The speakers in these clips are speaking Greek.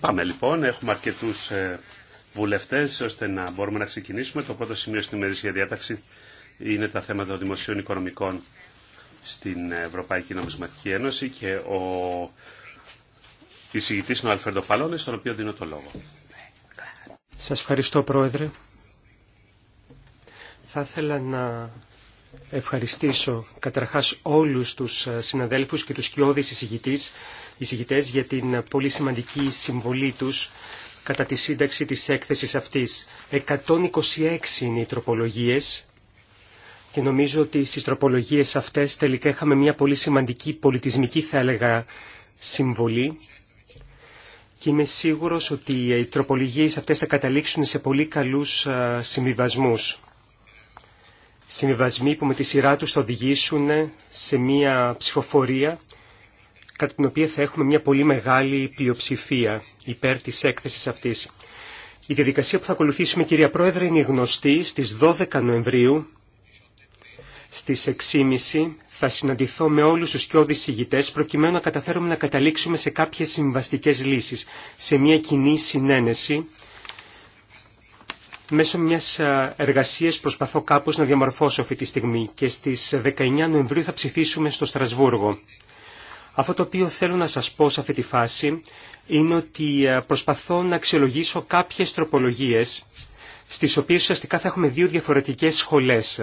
Πάμε λοιπόν, έχουμε αρκετούς ε, βουλευτέ, ώστε να μπορούμε να ξεκινήσουμε. Το πρώτο σημείο στην ημερήσια διάταξη είναι τα θέματα των δημοσίων οικονομικών στην Ευρωπαϊκή Νομισματική Ένωση και ο εισηγητή είναι ο Αλφέρντο Παλώνη, στον οποίο δίνω το λόγο. Σας ευχαριστώ Πρόεδρε. Θα ήθελα να ευχαριστήσω καταρχάς όλους τους ε, συναδέλφους και τους κοιόδης εισηγητές για την ε, πολύ σημαντική συμβολή τους κατά τη σύνταξη της έκθεσης αυτής. 126 είναι οι τροπολογίες και νομίζω ότι στις τροπολογίες αυτές τελικά είχαμε μια πολύ σημαντική πολιτισμική θα έλεγα συμβολή και είμαι σίγουρος ότι οι τροπολογίες αυτές θα καταλήξουν σε πολύ καλούς ε, συμβιβασμούς. Συμβιβασμοί που με τη σειρά τους θα οδηγήσουν σε μια ψηφοφορία κατά την οποία θα έχουμε μια πολύ μεγάλη πλειοψηφία υπέρ της έκθεσης αυτής. Η διαδικασία που θα ακολουθήσουμε, κυρία Πρόεδρε, είναι γνωστή. Στις 12 Νοεμβρίου, στις 6.30, θα συναντηθώ με όλους τους κοιόδης ηγητές, προκειμένου να καταφέρουμε να καταλήξουμε σε κάποιες συμβαστικές λύσεις, σε μια κοινή συνένεση, Μέσω μιας εργασίας προσπαθώ κάπως να διαμορφώσω αυτή τη στιγμή και στις 19 Νοεμβρίου θα ψηφίσουμε στο Στρασβούργο. Αυτό το οποίο θέλω να σας πω σε αυτή τη φάση είναι ότι προσπαθώ να αξιολογήσω κάποιες τροπολογίες στις οποίες ουσιαστικά θα έχουμε δύο διαφορετικές σχολές.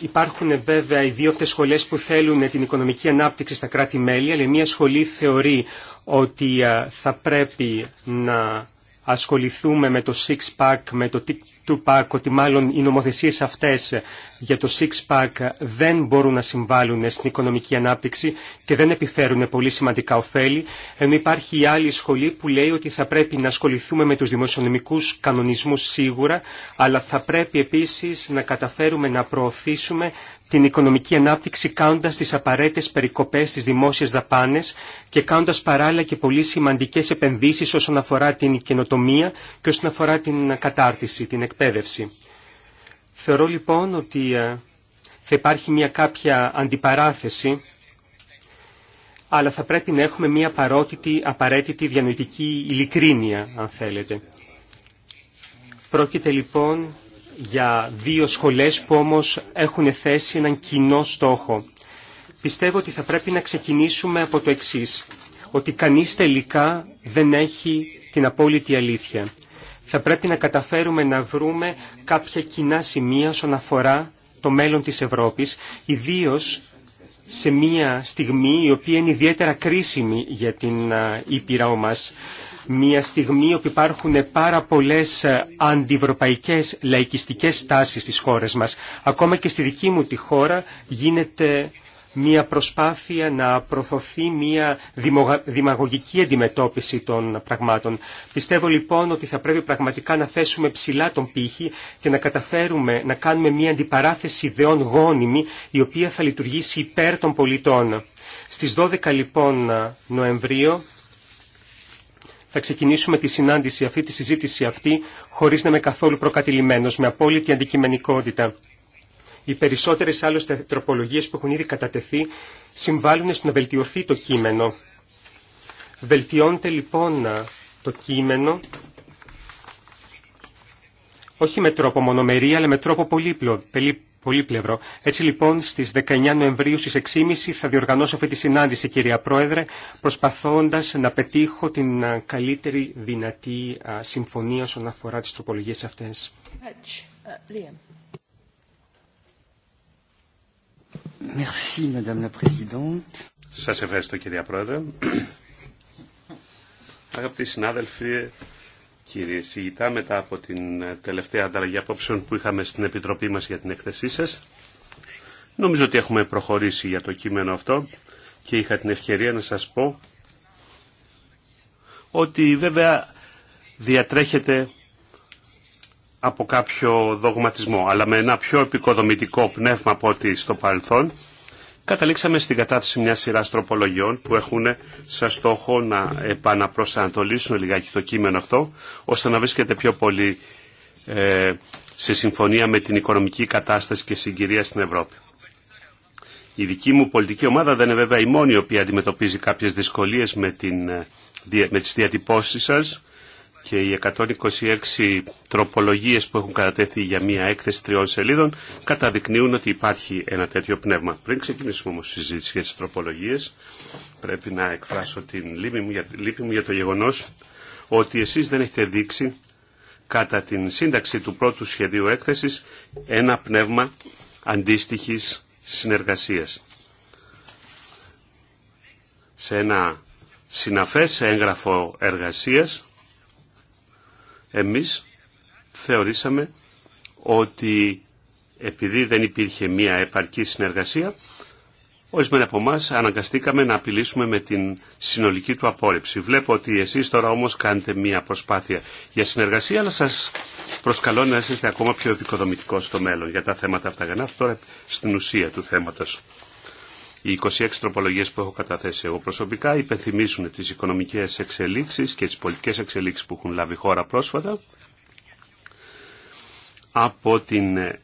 Υπάρχουν βέβαια οι δύο αυτές σχολές που θέλουν την οικονομική ανάπτυξη στα κράτη-μέλη, αλλά μια σχολή θεωρεί ότι θα πρέπει να ασχοληθούμε με το six-pack, με το του pack ότι μάλλον οι νομοθεσίες αυτές για το six-pack δεν μπορούν να συμβάλλουν στην οικονομική ανάπτυξη και δεν επιφέρουν πολύ σημαντικά ωφέλη, ενώ υπάρχει η άλλη σχολή που λέει ότι θα πρέπει να ασχοληθούμε με τους δημοσιονομικούς κανονισμούς σίγουρα, αλλά θα πρέπει επίσης να καταφέρουμε να προωθήσουμε την οικονομική ανάπτυξη κάνοντας τις απαραίτητες περικοπές στις δημόσιες δαπάνες και κάνοντας παράλληλα και πολύ σημαντικές επενδύσεις όσον αφορά την καινοτομία και όσον αφορά την κατάρτιση, την εκπαίδευση. Θεωρώ λοιπόν ότι ε, θα υπάρχει μια κάποια αντιπαράθεση αλλά θα πρέπει να έχουμε μια παρότητη, απαραίτητη διανοητική ειλικρίνεια, αν θέλετε. Πρόκειται λοιπόν για δύο σχολές που όμως έχουν θέσει έναν κοινό στόχο. Πιστεύω ότι θα πρέπει να ξεκινήσουμε από το εξής, ότι κανείς τελικά δεν έχει την απόλυτη αλήθεια. Θα πρέπει να καταφέρουμε να βρούμε κάποια κοινά σημεία όσον αφορά το μέλλον της Ευρώπης, ιδίως σε μια στιγμή η οποία είναι ιδιαίτερα κρίσιμη για την Ήπειρά μας μια στιγμή όπου υπάρχουν πάρα πολλές ε, αντιευρωπαϊκές λαϊκιστικές τάσεις στις χώρες μας. Ακόμα και στη δική μου τη χώρα γίνεται μια προσπάθεια να προθωθεί μια δημαγωγική αντιμετώπιση των πραγμάτων. Πιστεύω λοιπόν ότι θα πρέπει πραγματικά να θέσουμε ψηλά τον πύχη και να καταφέρουμε να κάνουμε μια αντιπαράθεση ιδεών γόνιμη η οποία θα λειτουργήσει υπέρ των πολιτών. Στις 12 λοιπόν Νοεμβρίου θα ξεκινήσουμε τη συνάντηση αυτή, τη συζήτηση αυτή, χωρίς να είμαι καθόλου προκατηλημένος, με απόλυτη αντικειμενικότητα. Οι περισσότερες άλλες τροπολογίες που έχουν ήδη κατατεθεί συμβάλλουν στο να βελτιωθεί το κείμενο. Βελτιώνεται λοιπόν το κείμενο όχι με τρόπο μονομερή, αλλά με τρόπο πολύπλοκο, πολύπλευρο. Έτσι λοιπόν στις 19 Νοεμβρίου στις 6.30 θα διοργανώσω αυτή τη συνάντηση κυρία Πρόεδρε προσπαθώντας να πετύχω την καλύτερη δυνατή συμφωνία όσον αφορά τις τροπολογίες αυτές. Ε, Merci, Σας ευχαριστώ κυρία Πρόεδρε. Αγαπητοί συνάδελφοι, κύριε Σιγητά, μετά από την ε, τελευταία ανταλλαγή απόψεων που είχαμε στην Επιτροπή μας για την εκθεσή σας. Νομίζω ότι έχουμε προχωρήσει για το κείμενο αυτό και είχα την ευκαιρία να σας πω ότι βέβαια διατρέχεται από κάποιο δογματισμό, αλλά με ένα πιο επικοδομητικό πνεύμα από ό,τι στο παρελθόν καταλήξαμε στην κατάθεση μια σειρά τροπολογιών που έχουν σαν στόχο να επαναπροσανατολίσουν λιγάκι το κείμενο αυτό, ώστε να βρίσκεται πιο πολύ ε, σε συμφωνία με την οικονομική κατάσταση και συγκυρία στην Ευρώπη. Η δική μου πολιτική ομάδα δεν είναι βέβαια η μόνη η οποία αντιμετωπίζει κάποιες δυσκολίες με, την, ε, με τις διατυπώσεις σας και οι 126 τροπολογίες που έχουν κατατεθεί για μία έκθεση τριών σελίδων καταδεικνύουν ότι υπάρχει ένα τέτοιο πνεύμα. Πριν ξεκινήσουμε όμως συζήτηση για τις τροπολογίες, πρέπει να εκφράσω την λύπη μου για, λύπη μου για το γεγονός ότι εσείς δεν έχετε δείξει κατά την σύνταξη του πρώτου σχεδίου έκθεσης ένα πνεύμα αντίστοιχης συνεργασίας. Σε ένα συναφές έγγραφο εργασίας εμείς θεωρήσαμε ότι επειδή δεν υπήρχε μια επαρκή συνεργασία, Ορισμένοι από εμά αναγκαστήκαμε να απειλήσουμε με την συνολική του απόρριψη. Βλέπω ότι εσείς τώρα όμως κάνετε μία προσπάθεια για συνεργασία, αλλά σας προσκαλώ να είστε ακόμα πιο επικοδομητικό στο μέλλον για τα θέματα αυτά. Για τώρα στην ουσία του θέματος. Οι 26 τροπολογίες που έχω καταθέσει εγώ προσωπικά υπενθυμίσουν τις οικονομικές εξελίξεις και τις πολιτικές εξελίξεις που έχουν λάβει χώρα πρόσφατα από την, ε,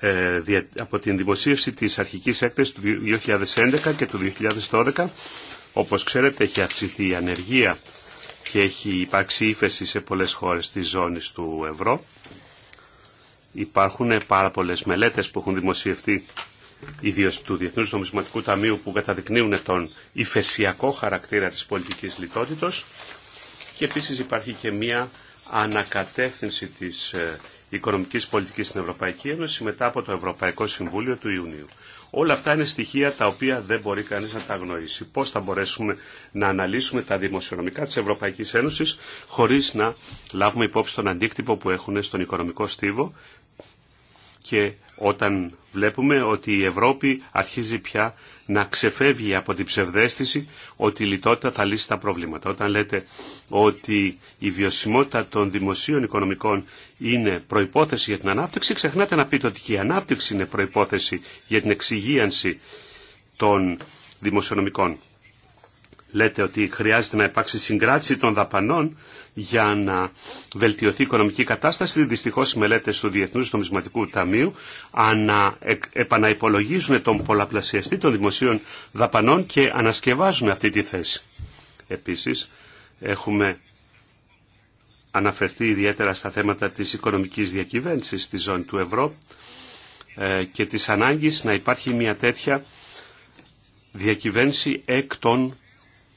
ε, από την δημοσίευση της αρχικής έκθεσης του 2011 και του 2012. Όπως ξέρετε έχει αυξηθεί η ανεργία και έχει υπάρξει ύφεση σε πολλές χώρες της ζώνης του ευρώ. Υπάρχουν πάρα πολλές μελέτες που έχουν δημοσιευτεί ιδίω του Διεθνούς Νομισματικού Ταμείου που καταδεικνύουν τον υφεσιακό χαρακτήρα της πολιτικής λιτότητος και επίσης υπάρχει και μία ανακατεύθυνση της ε, οικονομικής πολιτικής στην Ευρωπαϊκή Ένωση μετά από το Ευρωπαϊκό Συμβούλιο του Ιουνίου. Όλα αυτά είναι στοιχεία τα οποία δεν μπορεί κανείς να τα γνωρίσει. Πώς θα μπορέσουμε να αναλύσουμε τα δημοσιονομικά της Ευρωπαϊκής Ένωσης χωρίς να λάβουμε υπόψη τον αντίκτυπο που έχουν στον οικονομικό στίβο και όταν βλέπουμε ότι η Ευρώπη αρχίζει πια να ξεφεύγει από την ψευδέστηση ότι η λιτότητα θα λύσει τα προβλήματα. Όταν λέτε ότι η βιωσιμότητα των δημοσίων οικονομικών είναι προϋπόθεση για την ανάπτυξη, ξεχνάτε να πείτε ότι και η ανάπτυξη είναι προϋπόθεση για την εξυγίανση των δημοσιονομικών λέτε ότι χρειάζεται να υπάρξει συγκράτηση των δαπανών για να βελτιωθεί η οικονομική κατάσταση. Δυστυχώ οι μελέτε του Διεθνού Νομισματικού Ταμείου ανα, ε, επαναυπολογίζουν τον πολλαπλασιαστή των δημοσίων δαπανών και ανασκευάζουν αυτή τη θέση. Επίση, έχουμε αναφερθεί ιδιαίτερα στα θέματα της οικονομικής διακυβέρνησης στη ζώνη του ευρώ ε, και της ανάγκης να υπάρχει μια τέτοια διακυβέρνηση εκ των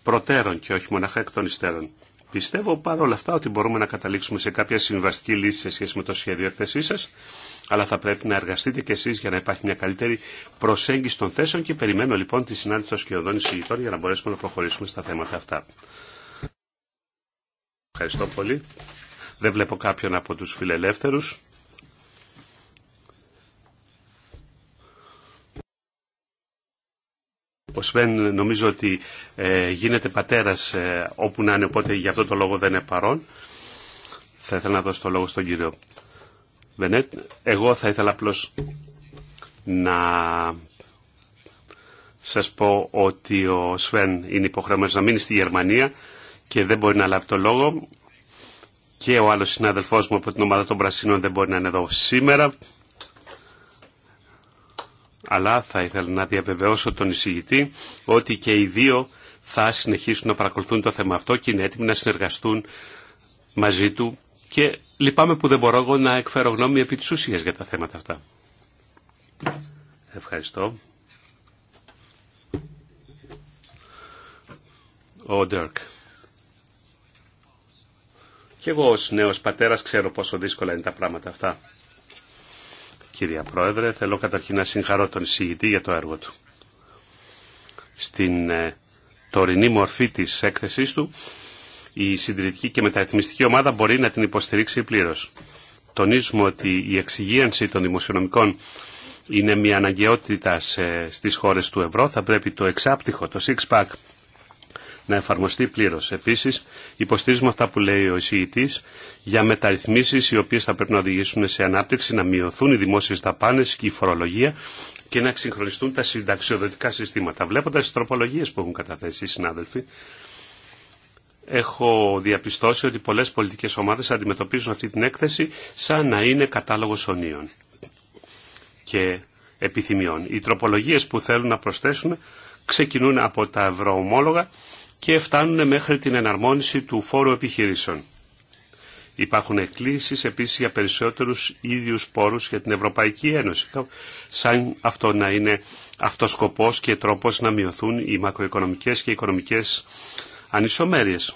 προτέρων και όχι μονάχα εκ των υστέρων. Πιστεύω παρόλα αυτά ότι μπορούμε να καταλήξουμε σε κάποια συμβαστική λύση σε σχέση με το σχέδιο έκθεσή σα, αλλά θα πρέπει να εργαστείτε κι εσεί για να υπάρχει μια καλύτερη προσέγγιση των θέσεων και περιμένω λοιπόν τη συνάντηση των σκιωδών εισηγητών για να μπορέσουμε να προχωρήσουμε στα θέματα αυτά. Ευχαριστώ πολύ. Δεν βλέπω κάποιον από του φιλελεύθερου. Ο Σφεν νομίζω ότι ε, γίνεται πατέρας ε, όπου να είναι, οπότε γι' αυτό το λόγο δεν είναι παρόν. Θα ήθελα να δώσω το λόγο στον κύριο Βενέτ. Εγώ θα ήθελα απλώς να σας πω ότι ο Σβέν είναι υποχρεωμένος να μείνει στη Γερμανία και δεν μπορεί να λάβει το λόγο και ο άλλος συνάδελφός μου από την ομάδα των Πρασίνων δεν μπορεί να είναι εδώ σήμερα αλλά θα ήθελα να διαβεβαιώσω τον εισηγητή ότι και οι δύο θα συνεχίσουν να παρακολουθούν το θέμα αυτό και είναι έτοιμοι να συνεργαστούν μαζί του και λυπάμαι που δεν μπορώ εγώ να εκφέρω γνώμη επί της ουσίας για τα θέματα αυτά. Ευχαριστώ. Ο Ντέρκ. Και εγώ ως νέος πατέρας ξέρω πόσο δύσκολα είναι τα πράγματα αυτά. Κυρία Πρόεδρε, θέλω καταρχήν να συγχαρώ τον εισηγητή για το έργο του. Στην ε, τωρινή μορφή της έκθεσής του, η συντηρητική και μεταρρυθμιστική ομάδα μπορεί να την υποστηρίξει πλήρως. Τονίζουμε ότι η εξυγίανση των δημοσιονομικών είναι μια αναγκαιότητα στις χώρες του ευρώ. Θα πρέπει το εξάπτυχο, το six-pack, να εφαρμοστεί πλήρω. Επίση, υποστηρίζουμε αυτά που λέει ο εισηγητή για μεταρρυθμίσει οι οποίε θα πρέπει να οδηγήσουν σε ανάπτυξη, να μειωθούν οι δημόσιε δαπάνε και η φορολογία και να εξυγχρονιστούν τα συνταξιοδοτικά συστήματα. Βλέποντα τι τροπολογίε που έχουν καταθέσει οι συνάδελφοι, έχω διαπιστώσει ότι πολλέ πολιτικέ ομάδε αντιμετωπίζουν αυτή την έκθεση σαν να είναι κατάλογο ονείων και επιθυμιών. Οι τροπολογίε που θέλουν να προσθέσουν ξεκινούν από τα ευρωομόλογα και φτάνουν μέχρι την εναρμόνιση του φόρου επιχειρήσεων. Υπάρχουν εκκλήσεις επίσης για περισσότερους ίδιους πόρους για την Ευρωπαϊκή Ένωση, σαν αυτό να είναι αυτός σκοπός και τρόπος να μειωθούν οι μακροοικονομικές και οικονομικές ανισομέρειες.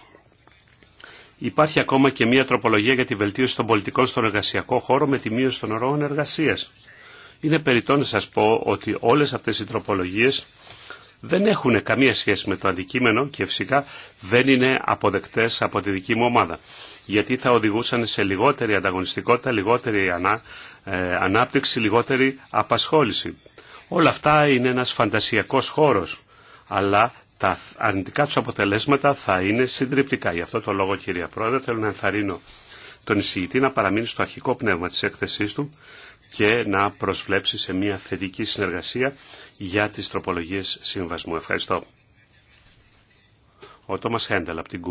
Υπάρχει ακόμα και μια τροπολογία για τη βελτίωση των πολιτικών στον εργασιακό χώρο με τη μείωση των ωρών εργασίας. Είναι περιττό να σας πω ότι όλες αυτές οι τροπολογίες δεν έχουν καμία σχέση με το αντικείμενο και φυσικά δεν είναι αποδεκτές από τη δική μου ομάδα. Γιατί θα οδηγούσαν σε λιγότερη ανταγωνιστικότητα, λιγότερη ε, ανάπτυξη, λιγότερη απασχόληση. Όλα αυτά είναι ένας φαντασιακός χώρος, αλλά τα αρνητικά του αποτελέσματα θα είναι συντριπτικά. Γι' αυτό το λόγο, κυρία Πρόεδρε, θέλω να ενθαρρύνω τον εισηγητή να παραμείνει στο αρχικό πνεύμα της έκθεσής του, και να προσβλέψει σε μια θετική συνεργασία για τις τροπολογίες συμβασμού. Ευχαριστώ. Ο Τόμας Χέντελ από την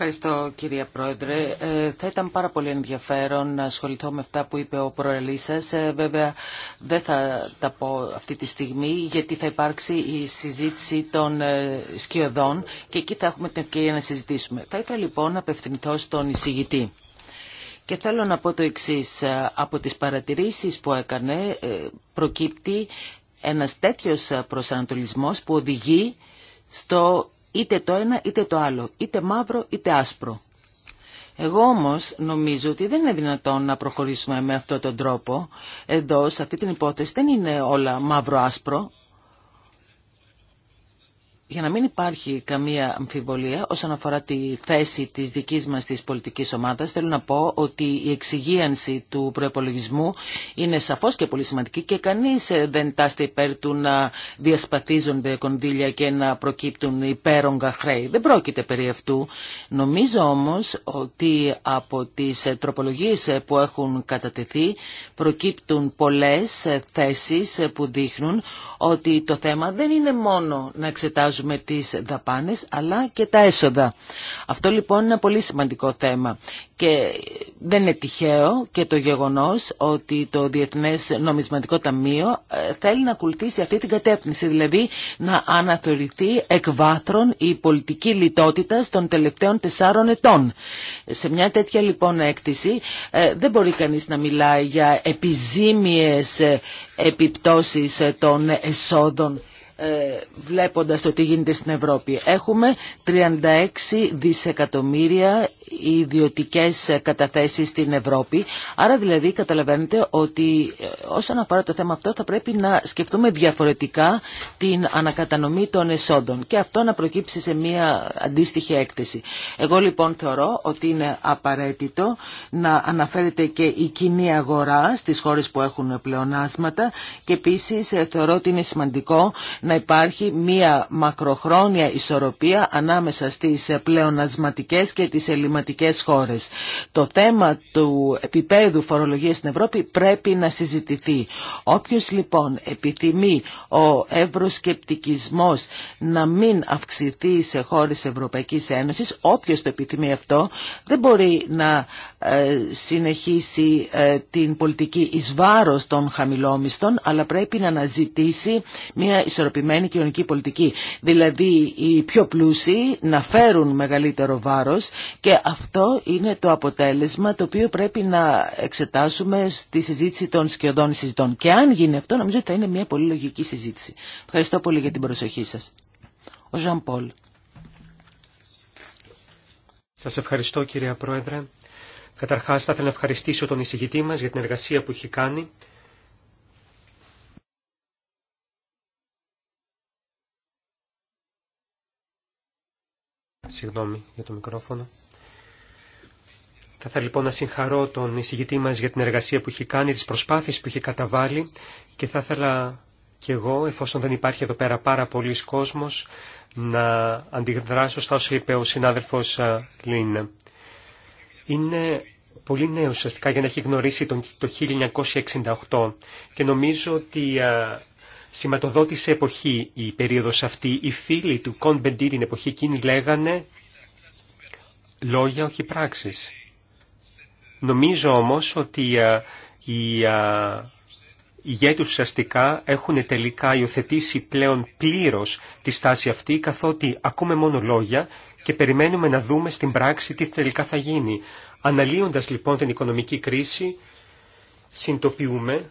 Ευχαριστώ κυρία Πρόεδρε. Ε, θα ήταν πάρα πολύ ενδιαφέρον να ασχοληθώ με αυτά που είπε ο προελής σας. Ε, βέβαια δεν θα τα πω αυτή τη στιγμή γιατί θα υπάρξει η συζήτηση των ε, σκιωδών και εκεί θα έχουμε την ευκαιρία να συζητήσουμε. Θα ήθελα λοιπόν να απευθυνθώ στον εισηγητή. Και θέλω να πω το εξής. Ε, από τις παρατηρήσεις που έκανε προκύπτει ένας τέτοιος προσανατολισμός που οδηγεί στο είτε το ένα είτε το άλλο, είτε μαύρο είτε άσπρο. Εγώ όμως νομίζω ότι δεν είναι δυνατόν να προχωρήσουμε με αυτόν τον τρόπο. Εδώ, σε αυτή την υπόθεση, δεν είναι όλα μαύρο-άσπρο για να μην υπάρχει καμία αμφιβολία όσον αφορά τη θέση της δικής μας της πολιτικής ομάδας, θέλω να πω ότι η εξυγίανση του προπολογισμού είναι σαφώς και πολύ σημαντική και κανείς ε, δεν τάστε υπέρ του να διασπαθίζονται κονδύλια και να προκύπτουν υπέρογκα χρέη. Δεν πρόκειται περί αυτού. Νομίζω όμως ότι από τις ε, τροπολογίες ε, που έχουν κατατεθεί προκύπτουν πολλές θέσεις που δείχνουν ότι το θέμα δεν είναι μόνο να εξετάζουμε με τις δαπάνες αλλά και τα έσοδα. Αυτό λοιπόν είναι ένα πολύ σημαντικό θέμα και δεν είναι τυχαίο και το γεγονός ότι το Διεθνές Νομισματικό Ταμείο ε, θέλει να ακολουθήσει αυτή την κατεύθυνση, δηλαδή να αναθεωρηθεί εκ βάθρων η πολιτική λιτότητα των τελευταίων τεσσάρων ετών. Σε μια τέτοια λοιπόν έκτηση ε, δεν μπορεί κανείς να μιλάει για επιζήμιες ε, επιπτώσεις των εσόδων ε, βλέποντας το τι γίνεται στην Ευρώπη. Έχουμε 36 δισεκατομμύρια ιδιωτικές καταθέσεις στην Ευρώπη. Άρα δηλαδή καταλαβαίνετε ότι ε, όσον αφορά το θέμα αυτό θα πρέπει να σκεφτούμε διαφορετικά την ανακατανομή των εσόδων και αυτό να προκύψει σε μια αντίστοιχη έκθεση. Εγώ λοιπόν θεωρώ ότι είναι απαραίτητο να αναφέρεται και η κοινή αγορά στις χώρες που έχουν πλεονάσματα και επίσης ε, θεωρώ ότι είναι σημαντικό να υπάρχει μία μακροχρόνια ισορροπία ανάμεσα στις πλεονασματικές και τις ελληματικές χώρες. Το θέμα του επίπεδου φορολογίας στην Ευρώπη πρέπει να συζητηθεί. Όποιος λοιπόν επιθυμεί ο ευρωσκεπτικισμός να μην αυξηθεί σε χώρες Ευρωπαϊκής Ένωσης, όποιος το επιθυμεί αυτό, δεν μπορεί να ε, συνεχίσει ε, την πολιτική εις των χαμηλόμισθων, αλλά πρέπει να αναζητήσει μια ισορροπία ισορροπημένη κοινωνική πολιτική. Δηλαδή οι πιο πλούσιοι να φέρουν μεγαλύτερο βάρος και αυτό είναι το αποτέλεσμα το οποίο πρέπει να εξετάσουμε στη συζήτηση των σκιωδών συζητών. Και αν γίνει αυτό νομίζω ότι θα είναι μια πολύ λογική συζήτηση. Ευχαριστώ πολύ για την προσοχή σας. Ο Ζαν Πολ. Σας ευχαριστώ κυρία Πρόεδρε. Καταρχάς θα ήθελα να ευχαριστήσω τον εισηγητή μας για την εργασία που έχει κάνει. Συγγνώμη για το μικρόφωνο. Θα ήθελα λοιπόν να συγχαρώ τον εισηγητή μας για την εργασία που έχει κάνει, τι προσπάθειες που έχει καταβάλει και θα ήθελα κι εγώ, εφόσον δεν υπάρχει εδώ πέρα πάρα πολλοί κόσμος, να αντιδράσω στα όσα είπε ο συνάδελφο Λίν. Είναι πολύ νέο ουσιαστικά για να έχει γνωρίσει το 1968 και νομίζω ότι σηματοδότησε εποχή η περίοδος αυτή. Οι φίλοι του Κον Μπεντή την εποχή εκείνη λέγανε λόγια όχι πράξεις. Νομίζω όμως ότι α, οι α, ουσιαστικά έχουν τελικά υιοθετήσει πλέον πλήρως τη στάση αυτή καθότι ακούμε μόνο λόγια και περιμένουμε να δούμε στην πράξη τι τελικά θα γίνει. Αναλύοντας λοιπόν την οικονομική κρίση, συντοποιούμε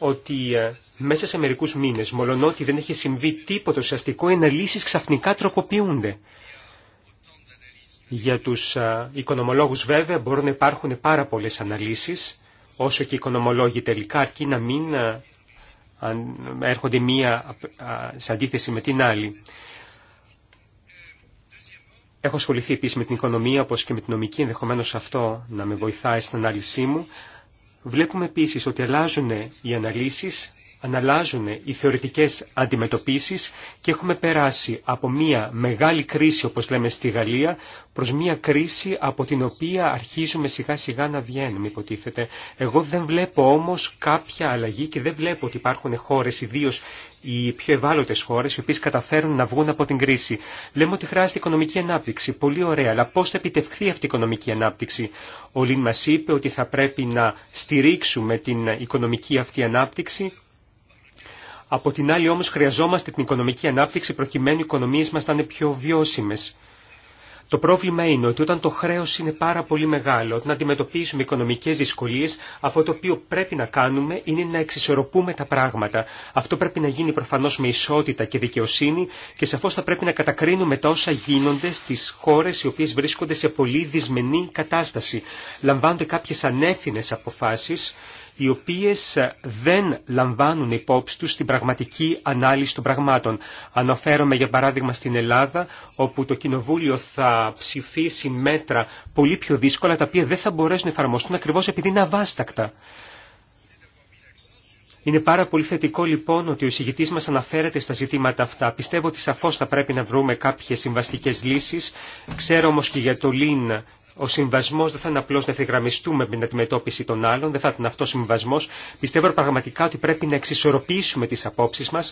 ότι ε, μέσα σε μερικούς μήνες, μολονότι δεν έχει συμβεί τίποτα ουσιαστικό, οι αναλύσεις ξαφνικά τροποποιούνται. Για τους ε, οικονομολόγους βέβαια μπορούν να υπάρχουν πάρα πολλές αναλύσεις, όσο και οι οικονομολόγοι τελικά, αρκεί να μην ε, έρχονται μία σε αντίθεση με την άλλη. Έχω ασχοληθεί επίσης με την οικονομία, όπως και με την νομική, ενδεχομένως αυτό να με βοηθάει στην ανάλυση μου. Βλέπουμε επίσης ότι αλλάζουν οι αναλύσεις, αναλάζουν οι θεωρητικές αντιμετωπίσεις και έχουμε περάσει από μια μεγάλη κρίση, όπως λέμε στη Γαλλία, προς μια κρίση από την οποία αρχίζουμε σιγά σιγά να βγαίνουμε, υποτίθεται. Εγώ δεν βλέπω όμως κάποια αλλαγή και δεν βλέπω ότι υπάρχουν χώρες, ιδίω οι πιο ευάλωτε χώρε, οι οποίε καταφέρουν να βγουν από την κρίση. Λέμε ότι χρειάζεται οικονομική ανάπτυξη. Πολύ ωραία, αλλά πώ θα επιτευχθεί αυτή η οικονομική ανάπτυξη. Ο Λίν μα είπε ότι θα πρέπει να στηρίξουμε την οικονομική αυτή ανάπτυξη. Από την άλλη όμως χρειαζόμαστε την οικονομική ανάπτυξη προκειμένου οι οικονομίες μας να είναι πιο βιώσιμες. Το πρόβλημα είναι ότι όταν το χρέος είναι πάρα πολύ μεγάλο, όταν αντιμετωπίζουμε οικονομικές δυσκολίες, αυτό το οποίο πρέπει να κάνουμε είναι να εξισορροπούμε τα πράγματα. Αυτό πρέπει να γίνει προφανώ με ισότητα και δικαιοσύνη και σαφώ θα πρέπει να κατακρίνουμε τα όσα γίνονται στι χώρες οι οποίες βρίσκονται σε πολύ δυσμενή κατάσταση. Λαμβάνονται κάποιε ανεύθυνε αποφάσει οι οποίες ε, δεν λαμβάνουν υπόψη τους την πραγματική ανάλυση των πραγμάτων. Αναφέρομαι για παράδειγμα στην Ελλάδα, όπου το Κοινοβούλιο θα ψηφίσει μέτρα πολύ πιο δύσκολα, τα οποία δεν θα μπορέσουν να εφαρμοστούν ακριβώς επειδή είναι αβάστακτα. Είναι πάρα πολύ θετικό λοιπόν ότι ο εισηγητή μα αναφέρεται στα ζητήματα αυτά. Πιστεύω ότι σαφώ θα πρέπει να βρούμε κάποιε συμβαστικέ λύσει. Ξέρω όμω και για το ΛΙΝ ο συμβασμό δεν θα είναι απλώ να ευθυγραμμιστούμε με την αντιμετώπιση των άλλων, δεν θα είναι αυτό ο συμβασμό. Πιστεύω πραγματικά ότι πρέπει να εξισορροπήσουμε τι απόψει μα,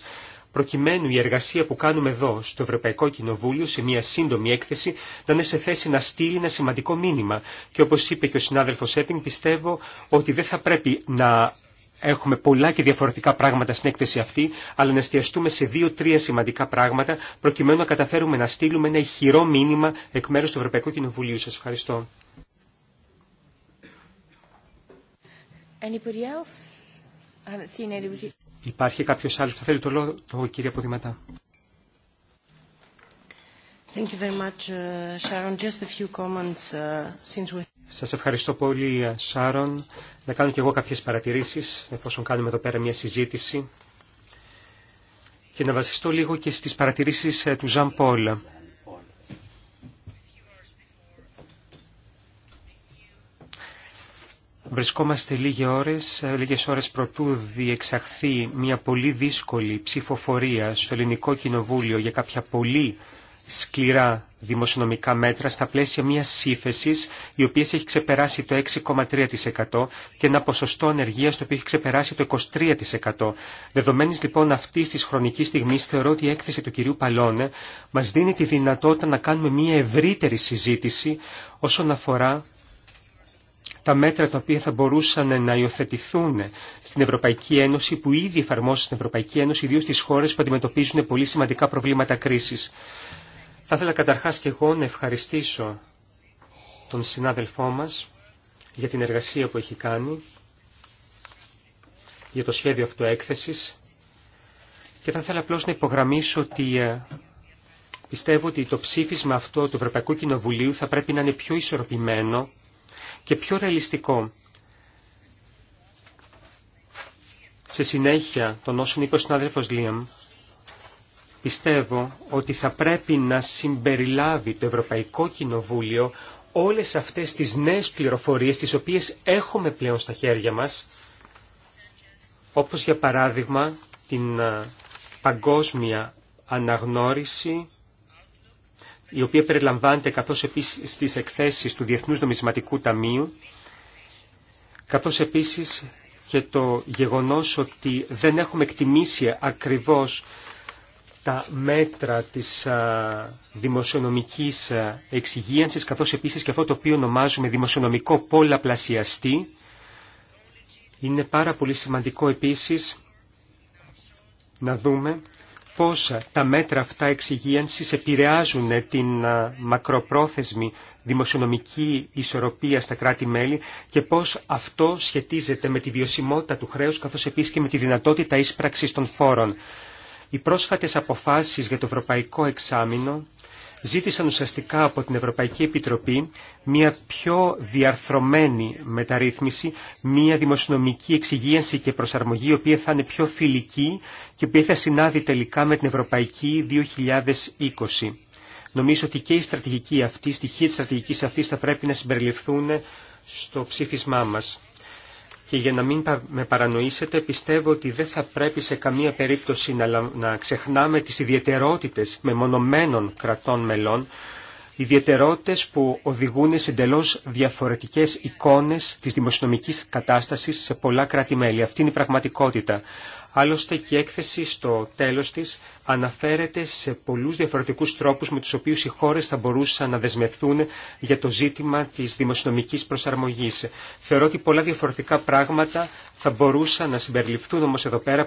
προκειμένου η εργασία που κάνουμε εδώ, στο Ευρωπαϊκό Κοινοβούλιο, σε μια σύντομη έκθεση, να είναι σε θέση να στείλει ένα σημαντικό μήνυμα. Και όπω είπε και ο συνάδελφο Έπινγκ, πιστεύω ότι δεν θα πρέπει να Έχουμε πολλά και διαφορετικά πράγματα στην έκθεση αυτή, αλλά να εστιαστούμε σε δύο-τρία σημαντικά πράγματα, προκειμένου να καταφέρουμε να στείλουμε ένα ηχηρό μήνυμα εκ μέρου του Ευρωπαϊκού Κοινοβουλίου. Σα ευχαριστώ. Υπάρχει κάποιο άλλο που θα θέλει το λόγο, κύριε Ποδηματά. Thank Σας ευχαριστώ πολύ, Σάρον. Uh, να κάνω και εγώ κάποιες παρατηρήσεις, εφόσον κάνουμε εδώ πέρα μια συζήτηση. Και να βασιστώ λίγο και στις παρατηρήσεις uh, του Ζαν Πολ. Βρισκόμαστε λίγες ώρες, uh, λίγες ώρες προτού διεξαχθεί μια πολύ δύσκολη ψηφοφορία στο Ελληνικό Κοινοβούλιο για κάποια πολύ σκληρά δημοσιονομικά μέτρα στα πλαίσια μιας ύφεση η οποία έχει ξεπεράσει το 6,3% και ένα ποσοστό ανεργίας το οποίο έχει ξεπεράσει το 23%. Δεδομένης λοιπόν αυτής της χρονικής στιγμής θεωρώ ότι η έκθεση του κυρίου Παλώνε μας δίνει τη δυνατότητα να κάνουμε μια ευρύτερη συζήτηση όσον αφορά τα μέτρα τα οποία θα μπορούσαν να υιοθετηθούν στην Ευρωπαϊκή Ένωση, που ήδη εφαρμόζονται στην Ευρωπαϊκή Ένωση, ιδίω στι χώρε που αντιμετωπίζουν πολύ σημαντικά προβλήματα κρίση. Θα ήθελα καταρχάς και εγώ να ευχαριστήσω τον συνάδελφό μας για την εργασία που έχει κάνει, για το σχέδιο αυτοέκθεσης και θα ήθελα απλώς να υπογραμμίσω ότι ε, πιστεύω ότι το ψήφισμα αυτό του Ευρωπαϊκού Κοινοβουλίου θα πρέπει να είναι πιο ισορροπημένο και πιο ρεαλιστικό. Σε συνέχεια, τον όσον είπε ο συνάδελφος Λίαμ, πιστεύω ότι θα πρέπει να συμπεριλάβει το Ευρωπαϊκό Κοινοβούλιο όλες αυτές τις νέες πληροφορίες τις οποίες έχουμε πλέον στα χέρια μας, όπως για παράδειγμα την παγκόσμια αναγνώριση η οποία περιλαμβάνεται καθώς επίσης στις εκθέσεις του Διεθνούς Νομισματικού Ταμείου, καθώς επίσης και το γεγονός ότι δεν έχουμε εκτιμήσει ακριβώς τα μέτρα της δημοσιονομικής εξυγίανσης, καθώς επίσης και αυτό το οποίο ονομάζουμε δημοσιονομικό πολλαπλασιαστή. Είναι πάρα πολύ σημαντικό επίσης να δούμε πώς τα μέτρα αυτά εξυγίανσης επηρεάζουν την μακροπρόθεσμη δημοσιονομική ισορροπία στα κράτη-μέλη και πώς αυτό σχετίζεται με τη βιωσιμότητα του χρέους καθώς επίσης και με τη δυνατότητα ίσπραξης των φόρων. Οι πρόσφατες αποφάσεις για το Ευρωπαϊκό Εξάμεινο ζήτησαν ουσιαστικά από την Ευρωπαϊκή Επιτροπή μια πιο διαρθρωμένη μεταρρύθμιση, μια δημοσιονομική εξυγίανση και προσαρμογή, η οποία θα είναι πιο φιλική και η οποία θα συνάδει τελικά με την Ευρωπαϊκή 2020. Νομίζω ότι και η στρατηγική αυτή, η στοιχεία της στρατηγικής αυτής θα πρέπει να συμπεριληφθούν στο ψήφισμά μας και για να μην με παρανοήσετε πιστεύω ότι δεν θα πρέπει σε καμία περίπτωση να ξεχνάμε τις ιδιαιτερότητες μεμονωμένων κρατών μελών, ιδιαιτερότητες που οδηγούν σε εντελώ διαφορετικές εικόνες της δημοσιονομικής κατάστασης σε πολλά κράτη-μέλη. Αυτή είναι η πραγματικότητα. Άλλωστε και η έκθεση στο τέλος της αναφέρεται σε πολλούς διαφορετικούς τρόπους με τους οποίους οι χώρες θα μπορούσαν να δεσμευθούν για το ζήτημα της δημοσιονομικής προσαρμογής. Θεωρώ ότι πολλά διαφορετικά πράγματα θα μπορούσαν να συμπεριληφθούν όμως εδώ πέρα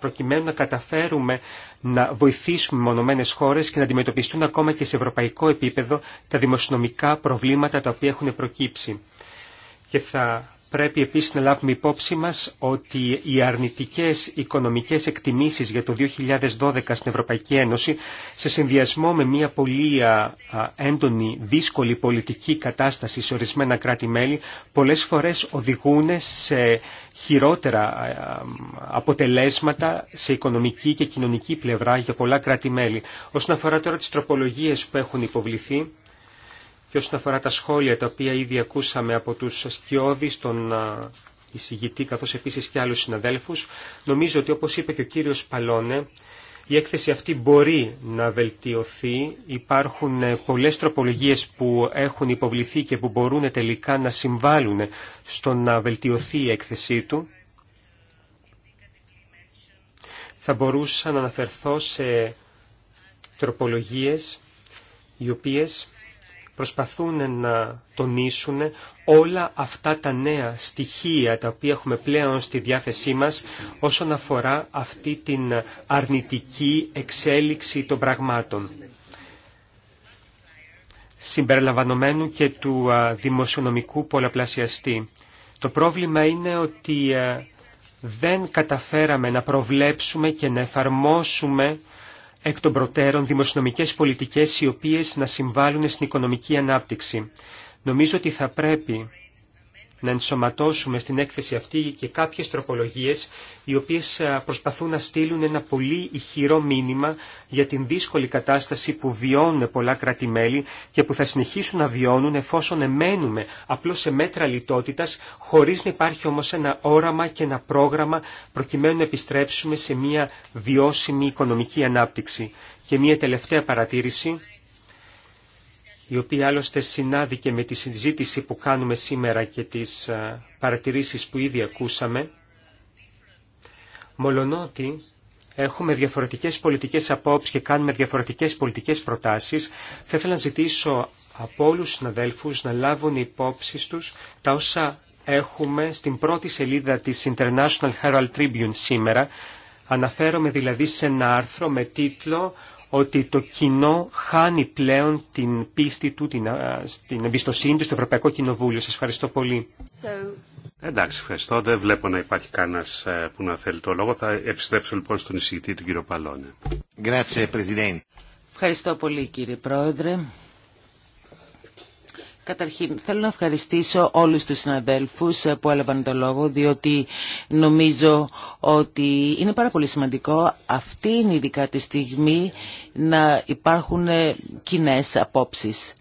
προκειμένου να καταφέρουμε να βοηθήσουμε μονομένε χώρες και να αντιμετωπιστούν ακόμα και σε ευρωπαϊκό επίπεδο τα δημοσιονομικά προβλήματα τα οποία έχουν προκύψει. Και θα Πρέπει επίσης να λάβουμε υπόψη μας ότι οι αρνητικές οικονομικές εκτιμήσεις για το 2012 στην Ευρωπαϊκή Ένωση σε συνδυασμό με μια πολύ έντονη δύσκολη πολιτική κατάσταση σε ορισμένα κράτη-μέλη πολλές φορές οδηγούν σε χειρότερα αποτελέσματα σε οικονομική και κοινωνική πλευρά για πολλά κράτη-μέλη. Όσον αφορά τώρα τις τροπολογίες που έχουν υποβληθεί, και όσον αφορά τα σχόλια τα οποία ήδη ακούσαμε από τους σκιώδεις, τον εισηγητή καθώς επίσης και άλλους συναδέλφους, νομίζω ότι όπως είπε και ο κύριος Παλώνε, η έκθεση αυτή μπορεί να βελτιωθεί. Υπάρχουν ε, πολλές τροπολογίες που έχουν υποβληθεί και που μπορούν τελικά να συμβάλλουν στο να βελτιωθεί η έκθεσή του. Θα μπορούσα να αναφερθώ σε τροπολογίες οι οποίες προσπαθούν να τονίσουν όλα αυτά τα νέα στοιχεία τα οποία έχουμε πλέον στη διάθεσή μας όσον αφορά αυτή την αρνητική εξέλιξη των πραγμάτων συμπεριλαμβανομένου και του δημοσιονομικού πολλαπλασιαστή. Το πρόβλημα είναι ότι δεν καταφέραμε να προβλέψουμε και να εφαρμόσουμε εκ των προτέρων δημοσιονομικές πολιτικές οι οποίες να συμβάλλουν στην οικονομική ανάπτυξη. Νομίζω ότι θα πρέπει να ενσωματώσουμε στην έκθεση αυτή και κάποιες τροπολογίες οι οποίες ε, προσπαθούν να στείλουν ένα πολύ ηχηρό μήνυμα για την δύσκολη κατάσταση που βιώνουν πολλά και που θα συνεχίσουν να βιώνουν εφόσον εμένουμε απλώς σε μέτρα λιτότητας χωρίς να υπάρχει όμως ένα όραμα και ένα πρόγραμμα προκειμένου να επιστρέψουμε σε μια βιώσιμη οικονομική ανάπτυξη. Και μια τελευταία παρατήρηση η οποία άλλωστε συνάδει και με τη συζήτηση που κάνουμε σήμερα και τις ε, παρατηρήσεις που ήδη ακούσαμε, μολονότι έχουμε διαφορετικές πολιτικές απόψεις και κάνουμε διαφορετικές πολιτικές προτάσεις, θα ήθελα να ζητήσω από όλους τους συναδέλφους να λάβουν υπόψη τους τα όσα έχουμε στην πρώτη σελίδα της International Herald Tribune σήμερα. Αναφέρομαι δηλαδή σε ένα άρθρο με τίτλο ότι το κοινό χάνει πλέον την πίστη του, την, την εμπιστοσύνη του στο Ευρωπαϊκό Κοινοβούλιο. Σας ευχαριστώ πολύ. Εντάξει, ευχαριστώ. Δεν βλέπω να υπάρχει κανένα ε, που να θέλει το λόγο. Θα επιστρέψω λοιπόν στον εισηγητή του κύριο Παλώνε. Ευχαριστώ πολύ κύριε Πρόεδρε. Καταρχήν, θέλω να ευχαριστήσω όλους τους συναδέλφους ε, που έλαβαν το λόγο, διότι νομίζω ότι είναι πάρα πολύ σημαντικό αυτή είναι ειδικά τη στιγμή να υπάρχουν ε, κοινέ απόψεις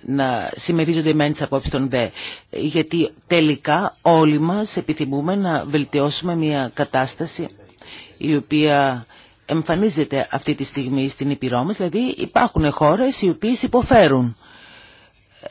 να συμμερίζονται οι τις απόψεις των ΔΕ. Γιατί τελικά όλοι μας επιθυμούμε να βελτιώσουμε μια κατάσταση η οποία εμφανίζεται αυτή τη στιγμή στην Υπηρώμης. Δηλαδή υπάρχουν χώρες οι οποίες υποφέρουν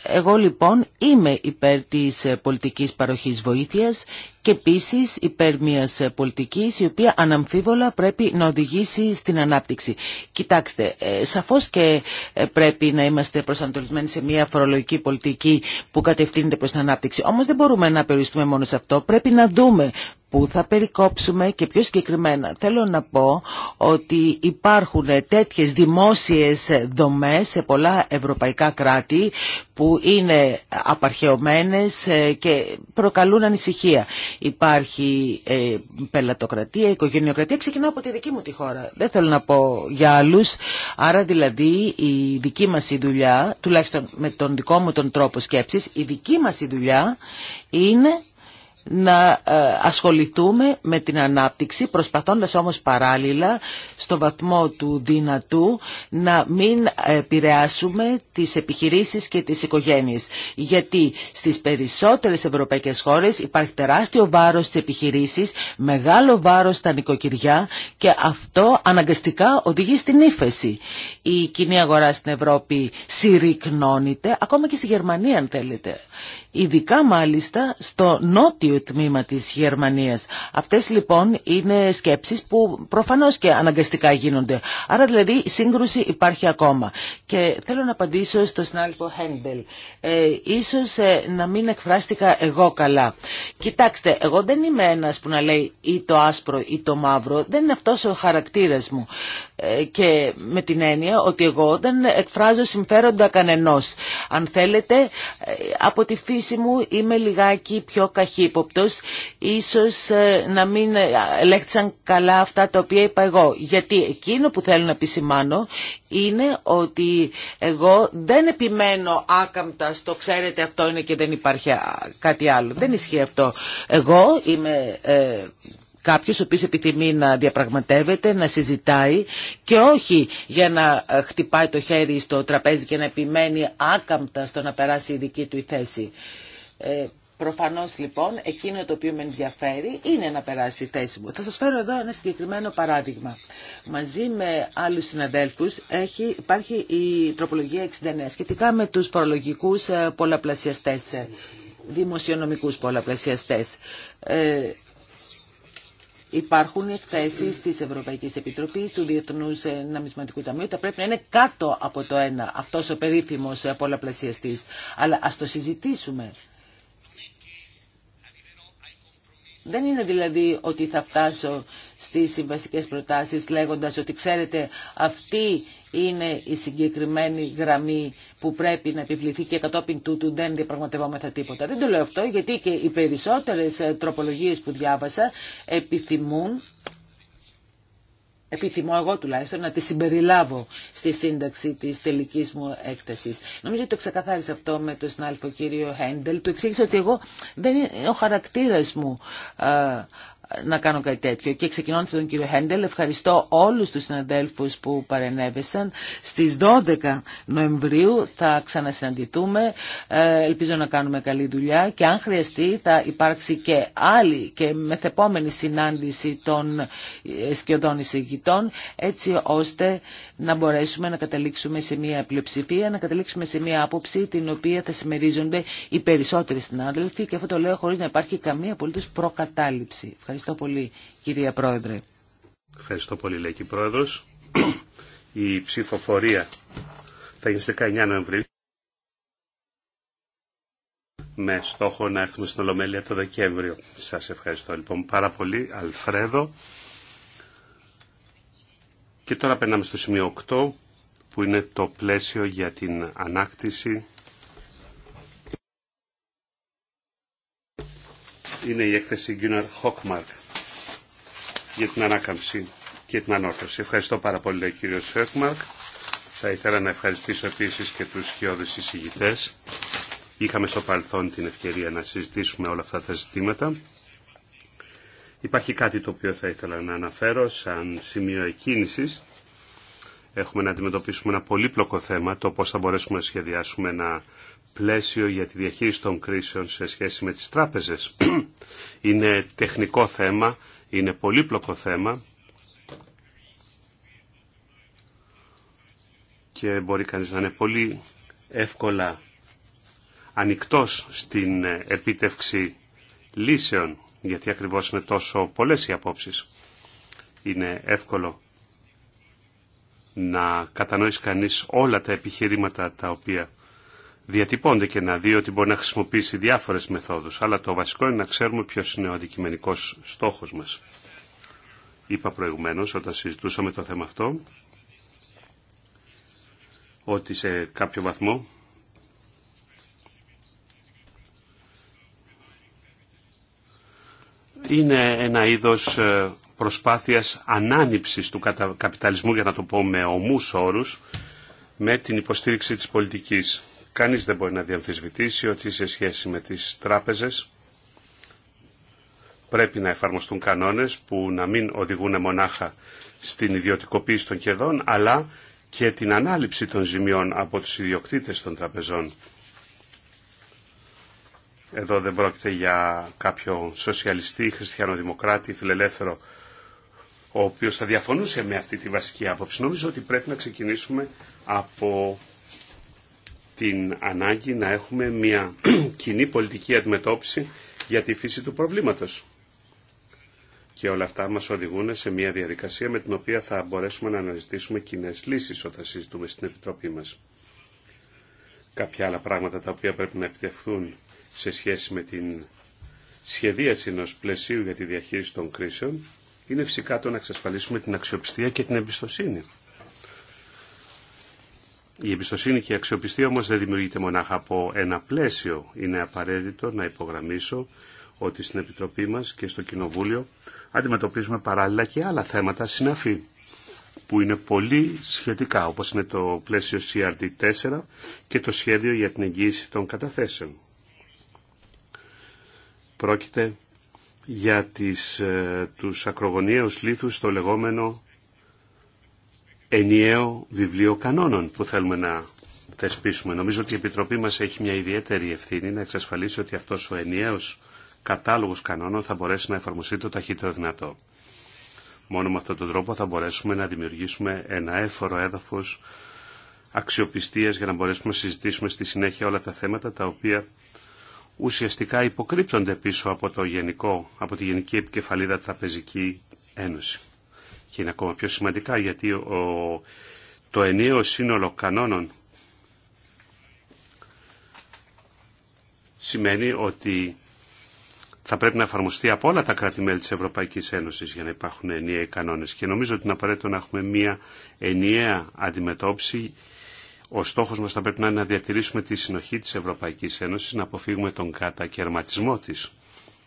εγώ λοιπόν είμαι υπέρ της ε, πολιτικής παροχής βοήθειας, και επίση υπέρ μια πολιτική η οποία αναμφίβολα πρέπει να οδηγήσει στην ανάπτυξη. Κοιτάξτε, ε, σαφώς και ε, πρέπει να είμαστε προσανατολισμένοι σε μια φορολογική πολιτική που κατευθύνεται προς την ανάπτυξη. Όμως δεν μπορούμε να περιοριστούμε μόνο σε αυτό. Πρέπει να δούμε που θα περικόψουμε και πιο συγκεκριμένα θέλω να πω ότι υπάρχουν τέτοιες δημόσιες δομές σε πολλά ευρωπαϊκά κράτη που είναι απαρχαιωμένες ε, και προκαλούν ανησυχία. Υπάρχει ε, πελατοκρατία, οικογενειοκρατία. Ξεκινάω από τη δική μου τη χώρα. Δεν θέλω να πω για άλλου. Άρα δηλαδή η δική μα η δουλειά, τουλάχιστον με τον δικό μου τον τρόπο σκέψης, η δική μας η δουλειά είναι να ε, ασχοληθούμε με την ανάπτυξη προσπαθώντας όμως παράλληλα στο βαθμό του δυνατού να μην επηρεάσουμε τις επιχειρήσεις και τις οικογένειες γιατί στις περισσότερες ευρωπαϊκές χώρες υπάρχει τεράστιο βάρος στις επιχειρήσεις μεγάλο βάρος στα νοικοκυριά και αυτό αναγκαστικά οδηγεί στην ύφεση η κοινή αγορά στην Ευρώπη συρρυκνώνεται ακόμα και στη Γερμανία αν θέλετε ειδικά μάλιστα στο νότιο βόρειο τμήμα της Γερμανίας. Αυτές λοιπόν είναι σκέψεις που προφανώς και αναγκαστικά γίνονται. Άρα δηλαδή σύγκρουση υπάρχει ακόμα. Και θέλω να απαντήσω στο συνάδελφο Χέντελ. Ε, ίσως να μην εκφράστηκα εγώ καλά. Κοιτάξτε, εγώ δεν είμαι ένας που να λέει ή το άσπρο ή το μαύρο. Δεν είναι αυτός ο χαρακτήρας μου. Ε, και με την έννοια ότι εγώ δεν εκφράζω συμφέροντα κανενός. Αν θέλετε, ε, από τη φύση μου είμαι λιγάκι πιο καχύποπτος, ίσως ε, να μην ελέγχθησαν καλά αυτά τα οποία είπα εγώ. Γιατί εκείνο που θέλω να επισημάνω είναι ότι εγώ δεν επιμένω άκαμπτα στο ξέρετε αυτό είναι και δεν υπάρχει κάτι άλλο. Δεν ισχύει αυτό. Εγώ είμαι... Κάποιο ο οποίο επιθυμεί να διαπραγματεύεται, να συζητάει και όχι για να ε, χτυπάει το χέρι στο τραπέζι και να επιμένει άκαμπτα στο να περάσει η δική του η θέση. Ε, προφανώς λοιπόν εκείνο το οποίο με ενδιαφέρει είναι να περάσει η θέση μου. Θα σας φέρω εδώ ένα συγκεκριμένο παράδειγμα. Μαζί με άλλους συναδέλφους υπάρχει η τροπολογία 69 σχετικά με τους φορολογικούς ε, πολλαπλασιαστές ε, δημοσιονομικούς πολλαπλασιαστές. Ε, Υπάρχουν θέσει τη Ευρωπαϊκή Επιτροπή, του Διεθνού Νομισματικού Ταμείου. Τα πρέπει να είναι κάτω από το ένα αυτό ο περίφημο πολλαπλασιαστή. Αλλά α το συζητήσουμε. Δεν είναι δηλαδή ότι θα φτάσω στις συμβασικές προτάσεις λέγοντας ότι ξέρετε αυτή είναι η συγκεκριμένη γραμμή που πρέπει να επιβληθεί και κατόπιν τούτου δεν διαπραγματευόμεθα τίποτα. Δεν το λέω αυτό γιατί και οι περισσότερες ε, τροπολογίες που διάβασα επιθυμούν επιθυμώ εγώ τουλάχιστον να τη συμπεριλάβω στη σύνταξη τη τελική μου έκταση. Νομίζω ότι το ξεκαθάρισα αυτό με τον συνάδελφο κύριο Χέντελ. Του εξήγησα ότι εγώ δεν είναι ο χαρακτήρα μου ε, να κάνω κάτι τέτοιο. Και ξεκινώντας τον κύριο Χέντελ, ευχαριστώ όλους τους συναδέλφους που παρενέβησαν. Στις 12 Νοεμβρίου θα ξανασυναντηθούμε. Ε, ελπίζω να κάνουμε καλή δουλειά και αν χρειαστεί θα υπάρξει και άλλη και μεθεπόμενη συνάντηση των ε, σκιωδών εισηγητών έτσι ώστε να μπορέσουμε να καταλήξουμε σε μια πλειοψηφία, να καταλήξουμε σε μια άποψη την οποία θα συμμερίζονται οι περισσότεροι συνάδελφοι και αυτό το λέω χωρίς να υπάρχει καμία απολύτως προκατάληψη. Ευχαριστώ πολύ κυρία Πρόεδρε. Ευχαριστώ πολύ λέει και η Πρόεδρος. η ψηφοφορία θα γίνει στις 19 Νοεμβρίου με στόχο να έρθουμε στην Ολομέλεια το Δεκέμβριο. Σας ευχαριστώ λοιπόν πάρα πολύ Αλφρέδο. Και τώρα περνάμε στο σημείο 8 που είναι το πλαίσιο για την ανάκτηση είναι η έκθεση Γκίνερ Χόκμαρκ για την ανάκαμψη και την ανόρθωση. Ευχαριστώ πάρα πολύ, λέει ο Hockmark. Θα ήθελα να ευχαριστήσω επίσης και τους σκιώδεις συζητητέ. Είχαμε στο παρελθόν την ευκαιρία να συζητήσουμε όλα αυτά τα ζητήματα. Υπάρχει κάτι το οποίο θα ήθελα να αναφέρω σαν σημείο εκκίνησης. Έχουμε να αντιμετωπίσουμε ένα πολύπλοκο θέμα, το πώς θα μπορέσουμε να σχεδιάσουμε ένα πλαίσιο για τη διαχείριση των κρίσεων σε σχέση με τις τράπεζες. Είναι τεχνικό θέμα, είναι πολύπλοκο θέμα και μπορεί κανείς να είναι πολύ εύκολα ανοιχτός στην επίτευξη λύσεων, γιατί ακριβώς είναι τόσο πολλές οι απόψεις. Είναι εύκολο να κατανοήσει κανείς όλα τα επιχειρήματα τα οποία διατυπώνται και να δει ότι μπορεί να χρησιμοποιήσει διάφορες μεθόδους, αλλά το βασικό είναι να ξέρουμε ποιος είναι ο αντικειμενικός στόχος μας. Είπα προηγουμένως όταν συζητούσαμε το θέμα αυτό, ότι σε κάποιο βαθμό είναι ένα είδος ε, προσπάθειας ανάνυψης του καπιταλισμού, για να το πω με ομούς όρους, με την υποστήριξη της πολιτικής. Κανείς δεν μπορεί να διαμφισβητήσει ότι σε σχέση με τις τράπεζες πρέπει να εφαρμοστούν κανόνες που να μην οδηγούν μονάχα στην ιδιωτικοποίηση των κερδών, αλλά και την ανάληψη των ζημιών από τους ιδιοκτήτες των τραπεζών. Εδώ δεν πρόκειται για κάποιο σοσιαλιστή, χριστιανοδημοκράτη, φιλελεύθερο, ο οποίος θα διαφωνούσε με αυτή τη βασική άποψη. Νομίζω ότι πρέπει να ξεκινήσουμε από την ανάγκη να έχουμε μια κοινή πολιτική αντιμετώπιση για τη φύση του προβλήματος. Και όλα αυτά μας οδηγούν σε μια διαδικασία με την οποία θα μπορέσουμε να αναζητήσουμε κοινέ λύσεις όταν συζητούμε στην Επιτροπή μας. Κάποια άλλα πράγματα τα οποία πρέπει να επιτευχθούν σε σχέση με την σχεδίαση ενό πλαισίου για τη διαχείριση των κρίσεων είναι φυσικά το να εξασφαλίσουμε την αξιοπιστία και την εμπιστοσύνη η εμπιστοσύνη και η αξιοπιστία όμως δεν δημιουργείται μονάχα από ένα πλαίσιο. Είναι απαραίτητο να υπογραμμίσω ότι στην Επιτροπή μας και στο Κοινοβούλιο αντιμετωπίζουμε παράλληλα και άλλα θέματα συναφή που είναι πολύ σχετικά, όπως είναι το πλαίσιο CRD4 και το σχέδιο για την εγγύηση των καταθέσεων. Πρόκειται για τις, ε, τους λήθου λίθους στο λεγόμενο ενιαίο βιβλίο κανόνων που θέλουμε να θεσπίσουμε. Νομίζω ότι η Επιτροπή μας έχει μια ιδιαίτερη ευθύνη να εξασφαλίσει ότι αυτός ο ενιαίος κατάλογος κανόνων θα μπορέσει να εφαρμοστεί το ταχύτερο δυνατό. Μόνο με αυτόν τον τρόπο θα μπορέσουμε να δημιουργήσουμε ένα έφορο έδαφος αξιοπιστίας για να μπορέσουμε να συζητήσουμε στη συνέχεια όλα τα θέματα τα οποία ουσιαστικά υποκρύπτονται πίσω από, το γενικό, από τη Γενική Επικεφαλίδα Τραπεζική Ένωση και είναι ακόμα πιο σημαντικά γιατί ο, το ενιαίο σύνολο κανόνων σημαίνει ότι θα πρέπει να εφαρμοστεί από όλα τα κράτη-μέλη της Ευρωπαϊκής Ένωσης για να υπάρχουν ενιαίοι κανόνες. Και νομίζω ότι είναι απαραίτητο να έχουμε μια ενιαία αντιμετώπιση. Ο στόχος μας θα πρέπει να είναι να διατηρήσουμε τη συνοχή της Ευρωπαϊκής Ένωσης, να αποφύγουμε τον κατακαιρματισμό της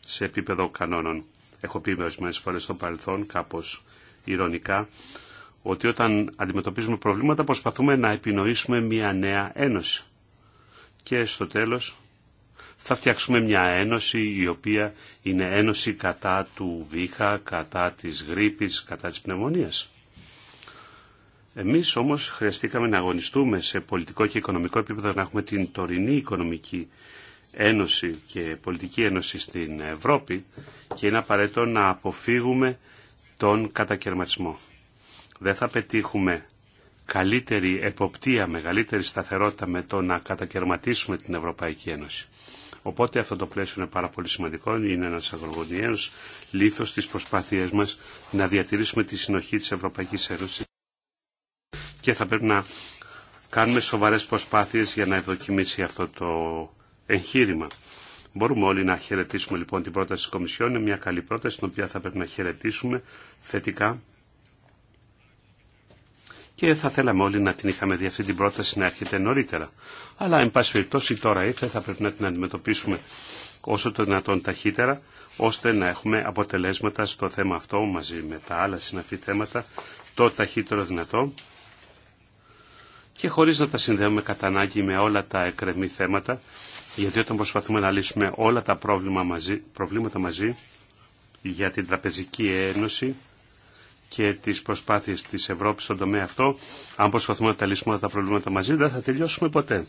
σε επίπεδο κανόνων. Έχω πει ορισμένε φορές στο παρελθόν κάπως ηρωνικά ότι όταν αντιμετωπίζουμε προβλήματα προσπαθούμε να επινοήσουμε μια νέα ένωση. Και στο τέλος θα φτιάξουμε μια ένωση η οποία είναι ένωση κατά του βήχα, κατά της γρήπης, κατά της πνευμονίας. Εμείς όμως χρειαστήκαμε να αγωνιστούμε σε πολιτικό και οικονομικό επίπεδο να έχουμε την τωρινή οικονομική ένωση και πολιτική ένωση στην Ευρώπη και είναι απαραίτητο να αποφύγουμε τον κατακαιρματισμό. Δεν θα πετύχουμε καλύτερη εποπτεία, μεγαλύτερη σταθερότητα με το να κατακαιρματίσουμε την Ευρωπαϊκή Ένωση. Οπότε αυτό το πλαίσιο είναι πάρα πολύ σημαντικό, είναι ένας αγρογωνιαίος λίθος της προσπάθειας μας να διατηρήσουμε τη συνοχή της Ευρωπαϊκής Ένωσης και θα πρέπει να κάνουμε σοβαρές προσπάθειες για να ευδοκιμήσει αυτό το εγχείρημα. Μπορούμε όλοι να χαιρετήσουμε λοιπόν την πρόταση της Κομισιόν. Είναι μια καλή πρόταση την οποία θα πρέπει να χαιρετήσουμε θετικά. Και θα θέλαμε όλοι να την είχαμε δει αυτή την πρόταση να έρχεται νωρίτερα. Αλλά εν πάση περιπτώσει τώρα ήρθε θα πρέπει να την αντιμετωπίσουμε όσο το δυνατόν ταχύτερα ώστε να έχουμε αποτελέσματα στο θέμα αυτό μαζί με τα άλλα συναφή θέματα το ταχύτερο δυνατό και χωρίς να τα συνδέουμε κατά ανάγκη με όλα τα εκρεμή θέματα γιατί όταν προσπαθούμε να λύσουμε όλα τα μαζί, προβλήματα μαζί για την Τραπεζική Ένωση και τις προσπάθειες της Ευρώπης στον τομέα αυτό, αν προσπαθούμε να τα λύσουμε όλα τα προβλήματα μαζί, δεν θα τελειώσουμε ποτέ.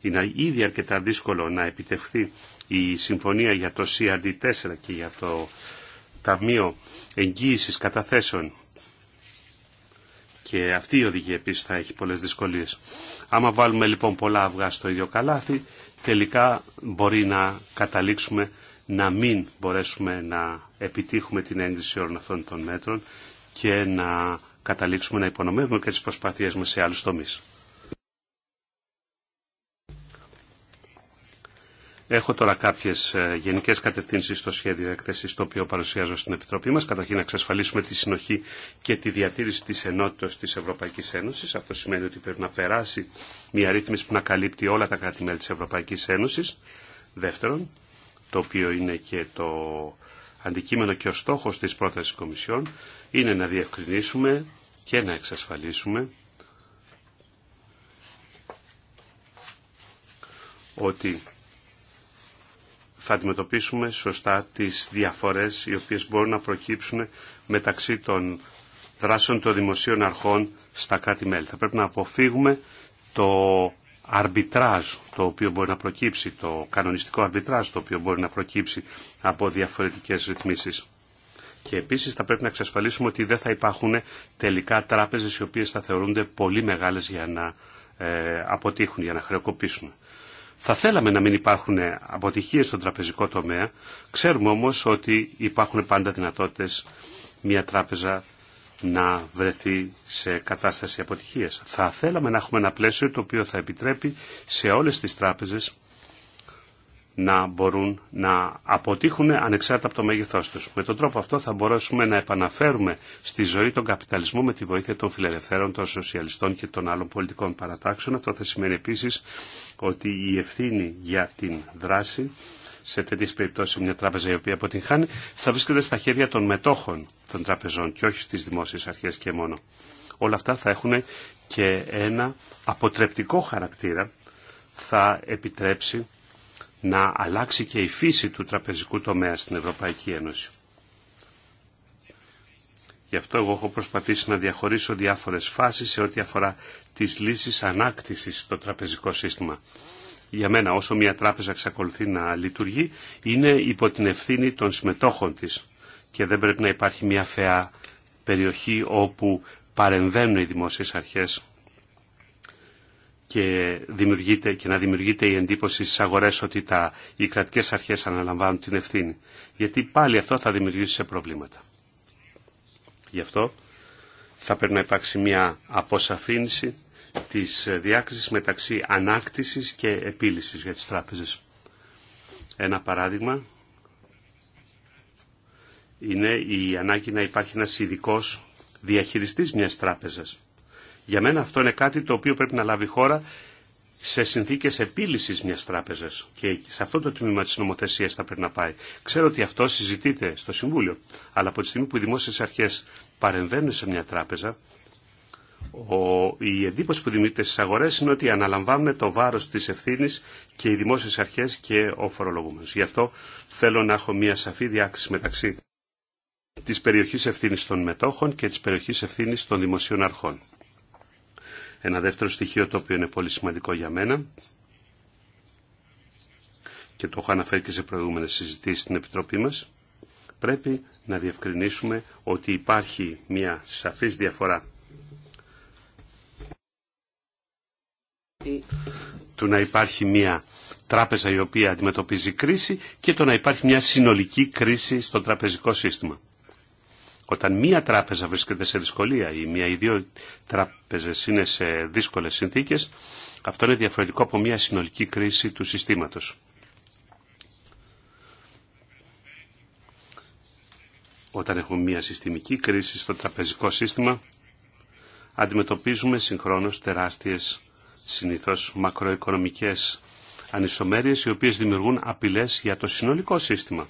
Είναι ήδη αρκετά δύσκολο να επιτευχθεί η συμφωνία για το CRD4 και για το Ταμείο Εγγύησης Καταθέσεων και αυτή η οδηγία επίσης θα έχει πολλές δυσκολίες. Άμα βάλουμε λοιπόν πολλά αυγά στο ίδιο καλάθι, τελικά μπορεί να καταλήξουμε να μην μπορέσουμε να επιτύχουμε την έγκριση όλων αυτών των μέτρων και να καταλήξουμε να υπονομεύουμε και τις προσπάθειές μας σε άλλους τομείς. Έχω τώρα κάποιε γενικέ κατευθύνσει στο σχέδιο έκθεση το οποίο παρουσιάζω στην Επιτροπή μα. Καταρχήν να εξασφαλίσουμε τη συνοχή και τη διατήρηση τη ενότητα τη Ευρωπαϊκή Ένωση. Αυτό σημαίνει ότι πρέπει να περάσει μια ρύθμιση που να καλύπτει όλα τα κράτη-μέλη τη Ευρωπαϊκή Ένωση. Δεύτερον, το οποίο είναι και το αντικείμενο και ο στόχο τη πρόταση Κομισιόν, είναι να διευκρινίσουμε και να εξασφαλίσουμε ότι θα αντιμετωπίσουμε σωστά τις διαφορές οι οποίες μπορούν να προκύψουν μεταξύ των δράσεων των δημοσίων αρχών στα κράτη-μέλη. Θα πρέπει να αποφύγουμε το αρμπιτράζ το οποίο μπορεί να προκύψει, το κανονιστικό αρμπιτράζ το οποίο μπορεί να προκύψει από διαφορετικές ρυθμίσεις. Και επίσης θα πρέπει να εξασφαλίσουμε ότι δεν θα υπάρχουν τελικά τράπεζες οι οποίες θα θεωρούνται πολύ μεγάλες για να ε, αποτύχουν, για να χρεοκοπήσουν. Θα θέλαμε να μην υπάρχουν αποτυχίες στον τραπεζικό τομέα, ξέρουμε όμως ότι υπάρχουν πάντα δυνατότητες μια τράπεζα να βρεθεί σε κατάσταση αποτυχίας. Θα θέλαμε να έχουμε ένα πλαίσιο το οποίο θα επιτρέπει σε όλες τις τράπεζες να μπορούν να αποτύχουν ανεξάρτητα από το μέγεθός τους. Με τον τρόπο αυτό θα μπορέσουμε να επαναφέρουμε στη ζωή τον καπιταλισμό με τη βοήθεια των φιλελευθέρων, των σοσιαλιστών και των άλλων πολιτικών παρατάξεων. Αυτό θα σημαίνει επίσης ότι η ευθύνη για την δράση σε τέτοιε περιπτώσει μια τράπεζα η οποία αποτυγχάνει θα βρίσκεται στα χέρια των μετόχων των τραπεζών και όχι στις δημόσιες αρχές και μόνο. Όλα αυτά θα έχουν και ένα αποτρεπτικό χαρακτήρα θα επιτρέψει να αλλάξει και η φύση του τραπεζικού τομέα στην Ευρωπαϊκή Ένωση. Γι' αυτό εγώ έχω προσπαθήσει να διαχωρίσω διάφορες φάσεις σε ό,τι αφορά τις λύσεις ανάκτησης στο τραπεζικό σύστημα. Για μένα όσο μια τράπεζα εξακολουθεί να λειτουργεί είναι υπό την ευθύνη των συμμετόχων της και δεν πρέπει να υπάρχει μια φαιά περιοχή όπου παρεμβαίνουν οι δημόσιες αρχές και, δημιουργείται, και να δημιουργείται η εντύπωση στις αγορές ότι τα, οι κρατικές αρχές αναλαμβάνουν την ευθύνη. Γιατί πάλι αυτό θα δημιουργήσει σε προβλήματα. Γι' αυτό θα πρέπει να υπάρξει μια αποσαφήνιση της διάκρισης μεταξύ ανάκτησης και επίλυσης για τις τράπεζες. Ένα παράδειγμα είναι η ανάγκη να υπάρχει ένας ειδικό διαχειριστής μιας τράπεζας για μένα αυτό είναι κάτι το οποίο πρέπει να λάβει η χώρα σε συνθήκε επίλυση μια τράπεζα. και σε αυτό το τμήμα τη νομοθεσία θα πρέπει να πάει. Ξέρω ότι αυτό συζητείται στο Συμβούλιο, αλλά από τη στιγμή που οι δημόσιε αρχέ παρεμβαίνουν σε μια τράπεζα, ο, η εντύπωση που δημιουργείται στι αγορέ είναι ότι αναλαμβάνουν το βάρο τη ευθύνη και οι δημόσιες αρχέ και ο φορολογούμενος. Γι' αυτό θέλω να έχω μια σαφή διάκριση μεταξύ της περιοχής ευθύνης των μετόχων και της περιοχής ευθύνης των δημοσίων αρχών. Ένα δεύτερο στοιχείο το οποίο είναι πολύ σημαντικό για μένα και το έχω αναφέρει και σε προηγούμενες συζητήσεις στην Επιτροπή μας, πρέπει να διευκρινίσουμε ότι υπάρχει μια σαφής διαφορά του να υπάρχει μια τράπεζα η οποία αντιμετωπίζει κρίση και το να υπάρχει μια συνολική κρίση στο τραπεζικό σύστημα. Όταν μία τράπεζα βρίσκεται σε δυσκολία ή μία ή δύο τράπεζες είναι σε δύσκολες συνθήκες, αυτό είναι διαφορετικό από μία συνολική κρίση του συστήματος. Όταν έχουμε μία συστημική κρίση στο τραπεζικό σύστημα, αντιμετωπίζουμε συγχρόνως τεράστιες συνήθως μακροοικονομικές ανισομέρειες οι οποίες δημιουργούν απειλές για το συνολικό σύστημα.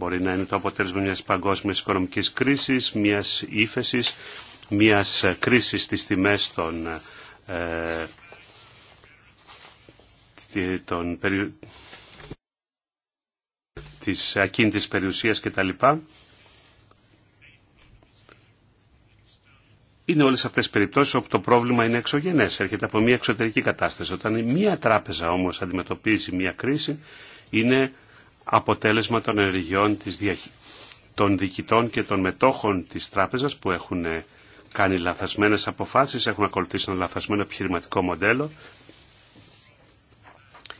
Μπορεί να είναι το αποτέλεσμα μιας παγκόσμιας οικονομικής κρίσης, μιας ύφεση, μιας κρίσης στις τιμές των, ε, των της ακίνητης περιουσίας κτλ. Είναι όλες αυτές τις περιπτώσεις όπου το πρόβλημα είναι εξωγενές, έρχεται από μια εξωτερική κατάσταση. Όταν μια τράπεζα όμως αντιμετωπίζει μια κρίση, είναι αποτέλεσμα των ενεργειών της των διοικητών και των μετόχων της τράπεζας που έχουν ε, κάνει λαθασμένες αποφάσεις, έχουν ακολουθήσει ένα λαθασμένο επιχειρηματικό μοντέλο.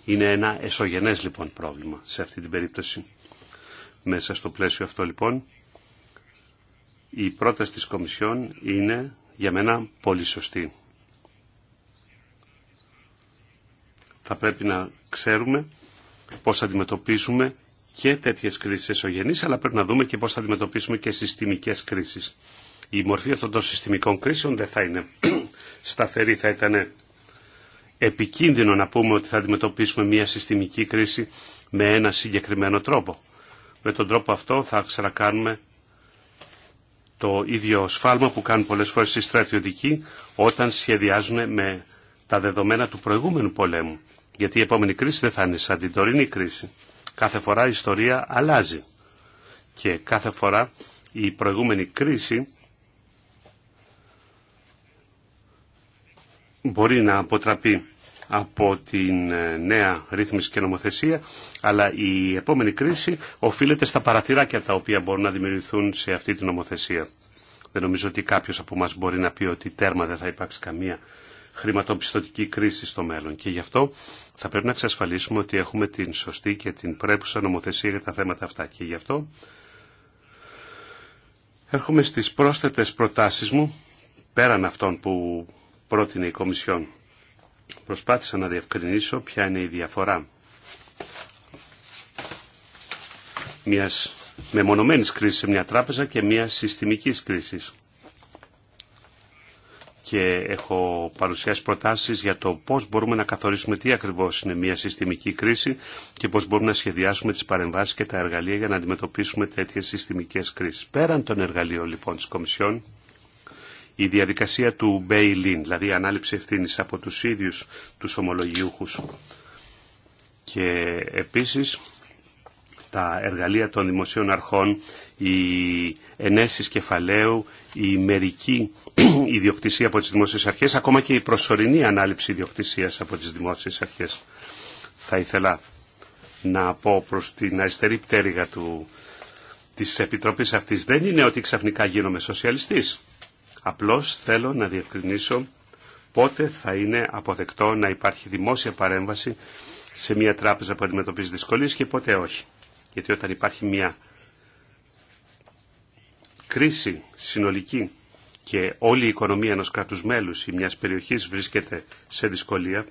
Είναι ένα εσωγενές λοιπόν πρόβλημα σε αυτή την περίπτωση. Μέσα στο πλαίσιο αυτό λοιπόν η πρόταση της Κομισιόν είναι για μένα πολύ σωστή. Θα πρέπει να ξέρουμε πώς θα αντιμετωπίσουμε και τέτοιες κρίσεις εσωγενείς, αλλά πρέπει να δούμε και πώς θα αντιμετωπίσουμε και συστημικές κρίσεις. Η μορφή αυτών των συστημικών κρίσεων δεν θα είναι σταθερή, θα ήταν επικίνδυνο να πούμε ότι θα αντιμετωπίσουμε μια συστημική κρίση με ένα συγκεκριμένο τρόπο. Με τον τρόπο αυτό θα ξανακάνουμε το ίδιο σφάλμα που κάνουν πολλές φορές οι στρατιωτικοί όταν σχεδιάζουν με τα δεδομένα του προηγούμενου πολέμου. Γιατί η επόμενη κρίση δεν θα είναι σαν την τωρινή κρίση. Κάθε φορά η ιστορία αλλάζει. Και κάθε φορά η προηγούμενη κρίση μπορεί να αποτραπεί από την ε, νέα ρύθμιση και νομοθεσία, αλλά η επόμενη κρίση οφείλεται στα παραθυράκια τα οποία μπορούν να δημιουργηθούν σε αυτή την νομοθεσία. Δεν νομίζω ότι κάποιος από μας μπορεί να πει ότι τέρμα δεν θα υπάρξει καμία χρηματοπιστωτική κρίση στο μέλλον. Και γι' αυτό θα πρέπει να εξασφαλίσουμε ότι έχουμε την σωστή και την πρέπουσα νομοθεσία για τα θέματα αυτά. Και γι' αυτό έρχομαι στις πρόσθετες προτάσεις μου, πέραν αυτών που πρότεινε η Κομισιόν. Προσπάθησα να διευκρινίσω ποια είναι η διαφορά μιας μεμονωμένης κρίσης σε μια τράπεζα και μιας συστημικής κρίσης και έχω παρουσιάσει προτάσεις για το πώς μπορούμε να καθορίσουμε τι ακριβώς είναι μια συστημική κρίση και πώς μπορούμε να σχεδιάσουμε τις παρεμβάσεις και τα εργαλεία για να αντιμετωπίσουμε τέτοιες συστημικές κρίσεις. Πέραν των εργαλείων λοιπόν της Κομισιόν, η διαδικασία του bail-in, δηλαδή η ανάληψη ευθύνη από τους ίδιους τους ομολογιούχους και επίσης τα εργαλεία των δημοσίων αρχών οι ενέσεις κεφαλαίου, η μερική ιδιοκτησία από τις δημόσιες αρχές, ακόμα και η προσωρινή ανάληψη ιδιοκτησίας από τις δημόσιες αρχές. Θα ήθελα να πω προς την αριστερή πτέρυγα του, της Επιτροπής αυτής. Δεν είναι ότι ξαφνικά γίνομαι σοσιαλιστής. Απλώς θέλω να διευκρινίσω πότε θα είναι αποδεκτό να υπάρχει δημόσια παρέμβαση σε μια τράπεζα που αντιμετωπίζει δυσκολίες και πότε όχι. Γιατί όταν υπάρχει μια κρίση συνολική και όλη η οικονομία ενός κράτους μέλους ή μιας περιοχής βρίσκεται σε δυσκολία,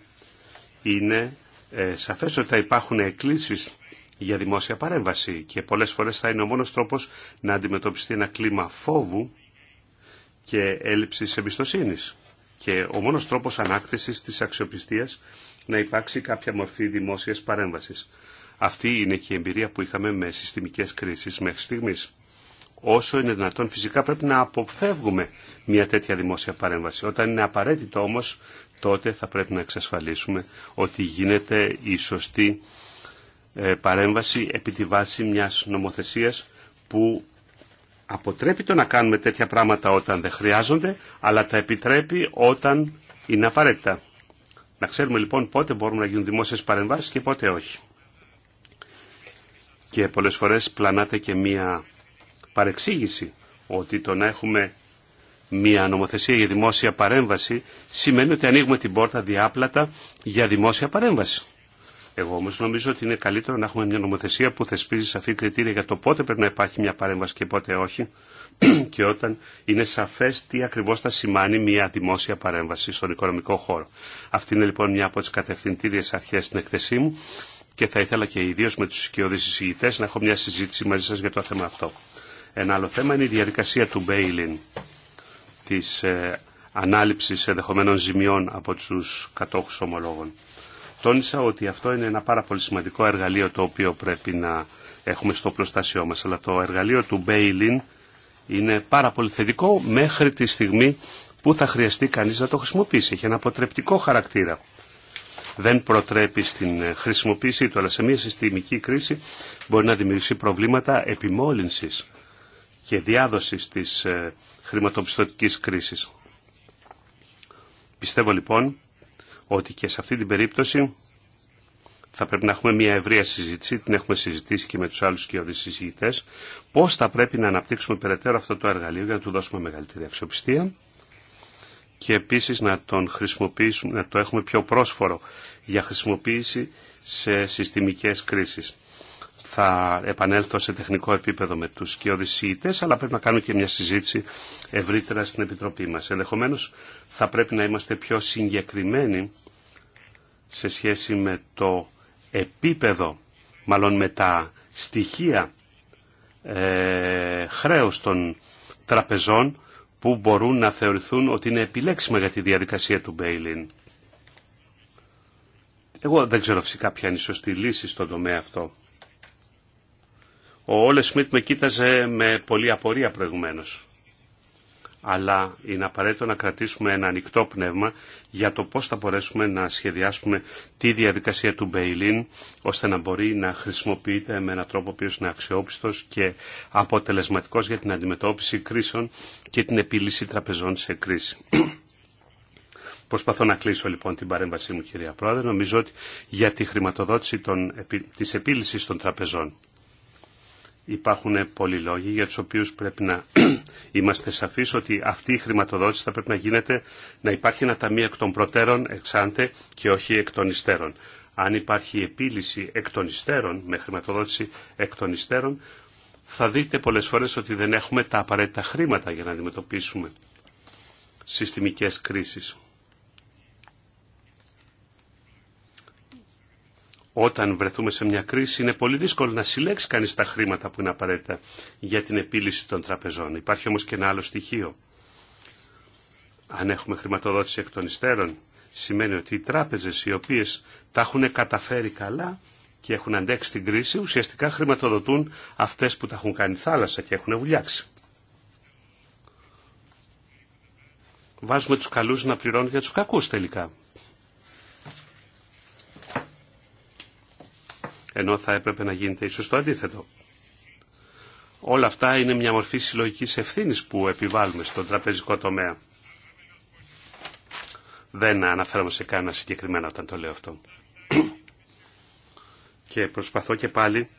είναι ε, σαφές ότι θα υπάρχουν εκκλήσεις για δημόσια παρέμβαση και πολλές φορές θα είναι ο μόνος τρόπος να αντιμετωπιστεί ένα κλίμα φόβου και έλλειψης εμπιστοσύνης και ο μόνος τρόπος ανάκτησης της αξιοπιστίας να υπάρξει κάποια μορφή δημόσιας παρέμβασης. Αυτή είναι και η εμπειρία που είχαμε με συστημικές κρίσεις μέχρι στιγμής όσο είναι δυνατόν φυσικά πρέπει να αποφεύγουμε μια τέτοια δημόσια παρέμβαση. Όταν είναι απαραίτητο όμως τότε θα πρέπει να εξασφαλίσουμε ότι γίνεται η σωστή ε, παρέμβαση επί τη βάση μιας νομοθεσίας που αποτρέπει το να κάνουμε τέτοια πράγματα όταν δεν χρειάζονται, αλλά τα επιτρέπει όταν είναι απαραίτητα. Να ξέρουμε λοιπόν πότε μπορούμε να γίνουν δημόσιες παρεμβάσεις και πότε όχι. Και πολλές φορές πλανάται και μία παρεξήγηση ότι το να έχουμε μια νομοθεσία για δημόσια παρέμβαση σημαίνει ότι ανοίγουμε την πόρτα διάπλατα για δημόσια παρέμβαση. Εγώ όμω νομίζω ότι είναι καλύτερο να έχουμε μια νομοθεσία που θεσπίζει σαφή κριτήρια για το πότε πρέπει να υπάρχει μια παρέμβαση και πότε όχι και όταν είναι σαφέ τι ακριβώ θα σημάνει μια δημόσια παρέμβαση στον οικονομικό χώρο. Αυτή είναι λοιπόν μια από τι κατευθυντήριε αρχέ στην εκθεσή μου και θα ήθελα και ιδίω με του οικειώδει συζητητέ να έχω μια συζήτηση μαζί σα για το θέμα αυτό. Ένα άλλο θέμα είναι η διαδικασία του bail-in, της ε, ανάληψης ενδεχομένων ζημιών από τους κατόχους ομολόγων. Τόνισα ότι αυτό είναι ένα πάρα πολύ σημαντικό εργαλείο το οποίο πρέπει να έχουμε στο προστασιό μας. Αλλά το εργαλείο του bail-in είναι πάρα πολύ θετικό μέχρι τη στιγμή που θα χρειαστεί κανείς να το χρησιμοποιήσει. Έχει ένα αποτρεπτικό χαρακτήρα. Δεν προτρέπει στην ε, χρησιμοποίησή του, αλλά σε μια συστημική κρίση μπορεί να δημιουργήσει προβλήματα επιμόλυνσης και διάδοσης της ε, χρηματοπιστωτικής κρίσης. Πιστεύω λοιπόν ότι και σε αυτή την περίπτωση θα πρέπει να έχουμε μια ευρεία συζήτηση, την έχουμε συζητήσει και με τους άλλους και συζητητές, πώς θα πρέπει να αναπτύξουμε περαιτέρω αυτό το εργαλείο για να του δώσουμε μεγαλύτερη αξιοπιστία και επίσης να τον το έχουμε πιο πρόσφορο για χρησιμοποίηση σε συστημικές κρίσεις θα επανέλθω σε τεχνικό επίπεδο με τους σκιοδησίτες, αλλά πρέπει να κάνουμε και μια συζήτηση ευρύτερα στην Επιτροπή μας. Ενδεχομένω θα πρέπει να είμαστε πιο συγκεκριμένοι σε σχέση με το επίπεδο, μάλλον με τα στοιχεία ε, χρέους των τραπεζών που μπορούν να θεωρηθούν ότι είναι επιλέξιμα για τη διαδικασία του Μπέιλιν. Εγώ δεν ξέρω φυσικά ποια είναι η σωστή λύση στον τομέα αυτό. Ο Όλε Σμιτ με κοίταζε με πολλή απορία προηγουμένω. Αλλά είναι απαραίτητο να κρατήσουμε ένα ανοιχτό πνεύμα για το πώς θα μπορέσουμε να σχεδιάσουμε τη διαδικασία του Μπέιλιν ώστε να μπορεί να χρησιμοποιείται με έναν τρόπο που είναι αξιόπιστος και αποτελεσματικός για την αντιμετώπιση κρίσεων και την επίλυση τραπεζών σε κρίση. Προσπαθώ να κλείσω λοιπόν την παρέμβασή μου κυρία Πρόεδρε, νομίζω ότι για τη χρηματοδότηση των, της επίλυσης των τραπεζών υπάρχουν πολλοί λόγοι για τους οποίους πρέπει να είμαστε σαφείς ότι αυτή η χρηματοδότηση θα πρέπει να γίνεται να υπάρχει ένα ταμείο εκ των προτέρων εξάντε και όχι εκ των υστέρων. Αν υπάρχει επίλυση εκ των υστέρων, με χρηματοδότηση εκ των υστέρων, θα δείτε πολλές φορές ότι δεν έχουμε τα απαραίτητα χρήματα για να αντιμετωπίσουμε συστημικές κρίσεις. όταν βρεθούμε σε μια κρίση είναι πολύ δύσκολο να συλλέξει κανείς τα χρήματα που είναι απαραίτητα για την επίλυση των τραπεζών. Υπάρχει όμως και ένα άλλο στοιχείο. Αν έχουμε χρηματοδότηση εκ των υστέρων, σημαίνει ότι οι τράπεζες οι οποίες τα έχουν καταφέρει καλά και έχουν αντέξει την κρίση, ουσιαστικά χρηματοδοτούν αυτές που τα έχουν κάνει θάλασσα και έχουν βουλιάξει. Βάζουμε τους καλούς να πληρώνουν για τους κακούς τελικά. ενώ θα έπρεπε να γίνεται ίσως το αντίθετο. Όλα αυτά είναι μια μορφή συλλογική ευθύνη που επιβάλλουμε στον τραπεζικό τομέα. Δεν αναφέρομαι σε κανένα συγκεκριμένα όταν το λέω αυτό. και προσπαθώ και πάλι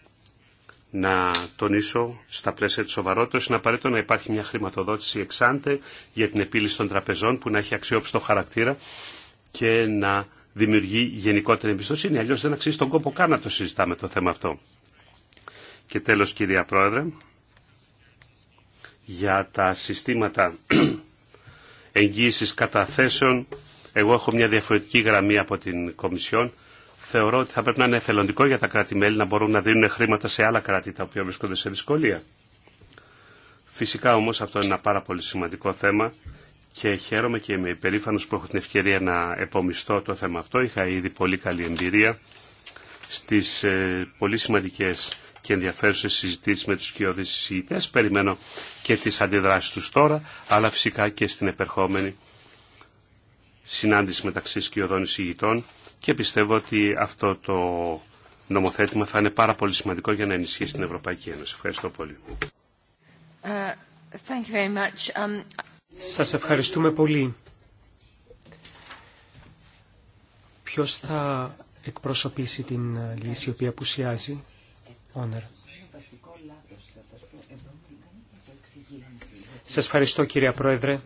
να τονίσω στα πλαίσια της σοβαρότητας είναι απαραίτητο να υπάρχει μια χρηματοδότηση εξάντε για την επίλυση των τραπεζών που να έχει αξιόπιστο χαρακτήρα και να δημιουργεί γενικότερη εμπιστοσύνη. Αλλιώ δεν αξίζει τον κόπο καν να το συζητάμε το θέμα αυτό. Και τέλο, κυρία Πρόεδρε, για τα συστήματα εγγύηση καταθέσεων, εγώ έχω μια διαφορετική γραμμή από την Κομισιόν. Θεωρώ ότι θα πρέπει να είναι εθελοντικό για τα κράτη-μέλη να μπορούν να δίνουν χρήματα σε άλλα κράτη τα οποία βρίσκονται σε δυσκολία. Φυσικά όμως αυτό είναι ένα πάρα πολύ σημαντικό θέμα και χαίρομαι και είμαι υπερήφανος που έχω την ευκαιρία να επομιστώ το θέμα αυτό. Είχα ήδη πολύ καλή εμπειρία στις ε, πολύ σημαντικές και ενδιαφέρουσες συζητήσεις με τους κοιόδες συζητητές. Περιμένω και τις αντιδράσεις τους τώρα, αλλά φυσικά και στην επερχόμενη συνάντηση μεταξύ σκιωδών εισηγητών και πιστεύω ότι αυτό το νομοθέτημα θα είναι πάρα πολύ σημαντικό για να ενισχύσει την Ευρωπαϊκή Ένωση. Ευχαριστώ πολύ. Uh, σας ευχαριστούμε πολύ. Ποιος θα εκπροσωπήσει την ε, λύση η οποία απουσιάζει. Όνερ. Σας ευχαριστώ κυρία Πρόεδρε.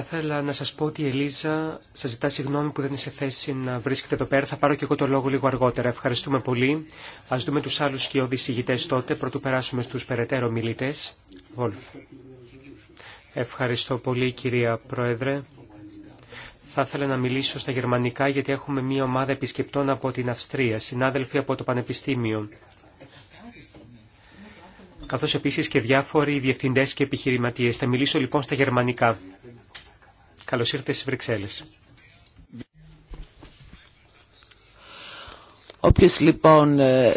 Θα ήθελα να σας πω ότι η Ελίζα σας ζητά συγγνώμη που δεν είναι σε θέση να βρίσκεται εδώ πέρα. Θα πάρω και εγώ το λόγο λίγο αργότερα. Ευχαριστούμε πολύ. Ας δούμε τους άλλους και οδηγητέ τότε, πρωτού περάσουμε στους περαιτέρω μιλητές. Βόλφ. Ευχαριστώ πολύ κυρία Πρόεδρε. Θα ήθελα να μιλήσω στα γερμανικά γιατί έχουμε μία ομάδα επισκεπτών από την Αυστρία, συνάδελφοι από το Πανεπιστήμιο καθώς επίσης και διάφοροι διευθυντέ και επιχειρηματίες. Θα μιλήσω λοιπόν στα γερμανικά. Καλώ ήρθατε στι Βρυξέλλε. Όποιος λοιπόν ε,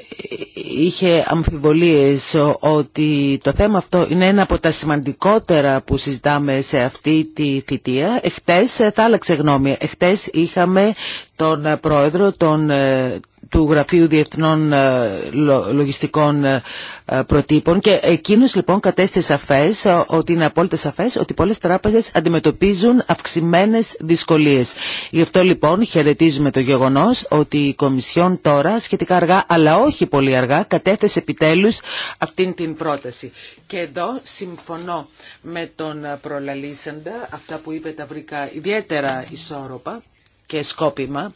είχε αμφιβολίες ότι το θέμα αυτό είναι ένα από τα σημαντικότερα που συζητάμε σε αυτή τη θητεία, εχθές ε, θα άλλαξε γνώμη. Εχθές είχαμε τον ε, πρόεδρο τον, ε, του Γραφείου Διεθνών ε, Λογιστικών Προτύπων και εκείνος λοιπόν κατέστησε σαφές ότι είναι απόλυτα σαφές ότι πολλές τράπεζες αντιμετωπίζουν αυξημένες δυσκολίες. Γι' αυτό λοιπόν χαιρετίζουμε το γεγονός ότι η Κομισιόν τώρα σχετικά αργά αλλά όχι πολύ αργά κατέθεσε επιτέλους αυτήν την πρόταση. Και εδώ συμφωνώ με τον προλαλήσαντα αυτά που είπε τα βρήκα ιδιαίτερα ισόρροπα και σκόπιμα.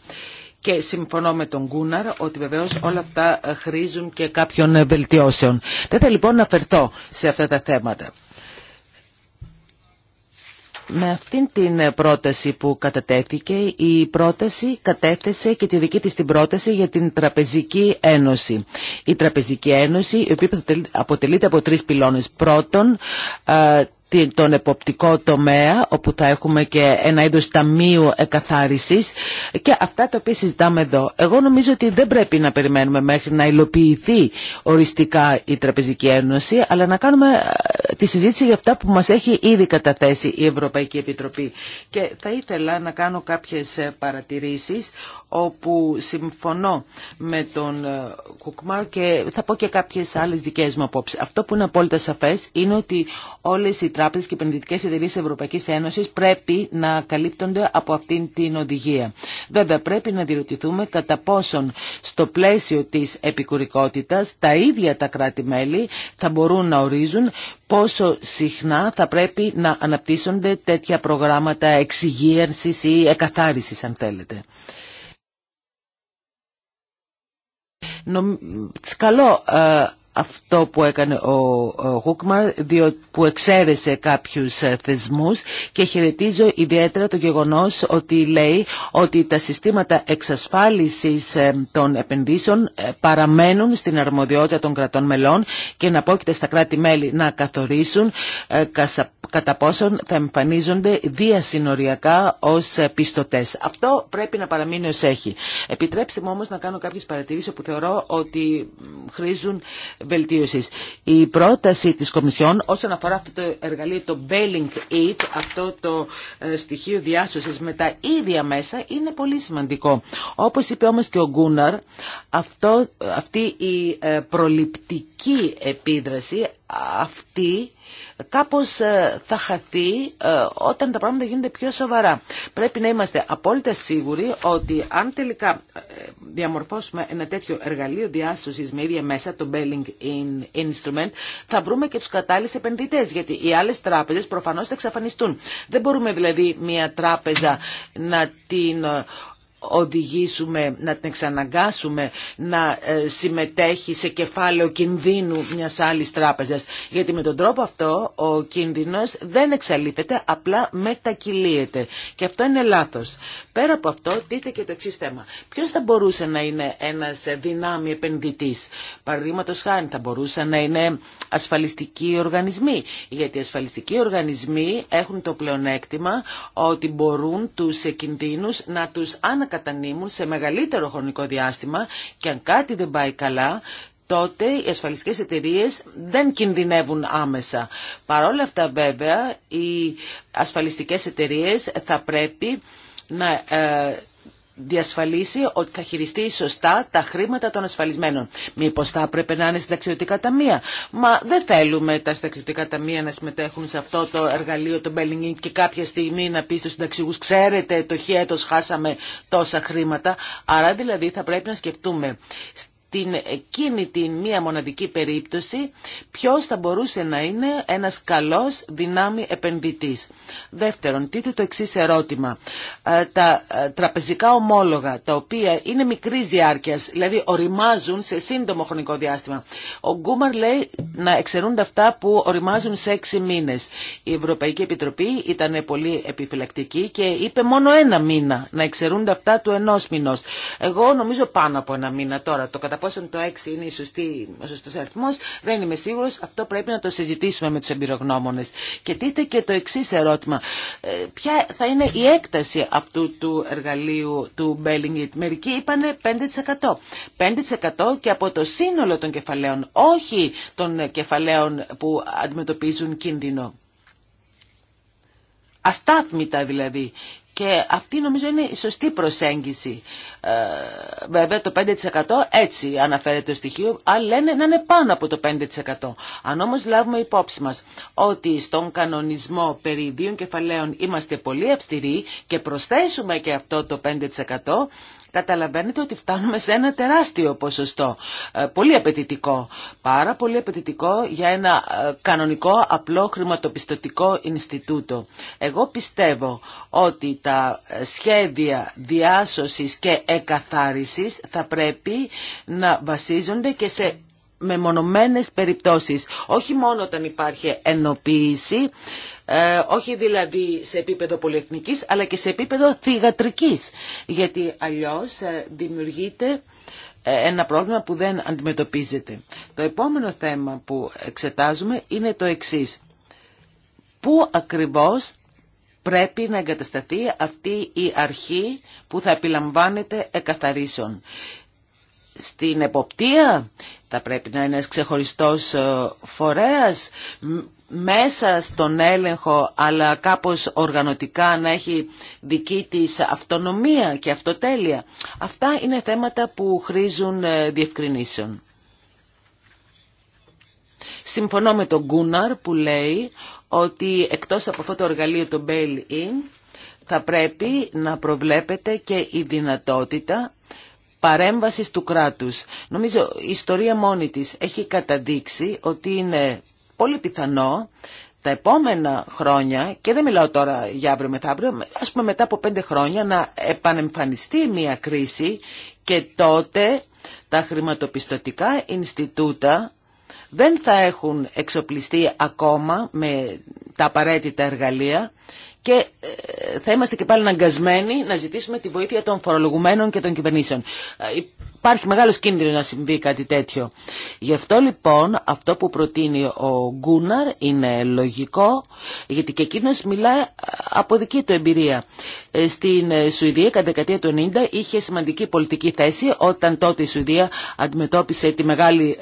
Και συμφωνώ με τον Γκούναρ ότι βεβαίως όλα αυτά χρήζουν και κάποιων βελτιώσεων. Δεν θα λοιπόν να φερθώ σε αυτά τα θέματα. Με αυτήν την πρόταση που κατατέθηκε, η πρόταση κατέθεσε και τη δική της την πρόταση για την Τραπεζική Ένωση. Η Τραπεζική Ένωση, η οποία αποτελείται από τρεις πυλώνες. Πρώτον, τον εποπτικό τομέα όπου θα έχουμε και ένα είδος ταμείου εκαθάρισης και αυτά τα οποία συζητάμε εδώ. Εγώ νομίζω ότι δεν πρέπει να περιμένουμε μέχρι να υλοποιηθεί οριστικά η Τραπεζική Ένωση αλλά να κάνουμε ε, τη συζήτηση για αυτά που μας έχει ήδη καταθέσει η Ευρωπαϊκή Επιτροπή. Και θα ήθελα να κάνω κάποιες ε, παρατηρήσεις όπου συμφωνώ με τον ε, Κουκμάρ και θα πω και κάποιες άλλες δικές μου απόψεις. Αυτό που είναι απόλυτα σαφές είναι ότι όλες οι τράπεζες και επενδυτικές εταιρείες της Ευρωπαϊκής Ένωσης πρέπει να καλύπτονται από αυτήν την οδηγία. Βέβαια πρέπει να διερωτηθούμε κατά πόσον στο πλαίσιο της επικουρικότητας τα ίδια τα κράτη-μέλη θα μπορούν να ορίζουν πόσο συχνά θα πρέπει να αναπτύσσονται τέτοια προγράμματα εξυγίανσης ή εκαθάρισης αν θέλετε. Καλό ε, αυτό που έκανε ο Χούκμαρ που εξαίρεσε κάποιους ε, θεσμούς και χαιρετίζω ιδιαίτερα το γεγονός ότι λέει ότι τα συστήματα εξασφάλισης ε, των επενδύσεων παραμένουν στην αρμοδιότητα των κρατών μελών και να πόκειται στα κράτη-μέλη να καθορίσουν κατά πόσον θα εμφανίζονται διασυνοριακά ως πιστωτές. Αυτό πρέπει να παραμείνει ως έχει. Επιτρέψτε μου όμως να κάνω κάποιες παρατηρήσεις που θεωρώ ότι χρήζουν βελτίωσης. Η πρόταση της Κομισιόν όσον αφορά αυτό το εργαλείο, το bailing it, αυτό το ε, στοιχείο διάσωσης με τα ίδια μέσα είναι πολύ σημαντικό. Όπως είπε όμως και ο Γκούναρ, αυτή η ε, προληπτική επίδραση αυτή κάπως ε, θα χαθεί ε, όταν τα πράγματα γίνονται πιο σοβαρά. Πρέπει να είμαστε απόλυτα σίγουροι ότι αν τελικά ε, διαμορφώσουμε ένα τέτοιο εργαλείο διάσωσης με ίδια μέσα, το Belling in Instrument, θα βρούμε και τους κατάλληλους επενδυτές, γιατί οι άλλες τράπεζες προφανώς θα εξαφανιστούν. Δεν μπορούμε δηλαδή μια τράπεζα να την οδηγήσουμε, να την εξαναγκάσουμε να ε, συμμετέχει σε κεφάλαιο κινδύνου μιας άλλης τράπεζας. Γιατί με τον τρόπο αυτό ο κίνδυνος δεν εξαλείπεται, απλά μετακυλίεται. Και αυτό είναι λάθος. Πέρα από αυτό, δείτε και το εξή θέμα. Ποιος θα μπορούσε να είναι ένας δυνάμει επενδυτής. Παραδείγματο χάρη θα μπορούσε να είναι ασφαλιστικοί οργανισμοί. Γιατί οι ασφαλιστικοί οργανισμοί έχουν το πλεονέκτημα ότι μπορούν τους κινδύνους να τους ανακαλύψουν σε μεγαλύτερο χρονικό διάστημα και αν κάτι δεν πάει καλά, τότε οι ασφαλιστικές εταιρείες δεν κινδυνεύουν άμεσα. Παρόλα αυτά βέβαια οι ασφαλιστικές εταιρείες θα πρέπει να ε, διασφαλίσει ότι θα χειριστεί σωστά τα χρήματα των ασφαλισμένων. Μήπω θα έπρεπε να είναι συνταξιωτικά ταμεία. Μα δεν θέλουμε τα συνταξιωτικά ταμεία να συμμετέχουν σε αυτό το εργαλείο, το Μπέλινγκ και κάποια στιγμή να πει στου συνταξιούχου, ξέρετε, το χέτο χάσαμε τόσα χρήματα. Άρα δηλαδή θα πρέπει να σκεφτούμε την εκείνη την μία μοναδική περίπτωση ποιος θα μπορούσε να είναι ένας καλός δυνάμει επενδυτής. Δεύτερον, τίθε το εξής ερώτημα. Ε, τα ε, τραπεζικά ομόλογα, τα οποία είναι μικρής διάρκειας, δηλαδή οριμάζουν σε σύντομο χρονικό διάστημα. Ο Γκούμαρ λέει να εξαιρούνται αυτά που οριμάζουν σε έξι μήνες. Η Ευρωπαϊκή Επιτροπή ήταν πολύ επιφυλακτική και είπε μόνο ένα μήνα να εξαιρούνται αυτά του ενός μηνός. Εγώ νομίζω πάνω από ένα μήνα τώρα. Το κατά πόσον το 6 είναι σωστή, ο σωστό αριθμό, δεν είμαι σίγουρο, Αυτό πρέπει να το συζητήσουμε με τους εμπειρογνώμονε. Και τίθε και το εξή ερώτημα. Ε, ποια θα είναι η έκταση αυτού του εργαλείου του Bellingit. Μερικοί είπαν 5%. 5% και από το σύνολο των κεφαλαίων, όχι των κεφαλαίων που αντιμετωπίζουν κίνδυνο. Αστάθμητα δηλαδή. Και αυτή νομίζω είναι η σωστή προσέγγιση. Ε, βέβαια το 5% έτσι αναφέρεται το στοιχείο, αλλά λένε να είναι πάνω από το 5%. Αν όμως λάβουμε υπόψη μας ότι στον κανονισμό περί δύο κεφαλαίων είμαστε πολύ αυστηροί και προσθέσουμε και αυτό το 5%, καταλαβαίνετε ότι φτάνουμε σε ένα τεράστιο ποσοστό. Ε, πολύ απαιτητικό. Πάρα πολύ απαιτητικό για ένα ε, κανονικό απλό χρηματοπιστωτικό Ινστιτούτο. Εγώ πιστεύω ότι τα ε, σχέδια διάσωσης και εκαθάρισης θα πρέπει να βασίζονται και σε μεμονωμένες περιπτώσεις. Όχι μόνο όταν υπάρχει ενοποίηση, ε, όχι δηλαδή σε επίπεδο πολυεθνικής αλλά και σε επίπεδο θηγατρικής. γιατί αλλιώς ε, δημιουργείται ε, ένα πρόβλημα που δεν αντιμετωπίζεται. Το επόμενο θέμα που εξετάζουμε είναι το εξής. Πού ακριβώς πρέπει να εγκατασταθεί αυτή η αρχή που θα επιλαμβάνεται εκαθαρίσεων. Στην εποπτεία θα πρέπει να είναι ένας ξεχωριστός φορέας μέσα στον έλεγχο αλλά κάπως οργανωτικά να έχει δική της αυτονομία και αυτοτέλεια. Αυτά είναι θέματα που χρήζουν ε, διευκρινήσεων. Συμφωνώ με τον Γκούναρ που λέει ότι εκτός από αυτό το εργαλείο το bail-in θα πρέπει να προβλέπεται και η δυνατότητα παρέμβασης του κράτους. Νομίζω η ιστορία μόνη της έχει καταδείξει ότι είναι πολύ πιθανό τα επόμενα χρόνια, και δεν μιλάω τώρα για αύριο μεθαύριο, ας πούμε μετά από πέντε χρόνια να επανεμφανιστεί μια κρίση και τότε τα χρηματοπιστωτικά Ινστιτούτα δεν θα έχουν εξοπλιστεί ακόμα με τα απαραίτητα εργαλεία και ε, θα είμαστε και πάλι αναγκασμένοι να ζητήσουμε τη βοήθεια των φορολογουμένων και των κυβερνήσεων. Ε, υπάρχει μεγάλο κίνδυνο να συμβεί κάτι τέτοιο. Γι' αυτό λοιπόν αυτό που προτείνει ο Γκούναρ είναι λογικό, γιατί και εκείνο μιλά ε, από δική του εμπειρία. Στην Σουηδία κατά δεκαετία του 90 είχε σημαντική πολιτική θέση όταν τότε η Σουηδία αντιμετώπισε τη μεγάλη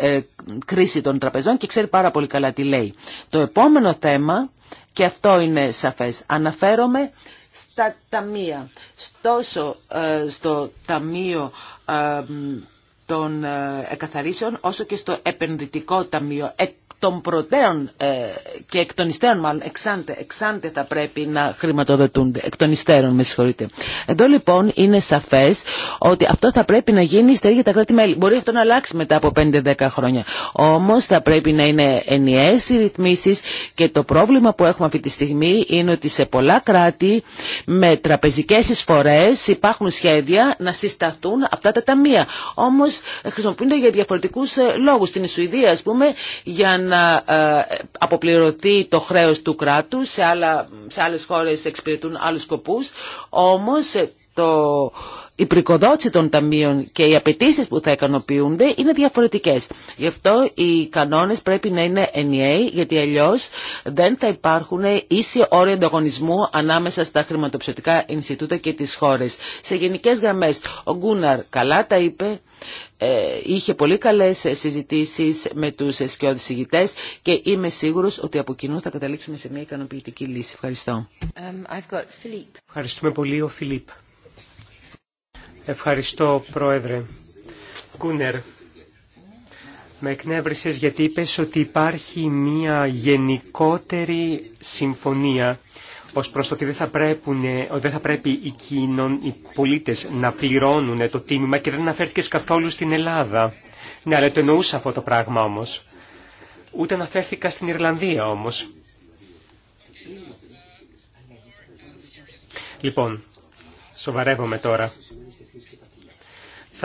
κρίση των τραπεζών και ξέρει πάρα πολύ καλά τι λέει. Το επόμενο θέμα και αυτό είναι σαφές. Αναφέρομαι στα ταμεία. Στόσο ε, στο ταμείο ε, των ε, εκαθαρίσεων όσο και στο επενδυτικό ταμείο των ε, και εκ των υστέρων μάλλον, εξάντε, εξάντε θα πρέπει να χρηματοδοτούνται, εκ των υστέρων με συγχωρείτε. Εδώ λοιπόν είναι σαφές ότι αυτό θα πρέπει να γίνει στα ίδια τα κράτη-μέλη. Μπορεί αυτό να αλλάξει μετά από 5-10 χρόνια. Όμως θα πρέπει να είναι ενιαίες οι ρυθμίσεις και το πρόβλημα που έχουμε αυτή τη στιγμή είναι ότι σε πολλά κράτη με τραπεζικέ εισφορές υπάρχουν σχέδια να συσταθούν αυτά τα ταμεία. Όμως χρησιμοποιούνται για διαφορετικού ε, λόγους. Στην Σουηδία α πούμε για να να ε, αποπληρωθεί το χρέος του κράτους, σε, άλλα, σε άλλες χώρες εξυπηρετούν άλλους σκοπούς, όμως ε, το, η πρικοδότηση των ταμείων και οι απαιτήσει που θα ικανοποιούνται είναι διαφορετικές. Γι' αυτό οι κανόνες πρέπει να είναι ενιαίοι, γιατί αλλιώς δεν θα υπάρχουν ίση όροι ανταγωνισμού ανάμεσα στα χρηματοψηφιακά Ινστιτούτα και τις χώρες. Σε γενικές γραμμές, ο Γκούναρ καλά τα είπε, ε, είχε πολύ καλές συζητήσεις με τους σκιώδης ηγητές και είμαι σίγουρος ότι από κοινού θα καταλήξουμε σε μια ικανοποιητική λύση. Ευχαριστώ. Um, I've Ευχαριστούμε πολύ ο Φιλίπ. Ευχαριστώ Πρόεδρε. Κούνερ, με εκνεύρισες γιατί είπες ότι υπάρχει μια γενικότερη συμφωνία πως προς το ότι δεν θα, πρέπει οι, κοινων, οι πολίτες να πληρώνουν το τίμημα και δεν αναφέρθηκε καθόλου στην Ελλάδα. Ναι, αλλά το εννοούσα αυτό το πράγμα όμως. Ούτε αναφέρθηκα στην Ιρλανδία όμως. Λοιπόν, σοβαρεύομαι τώρα.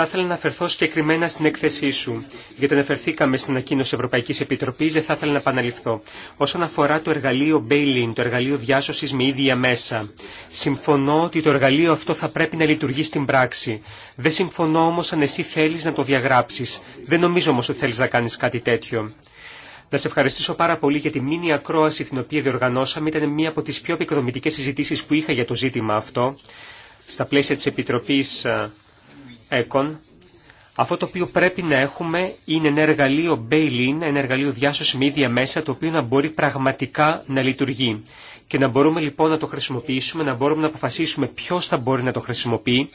Θα ήθελα να αφαιρθώ συγκεκριμένα στην έκθεσή σου, γιατί αναφερθήκαμε στην ανακοίνωση Ευρωπαϊκή Επιτροπή, δεν θα ήθελα να επαναληφθώ. Όσον αφορά το εργαλείο το εργαλείο διάσωση με ίδια μέσα, συμφωνώ ότι το εργαλείο αυτό θα πρέπει να λειτουργεί στην πράξη. Δεν συμφωνώ όμω αν εσύ θέλει να το διαγράψει. Δεν νομίζω όμω ότι θέλει να κάνει κάτι τέτοιο. Να σε ευχαριστήσω πάρα πολύ για τη μήνυα ακρόαση την οποία διοργανώσαμε. Ήταν μία από τι πιο επικοδομητικέ συζητήσει που είχα για το ζήτημα αυτό. Στα πλαίσια τη Επιτροπή ΕΚΟΝ, αυτό το οποίο πρέπει να έχουμε είναι ένα εργαλείο bail-in, ένα εργαλείο διάσωση με ίδια μέσα, το οποίο να μπορεί πραγματικά να λειτουργεί. Και να μπορούμε λοιπόν να το χρησιμοποιήσουμε, να μπορούμε να αποφασίσουμε ποιο θα μπορεί να το χρησιμοποιεί,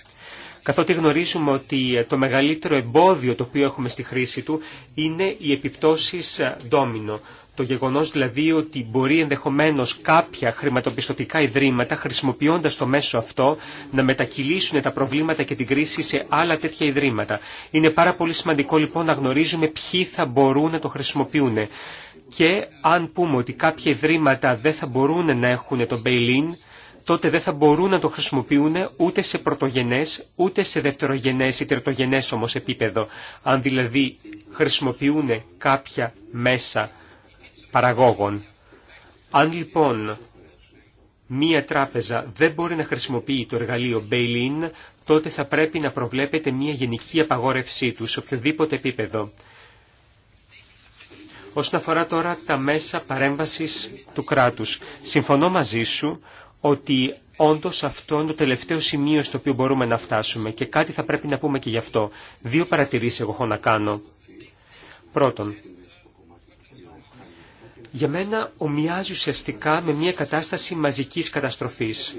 καθότι γνωρίζουμε ότι ε, το μεγαλύτερο εμπόδιο το οποίο έχουμε στη χρήση του είναι οι επιπτώσεις ε, ντόμινο. Το γεγονός δηλαδή ότι μπορεί ενδεχομένως κάποια χρηματοπιστωτικά ιδρύματα χρησιμοποιώντας το μέσο αυτό να μετακυλήσουν τα προβλήματα και την κρίση σε άλλα τέτοια ιδρύματα. Είναι πάρα πολύ σημαντικό λοιπόν να γνωρίζουμε ποιοι θα μπορούν να το χρησιμοποιούν. Και αν πούμε ότι κάποια ιδρύματα δεν θα μπορούν να έχουν το bail-in, τότε δεν θα μπορούν να το χρησιμοποιούν ούτε σε πρωτογενές, ούτε σε δευτερογενές ή τριτογενές όμως επίπεδο. Αν δηλαδή χρησιμοποιούν κάποια μέσα παραγόγων. Αν λοιπόν μία τράπεζα δεν μπορεί να χρησιμοποιεί το εργαλείο τότε θα πρέπει να προβλέπεται μία γενική απαγόρευσή του σε οποιοδήποτε επίπεδο. Όσον αφορά τώρα τα μέσα παρέμβασης του κράτους, συμφωνώ μαζί σου ότι όντως αυτό είναι το τελευταίο σημείο στο οποίο μπορούμε να φτάσουμε και κάτι θα πρέπει να πούμε και γι' αυτό. Δύο παρατηρήσεις εγώ έχω να κάνω. Πρώτον, για μένα ομοιάζει ουσιαστικά με μια κατάσταση μαζικής καταστροφής.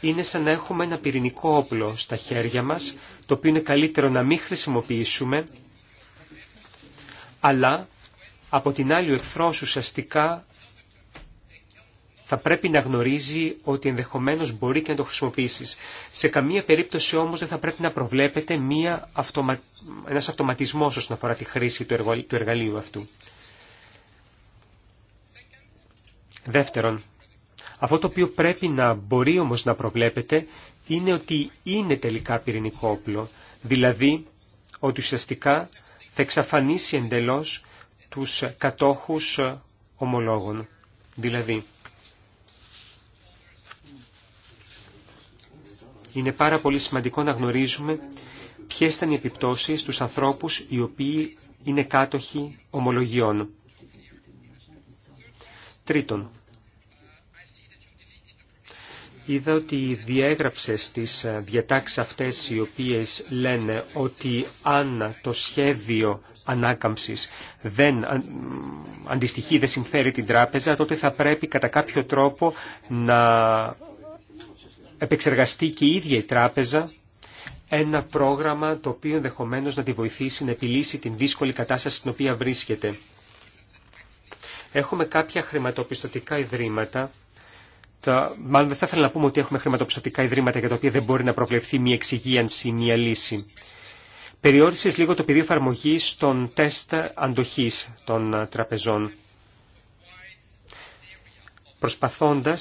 Είναι σαν να έχουμε ένα πυρηνικό όπλο στα χέρια μας, το οποίο είναι καλύτερο να μην χρησιμοποιήσουμε, αλλά από την άλλη ο εχθρός ουσιαστικά θα πρέπει να γνωρίζει ότι ενδεχομένως μπορεί και να το χρησιμοποιήσεις. Σε καμία περίπτωση όμως δεν θα πρέπει να προβλέπεται μία αυτομα... αυτοματισμός όσον αφορά τη χρήση του εργαλείου αυτού. Δεύτερον, αυτό το οποίο πρέπει να μπορεί όμως να προβλέπετε είναι ότι είναι τελικά πυρηνικό όπλο, δηλαδή ότι ουσιαστικά θα εξαφανίσει εντελώς τους κατόχους ομολόγων. Δηλαδή, είναι πάρα πολύ σημαντικό να γνωρίζουμε ποιες ήταν οι επιπτώσεις στους ανθρώπους οι οποίοι είναι κάτοχοι ομολογιών. Τρίτον, είδα ότι διέγραψες τις ε, διατάξεις αυτές οι οποίες λένε ότι αν το σχέδιο ανάκαμψης δεν ε, αντιστοιχεί, δεν συμφέρει την τράπεζα, τότε θα πρέπει κατά κάποιο τρόπο να επεξεργαστεί και η ίδια η τράπεζα ένα πρόγραμμα το οποίο ενδεχομένω να τη βοηθήσει να επιλύσει την δύσκολη κατάσταση στην οποία βρίσκεται. Έχουμε κάποια χρηματοπιστωτικά ιδρύματα τα, μάλλον δεν θα ήθελα να πούμε ότι έχουμε χρηματοπιστωτικά ιδρύματα για τα οποία δεν μπορεί να προβλεφθεί μια εξυγίανση, μια λύση. Περιόρισε λίγο το πεδίο εφαρμογή των τεστ αντοχή των τραπεζών. Προσπαθώντα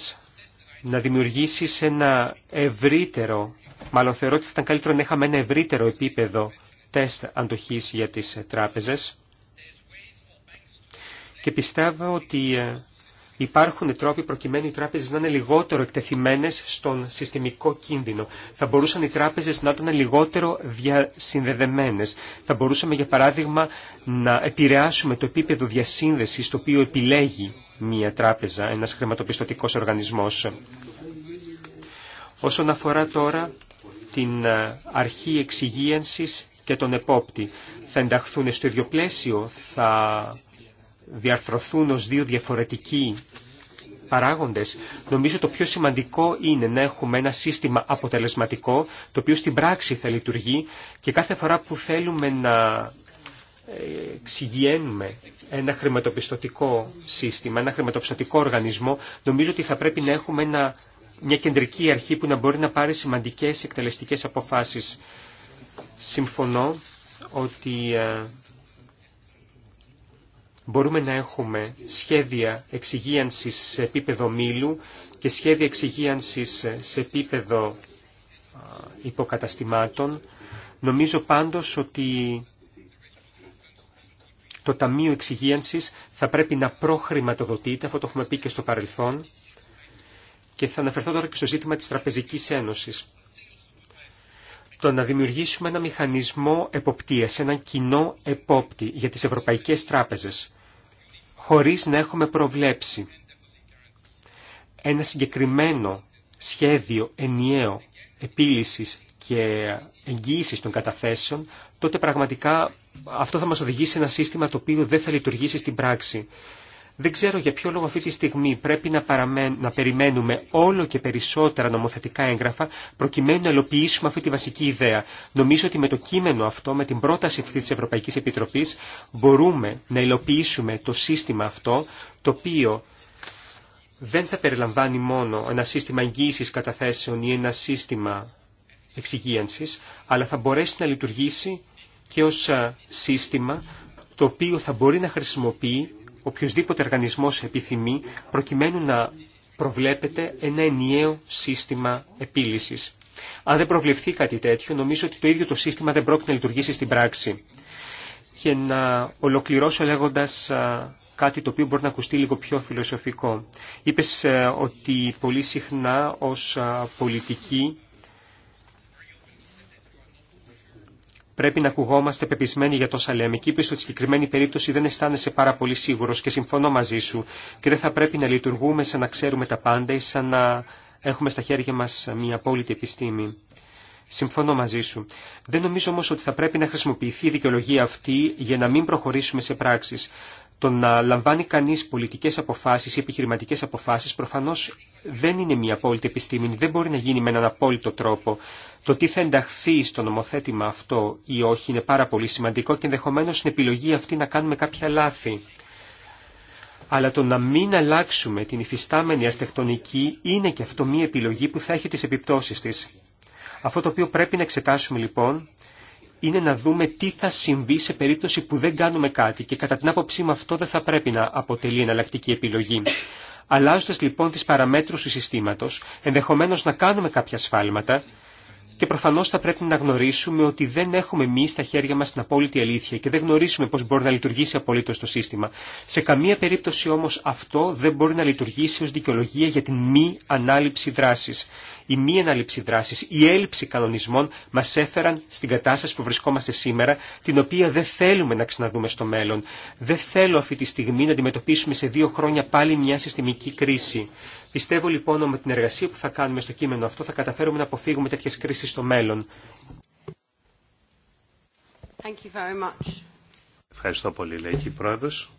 να δημιουργήσει ένα ευρύτερο, μάλλον θεωρώ ότι θα ήταν καλύτερο να είχαμε ένα ευρύτερο επίπεδο τεστ αντοχή για τι τράπεζες και πιστεύω ότι ε, Υπάρχουν τρόποι προκειμένου οι τράπεζε να είναι λιγότερο εκτεθειμένες στον συστημικό κίνδυνο. Θα μπορούσαν οι τράπεζε να ήταν λιγότερο διασυνδεδεμένε. Θα μπορούσαμε, για παράδειγμα, να επηρεάσουμε το επίπεδο διασύνδεση το οποίο επιλέγει μια τράπεζα, ένα χρηματοπιστωτικό οργανισμό. Όσον αφορά τώρα την ε, αρχή εξυγίανση και τον επόπτη, θα ενταχθούν στο ίδιο πλαίσιο, θα διαρθρωθούν ως δύο διαφορετικοί παράγοντες, νομίζω το πιο σημαντικό είναι να έχουμε ένα σύστημα αποτελεσματικό, το οποίο στην πράξη θα λειτουργεί και κάθε φορά που θέλουμε να ε, εξηγιένουμε ένα χρηματοπιστωτικό σύστημα, ένα χρηματοπιστωτικό οργανισμό, νομίζω ότι θα πρέπει να έχουμε ένα, μια κεντρική αρχή που να μπορεί να πάρει σημαντικές εκτελεστικές αποφάσεις. Συμφωνώ ότι ε, μπορούμε να έχουμε σχέδια εξυγίανσης σε επίπεδο μήλου και σχέδια εξυγίανσης σε επίπεδο υποκαταστημάτων. Νομίζω πάντως ότι το Ταμείο Εξυγίανσης θα πρέπει να προχρηματοδοτείται, αυτό το έχουμε πει και στο παρελθόν, και θα αναφερθώ τώρα και στο ζήτημα της Τραπεζικής Ένωσης. Το να δημιουργήσουμε ένα μηχανισμό εποπτείας, έναν κοινό επόπτη για τις ευρωπαϊκές τράπεζες χωρίς να έχουμε προβλέψει ένα συγκεκριμένο σχέδιο ενιαίο επίλυσης και εγγύησης των καταθέσεων, τότε πραγματικά αυτό θα μας οδηγήσει σε ένα σύστημα το οποίο δεν θα λειτουργήσει στην πράξη. Δεν ξέρω για ποιο λόγο αυτή τη στιγμή πρέπει να, παραμέν, να περιμένουμε όλο και περισσότερα νομοθετικά έγγραφα προκειμένου να ελοποιήσουμε αυτή τη βασική ιδέα. Νομίζω ότι με το κείμενο αυτό, με την πρόταση αυτή της Ευρωπαϊκής Επιτροπής, μπορούμε να υλοποιήσουμε το σύστημα αυτό, το οποίο δεν θα περιλαμβάνει μόνο ένα σύστημα εγγύησης καταθέσεων ή ένα σύστημα εξυγίανσης, αλλά θα μπορέσει να λειτουργήσει και ως ε, σύστημα το οποίο θα μπορεί να χρησιμοποιεί οποιοδήποτε οργανισμός επιθυμεί, προκειμένου να προβλέπεται ένα ενιαίο σύστημα επίλυσης. Αν δεν προβλεφθεί κάτι τέτοιο, νομίζω ότι το ίδιο το σύστημα δεν πρόκειται να λειτουργήσει στην πράξη. Και να ολοκληρώσω λέγοντας κάτι το οποίο μπορεί να ακουστεί λίγο πιο φιλοσοφικό. Είπες ε, ότι πολύ συχνά ως πολιτικοί Πρέπει να ακουγόμαστε πεπισμένοι για τον λέμε και που ότι στη συγκεκριμένη περίπτωση δεν αισθάνεσαι πάρα πολύ σίγουρο και συμφωνώ μαζί σου και δεν θα πρέπει να λειτουργούμε σαν να ξέρουμε τα πάντα ή σαν να έχουμε στα χέρια μα μια απόλυτη επιστήμη. Συμφωνώ μαζί σου. Δεν νομίζω όμω ότι θα πρέπει να χρησιμοποιηθεί η δικαιολογία αυτή για να μην προχωρήσουμε σε πράξει το να λαμβάνει κανείς πολιτικές αποφάσεις ή επιχειρηματικές αποφάσεις προφανώς δεν είναι μια απόλυτη επιστήμη, δεν μπορεί να γίνει με έναν απόλυτο τρόπο. Το τι θα ενταχθεί στο νομοθέτημα αυτό ή όχι είναι πάρα πολύ σημαντικό και ενδεχομένως στην επιλογή αυτή να κάνουμε κάποια λάθη. Αλλά το να μην αλλάξουμε την υφιστάμενη αρτεκτονική είναι και αυτό μια επιλογή που θα έχει τις επιπτώσεις της. Αυτό το οποίο πρέπει να εξετάσουμε λοιπόν είναι να δούμε τι θα συμβεί σε περίπτωση που δεν κάνουμε κάτι και κατά την άποψή μου αυτό δεν θα πρέπει να αποτελεί εναλλακτική επιλογή. Αλλάζοντα λοιπόν τις παραμέτρους του συστήματος, ενδεχομένως να κάνουμε κάποια σφάλματα και προφανώς θα πρέπει να γνωρίσουμε ότι δεν έχουμε εμεί στα χέρια μας την απόλυτη αλήθεια και δεν γνωρίσουμε πώς μπορεί να λειτουργήσει απολύτως το σύστημα. Σε καμία περίπτωση όμως αυτό δεν μπορεί να λειτουργήσει ως δικαιολογία για την μη ανάληψη δράση η μη ανάληψη δράση, η έλλειψη κανονισμών μα έφεραν στην κατάσταση που βρισκόμαστε σήμερα, την οποία δεν θέλουμε να ξαναδούμε στο μέλλον. Δεν θέλω αυτή τη στιγμή να αντιμετωπίσουμε σε δύο χρόνια πάλι μια συστημική κρίση. Πιστεύω λοιπόν ότι με την εργασία που θα κάνουμε στο κείμενο αυτό θα καταφέρουμε να αποφύγουμε τέτοιε κρίσει στο μέλλον. Thank you very much. Ευχαριστώ πολύ, λέει και Πρόεδρος.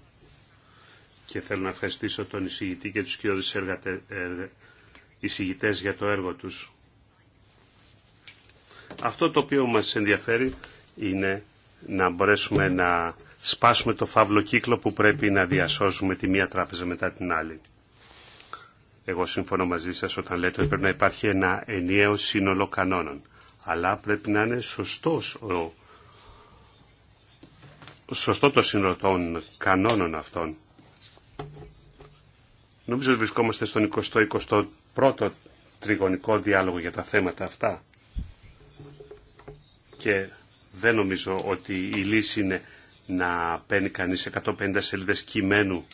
Και θέλω να ευχαριστήσω τον εισηγητή και τους κοιόδους εργατε... Ε, εισηγητές για το έργο τους. Αυτό το οποίο μας ενδιαφέρει είναι να μπορέσουμε να σπάσουμε το φαύλο κύκλο που πρέπει να διασώζουμε τη μία τράπεζα μετά την άλλη. Εγώ συμφωνώ μαζί σας όταν λέτε ότι πρέπει να υπάρχει ένα ενιαίο σύνολο κανόνων. Αλλά πρέπει να είναι σωστός ο... σωστό το σύνολο των κανόνων αυτών. Νομίζω ότι βρισκόμαστε στον 20 πρώτο τριγωνικό διάλογο για τα θέματα αυτά και δεν νομίζω ότι η λύση είναι να παίρνει κανείς 150 σελίδες κειμένου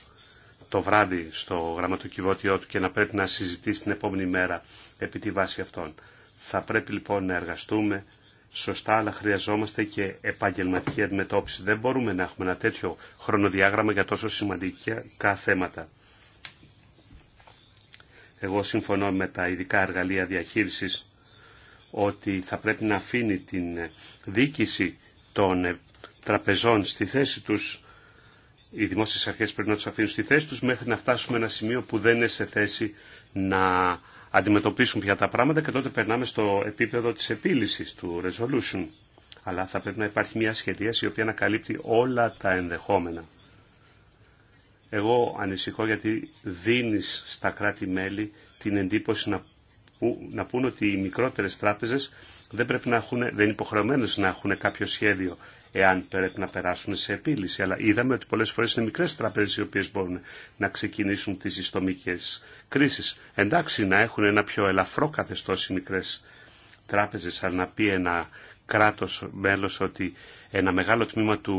το βράδυ στο γραμματοκιβώτιό του και να πρέπει να συζητήσει την επόμενη μέρα επί τη βάση αυτών. Θα πρέπει λοιπόν να εργαστούμε σωστά, αλλά χρειαζόμαστε και επαγγελματική αντιμετώπιση. Δεν μπορούμε να έχουμε ένα τέτοιο χρονοδιάγραμμα για τόσο σημαντικά θέματα. Εγώ συμφωνώ με τα ειδικά εργαλεία διαχείρισης ότι θα πρέπει να αφήνει την δίκηση των ε, τραπεζών στη θέση τους. Οι δημόσιες αρχές πρέπει να τους αφήνουν στη θέση τους μέχρι να φτάσουμε ένα σημείο που δεν είναι σε θέση να αντιμετωπίσουν πια τα πράγματα και τότε περνάμε στο επίπεδο της επίλυσης του resolution. Αλλά θα πρέπει να υπάρχει μια σχεδίαση η οποία να καλύπτει όλα τα ενδεχόμενα. Εγώ ανησυχώ γιατί δίνεις στα κράτη-μέλη την εντύπωση να, που, να πούν ότι οι μικρότερες τράπεζες δεν, πρέπει να έχουν, δεν είναι υποχρεωμένες να έχουν κάποιο σχέδιο εάν πρέπει να περάσουν σε επίλυση. Αλλά είδαμε ότι πολλές φορές είναι μικρές τραπέζες οι οποίες μπορούν να ξεκινήσουν τις ιστομικές κρίσεις. Εντάξει, να έχουν ένα πιο ελαφρό καθεστώς οι μικρές τράπεζες, αλλά να πει ένα κράτος μέλος ότι ένα μεγάλο τμήμα του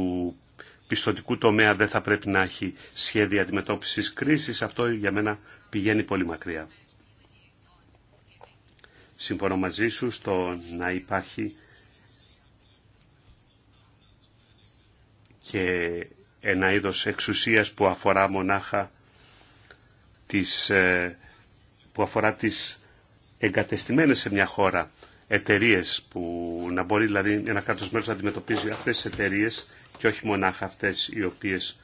πιστοτικού τομέα δεν θα πρέπει να έχει σχέδια αντιμετώπισης κρίσης. Αυτό για μένα πηγαίνει πολύ μακριά. Συμφωνώ μαζί σου στο να υπάρχει και ένα είδος εξουσίας που αφορά μονάχα τις, ε, που αφορά τις εγκατεστημένες σε μια χώρα εταιρείε που να μπορεί δηλαδή ένα κράτο μέλο να αντιμετωπίζει αυτέ τι εταιρείε και όχι μονάχα αυτές οι οποίες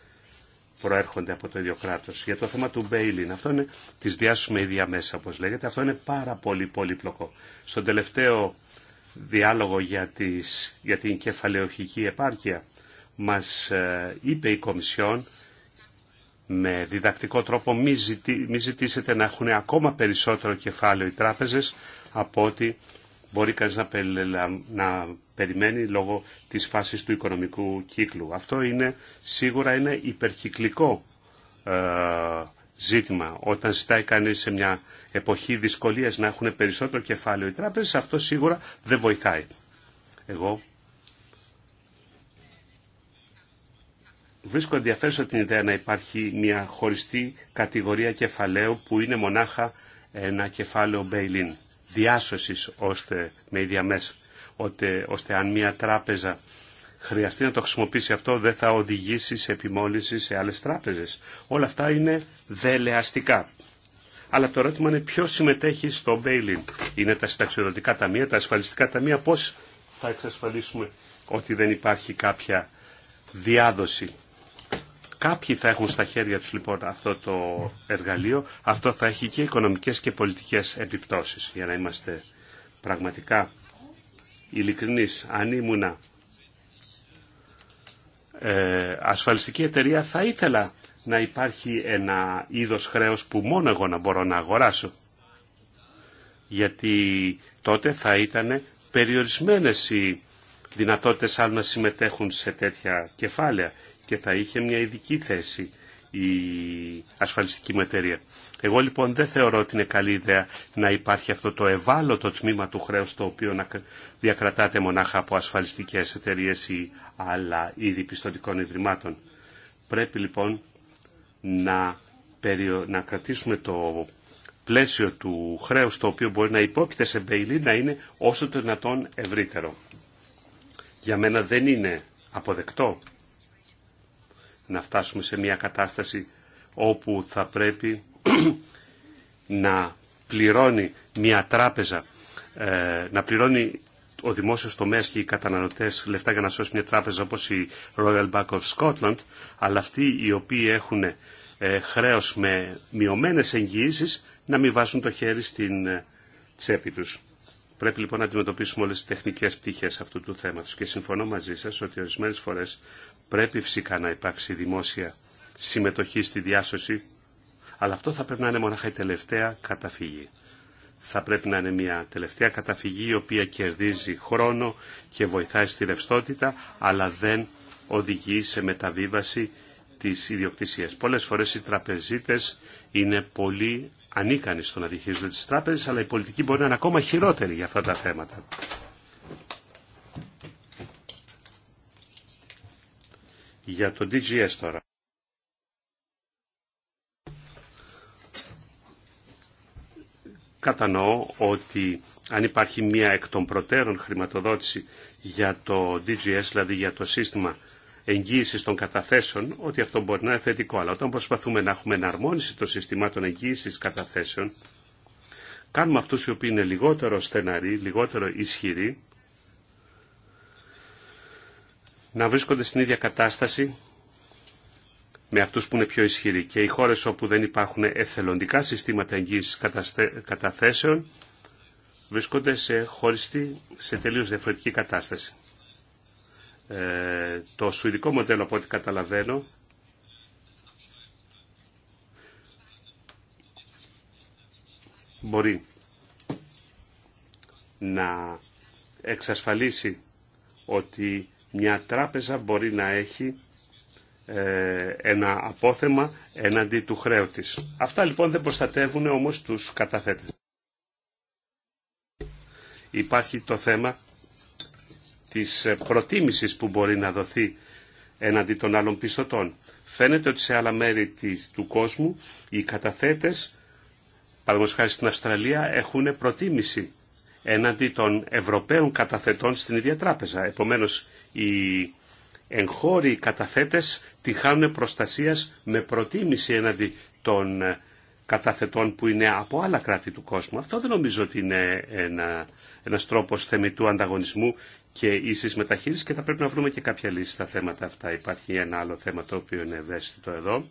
προέρχονται από το ίδιο κράτο. Για το θέμα του Μπέιλιν, αυτό είναι τις διάσουμε ίδια μέσα, όπω λέγεται. Αυτό είναι πάρα πολύ πολύπλοκο. Στον τελευταίο διάλογο για, τις, για την κεφαλαιοχική επάρκεια, μας ε, είπε η Κομισιόν με διδακτικό τρόπο μη, μη ζητήσετε να έχουν ακόμα περισσότερο κεφάλαιο οι τράπεζες από ότι μπορεί κανείς να, περιμένει λόγω της φάσης του οικονομικού κύκλου. Αυτό είναι σίγουρα είναι υπερκυκλικό ε, ζήτημα. Όταν ζητάει κανείς σε μια εποχή δυσκολίας να έχουν περισσότερο κεφάλαιο οι τράπεζες, αυτό σίγουρα δεν βοηθάει. Εγώ βρίσκω ενδιαφέρουσα την ιδέα να υπάρχει μια χωριστή κατηγορία κεφαλαίου που είναι μονάχα ένα κεφάλαιο διάσωσης ώστε, με ίδια μέσα, ώστε, αν μια τράπεζα χρειαστεί να το χρησιμοποιήσει αυτό δεν θα οδηγήσει σε επιμόλυνση σε άλλες τράπεζες. Όλα αυτά είναι δελεαστικά. Αλλά το ερώτημα είναι ποιο συμμετέχει στο bail-in. Είναι τα συνταξιοδοτικά ταμεία, τα ασφαλιστικά ταμεία. Πώς θα εξασφαλίσουμε ότι δεν υπάρχει κάποια διάδοση Κάποιοι θα έχουν στα χέρια τους λοιπόν αυτό το εργαλείο. Αυτό θα έχει και οικονομικές και πολιτικές επιπτώσεις για να είμαστε πραγματικά ειλικρινείς. Αν ήμουνα ε, ασφαλιστική εταιρεία θα ήθελα να υπάρχει ένα είδος χρέος που μόνο εγώ να μπορώ να αγοράσω. Γιατί τότε θα ήταν περιορισμένες οι δυνατότητες άλλων να συμμετέχουν σε τέτοια κεφάλαια και θα είχε μια ειδική θέση η ασφαλιστική μετέρια. Εγώ λοιπόν δεν θεωρώ ότι είναι καλή ιδέα να υπάρχει αυτό το ευάλωτο τμήμα του χρέους το οποίο να διακρατάται μονάχα από ασφαλιστικές εταιρείες ή άλλα είδη πιστοτικών ιδρυμάτων. Πρέπει λοιπόν να, περιο... να κρατήσουμε το πλαίσιο του χρέους το οποίο μπορεί να υπόκειται σε μπέιλι να είναι όσο το δυνατόν ευρύτερο. Για μένα δεν είναι αποδεκτό να φτάσουμε σε μια κατάσταση όπου θα πρέπει να πληρώνει μια τράπεζα, ε, να πληρώνει ο δημόσιος τομέα και οι καταναλωτές λεφτά για να σώσει μια τράπεζα όπως η Royal Bank of Scotland, αλλά αυτοί οι οποίοι έχουν ε, χρέο με μειωμένε εγγυήσει να μην βάζουν το χέρι στην ε, τσέπη τους. Πρέπει λοιπόν να αντιμετωπίσουμε όλες τις τεχνικές πτυχές αυτού του θέματος και συμφωνώ μαζί σας ότι ορισμένε φορές Πρέπει φυσικά να υπάρξει δημόσια συμμετοχή στη διάσωση, αλλά αυτό θα πρέπει να είναι μονάχα η τελευταία καταφυγή. Θα πρέπει να είναι μια τελευταία καταφυγή η οποία κερδίζει χρόνο και βοηθάει στη ρευστότητα, αλλά δεν οδηγεί σε μεταβίβαση της ιδιοκτησίας. Πολλές φορές οι τραπεζίτες είναι πολύ ανίκανοι στο να διχείζονται τις τράπεζες, αλλά η πολιτική μπορεί να είναι ακόμα χειρότερη για αυτά τα θέματα. Για το DGS τώρα. Κατανοώ ότι αν υπάρχει μία εκ των προτέρων χρηματοδότηση για το DGS, δηλαδή για το σύστημα εγγύησης των καταθέσεων, ότι αυτό μπορεί να είναι θετικό. Αλλά όταν προσπαθούμε να έχουμε εναρμόνιση των συστημάτων εγγύησης καταθέσεων, κάνουμε αυτούς οι οποίοι είναι λιγότερο στεναροί, λιγότερο ισχυροί, να βρίσκονται στην ίδια κατάσταση με αυτούς που είναι πιο ισχυροί. Και οι χώρες όπου δεν υπάρχουν εθελοντικά συστήματα εγγύησης καταθέσεων βρίσκονται σε χωριστή, σε τελείως διαφορετική κατάσταση. Ε, το σουηδικό μοντέλο, από ό,τι καταλαβαίνω, μπορεί να εξασφαλίσει ότι μια τράπεζα μπορεί να έχει ε, ένα απόθεμα εναντί του χρέου της. Αυτά λοιπόν δεν προστατεύουν όμως τους καταθέτες. Υπάρχει το θέμα της ε, προτίμησης που μπορεί να δοθεί εναντί των άλλων πιστωτών. Φαίνεται ότι σε άλλα μέρη της, του κόσμου οι καταθέτες, παραδείγματος χάρη στην Αυστραλία, έχουν προτίμηση έναντι των Ευρωπαίων καταθετών στην ίδια τράπεζα. Επομένως, οι εγχώροι καταθέτες τη χάνουν προστασίας με προτίμηση έναντι των ε, καταθετών που είναι από άλλα κράτη του κόσμου. Αυτό δεν νομίζω ότι είναι ένα, ένας τρόπος θεμητού ανταγωνισμού και ίσης μεταχείρισης και θα πρέπει να βρούμε και κάποια λύση στα θέματα αυτά. Υπάρχει ένα άλλο θέμα το οποίο είναι ευαίσθητο εδώ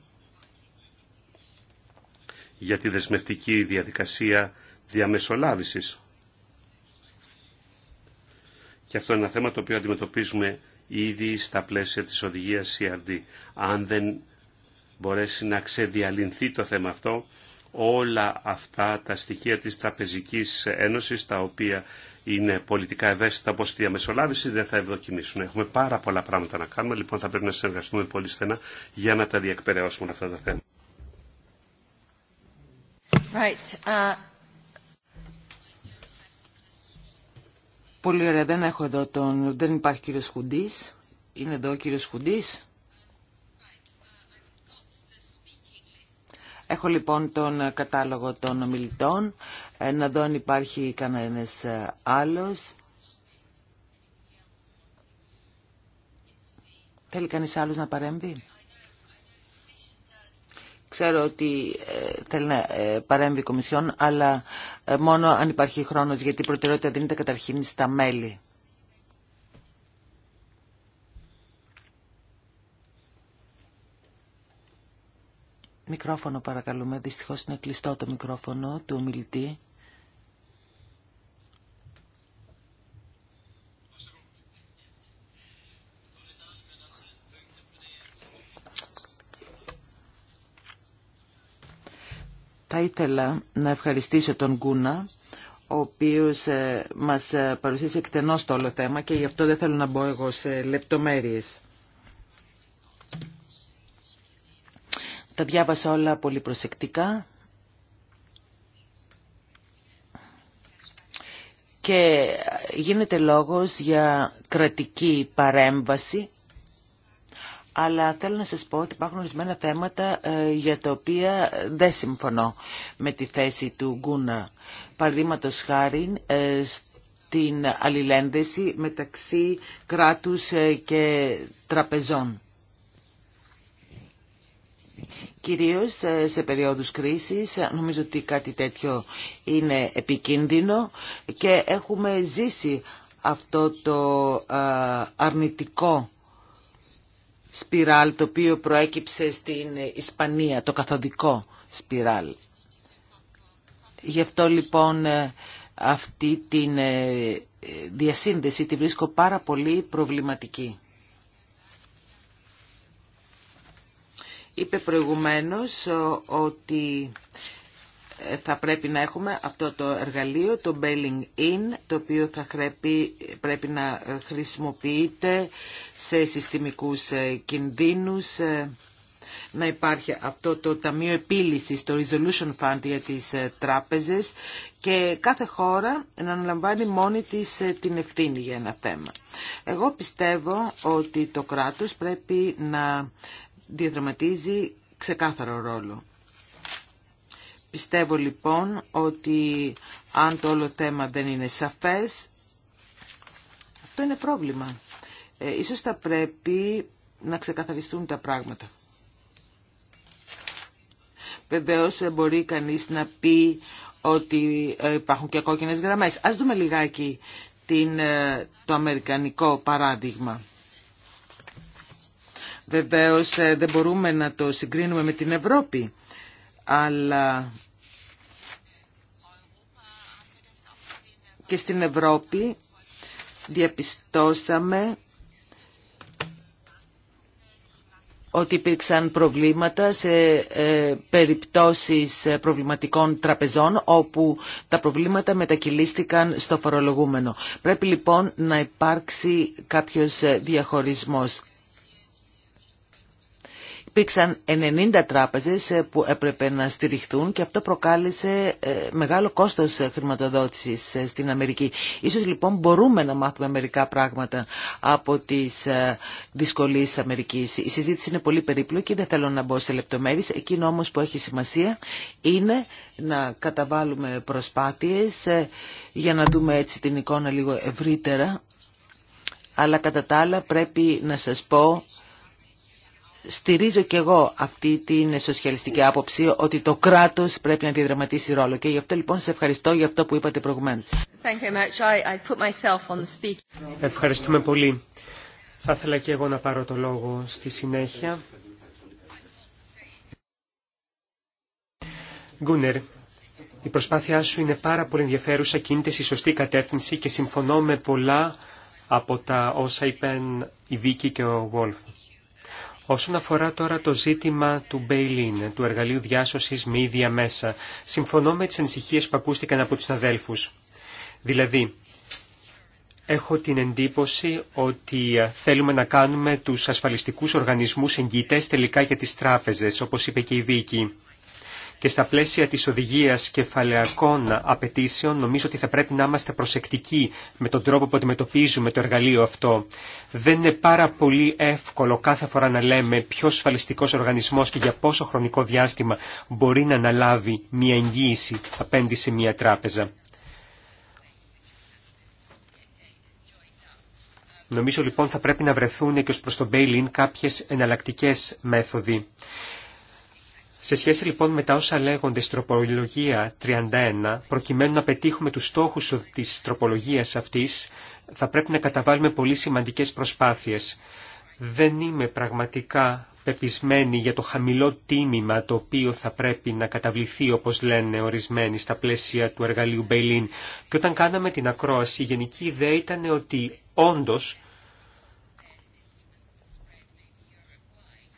για τη δεσμευτική διαδικασία διαμεσολάβησης. Και αυτό είναι ένα θέμα το οποίο αντιμετωπίζουμε ήδη στα πλαίσια της οδηγίας CRD. Αν δεν μπορέσει να ξεδιαλυνθεί το θέμα αυτό, όλα αυτά τα στοιχεία της Τραπεζικής Ένωσης, τα οποία είναι πολιτικά ευαίσθητα όπως τη διαμεσολάβηση, δεν θα ευδοκιμήσουν. Έχουμε πάρα πολλά πράγματα να κάνουμε, λοιπόν θα πρέπει να συνεργαστούμε πολύ στενά για να τα διεκπαιρεώσουμε αυτά τα θέματα. Right. Uh, Πολύ ωραία, δεν έχω εδώ τον... Δεν υπάρχει κύριος Χουντής. Είναι εδώ ο κύριος Χουντής. Έχω λοιπόν τον κατάλογο των ομιλητών. Ε, να δω αν υπάρχει κανένας ε, άλλος. Θέλει κανείς άλλος να παρέμβει. Ξέρω ότι ε, θέλει να ε, παρέμβει η Κομισιόν, αλλά ε, μόνο αν υπάρχει χρόνος, γιατί η προτεραιότητα δίνεται καταρχήν στα μέλη. Μικρόφωνο παρακαλούμε. Δυστυχώς είναι κλειστό το μικρόφωνο του ομιλητή. Θα ήθελα να ευχαριστήσω τον Κούνα, ο οποίος ε, μας ε, παρουσίασε εκτενώς το όλο θέμα και γι' αυτό δεν θέλω να μπω εγώ σε λεπτομέρειες. Τα διάβασα όλα πολύ προσεκτικά και γίνεται λόγος για κρατική παρέμβαση αλλά θέλω να σας πω ότι υπάρχουν ορισμένα θέματα ε, για τα οποία ε, δεν συμφωνώ με τη θέση του Γκούνα. Παραδείγματος χάρη ε, στην αλληλένδεση μεταξύ κράτους και τραπεζών. Κυρίως σε περίοδους κρίσης νομίζω ότι κάτι τέτοιο είναι επικίνδυνο και έχουμε ζήσει αυτό το αρνητικό το οποίο προέκυψε στην Ισπανία, το καθοδικό σπιράλ. Γι' αυτό λοιπόν ε, αυτή τη ε, διασύνδεση τη βρίσκω πάρα πολύ προβληματική. Είπε προηγουμένως ότι θα πρέπει να έχουμε αυτό το εργαλείο, το bailing in, το οποίο θα πρέπει να χρησιμοποιείται σε συστημικούς ε, κινδύνους, ε, να υπάρχει αυτό το Ταμείο Επίλυσης, το Resolution Fund για τις ε, τράπεζες και κάθε χώρα να αναλαμβάνει μόνη της την ευθύνη για ένα θέμα. Εγώ πιστεύω ότι το κράτος πρέπει να διαδραματίζει ξεκάθαρο ρόλο. Πιστεύω λοιπόν ότι αν το όλο θέμα δεν είναι σαφές, αυτό είναι πρόβλημα. Ε, ίσως θα πρέπει να ξεκαθαριστούν τα πράγματα. Βεβαίως ε, μπορεί κανείς να πει ότι ε, υπάρχουν και κόκκινες γραμμές. Ας δούμε λιγάκι την, ε, το αμερικανικό παράδειγμα. Βεβαίως δεν μπορούμε να το συγκρίνουμε με την Ευρώπη αλλά και στην Ευρώπη διαπιστώσαμε ότι υπήρξαν προβλήματα σε ε, περιπτώσεις προβληματικών τραπεζών όπου τα προβλήματα μετακυλίστηκαν στο φορολογούμενο. Πρέπει λοιπόν να υπάρξει κάποιος διαχωρισμός. Υπήρξαν 90 τράπεζες ε, που έπρεπε να στηριχθούν και αυτό προκάλεσε ε, μεγάλο κόστος ε, χρηματοδότησης στην Αμερική. Ίσως λοιπόν μπορούμε να μάθουμε μερικά πράγματα από τις δυσκολίες της Αμερικής. Η συζήτηση είναι πολύ περίπλοκη, δεν θέλω να μπω σε λεπτομέρειες. Εκείνο όμως που έχει σημασία είναι να καταβάλουμε προσπάθειες για να δούμε έτσι την εικόνα λίγο ευρύτερα. Αλλά κατά τα άλλα πρέπει να σας πω στηρίζω και εγώ αυτή την σοσιαλιστική άποψη ότι το κράτος πρέπει να διαδραματίσει ρόλο και γι' αυτό λοιπόν σε ευχαριστώ για αυτό που είπατε προηγουμένως. Ευχαριστούμε πολύ. Θα ήθελα και εγώ να πάρω το λόγο στη συνέχεια. Γκούνερ, η προσπάθειά σου είναι πάρα πολύ ενδιαφέρουσα, κινείται στη σωστή κατεύθυνση και συμφωνώ με πολλά από τα όσα είπαν η Βίκη και ο Γόλφ. Όσον αφορά τώρα το ζήτημα του Μπέιλιν, του εργαλείου διάσωσης με ίδια μέσα, συμφωνώ με τις ανησυχίε που ακούστηκαν από του αδέλφου. Δηλαδή, έχω την εντύπωση ότι ε, θέλουμε να κάνουμε τους ασφαλιστικούς οργανισμούς εγγυητές τελικά για τις τράπεζες, όπως είπε και η Βίκη και στα πλαίσια της οδηγίας κεφαλαιακών απαιτήσεων νομίζω ότι θα πρέπει να είμαστε προσεκτικοί με τον τρόπο που αντιμετωπίζουμε το εργαλείο αυτό. Δεν είναι πάρα πολύ εύκολο κάθε φορά να λέμε ποιο ασφαλιστικό οργανισμός και για πόσο χρονικό διάστημα μπορεί να αναλάβει μια εγγύηση απέναντι σε μια τράπεζα. Νομίζω λοιπόν θα πρέπει να βρεθούν και ως προς το bail-in κάποιες εναλλακτικές μέθοδοι. Σε σχέση λοιπόν με τα όσα λέγονται στην τροπολογία 31, προκειμένου να πετύχουμε τους στόχους της τροπολογίας αυτής, θα πρέπει να καταβάλουμε πολύ σημαντικές προσπάθειες. Δεν είμαι πραγματικά πεπισμένη για το χαμηλό τίμημα το οποίο θα πρέπει να καταβληθεί όπως λένε ορισμένοι στα πλαίσια του εργαλείου Μπέιλιν. Και όταν κάναμε την ακρόαση η γενική ιδέα ήταν ότι όντως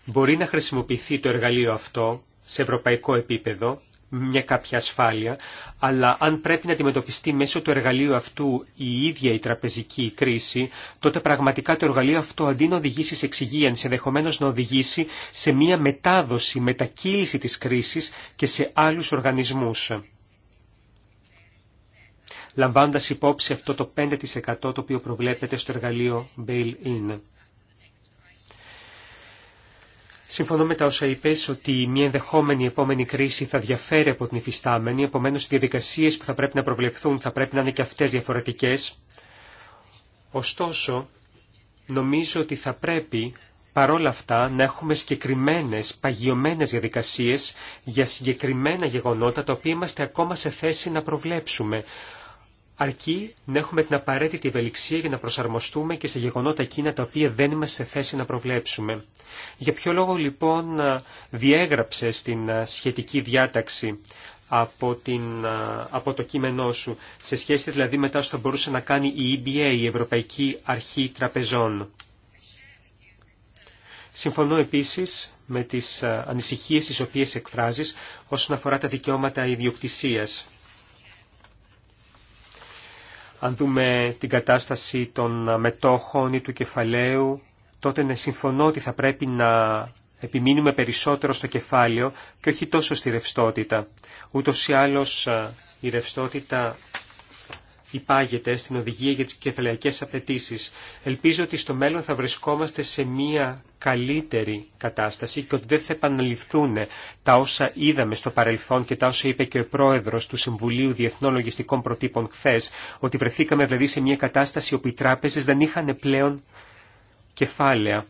μπορεί να χρησιμοποιηθεί το εργαλείο αυτό σε ευρωπαϊκό επίπεδο, μια κάποια ασφάλεια, αλλά αν πρέπει να αντιμετωπιστεί μέσω του εργαλείου αυτού η ίδια η τραπεζική κρίση, τότε πραγματικά το εργαλείο αυτό αντί να οδηγήσει σε εξυγίανση, ενδεχομένω να οδηγήσει σε μια μετάδοση, μετακύληση της κρίσης και σε άλλους οργανισμούς. Λαμβάνοντας υπόψη αυτό το 5% το οποίο προβλέπεται στο εργαλείο Bail-in. Συμφωνώ με τα όσα είπε ότι μια ενδεχόμενη επόμενη κρίση θα διαφέρει από την υφιστάμενη, επομένω οι διαδικασίε που θα πρέπει να προβλεφθούν θα πρέπει να είναι και αυτέ διαφορετικέ. Ωστόσο, νομίζω ότι θα πρέπει παρόλα αυτά να έχουμε συγκεκριμένε παγιωμένε διαδικασίε για συγκεκριμένα γεγονότα τα οποία είμαστε ακόμα σε θέση να προβλέψουμε αρκεί να έχουμε την απαραίτητη ευελιξία για να προσαρμοστούμε και σε γεγονότα εκείνα τα οποία δεν είμαστε σε θέση να προβλέψουμε. Για ποιο λόγο λοιπόν διέγραψε την σχετική διάταξη από, την, από το κείμενό σου, σε σχέση δηλαδή μετά όσο θα μπορούσε να κάνει η EBA, η Ευρωπαϊκή Αρχή Τραπεζών. Συμφωνώ επίσης με τις ανησυχίες τις οποίες εκφράζεις όσον αφορά τα δικαιώματα ιδιοκτησίας. Αν δούμε την κατάσταση των μετόχων ή του κεφαλαίου, τότε να συμφωνώ ότι θα πρέπει να επιμείνουμε περισσότερο στο κεφάλαιο και όχι τόσο στη ρευστότητα. Ούτως ή άλλως η του κεφαλαιου τοτε συμφωνω οτι θα πρεπει να επιμεινουμε περισσοτερο στο κεφαλαιο και οχι τοσο στη ρευστοτητα ουτως η αλλως η ρευστοτητα υπάγεται στην οδηγία για τις κεφαλαϊκές απαιτήσει. Ελπίζω ότι στο μέλλον θα βρισκόμαστε σε μια καλύτερη κατάσταση και ότι δεν θα επαναληφθούν τα όσα είδαμε στο παρελθόν και τα όσα είπε και ο πρόεδρος του Συμβουλίου Διεθνών Λογιστικών Προτύπων χθε, ότι βρεθήκαμε δηλαδή σε μια κατάσταση όπου οι τράπεζες δεν είχαν πλέον κεφάλαια.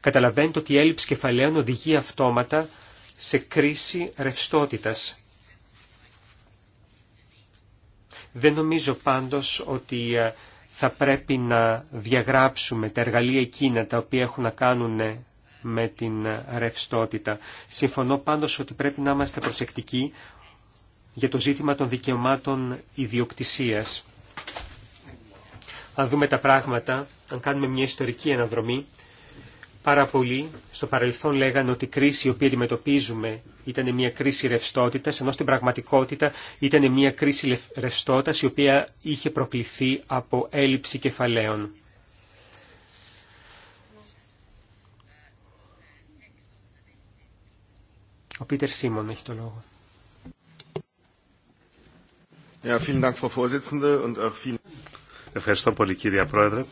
Καταλαβαίνετε ότι η έλλειψη κεφαλαίων οδηγεί αυτόματα σε κρίση ρευστότητας. Δεν νομίζω πάντως ότι ε, θα πρέπει να διαγράψουμε τα εργαλεία εκείνα τα οποία έχουν να κάνουν ε, με την ε, ρευστότητα. Συμφωνώ πάντως ότι πρέπει να είμαστε προσεκτικοί για το ζήτημα των δικαιωμάτων ιδιοκτησίας. Αν δούμε τα πράγματα, αν κάνουμε μια ιστορική αναδρομή, Πάρα πολλοί στο παρελθόν λέγανε ότι η κρίση η οποία αντιμετωπίζουμε ήταν μια κρίση ρευστότητα, ενώ στην πραγματικότητα ήταν μια κρίση ρευστότητα η οποία είχε προκληθεί από έλλειψη κεφαλαίων. Ο Πίτερ Σίμων έχει το λόγο. Ευχαριστώ πολύ κύριε Πρόεδρε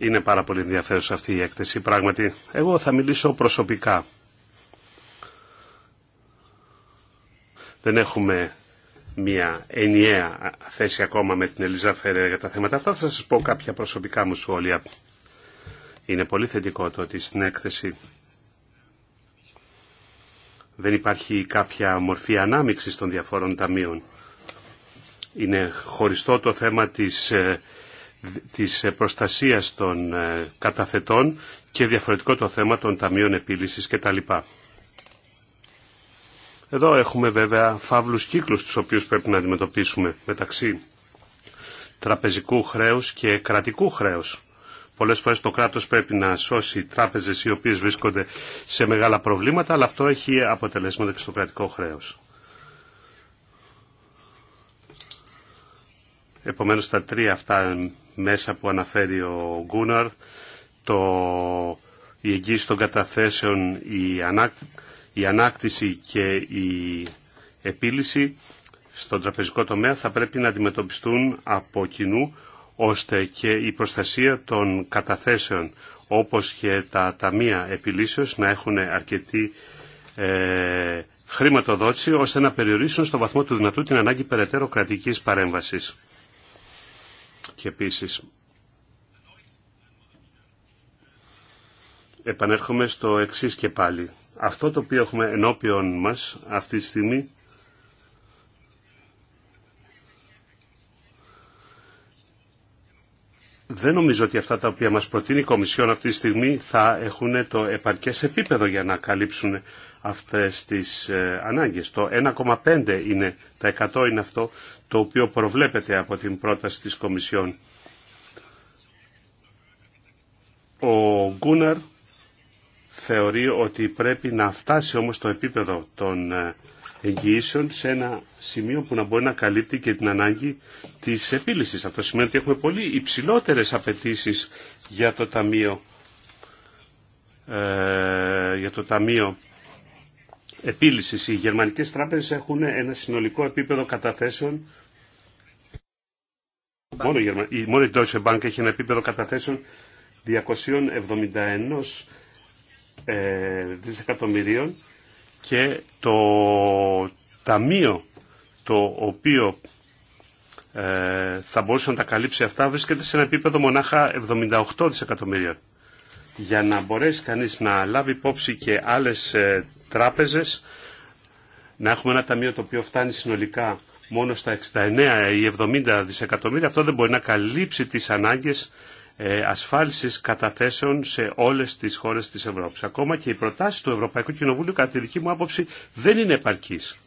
είναι πάρα πολύ ενδιαφέρουσα αυτή η έκθεση, πράγματι. Εγώ θα μιλήσω προσωπικά. Δεν έχουμε μια ενιαία θέση ακόμα με την Ελίζα Φερέ για τα θέματα αυτά. Θα σας πω κάποια προσωπικά μου σχόλια. Είναι πολύ θετικό το ότι στην έκθεση δεν υπάρχει κάποια μορφή ανάμειξης των διαφόρων ταμείων. Είναι χωριστό το θέμα της ε, της ε, προστασίας των ε, καταθετών και διαφορετικό το θέμα των ταμείων επίλυσης κτλ. Εδώ έχουμε βέβαια φαύλους κύκλους τους οποίους πρέπει να αντιμετωπίσουμε μεταξύ τραπεζικού χρέους και κρατικού χρέους. Πολλές φορές το κράτος πρέπει να σώσει τράπεζες οι οποίες βρίσκονται σε μεγάλα προβλήματα, αλλά αυτό έχει αποτελέσματα και στο κρατικό χρέος. Επομένως τα τρία αυτά μέσα που αναφέρει ο Γκούναρ, το, η εγγύηση των καταθέσεων, η, ανάκτηση και η επίλυση στον τραπεζικό τομέα θα πρέπει να αντιμετωπιστούν από κοινού ώστε και η προστασία των καταθέσεων όπως και τα ταμεία επιλύσεως να έχουν αρκετή ε, χρηματοδότηση ώστε να περιορίσουν στο βαθμό του δυνατού την ανάγκη περαιτέρω κρατικής παρέμβασης. Και επίσης, επανέρχομαι στο εξής και πάλι. Αυτό το οποίο έχουμε ενώπιον μας αυτή τη στιγμή δεν νομίζω ότι αυτά τα οποία μας προτείνει η Κομισιόν αυτή τη στιγμή θα έχουν το επαρκές επίπεδο για να καλύψουν αυτές τις ε, ανάγκες. Το 1,5 είναι, τα 100 είναι αυτό το οποίο προβλέπεται από την πρόταση της Κομισιόν. Ο Γκούναρ θεωρεί ότι πρέπει να φτάσει όμως το επίπεδο των ε, εγγυήσεων σε ένα σημείο που να μπορεί να καλύπτει και την ανάγκη της επίλυσης. Αυτό σημαίνει ότι έχουμε πολύ υψηλότερες απαιτήσει για το Ταμείο, ε, για το ταμείο επίλυσης. Οι γερμανικέ τράπεζε έχουν ένα συνολικό επίπεδο καταθέσεων Μόνο, η, μόνο η Deutsche έχει ένα επίπεδο καταθέσεων 271 ε, δισεκατομμυρίων και το ταμείο το οποίο ε, θα μπορούσε να τα καλύψει αυτά βρίσκεται σε ένα επίπεδο μονάχα 78 δισεκατομμυρίων για να μπορέσει κανείς να λάβει υπόψη και άλλες ε, τράπεζες, να έχουμε ένα ταμείο το οποίο φτάνει συνολικά μόνο στα 69 ή 70 δισεκατομμύρια, αυτό δεν μπορεί να καλύψει τις ανάγκες ε, ασφάλισης καταθέσεων σε όλες τις χώρες της Ευρώπης. Ακόμα και οι προτάσεις του Ευρωπαϊκού Κοινοβούλου, κατά τη δική μου άποψη, δεν είναι επαρκείς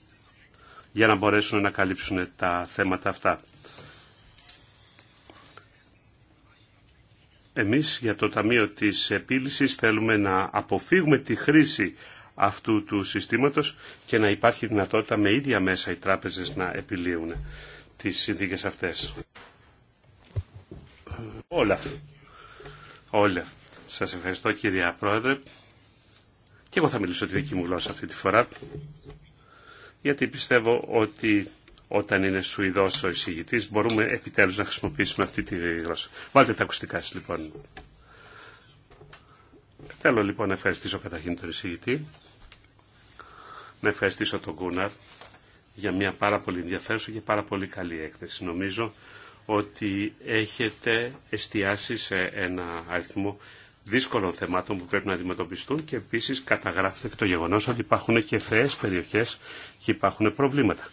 για να μπορέσουν να καλύψουν τα θέματα αυτά. Εμείς για το Ταμείο της Επίλυσης θέλουμε να αποφύγουμε τη χρήση αυτού του συστήματος και να υπάρχει δυνατότητα με ίδια μέσα οι τράπεζες να επιλύουν τις συνθήκες αυτές. Όλα. Όλα. Σας ευχαριστώ κυρία Πρόεδρε. Και εγώ θα μιλήσω τη δική μου γλώσσα αυτή τη φορά, γιατί πιστεύω ότι όταν είναι Σουηδό ο εισηγητή, μπορούμε επιτέλου να χρησιμοποιήσουμε αυτή τη γλώσσα. Βάλτε τα ακουστικά σα λοιπόν. Θέλω λοιπόν να ευχαριστήσω καταρχήν τον εισηγητή, να ευχαριστήσω τον Κούναρ για μια πάρα πολύ ενδιαφέρουσα και πάρα πολύ καλή έκθεση. Νομίζω ότι έχετε εστιάσει σε ένα αριθμό δύσκολων θεμάτων που πρέπει να αντιμετωπιστούν και επίσης καταγράφεται και το γεγονός ότι υπάρχουν και φαιές περιοχές και υπάρχουν προβλήματα.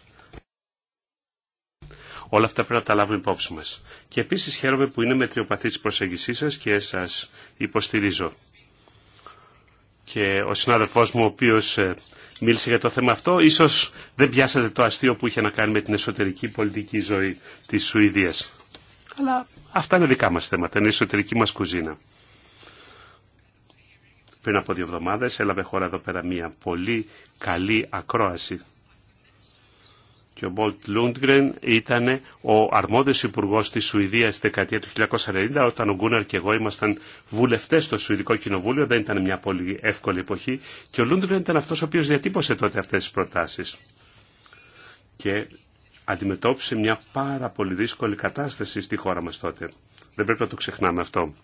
Όλα αυτά πρέπει να τα λάβουμε υπόψη μας. Και επίσης χαίρομαι που είναι μετριοπαθή τη προσέγγιση σας και σα υποστηρίζω. Και ο συνάδελφός μου ο οποίο ε, μίλησε για το θέμα αυτό, ίσως δεν πιάσατε το αστείο που είχε να κάνει με την εσωτερική πολιτική ζωή της Σουηδίας. Αλλά αυτά είναι δικά μας θέματα, είναι η εσωτερική μας κουζίνα. Πριν από δύο εβδομάδε, έλαβε χώρα εδώ πέρα μια πολύ καλή ακρόαση και ο Μπολτ Λούντγκρεν ήταν ο αρμόδιος υπουργός της Σουηδίας στη δεκαετία του 1990 όταν ο Γκούναρ και εγώ ήμασταν βουλευτές στο Σουηδικό Κοινοβούλιο δεν ήταν μια πολύ εύκολη εποχή και ο Λούντγκρεν ήταν αυτός ο οποίος διατύπωσε τότε αυτές τις προτάσεις και αντιμετώπισε μια πάρα πολύ δύσκολη κατάσταση στη χώρα μας τότε. Δεν πρέπει να το ξεχνάμε αυτό.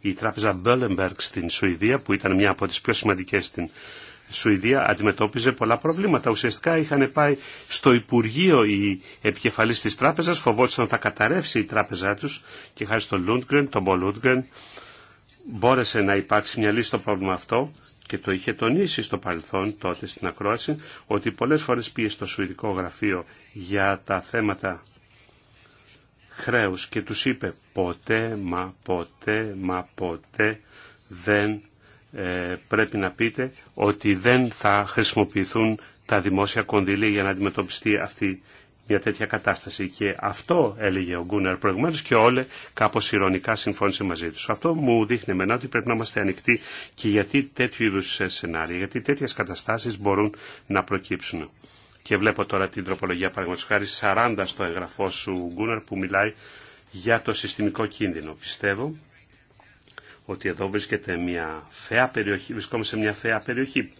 Η τράπεζα Μπέλεμπεργκ στην Σουηδία, που ήταν μια από τις πιο σημαντικές στην Σουηδία αντιμετώπιζε πολλά προβλήματα. Ουσιαστικά είχαν πάει στο Υπουργείο οι επικεφαλής της τράπεζας, φοβόντουσαν θα καταρρεύσει η τράπεζά του και χάρη στον Λούντγκρεν, τον Μπολούντγκρεν, μπόρεσε να υπάρξει μια λύση στο πρόβλημα αυτό και το είχε τονίσει στο παρελθόν τότε στην ακρόαση ότι πολλές φορές πήγε στο Σουηδικό Γραφείο για τα θέματα χρέους και τους είπε ποτέ μα ποτέ μα ποτέ δεν ε, πρέπει να πείτε ότι δεν θα χρησιμοποιηθούν τα δημόσια κονδύλια για να αντιμετωπιστεί αυτή μια τέτοια κατάσταση. Και αυτό έλεγε ο Γκούνερ προηγουμένω και όλε κάπω ηρωνικά συμφώνησε μαζί του. Αυτό μου δείχνει εμένα ότι πρέπει να είμαστε ανοιχτοί και γιατί τέτοιου είδου σενάρια, γιατί τέτοιε καταστάσει μπορούν να προκύψουν. Και βλέπω τώρα την τροπολογία παραδείγματο χάρη 40 στο εγγραφό σου Γκούνερ που μιλάει για το συστημικό κίνδυνο. Πιστεύω ότι εδώ βρίσκεται μια φαιά περιοχή, βρισκόμαστε σε μια φαιά περιοχή.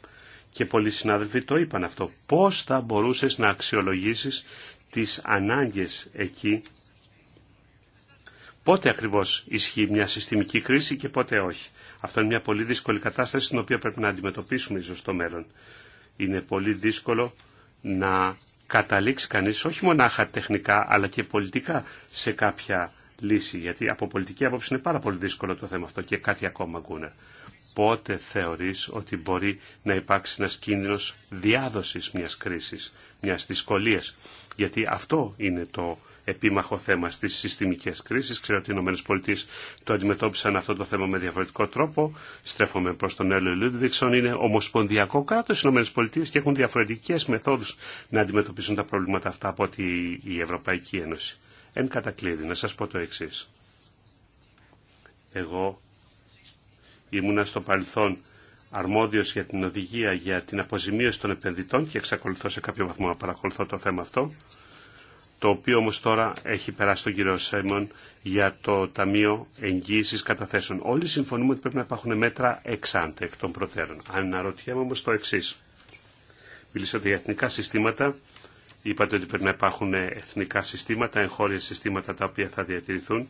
Και πολλοί συνάδελφοι το είπαν αυτό. Πώς θα μπορούσες να αξιολογήσεις τις ανάγκες εκεί, πότε ακριβώς ισχύει μια συστημική κρίση και πότε όχι. Αυτό είναι μια πολύ δύσκολη κατάσταση την οποία πρέπει να αντιμετωπίσουμε ίσως στο μέλλον. Είναι πολύ δύσκολο να καταλήξει κανείς όχι μονάχα τεχνικά αλλά και πολιτικά σε κάποια λύση. Γιατί από πολιτική άποψη είναι πάρα πολύ δύσκολο το θέμα αυτό. Και κάτι ακόμα, Γκούνερ. Πότε θεωρείς ότι μπορεί να υπάρξει ένας κίνδυνος διάδοσης μιας κρίσης, μιας δυσκολίας. Γιατί αυτό είναι το επίμαχο θέμα στις συστημικές κρίσεις. Ξέρω ότι οι Πολιτείες το αντιμετώπισαν αυτό το θέμα με διαφορετικό τρόπο. Στρέφομαι προς τον Έλλο Λούντιξον. Είναι ομοσπονδιακό κράτος οι Πολιτείες και έχουν διαφορετικές μεθόδους να αντιμετωπίσουν τα προβλήματα αυτά από ότι η Ευρωπαϊκή Ένωση. Εν κατακλείδη, να σας πω το εξή. Εγώ ήμουνα στο παρελθόν αρμόδιος για την οδηγία για την αποζημίωση των επενδυτών και εξακολουθώ σε κάποιο βαθμό να παρακολουθώ το θέμα αυτό, το οποίο όμως τώρα έχει περάσει τον κύριο Σέμον για το Ταμείο Εγγύησης Καταθέσεων. Όλοι συμφωνούμε ότι πρέπει να υπάρχουν μέτρα εξάντε εκ των προτέρων. Αναρωτιέμαι όμως το εξή. Μιλήσατε για εθνικά συστήματα Είπατε ότι πρέπει να υπάρχουν εθνικά συστήματα, εγχώρια συστήματα τα οποία θα διατηρηθούν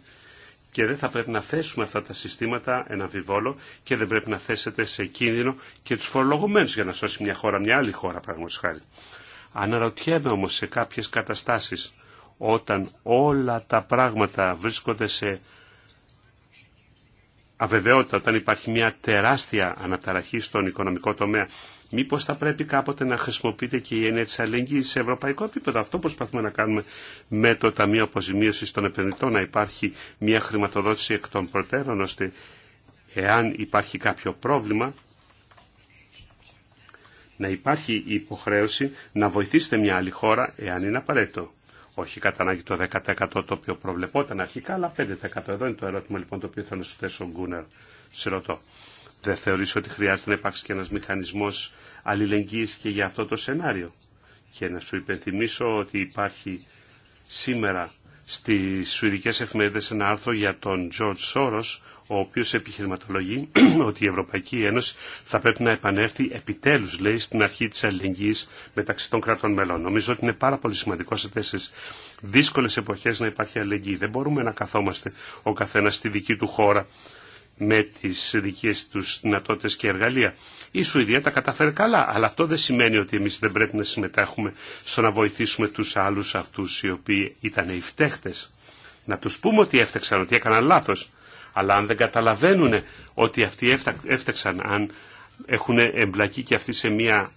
και δεν θα πρέπει να θέσουμε αυτά τα συστήματα ένα βιβόλο και δεν πρέπει να θέσετε σε κίνδυνο και τους φορολογουμένους για να σώσει μια χώρα, μια άλλη χώρα πραγματικά. Αναρωτιέμαι όμως σε κάποιες καταστάσεις όταν όλα τα πράγματα βρίσκονται σε αβεβαιότητα, όταν υπάρχει μια τεράστια αναταραχή στον οικονομικό τομέα Μήπως θα πρέπει κάποτε να χρησιμοποιείται και η έννοια τη αλληλεγγύης σε ευρωπαϊκό επίπεδο. Αυτό προσπαθούμε να κάνουμε με το Ταμείο Αποζημίωσης των Επενδυτών, να υπάρχει μια χρηματοδότηση εκ των προτέρων, ώστε εάν υπάρχει κάποιο πρόβλημα, να υπάρχει η υποχρέωση να βοηθήσετε μια άλλη χώρα εάν είναι απαραίτητο. Όχι κατά ανάγκη το 10% το οποίο προβλεπόταν αρχικά, αλλά 5%. Εδώ είναι το ερώτημα λοιπόν το οποίο θέλω να σου θέσω, Γκούνερ, Σε ρωτώ δεν θεωρείς ότι χρειάζεται να υπάρξει και ένας μηχανισμός αλληλεγγύης και για αυτό το σενάριο. Και να σου υπενθυμίσω ότι υπάρχει σήμερα στις σουηδικές εφημερίδες ένα άρθρο για τον George Soros, ο οποίος επιχειρηματολογεί ότι η Ευρωπαϊκή Ένωση θα πρέπει να επανέλθει επιτέλους, λέει, στην αρχή της αλληλεγγύης μεταξύ των κρατών μελών. Νομίζω ότι είναι πάρα πολύ σημαντικό σε τέσσερις δύσκολες εποχές να υπάρχει αλληλεγγύη. Δεν μπορούμε να καθόμαστε ο καθένας στη δική του χώρα με τι δικές τους δυνατότητε και εργαλεία. Η Σουηδία τα καταφέρει καλά, αλλά αυτό δεν σημαίνει ότι εμείς δεν πρέπει να συμμετέχουμε στο να βοηθήσουμε τους άλλους αυτούς οι οποίοι ήταν οι Να τους πούμε ότι έφταξαν, ότι έκαναν λάθος, αλλά αν δεν καταλαβαίνουν ότι αυτοί έφταξαν, αν έχουν εμπλακεί και αυτοί σε μια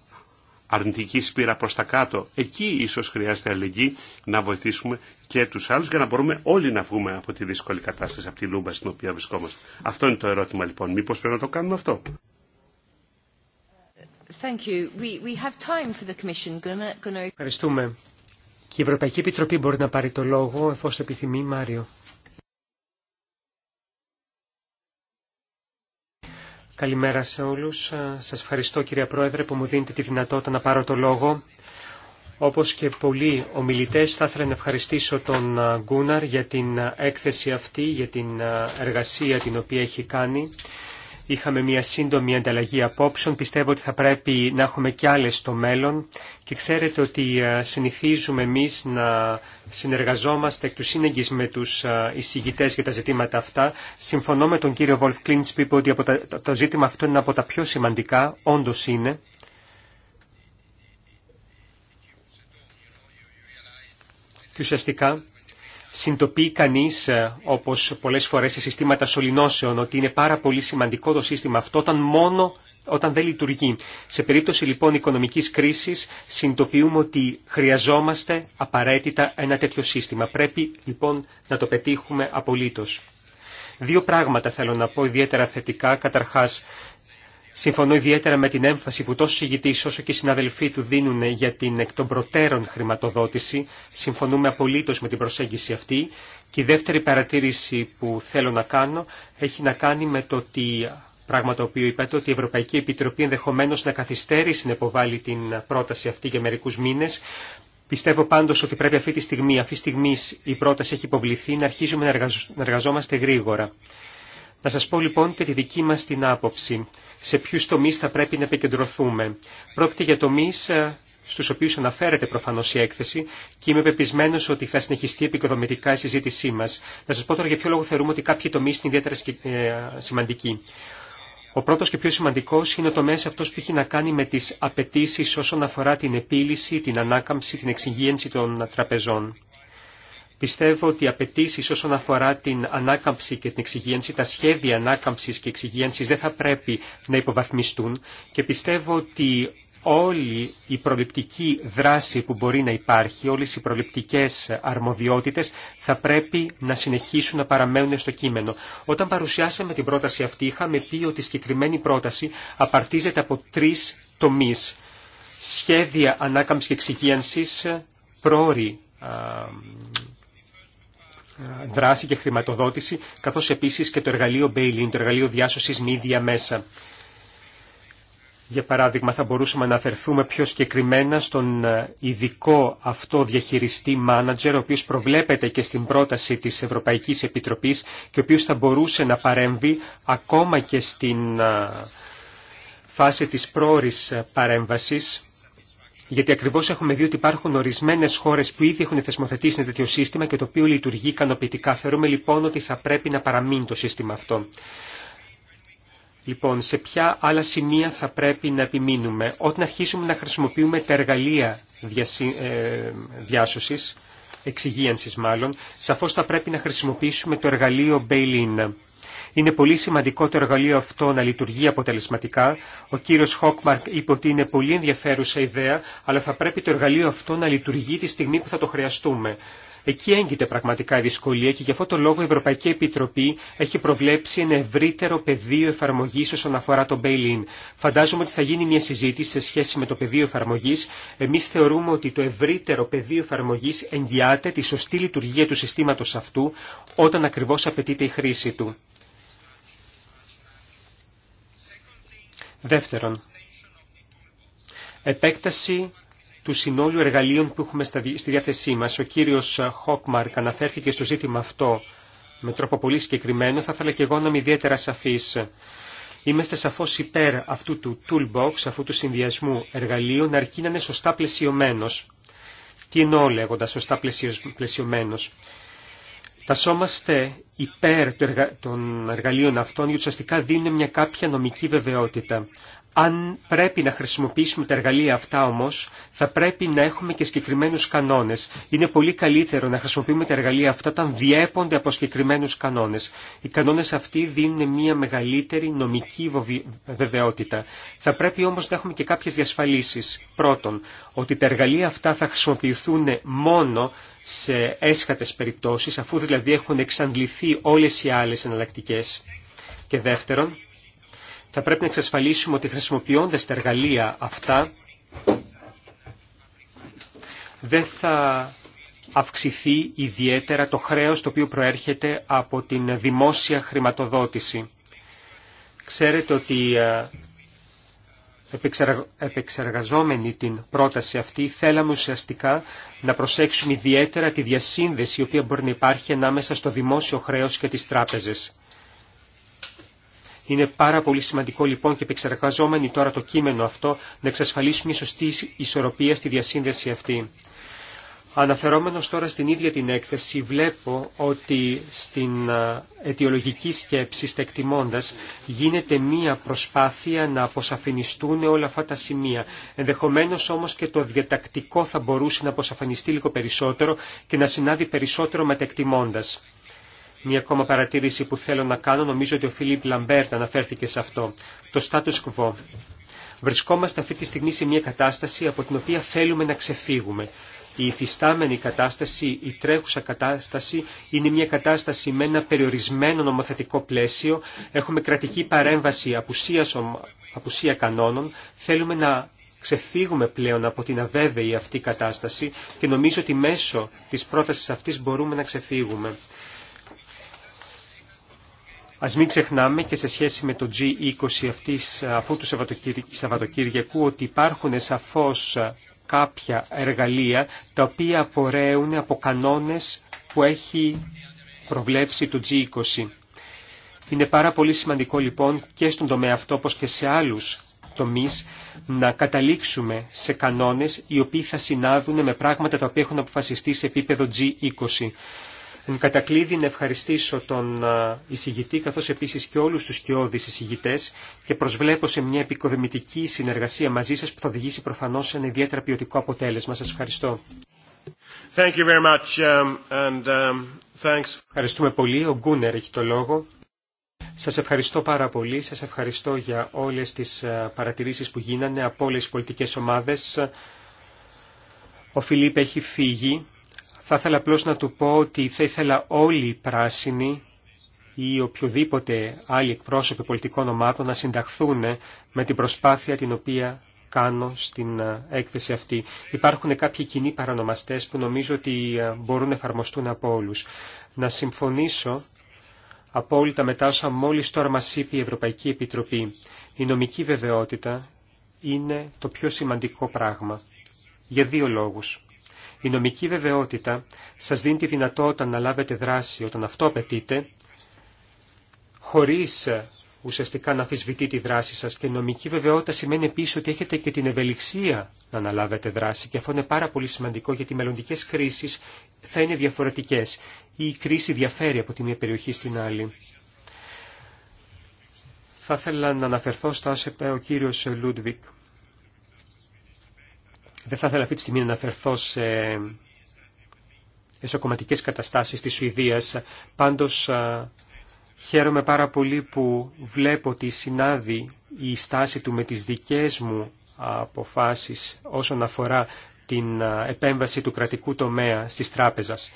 αρνητική σπήρα προς τα κάτω. Εκεί ίσως χρειάζεται αλληλεγγύη να βοηθήσουμε και τους άλλους για να μπορούμε όλοι να βγούμε από τη δύσκολη κατάσταση, από τη λούμπα στην οποία βρισκόμαστε. Αυτό είναι το ερώτημα λοιπόν. Μήπως πρέπει να το κάνουμε αυτό. Ευχαριστούμε. Και η Ευρωπαϊκή Επιτροπή μπορεί να πάρει το λόγο εφόσον επιθυμεί Μάριο. Καλημέρα σε όλους. Σας ευχαριστώ κυρία Πρόεδρε που μου δίνετε τη δυνατότητα να πάρω το λόγο. Όπως και πολλοί ομιλητές θα ήθελα να ευχαριστήσω τον Γκούναρ για την έκθεση αυτή, για την εργασία την οποία έχει κάνει. Είχαμε μια σύντομη ανταλλαγή απόψεων, πιστεύω ότι θα πρέπει να έχουμε κι άλλες στο μέλλον και ξέρετε ότι συνηθίζουμε εμείς να συνεργαζόμαστε εκ του σύνεγγις με τους εισηγητές για τα ζητήματα αυτά. Συμφωνώ με τον κύριο Βολφ Κλίντς που είπε ότι το ζήτημα αυτό είναι από τα πιο σημαντικά, όντως είναι. και ουσιαστικά συντοποιεί κανείς, ε, όπως πολλές φορές σε συστήματα σωληνώσεων, ότι είναι πάρα πολύ σημαντικό το σύστημα αυτό όταν μόνο όταν δεν λειτουργεί. Σε περίπτωση λοιπόν οικονομικής κρίσης συνειδητοποιούμε ότι χρειαζόμαστε απαραίτητα ένα τέτοιο σύστημα. Πρέπει λοιπόν να το πετύχουμε απολύτως. Δύο πράγματα θέλω να πω ιδιαίτερα θετικά. Καταρχάς, Συμφωνώ ιδιαίτερα με την έμφαση που τόσο συγητή όσο και οι συναδελφοί του δίνουν για την εκ των προτέρων χρηματοδότηση. Συμφωνούμε απολύτω με την προσέγγιση αυτή. Και η δεύτερη παρατήρηση που θέλω να κάνω έχει να κάνει με το ότι πράγμα το οποίο είπατε ότι η Ευρωπαϊκή Επιτροπή ενδεχομένω να καθυστέρησε να υποβάλει την πρόταση αυτή για μερικού μήνε. Πιστεύω πάντως ότι πρέπει αυτή τη στιγμή, αυτή τη στιγμή η πρόταση έχει υποβληθεί, να αρχίζουμε να εργαζόμαστε γρήγορα. Να σας πω λοιπόν και τη δική μας την άποψη. Σε ποιους τομείς θα πρέπει να επικεντρωθούμε. Πρόκειται για τομείς ε, στους οποίους αναφέρεται προφανώς η έκθεση και είμαι πεπισμένο ότι θα συνεχιστεί επικοδομητικά η συζήτησή μας. Να σας πω τώρα για ποιο λόγο θεωρούμε ότι κάποιοι τομείς είναι ιδιαίτερα ε, σημαντικοί. Ο πρώτος και πιο σημαντικός είναι ο τομέας αυτός που έχει να κάνει με τις απαιτήσει όσον αφορά την επίλυση, την ανάκαμψη, την εξυγίανση των τραπεζών. Πιστεύω ότι οι απαιτήσει όσον αφορά την ανάκαμψη και την εξυγίανση, τα σχέδια ανάκαμψη και εξυγίανση δεν θα πρέπει να υποβαθμιστούν και πιστεύω ότι όλη η προληπτική δράση που μπορεί να υπάρχει, όλες οι προληπτικές αρμοδιότητες θα πρέπει να συνεχίσουν να παραμένουν στο κείμενο. Όταν παρουσιάσαμε την πρόταση αυτή είχαμε πει ότι η συγκεκριμένη πρόταση απαρτίζεται από τρεις τομείς. Σχέδια ανάκαμψης και εξυγίανσης, πρόορη δράση και χρηματοδότηση, καθώς επίσης και το εργαλείο Bailin, το εργαλείο διάσωσης μίδια μέσα. Για παράδειγμα, θα μπορούσαμε να αναφερθούμε πιο συγκεκριμένα στον ε, ειδικό αυτό διαχειριστή μάνατζερ, ο οποίος προβλέπεται και στην πρόταση της Ευρωπαϊκής Επιτροπής και ο οποίος θα μπορούσε να παρέμβει ακόμα και στην ε, φάση της πρόορης ε, παρέμβασης γιατί ακριβώ έχουμε δει ότι υπάρχουν ορισμένε χώρε που ήδη έχουν θεσμοθετήσει ένα τέτοιο σύστημα και το οποίο λειτουργεί ικανοποιητικά. Θεωρούμε λοιπόν ότι θα πρέπει να παραμείνει το σύστημα αυτό. Λοιπόν, σε ποια άλλα σημεία θα πρέπει να επιμείνουμε. Όταν αρχίσουμε να χρησιμοποιούμε τα εργαλεία διασυ... ε... διάσωσης, εξυγίανσης μάλλον, σαφώς θα πρέπει να χρησιμοποιήσουμε το εργαλείο bail-in. Είναι πολύ σημαντικό το εργαλείο αυτό να λειτουργεί αποτελεσματικά. Ο κύριο Χόκμαρκ είπε ότι είναι πολύ ενδιαφέρουσα ιδέα, αλλά θα πρέπει το εργαλείο αυτό να λειτουργεί τη στιγμή που θα το χρειαστούμε. Εκεί έγκυται πραγματικά η δυσκολία και γι' αυτό το λόγο η Ευρωπαϊκή Επιτροπή έχει προβλέψει ένα ευρύτερο πεδίο εφαρμογή όσον αφορά το bail-in. Φαντάζομαι ότι θα γίνει μια συζήτηση σε σχέση με το πεδίο εφαρμογή. Εμεί θεωρούμε ότι το ευρύτερο πεδίο εφαρμογή εγγυάται τη σωστή λειτουργία του συστήματο αυτού όταν ακριβώ απαιτείται η χρήση του. Δεύτερον, επέκταση του συνόλου εργαλείων που έχουμε στη διάθεσή μας. Ο κύριος Χόκμαρκ αναφέρθηκε στο ζήτημα αυτό με τρόπο πολύ συγκεκριμένο. Θα ήθελα και εγώ να είμαι ιδιαίτερα σαφής. Είμαστε σαφώς υπέρ αυτού του toolbox, αυτού του συνδυασμού εργαλείων, αρκεί να είναι σωστά πλαισιωμένος. Τι εννοώ λέγοντα σωστά πλαισιωμένος τασόμαστε υπέρ των εργαλείων αυτών γιατί ουσιαστικά δίνουν μια κάποια νομική βεβαιότητα. Αν πρέπει να χρησιμοποιήσουμε τα εργαλεία αυτά όμω, θα πρέπει να έχουμε και συγκεκριμένους κανόνες. Είναι πολύ καλύτερο να χρησιμοποιούμε τα εργαλεία αυτά όταν διέπονται από συγκεκριμένους κανόνες. Οι κανόνες αυτοί δίνουν μια μεγαλύτερη νομική βεβαιότητα. Θα πρέπει όμως να έχουμε και κάποιες διασφαλίσεις. Πρώτον, ότι τα εργαλεία αυτά θα χρησιμοποιηθούν μόνο σε έσχατες περιπτώσεις, αφού δηλαδή έχουν εξαντληθεί όλες οι άλλες εναλλακτικέ. Και δεύτερον, θα πρέπει να εξασφαλίσουμε ότι χρησιμοποιώντας τα εργαλεία αυτά, δεν θα αυξηθεί ιδιαίτερα το χρέος το οποίο προέρχεται από την δημόσια χρηματοδότηση. Ξέρετε ότι ε, επεξεργαζόμενοι την πρόταση αυτή, θέλαμε ουσιαστικά να προσέξουμε ιδιαίτερα τη διασύνδεση η οποία μπορεί να υπάρχει ανάμεσα στο δημόσιο χρέος και τις τράπεζες. Είναι πάρα πολύ σημαντικό λοιπόν και επεξεργαζόμενοι τώρα το κείμενο αυτό να εξασφαλίσουμε σωστή ισορροπία στη διασύνδεση αυτή. Αναφερόμενος τώρα στην ίδια την έκθεση, βλέπω ότι στην αιτιολογική σκέψη, στεκτιμώντας, γίνεται μία προσπάθεια να αποσαφινιστούν όλα αυτά τα σημεία. Ενδεχομένως όμως και το διατακτικό θα μπορούσε να αποσαφανιστεί λίγο περισσότερο και να συνάδει περισσότερο με τεκτιμώντας. Μία ακόμα παρατήρηση που θέλω να κάνω, νομίζω ότι ο Φίλιπ Λαμπέρτ αναφέρθηκε σε αυτό. Το status quo. Βρισκόμαστε αυτή τη στιγμή σε μια κατάσταση από την οποία θέλουμε να ξεφύγουμε η υφιστάμενη κατάσταση, η τρέχουσα κατάσταση είναι μια κατάσταση με ένα περιορισμένο νομοθετικό πλαίσιο. Έχουμε κρατική παρέμβαση απουσίας, απουσία κανόνων. Θέλουμε να ξεφύγουμε πλέον από την αβέβαιη αυτή κατάσταση και νομίζω ότι μέσω της πρότασης αυτής μπορούμε να ξεφύγουμε. Ας μην ξεχνάμε και σε σχέση με το G20 αυτής, αφού του Σαββατοκύριακου ότι υπάρχουν σαφώς κάποια εργαλεία τα οποία απορρέουν από κανόνες που έχει προβλέψει το G20. Είναι πάρα πολύ σημαντικό λοιπόν και στον τομέα αυτό όπως και σε άλλους τομείς να καταλήξουμε σε κανόνες οι οποίοι θα συνάδουν με πράγματα τα οποία έχουν αποφασιστεί σε επίπεδο G20 κατακλείδη να ευχαριστήσω τον εισηγητή καθώς επίσης και όλους τους σκιώδεις εισηγητές και προσβλέπω σε μια επικοδομητική συνεργασία μαζί σας που θα οδηγήσει προφανώς σε ένα ιδιαίτερα ποιοτικό αποτέλεσμα. Σας ευχαριστώ. Thank you very much, um, and, um, thanks. Ευχαριστούμε πολύ. Ο Γκούνερ έχει το λόγο. Σας ευχαριστώ πάρα πολύ. Σας ευχαριστώ για όλες τις παρατηρήσεις που γίνανε από όλες τις πολιτικές ομάδες. Ο Φιλίπ έχει φύγει. Θα ήθελα απλώ να του πω ότι θα ήθελα όλοι οι πράσινοι ή οποιοδήποτε άλλοι εκπρόσωποι πολιτικών ομάδων να συνταχθούν με την προσπάθεια την οποία κάνω στην ε, έκθεση αυτή. Υπάρχουν κάποιοι κοινοί παρανομαστές που νομίζω ότι ε, μπορούν να εφαρμοστούν από όλου. Να συμφωνήσω απόλυτα μετά όσα μόλις τώρα μας είπε η Ευρωπαϊκή Επιτροπή. Η νομική βεβαιότητα είναι το πιο σημαντικό πράγμα. Για δύο λόγους. Η νομική βεβαιότητα σας δίνει τη δυνατότητα να λάβετε δράση όταν αυτό απαιτείται, χωρίς ε, ουσιαστικά να αφισβητεί τη δράση σας και νομική βεβαιότητα σημαίνει επίσης ότι έχετε και την ευελιξία να αναλάβετε δράση και αυτό είναι πάρα πολύ σημαντικό γιατί οι μελλοντικέ κρίσεις θα είναι διαφορετικές ή η κρίση διαφέρει από τη μία περιοχή στην άλλη. Θα ήθελα να αναφερθώ στα όσα είπε ο κύριος Λούντβικ δεν θα ήθελα αυτή τη στιγμή να αναφερθώ σε εσωκομματικές καταστάσεις της Σουηδίας. Πάντως χαίρομαι πάρα πολύ που βλέπω ότι συνάδει η στάση του με τις δικές μου αποφάσεις όσον αφορά την επέμβαση του κρατικού τομέα στις τράπεζες.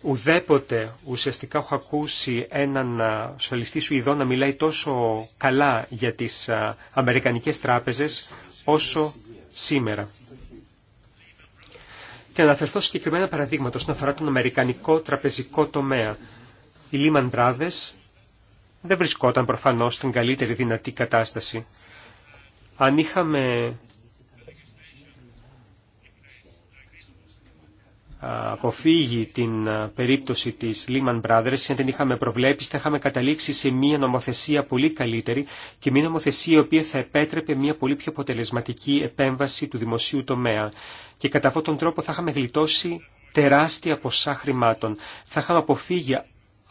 Ουδέποτε ουσιαστικά έχω ακούσει έναν σου Σουηδό να μιλάει τόσο καλά για τις Αμερικανικές τράπεζες όσο σήμερα και αναφερθώ συγκεκριμένα παραδείγματα όσον αφορά τον Αμερικανικό τραπεζικό τομέα. Οι Lehman Brothers δεν βρισκόταν προφανώς στην καλύτερη δυνατή κατάσταση. Αν είχαμε αποφύγει την ε, περίπτωση της Lehman Brothers, αν την είχαμε προβλέψει, θα είχαμε καταλήξει σε μια νομοθεσία πολύ καλύτερη και μια νομοθεσία η οποία θα επέτρεπε μια πολύ πιο αποτελεσματική επέμβαση του δημοσίου τομέα. Και κατά αυτόν τον τρόπο θα είχαμε γλιτώσει τεράστια ποσά χρημάτων. Θα είχαμε αποφύγει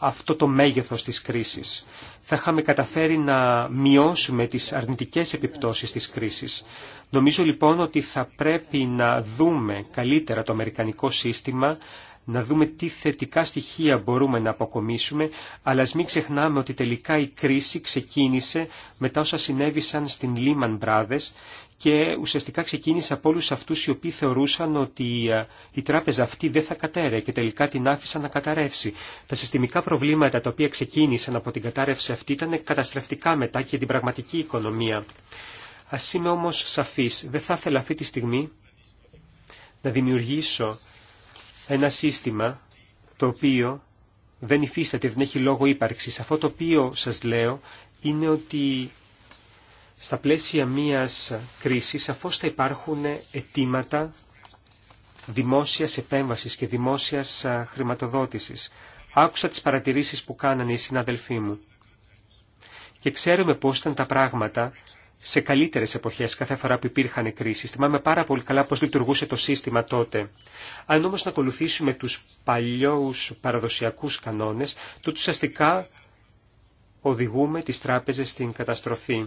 αυτό το μέγεθος της κρίσης. Θα είχαμε καταφέρει να μειώσουμε τις αρνητικές επιπτώσεις της κρίσης. Νομίζω λοιπόν ότι θα πρέπει να δούμε καλύτερα το αμερικανικό σύστημα, να δούμε τι θετικά στοιχεία μπορούμε να αποκομίσουμε, αλλά ας μην ξεχνάμε ότι τελικά η κρίση ξεκίνησε μετά όσα συνέβησαν στην Lehman Brothers και ουσιαστικά ξεκίνησε από όλου αυτού οι οποίοι θεωρούσαν ότι ε, η τράπεζα αυτή δεν θα κατέρε και τελικά την άφησαν να καταρρεύσει. Τα συστημικά προβλήματα τα οποία ξεκίνησαν από την κατάρρευση αυτή ήταν καταστρεφτικά μετά και την πραγματική οικονομία. Α είμαι όμω σαφή, δεν θα ήθελα αυτή τη στιγμή να δημιουργήσω ένα σύστημα το οποίο δεν υφίσταται, δεν έχει λόγο ύπαρξης. Αυτό το οποίο σας λέω είναι ότι στα πλαίσια μιας κρίσης σαφώς θα υπάρχουν αιτήματα δημόσιας επέμβασης και δημόσιας χρηματοδότησης. Άκουσα τις παρατηρήσεις που κάνανε οι συναδελφοί μου. Και ξέρουμε πώς ήταν τα πράγματα σε καλύτερες εποχές, κάθε φορά που υπήρχαν κρίσει. Θυμάμαι πάρα πολύ καλά πώς λειτουργούσε το σύστημα τότε. Αν όμως να ακολουθήσουμε του παλιού παραδοσιακού κανόνε, τότε ουσιαστικά οδηγούμε τι τράπεζε στην καταστροφή.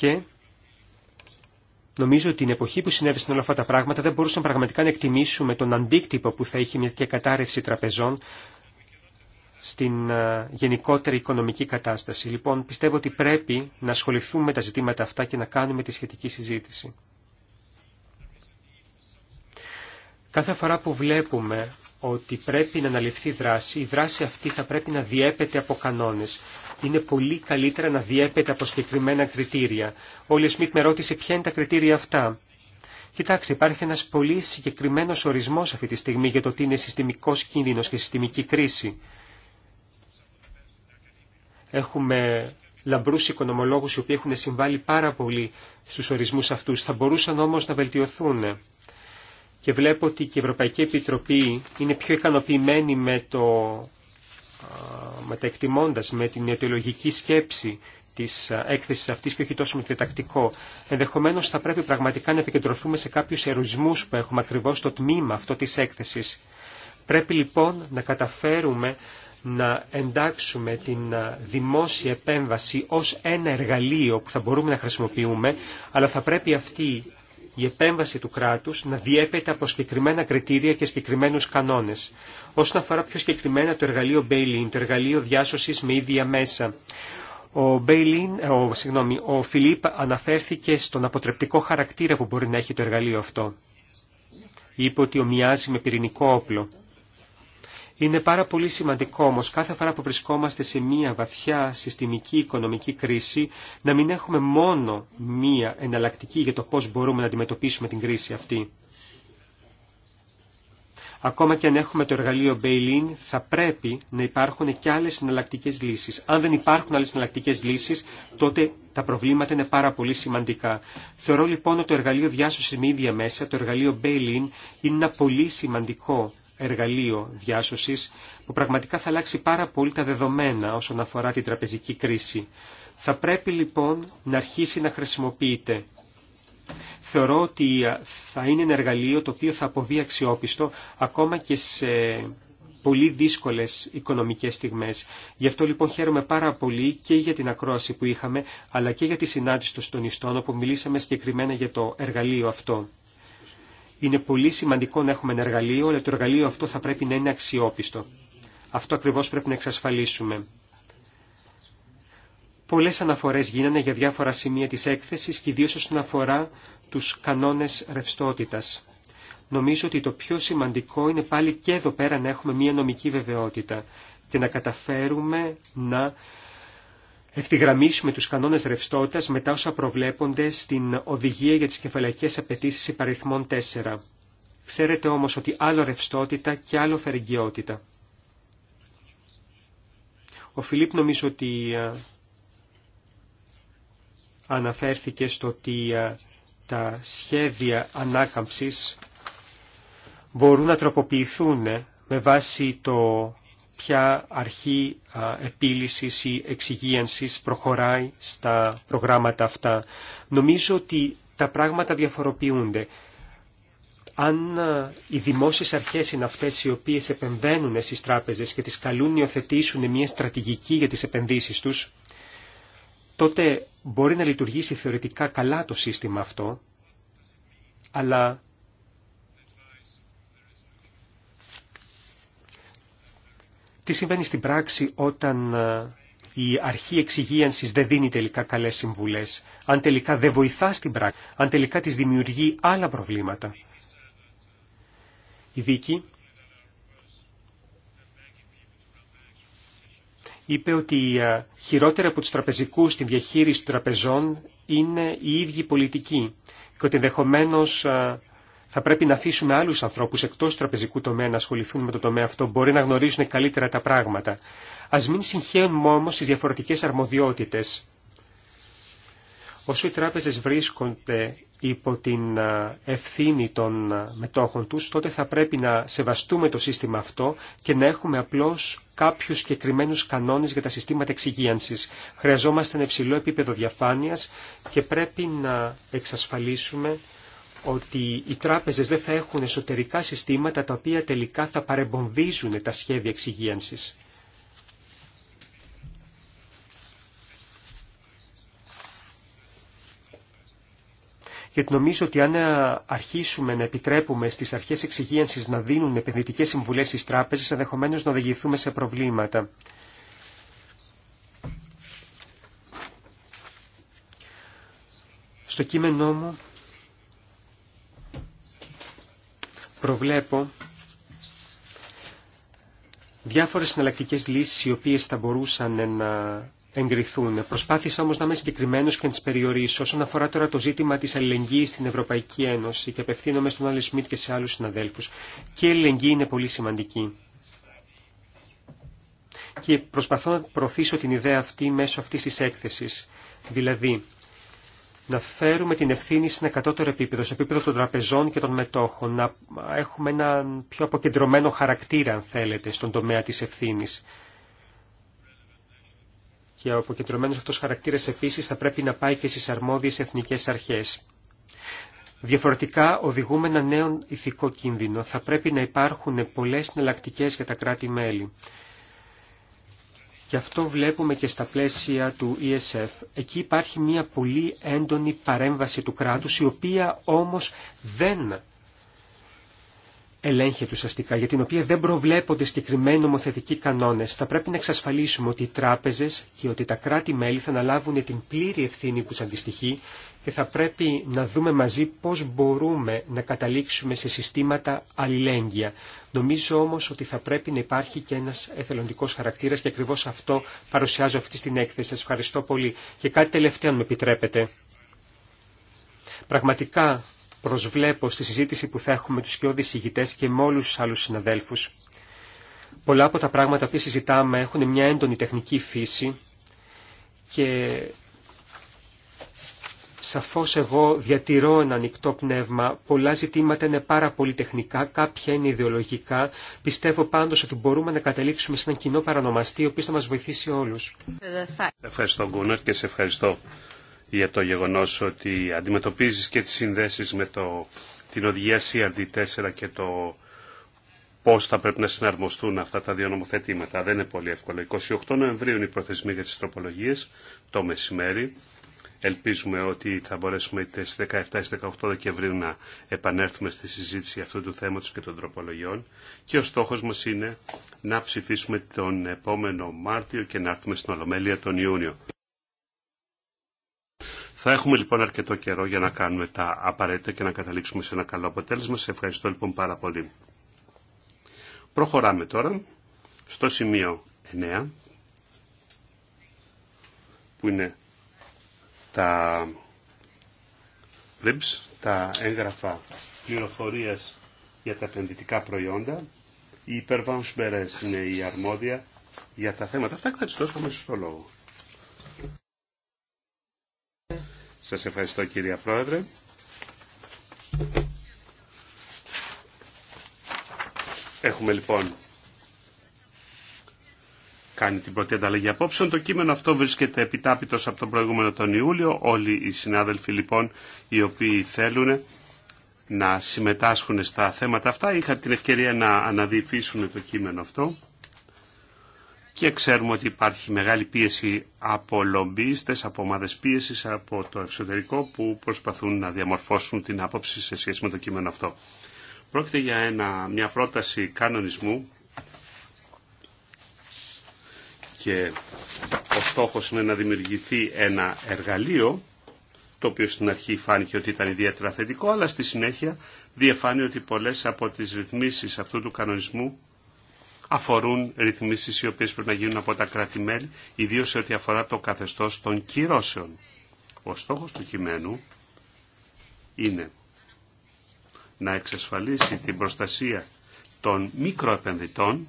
Και νομίζω ότι την εποχή που συνέβησαν όλα αυτά τα πράγματα δεν μπορούσαν πραγματικά να εκτιμήσουμε τον αντίκτυπο που θα είχε μια και κατάρρευση τραπεζών στην ε, γενικότερη οικονομική κατάσταση. Λοιπόν, πιστεύω ότι πρέπει να ασχοληθούμε με τα ζητήματα αυτά και να κάνουμε τη σχετική συζήτηση. Κάθε φορά που βλέπουμε ότι πρέπει να αναλυφθεί δράση, η δράση αυτή θα πρέπει να διέπεται από κανόνες είναι πολύ καλύτερα να διέπεται από συγκεκριμένα κριτήρια. Ο οι Σμιτ με ρώτησε ποια είναι τα κριτήρια αυτά. Κοιτάξτε, υπάρχει ένας πολύ συγκεκριμένος ορισμός αυτή τη στιγμή για το τι είναι συστημικός κίνδυνος και συστημική κρίση. Έχουμε λαμπρούς οικονομολόγους οι οποίοι έχουν συμβάλει πάρα πολύ στους ορισμούς αυτούς. Θα μπορούσαν όμως να βελτιωθούν. Και βλέπω ότι και η Ευρωπαϊκή Επιτροπή είναι πιο ικανοποιημένη με το μεταεκτιμώντας με την αιτιολογική σκέψη της έκθεσης αυτής και όχι τόσο με διτακτικό. Ενδεχομένω θα πρέπει πραγματικά να επικεντρωθούμε σε κάποιους ερωισμούς που έχουμε ακριβώς στο τμήμα αυτό της έκθεσης. Πρέπει λοιπόν να καταφέρουμε να εντάξουμε την δημόσια επέμβαση ως ένα εργαλείο που θα μπορούμε να χρησιμοποιούμε, αλλά θα πρέπει αυτή η επέμβαση του κράτους να διέπεται από συγκεκριμένα κριτήρια και συγκεκριμένους κανόνες. Όσον αφορά πιο συγκεκριμένα το εργαλείο Bailin, το εργαλείο διάσωσης με ίδια μέσα. Ο, ο, ο Φιλίπ αναφέρθηκε στον αποτρεπτικό χαρακτήρα που μπορεί να έχει το εργαλείο αυτό. Είπε ότι ομοιάζει με πυρηνικό όπλο. Είναι πάρα πολύ σημαντικό όμως κάθε φορά που βρισκόμαστε σε μία βαθιά συστημική οικονομική κρίση να μην έχουμε μόνο μία εναλλακτική για το πώς μπορούμε να αντιμετωπίσουμε την κρίση αυτή. Ακόμα και αν έχουμε το εργαλείο θα πρέπει να υπάρχουν και άλλες εναλλακτικές λύσεις. Αν δεν υπάρχουν άλλες εναλλακτικές λύσεις, τότε τα προβλήματα είναι πάρα πολύ σημαντικά. Θεωρώ λοιπόν ότι το εργαλείο διάσωσης με ίδια μέσα, το εργαλείο είναι ένα πολύ σημαντικό εργαλείο διάσωσης που πραγματικά θα αλλάξει πάρα πολύ τα δεδομένα όσον αφορά την τραπεζική κρίση. Θα πρέπει λοιπόν να αρχίσει να χρησιμοποιείται. Θεωρώ ότι ε, θα είναι ένα εργαλείο το οποίο θα αποβεί αξιόπιστο ακόμα και σε πολύ δύσκολες οικονομικές στιγμές. Γι' αυτό λοιπόν χαίρομαι πάρα πολύ και για την ακρόαση που είχαμε, αλλά και για τη συνάντηση των ιστών όπου μιλήσαμε συγκεκριμένα για το εργαλείο αυτό. Είναι πολύ σημαντικό να έχουμε ένα εργαλείο, αλλά το εργαλείο αυτό θα πρέπει να είναι αξιόπιστο. Αυτό ακριβώς πρέπει να εξασφαλίσουμε. Πολλές αναφορές γίνανε για διάφορα σημεία της έκθεσης και ιδίως όσον αφορά τους κανόνες ρευστότητας. Νομίζω ότι το πιο σημαντικό είναι πάλι και εδώ πέρα να έχουμε μία νομική βεβαιότητα και να καταφέρουμε να ευθυγραμμίσουμε τους κανόνες ρευστότητας μετά όσα προβλέπονται στην Οδηγία για τις Κεφαλαϊκές Απαιτήσει Υπαριθμών 4. Ξέρετε όμως ότι άλλο ρευστότητα και άλλο φεργιότητα. Ο Φιλίπ νομίζω ότι ε, αναφέρθηκε στο ότι ε, τα σχέδια ανάκαμψης μπορούν να τροποποιηθούν ε, με βάση το ποια αρχή επίλυσης ή εξυγίανσης προχωράει στα προγράμματα αυτά. Νομίζω ότι τα πράγματα διαφοροποιούνται. Αν οι δημόσιες αρχές είναι αυτές οι οποίες επεμβαίνουν στις τράπεζες και τις καλούν υιοθετήσουν μια στρατηγική για τις επενδύσεις τους, τότε μπορεί να λειτουργήσει θεωρητικά καλά το σύστημα αυτό, αλλά Τι συμβαίνει στην πράξη όταν ε, η αρχή εξυγίανση δεν δίνει τελικά καλές συμβουλές, αν τελικά δεν βοηθά στην πράξη, αν τελικά της δημιουργεί άλλα προβλήματα. Η Βίκη είπε ότι ε, χειρότερα από τους τραπεζικούς στην διαχείριση των τραπεζών είναι η ίδια πολιτική και ότι ενδεχομένω ε, θα πρέπει να αφήσουμε άλλου ανθρώπου εκτό τραπεζικού τομέα να ασχοληθούν με το τομέα αυτό, μπορεί να γνωρίζουν καλύτερα τα πράγματα. Α μην συγχαίουμε όμω τι διαφορετικέ αρμοδιότητε. Όσο οι τράπεζε βρίσκονται υπό την ευθύνη των μετόχων τους, τότε θα πρέπει να σεβαστούμε το σύστημα αυτό και να έχουμε απλώς κάποιους συγκεκριμένου κανόνες για τα συστήματα εξυγίανσης. Χρειαζόμαστε ένα υψηλό επίπεδο διαφάνειας και πρέπει να εξασφαλίσουμε ότι οι τράπεζες δεν θα έχουν εσωτερικά συστήματα τα οποία τελικά θα παρεμπονδίζουν τα σχέδια εξυγίανσης. γιατί νομίζω ότι αν αρχίσουμε να επιτρέπουμε στις αρχές εξυγίανσης να δίνουν επενδυτικές συμβουλές στις τράπεζες, ενδεχομένω να οδηγηθούμε σε προβλήματα. Στο κείμενό μου προβλέπω διάφορες εναλλακτικέ λύσεις οι οποίες θα μπορούσαν να εγκριθούν. Προσπάθησα όμως να είμαι συγκεκριμένο και να τις περιορίσω όσον αφορά τώρα το ζήτημα της αλληλεγγύης στην Ευρωπαϊκή Ένωση και απευθύνομαι στον Άλλη Σμιτ και σε άλλους συναδέλφους. Και η αλληλεγγύη είναι πολύ σημαντική. Και προσπαθώ να προωθήσω την ιδέα αυτή μέσω αυτής της έκθεσης. Δηλαδή, να φέρουμε την ευθύνη σε ένα κατώτερο επίπεδο, σε επίπεδο των τραπεζών και των μετόχων, να έχουμε ένα πιο αποκεντρωμένο χαρακτήρα, αν θέλετε, στον τομέα της ευθύνης. Και ο αποκεντρωμένος αυτός χαρακτήρας επίσης θα πρέπει να πάει και στις αρμόδιες εθνικές αρχές. Διαφορετικά οδηγούμε ένα νέο ηθικό κίνδυνο. Θα πρέπει να υπάρχουν πολλές συναλλακτικέ για τα κράτη-μέλη. Γι' αυτό βλέπουμε και στα πλαίσια του ESF. Εκεί υπάρχει μια πολύ έντονη παρέμβαση του κράτους, η οποία όμως δεν ελέγχεται ουσιαστικά, για την οποία δεν προβλέπονται συγκεκριμένοι νομοθετικοί κανόνε. Θα πρέπει να εξασφαλίσουμε ότι οι τράπεζε και ότι τα κράτη-μέλη θα αναλάβουν την πλήρη ευθύνη που του αντιστοιχεί και θα πρέπει να δούμε μαζί πώ μπορούμε να καταλήξουμε σε συστήματα αλληλέγγυα. Νομίζω όμω ότι θα πρέπει να υπάρχει και ένα εθελοντικό χαρακτήρα και ακριβώ αυτό παρουσιάζω αυτή την έκθεση. Σα ευχαριστώ πολύ. Και κάτι τελευταίο, αν με επιτρέπετε. Πραγματικά προσβλέπω στη συζήτηση που θα έχουμε με τους σκιώδεις ηγητές και με όλους τους άλλους συναδέλφους. Πολλά από τα πράγματα που συζητάμε έχουν μια έντονη τεχνική φύση και σαφώς εγώ διατηρώ ένα ανοιχτό πνεύμα. Πολλά ζητήματα είναι πάρα πολύ τεχνικά, κάποια είναι ιδεολογικά. Πιστεύω πάντως ότι μπορούμε να καταλήξουμε σε έναν κοινό παρανομαστή, ο οποίος θα μας βοηθήσει όλους. Ευχαριστώ Γκούνερ και σε ευχαριστώ για το γεγονός ότι αντιμετωπίζεις και τις συνδέσεις με το, την οδηγία CRD4 και το πώς θα πρέπει να συναρμοστούν αυτά τα δύο νομοθετήματα. Δεν είναι πολύ εύκολο. 28 Νοεμβρίου είναι η προθεσμία για τις τροπολογίε το μεσημέρι. Ελπίζουμε ότι θα μπορέσουμε στις 17-18 Δεκεμβρίου να επανέλθουμε στη συζήτηση αυτού του θέματος και των τροπολογιών. Και ο στόχος μας είναι να ψηφίσουμε τον επόμενο Μάρτιο και να έρθουμε στην Ολομέλεια τον Ιούνιο. Θα έχουμε λοιπόν αρκετό καιρό για να κάνουμε τα απαραίτητα και να καταλήξουμε σε ένα καλό αποτέλεσμα. Σε ευχαριστώ λοιπόν πάρα πολύ. Προχωράμε τώρα στο σημείο 9 που είναι τα RIBS, τα έγγραφα πληροφορίας για τα επενδυτικά προϊόντα. Η Υπερβάνς Μπερές είναι η αρμόδια για τα θέματα αυτά και θα τις δώσω στο λόγο. Σας ευχαριστώ κύριε Πρόεδρε. Έχουμε λοιπόν κάνει την πρώτη ανταλλαγή απόψεων. Το κείμενο αυτό βρίσκεται επιτάπητος από τον προηγούμενο τον Ιούλιο. Όλοι οι συνάδελφοι λοιπόν οι οποίοι θέλουν να συμμετάσχουν στα θέματα αυτά είχαν την ευκαιρία να αναδιευθύσουν το κείμενο αυτό και ξέρουμε ότι υπάρχει μεγάλη πίεση από λομπίστες, από ομάδες πίεσης, από το εξωτερικό που προσπαθούν να διαμορφώσουν την άποψη σε σχέση με το κείμενο αυτό. Πρόκειται για ένα, μια πρόταση κανονισμού και ο στόχος είναι να δημιουργηθεί ένα εργαλείο το οποίο στην αρχή φάνηκε ότι ήταν ιδιαίτερα θετικό, αλλά στη συνέχεια διεφάνει ότι πολλές από τις ρυθμίσεις αυτού του κανονισμού αφορούν ρυθμίσεις οι οποίες πρέπει να γίνουν από τα κράτη-μέλη, ιδίως σε ό,τι αφορά το καθεστώς των κυρώσεων. Ο στόχος του κειμένου είναι να εξασφαλίσει την προστασία των μικροεπενδυτών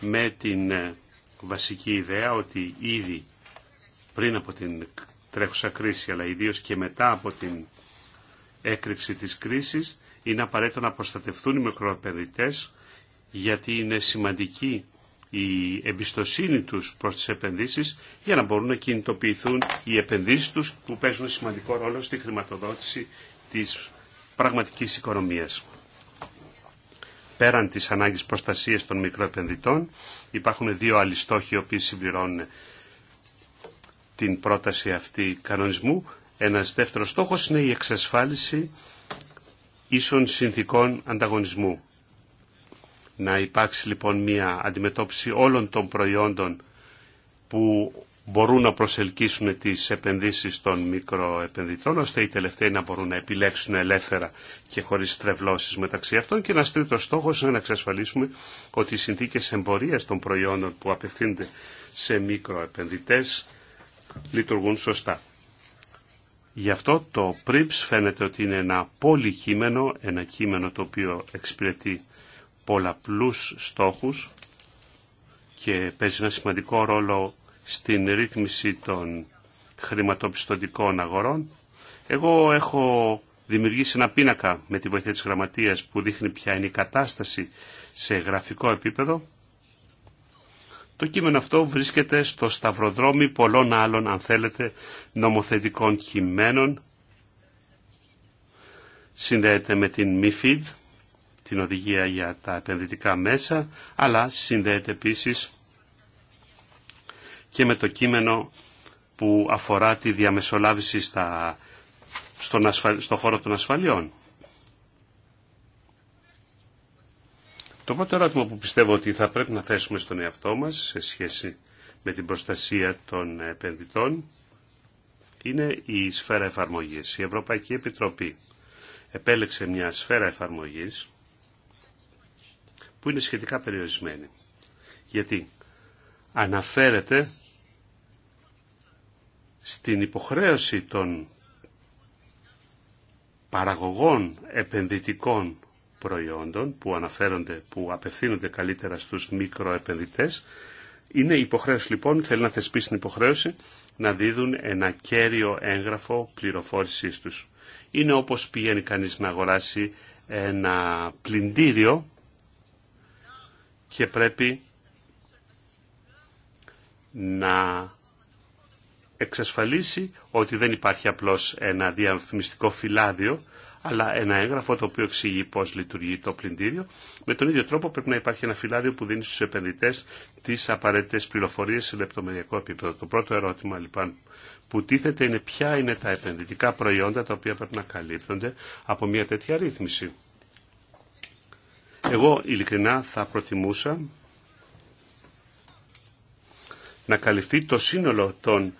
με την ε, βασική ιδέα ότι ήδη πριν από την τρέχουσα κρίση αλλά ιδίως και μετά από την έκρηξη της κρίσης είναι απαραίτητο να προστατευτούν οι μικροεπενδυτές γιατί είναι σημαντική η εμπιστοσύνη τους προς τις επενδύσεις για να μπορούν να κινητοποιηθούν οι επενδύσεις τους που παίζουν σημαντικό ρόλο στη χρηματοδότηση της πραγματικής οικονομίας. Πέραν της ανάγκης προστασίας των μικροεπενδυτών υπάρχουν δύο άλλοι στόχοι οι οποίοι συμπληρώνουν την πρόταση αυτή κανονισμού. Ένας δεύτερος στόχος είναι η εξασφάλιση ίσων συνθήκων ανταγωνισμού. Να υπάρξει λοιπόν μια αντιμετώπιση όλων των προϊόντων που μπορούν να προσελκύσουν τις επενδύσεις των μικροεπενδυτών, ώστε οι τελευταίοι να μπορούν να επιλέξουν ελεύθερα και χωρίς τρευλώσεις μεταξύ αυτών. Και ένας τρίτος στόχος είναι να εξασφαλίσουμε ότι οι συνθήκες εμπορίας των προϊόντων που απευθύνονται σε μικροεπενδυτές λειτουργούν σωστά. Γι' αυτό το PRIPS φαίνεται ότι είναι ένα πολυκείμενο, ένα κείμενο το οποίο εξυπηρετεί πολλαπλούς στόχους και παίζει ένα σημαντικό ρόλο στην ρύθμιση των χρηματοπιστωτικών αγορών. Εγώ έχω δημιουργήσει ένα πίνακα με τη βοήθεια της γραμματείας που δείχνει ποια είναι η κατάσταση σε γραφικό επίπεδο το κείμενο αυτό βρίσκεται στο σταυροδρόμι πολλών άλλων, αν θέλετε, νομοθετικών κειμένων. Συνδέεται με την MIFID, την οδηγία για τα επενδυτικά μέσα, αλλά συνδέεται επίσης και με το κείμενο που αφορά τη διαμεσολάβηση στα, στον, στον χώρο των ασφαλιών. Το πρώτο ερώτημα που πιστεύω ότι θα πρέπει να θέσουμε στον εαυτό μας σε σχέση με την προστασία των επενδυτών είναι η σφαίρα εφαρμογής. Η Ευρωπαϊκή Επιτροπή επέλεξε μια σφαίρα εφαρμογής που είναι σχετικά περιορισμένη. Γιατί αναφέρεται στην υποχρέωση των παραγωγών επενδυτικών προϊόντων που αναφέρονται, που απευθύνονται καλύτερα στους μικροεπενδυτές. Είναι υποχρέωση λοιπόν, θέλει να θεσπίσει την υποχρέωση, να δίδουν ένα κέριο έγγραφο πληροφόρησής τους. Είναι όπως πηγαίνει κανείς να αγοράσει ένα πλυντήριο και πρέπει να εξασφαλίσει ότι δεν υπάρχει απλώς ένα διαφημιστικό φυλάδιο, αλλά ένα έγγραφο το οποίο εξηγεί πώ λειτουργεί το πλυντήριο. Με τον ίδιο τρόπο πρέπει να υπάρχει ένα φυλάδιο που δίνει στου επενδυτέ τι απαραίτητε πληροφορίε σε λεπτομεριακό επίπεδο. Το πρώτο ερώτημα λοιπόν που τίθεται είναι ποια είναι τα επενδυτικά προϊόντα τα οποία πρέπει να καλύπτονται από μια τέτοια ρύθμιση. Εγώ ειλικρινά θα προτιμούσα να καλυφθεί το σύνολο των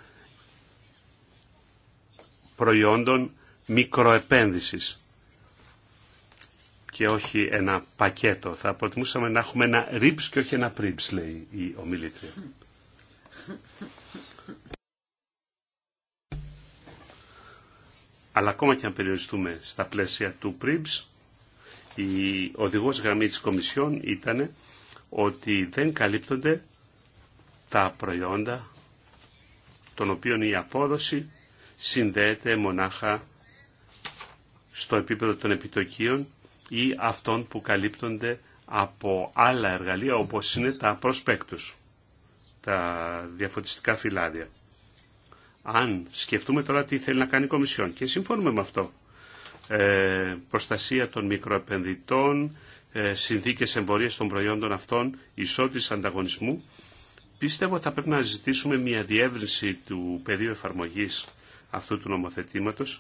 προϊόντων μικροεπένδυσης και όχι ένα πακέτο. Θα προτιμούσαμε να έχουμε ένα ρίψ και όχι ένα πρίψ, λέει η ομιλήτρια. Αλλά ακόμα και αν περιοριστούμε στα πλαίσια του πρίψ, η οδηγός γραμμή της Κομισιόν ήταν ότι δεν καλύπτονται τα προϊόντα των οποίων η απόδοση συνδέεται μονάχα στο επίπεδο των επιτοκίων ή αυτών που καλύπτονται από άλλα εργαλεία όπως είναι τα προσπέκτους, τα διαφωτιστικά φυλάδια. Αν σκεφτούμε τώρα τι θέλει να κάνει η Κομισιόν και συμφωνούμε με αυτό, ε, προστασία των μικροεπενδυτών, ε, συνθήκες εμπορίας των προϊόντων αυτών, ισότης ανταγωνισμού, Πιστεύω ότι θα πρέπει να κανει η κομισιον και συμφωνουμε με αυτο προστασια των μικροεπενδυτων ε συνθηκες εμποριας των προιοντων αυτων ισοτητας ανταγωνισμου πιστευω οτι θα πρεπει να ζητησουμε μια διεύρυνση του πεδίου εφαρμογής αυτού του νομοθετήματος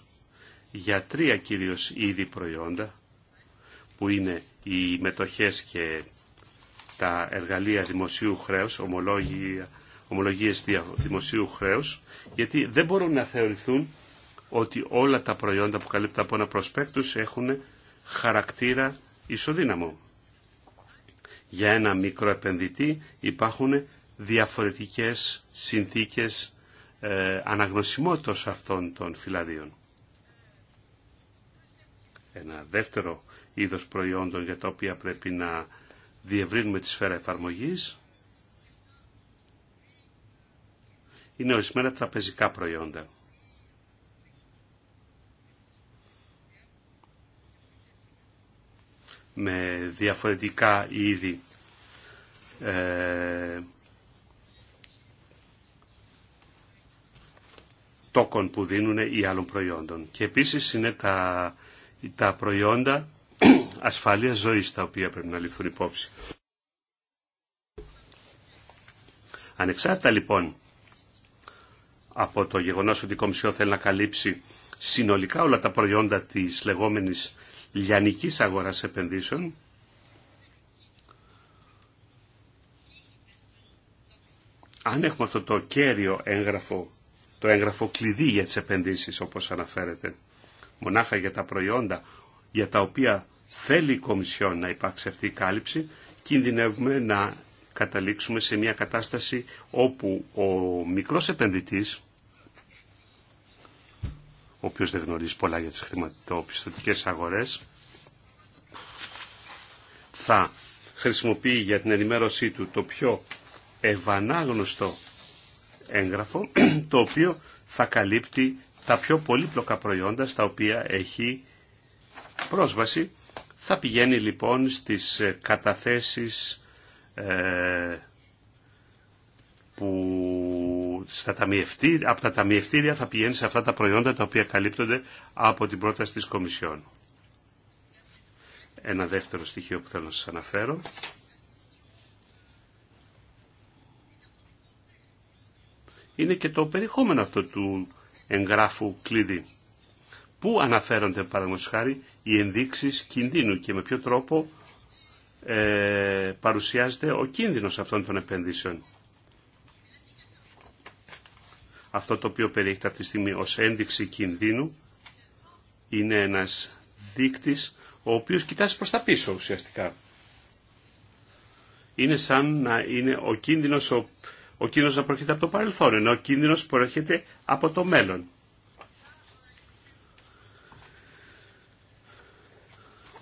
για τρία κυρίως είδη προϊόντα που είναι οι μετοχές και τα εργαλεία δημοσίου χρέους, ομολόγια, ομολογίες δημοσίου χρέους, γιατί δεν μπορούν να θεωρηθούν ότι όλα τα προϊόντα που καλύπτουν από ένα προσπέκτους έχουν χαρακτήρα ισοδύναμο. Για ένα μικρό επενδυτή υπάρχουν διαφορετικές συνθήκες ε, αναγνωσιμότητας αυτών των φυλαδίων ένα δεύτερο είδος προϊόντων για τα οποία πρέπει να διευρύνουμε τη σφαίρα εφαρμογής είναι ορισμένα τραπεζικά προϊόντα. με διαφορετικά είδη ε, τόκων που δίνουν ή άλλων προϊόντων. Και επίσης είναι τα τα προϊόντα ασφάλειας ζωής τα οποία πρέπει να ληφθούν υπόψη. Ανεξάρτητα λοιπόν από το γεγονός ότι η Κομισιό θέλει να καλύψει συνολικά όλα τα προϊόντα της λεγόμενης λιανικής αγοράς επενδύσεων, αν έχουμε αυτό το κέριο έγγραφο, το έγγραφο κλειδί για τις επενδύσεις όπως αναφέρεται, μονάχα για τα προϊόντα για τα οποία θέλει η Κομισιόν να υπάρξει αυτή η κάλυψη, κινδυνεύουμε να καταλήξουμε σε μια κατάσταση όπου ο μικρός επενδυτής, ο οποίος δεν γνωρίζει πολλά για τις χρηματοπιστωτικές αγορές, θα χρησιμοποιεί για την ενημέρωσή του το πιο ευανάγνωστο έγγραφο, το οποίο θα καλύπτει τα πιο πολύπλοκα προϊόντα στα οποία έχει πρόσβαση. Θα πηγαίνει λοιπόν στις ε, καταθέσεις ε, που στα από τα ταμιευτήρια θα πηγαίνει σε αυτά τα προϊόντα τα οποία καλύπτονται από την πρόταση της Κομισιόν. Ένα δεύτερο στοιχείο που θέλω να σας αναφέρω. Είναι και το περιεχόμενο αυτό του εγγράφου κλειδί. Πού αναφέρονται, παραδείγματος χάρη, οι ενδείξεις κινδύνου και με ποιο τρόπο ε, παρουσιάζεται ο κίνδυνος αυτών των επενδύσεων. Αυτό το οποίο περιέχεται αυτή τη στιγμή ως ένδειξη κινδύνου είναι ένας δείκτης ο οποίος κοιτάζει προς τα πίσω ουσιαστικά. Είναι σαν να είναι ο κίνδυνος ο ο κίνδυνος να προέρχεται από το παρελθόν, ενώ ο κίνδυνος προέρχεται από το μέλλον.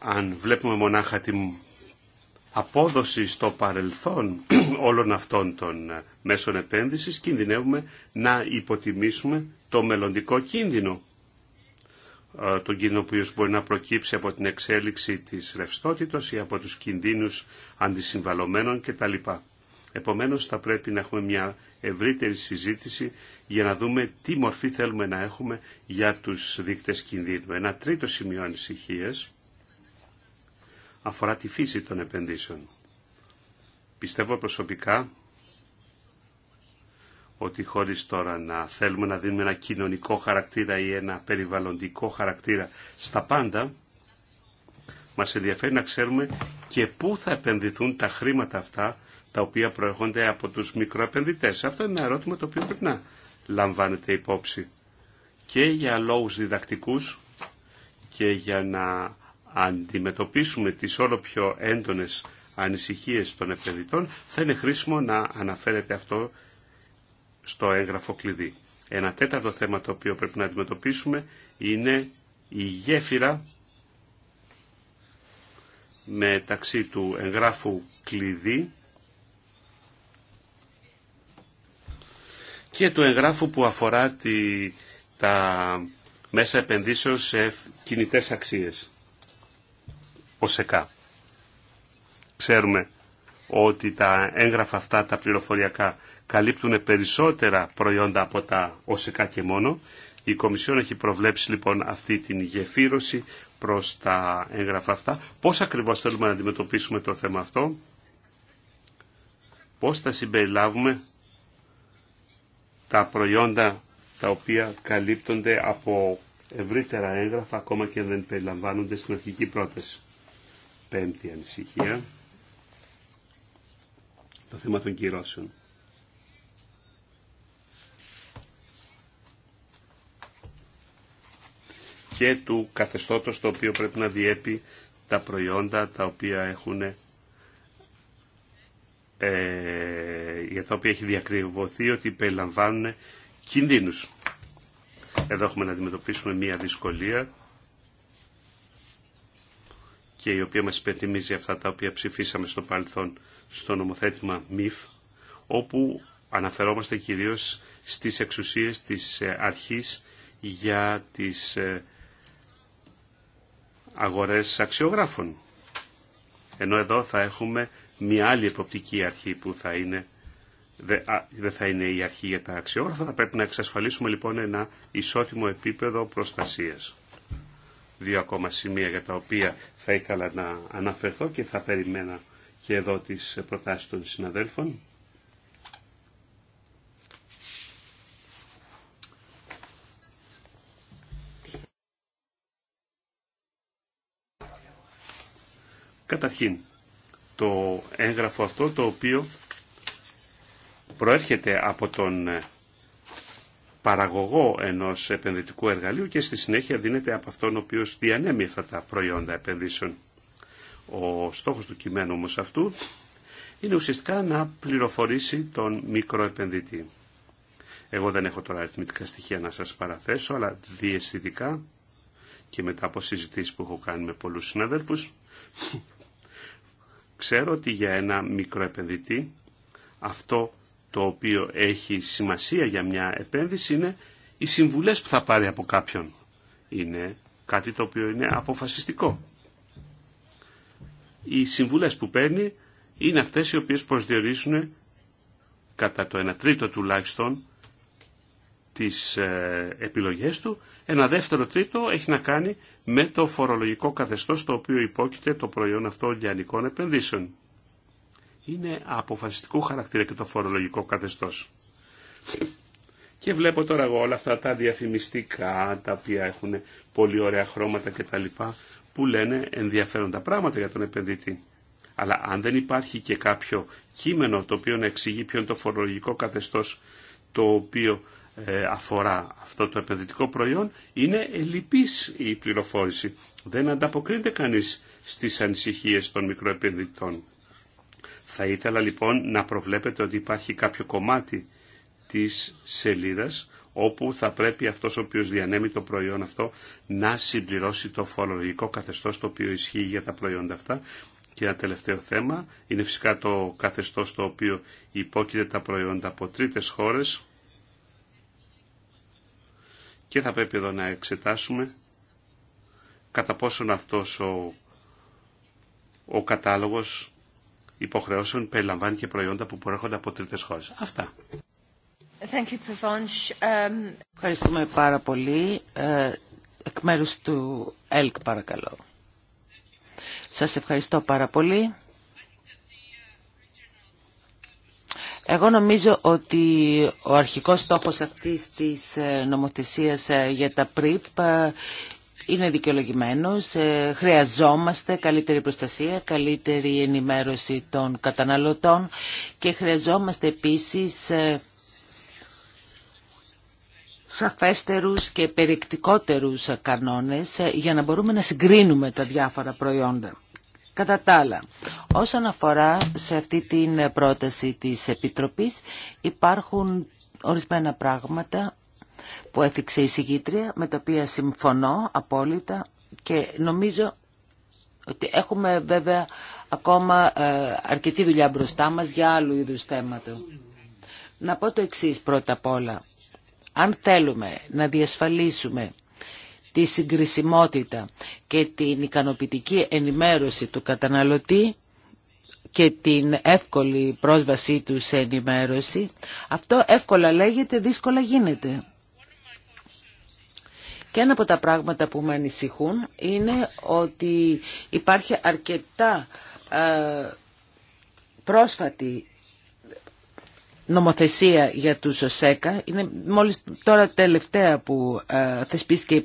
Αν βλέπουμε μονάχα την απόδοση στο παρελθόν όλων αυτών των ε, μέσων επένδυσης, κινδυνεύουμε να υποτιμήσουμε το μελλοντικό κίνδυνο. Ε, τον κίνδυνο που μπορεί να προκύψει από την εξέλιξη της ρευστότητος ή από τους κινδύνους αντισυμβαλωμένων κτλ. Επομένως θα πρέπει να έχουμε μια ευρύτερη συζήτηση για να δούμε τι μορφή θέλουμε να έχουμε για τους δείκτες κινδύνου. Ένα τρίτο σημείο ανησυχία αφορά τη φύση των επενδύσεων. Πιστεύω προσωπικά ότι χωρίς τώρα να θέλουμε να δίνουμε ένα κοινωνικό χαρακτήρα ή ένα περιβαλλοντικό χαρακτήρα στα πάντα, μας ενδιαφέρει να ξέρουμε και πού θα επενδυθούν τα χρήματα αυτά τα οποία προέρχονται από τους μικροεπενδυτές. Αυτό είναι ένα ερώτημα το οποίο πρέπει να λαμβάνεται υπόψη και για λόγους διδακτικούς και για να αντιμετωπίσουμε τις όλο πιο έντονες ανησυχίες των επενδυτών θα είναι χρήσιμο να αναφέρεται αυτό στο έγγραφο κλειδί. Ένα τέταρτο θέμα το οποίο πρέπει να αντιμετωπίσουμε είναι η γέφυρα μεταξύ του εγγράφου κλειδί και του εγγράφου που αφορά τη, τα μέσα επενδύσεων σε κινητές αξίες. σεκα. Ξέρουμε ότι τα έγγραφα αυτά, τα πληροφοριακά, καλύπτουν περισσότερα προϊόντα από τα ΟΣΕΚΑ και μόνο. Η Κομισιόν έχει προβλέψει λοιπόν αυτή την γεφύρωση προς τα έγγραφα αυτά. Πώς ακριβώς θέλουμε να αντιμετωπίσουμε το θέμα αυτό, πώς θα συμπεριλάβουμε τα προϊόντα τα οποία καλύπτονται από ευρύτερα έγγραφα ακόμα και δεν περιλαμβάνονται στην αρχική πρόταση. Πέμπτη ανησυχία. Το θέμα των κυρώσεων. και του καθεστώτος το οποίο πρέπει να διέπει τα προϊόντα τα οποία έχουν για τα οποία έχει διακριβωθεί ότι περιλαμβάνουν κινδύνους. Εδώ έχουμε να αντιμετωπίσουμε μία δυσκολία και η οποία μας υπενθυμίζει αυτά τα οποία ψηφίσαμε στο παρελθόν στο νομοθέτημα ΜΙΦ, όπου αναφερόμαστε κυρίως στις εξουσίες της ε, αρχής για τις ε, αγορές αξιογράφων. Ενώ εδώ θα έχουμε μια άλλη εποπτική αρχή που θα είναι, δεν θα είναι η αρχή για τα αξιόγραφα. Θα πρέπει να εξασφαλίσουμε λοιπόν ένα ισότιμο επίπεδο προστασίας. Δύο ακόμα σημεία για τα οποία θα ήθελα να αναφερθώ και θα περιμένα και εδώ τις προτάσεις των συναδέλφων. Καταρχήν, το έγγραφο αυτό το οποίο προέρχεται από τον παραγωγό ενός επενδυτικού εργαλείου και στη συνέχεια δίνεται από αυτόν ο οποίος διανέμει αυτά τα προϊόντα επενδύσεων. Ο στόχος του κειμένου όμως αυτού είναι ουσιαστικά να πληροφορήσει τον μικροεπενδυτή. Εγώ δεν έχω τώρα αριθμητικά στοιχεία να σας παραθέσω, αλλά διαισθητικά και μετά από συζητήσεις που έχω κάνει με πολλούς συναδέλφους, Ξέρω ότι για ένα μικροεπενδυτή αυτό το οποίο έχει σημασία για μια επένδυση είναι οι συμβουλές που θα πάρει από κάποιον. Είναι κάτι το οποίο είναι αποφασιστικό. Οι συμβουλές που παίρνει είναι αυτές οι οποίες προσδιορίζουν κατά το 1 τρίτο τουλάχιστον τις ε, επιλογές του. Ένα δεύτερο τρίτο έχει να κάνει με το φορολογικό καθεστώς το οποίο υπόκειται το προϊόν αυτό λιανικών επενδύσεων. Είναι αποφασιστικού χαρακτήρα και το φορολογικό καθεστώς. Και βλέπω τώρα εγώ όλα αυτά τα διαφημιστικά, τα οποία έχουν πολύ ωραία χρώματα κτλ. που λένε ενδιαφέροντα πράγματα για τον επενδυτή. Αλλά αν δεν υπάρχει και κάποιο κείμενο το οποίο να εξηγεί ποιο είναι το φορολογικό καθεστώς το οποίο ε, αφορά αυτό το επενδυτικό προϊόν είναι ελλειπής η πληροφόρηση. Δεν ανταποκρίνεται κανείς στις ανησυχίες των μικροεπενδυτών. Θα ήθελα λοιπόν να προβλέπετε ότι υπάρχει κάποιο κομμάτι της σελίδας όπου θα πρέπει αυτός ο οποίος διανέμει το προϊόν αυτό να συμπληρώσει το φορολογικό καθεστώς το οποίο ισχύει για τα προϊόντα αυτά. Και ένα τελευταίο θέμα είναι φυσικά το καθεστώς το οποίο υπόκειται τα προϊόντα από τρίτες χώρες και θα πρέπει εδώ να εξετάσουμε κατά πόσον αυτός ο, ο κατάλογος υποχρεώσεων περιλαμβάνει και προϊόντα που προέρχονται από τρίτες χώρες. Αυτά. Um, Ευχαριστούμε πάρα πολύ. Ε, εκ μέρους του ΕΛΚ παρακαλώ. Σας ευχαριστώ πάρα πολύ. Εγώ νομίζω ότι ο αρχικός στόχος αυτής της ε, νομοθεσίας ε, για τα ΠΡΙΠ ε, είναι δικαιολογημένος. Χρειαζόμαστε καλύτερη προστασία, καλύτερη ενημέρωση των καταναλωτών και χρειαζόμαστε επίσης σαφέστερους και περιεκτικότερους κανόνες για να μπορούμε να συγκρίνουμε τα διάφορα προϊόντα. Κατά τα άλλα, όσον αφορά σε αυτή την πρόταση της Επιτροπής, υπάρχουν ορισμένα πράγματα που έθιξε η συγκήτρια, με τα οποία συμφωνώ απόλυτα και νομίζω ότι έχουμε βέβαια ακόμα ε, αρκετή δουλειά μπροστά μας για άλλου είδους θέματα. Να πω το εξής πρώτα απ' όλα. Αν θέλουμε να διασφαλίσουμε τη συγκρισιμότητα και την ικανοποιητική ενημέρωση του καταναλωτή και την εύκολη πρόσβασή του σε ενημέρωση, αυτό εύκολα λέγεται, δύσκολα γίνεται. Και ένα από τα πράγματα που με ανησυχούν είναι ότι υπάρχει αρκετά ε, πρόσφατη νομοθεσία για τους οσεκα Είναι μόλις τώρα τελευταία που ε, θεσπίστηκε η,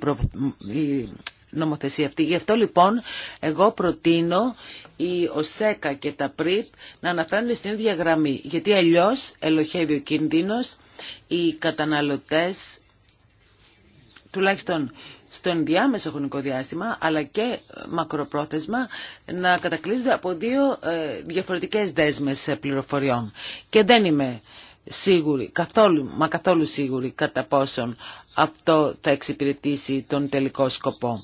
η νομοθεσία αυτή. Γι' αυτό λοιπόν εγώ προτείνω η ΟΣΕΚΑ και τα ΠΡΙΠ να αναφέρουν στην ίδια γραμμή. Γιατί αλλιώς ελοχεύει ο κίνδυνος οι καταναλωτές τουλάχιστον στο ενδιάμεσο χρονικό διάστημα αλλά και ε, μακροπρόθεσμα να κατακλείζονται από δύο ε, διαφορετικές δέσμες ε, πληροφοριών. Και δεν είμαι σίγουρη, καθόλου, μα καθόλου σίγουρη κατά πόσον αυτό θα εξυπηρετήσει τον τελικό σκοπό.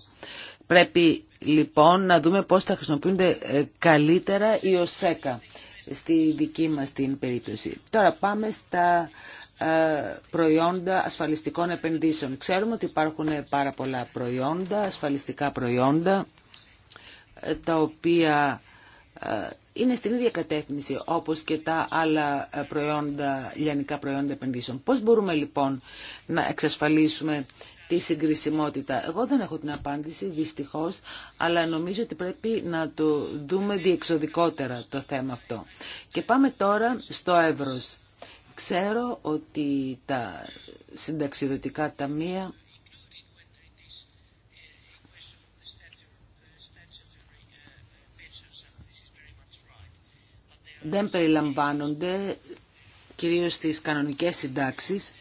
Πρέπει λοιπόν να δούμε πώς θα χρησιμοποιούνται καλύτερα οι ΟΣΕΚΑ στη δική μας την περίπτωση. Τώρα πάμε στα ε, προϊόντα ασφαλιστικών επενδύσεων. Ξέρουμε ότι υπάρχουν πάρα πολλά προϊόντα, ασφαλιστικά προϊόντα, ε, τα οποία ε, είναι στην ίδια κατεύθυνση όπως και τα άλλα προϊόντα, λιανικά προϊόντα επενδύσεων. Πώς μπορούμε λοιπόν να εξασφαλίσουμε τη συγκρισιμότητα. Εγώ δεν έχω την απάντηση δυστυχώς, αλλά νομίζω ότι πρέπει να το δούμε διεξοδικότερα το θέμα αυτό. Και πάμε τώρα στο εύρος. Ξέρω ότι τα συνταξιδοτικά ταμεία δεν περιλαμβάνονται κυρίως στις κανονικές συντάξεις.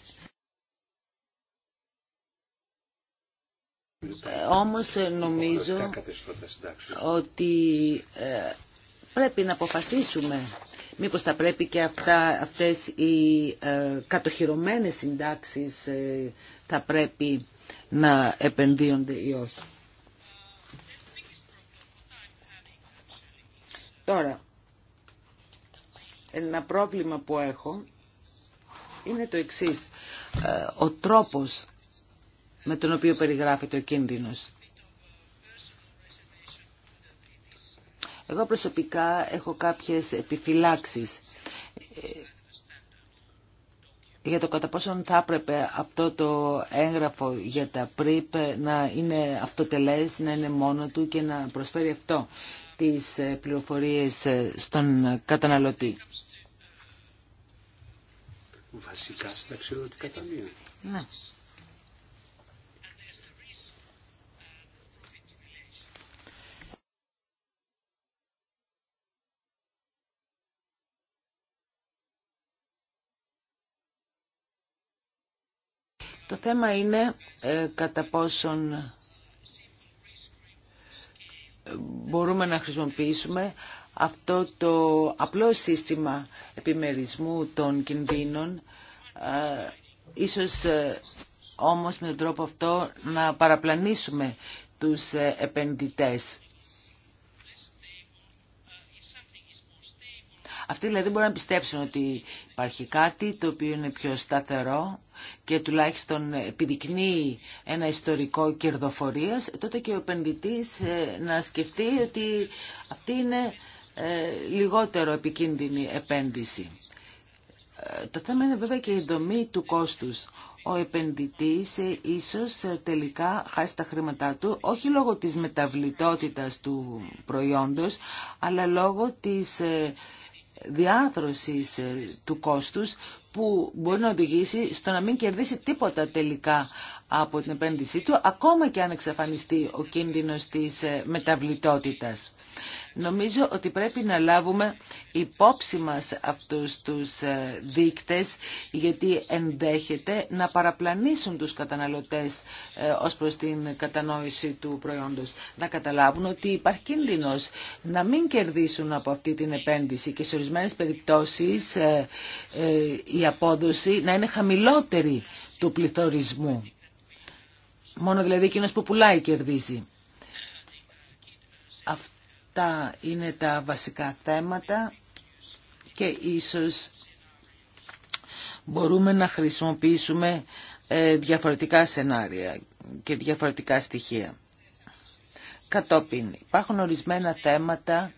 Ε, όμως ε, νομίζω ότι ε, πρέπει να αποφασίσουμε Μήπως θα πρέπει και αυτά, αυτές οι ε, κατοχυρωμένες συντάξεις ε, θα πρέπει να επενδύονται ή όχι. Τώρα, ένα πρόβλημα που έχω είναι το εξής. Ε, ο τρόπος με τον οποίο περιγράφεται ο κίνδυνος. Εγώ προσωπικά έχω κάποιες επιφυλάξεις ε, για το κατά πόσον θα έπρεπε αυτό το έγγραφο για τα ΠΡΙΠ να είναι αυτοτελές, να είναι μόνο του και να προσφέρει αυτό τις ε, πληροφορίες ε, στον καταναλωτή. Βασικά στην αξιοδοτικά Ναι. Το θέμα είναι ε, κατά πόσον μπορούμε να χρησιμοποιήσουμε αυτό το απλό σύστημα επιμερισμού των κινδύνων ε, ίσως ε, όμως με τον τρόπο αυτό να παραπλανήσουμε τους επενδυτές Αυτοί δηλαδή μπορούν να πιστέψουν ότι υπάρχει κάτι το οποίο είναι πιο σταθερό και τουλάχιστον επιδεικνύει ένα ιστορικό κερδοφορίας, τότε και ο επενδυτής ε, να σκεφτεί ότι αυτή είναι ε, λιγότερο επικίνδυνη επένδυση. Ε, το θέμα είναι βέβαια και η δομή του κόστους. Ο επενδυτής ίσως τελικά χάσει τα χρήματά του, όχι λόγω της μεταβλητότητας του προϊόντος, αλλά λόγω της διάθρωσης ε, του κόστους που μπορεί να οδηγήσει στο να μην κερδίσει τίποτα τελικά από την επένδυσή του, ακόμα και αν εξαφανιστεί ο κίνδυνος της ε, μεταβλητότητας. Νομίζω ότι πρέπει να λάβουμε υπόψη μας αυτούς τους ε, δείκτες γιατί ενδέχεται να παραπλανήσουν τους καταναλωτές ε, ως προς την κατανόηση του προϊόντος. Να καταλάβουν ότι υπάρχει κίνδυνος να μην κερδίσουν από αυτή την επένδυση και σε ορισμένες περιπτώσεις ε, η απόδοση να είναι χαμηλότερη του πληθωρισμού. Μόνο δηλαδή εκείνος που πουλάει κερδίζει. Αυτό Αυτά είναι τα βασικά θέματα και ίσως μπορούμε να χρησιμοποιήσουμε ε, διαφορετικά σενάρια και διαφορετικά στοιχεία. Κατόπιν, υπάρχουν ορισμένα θέματα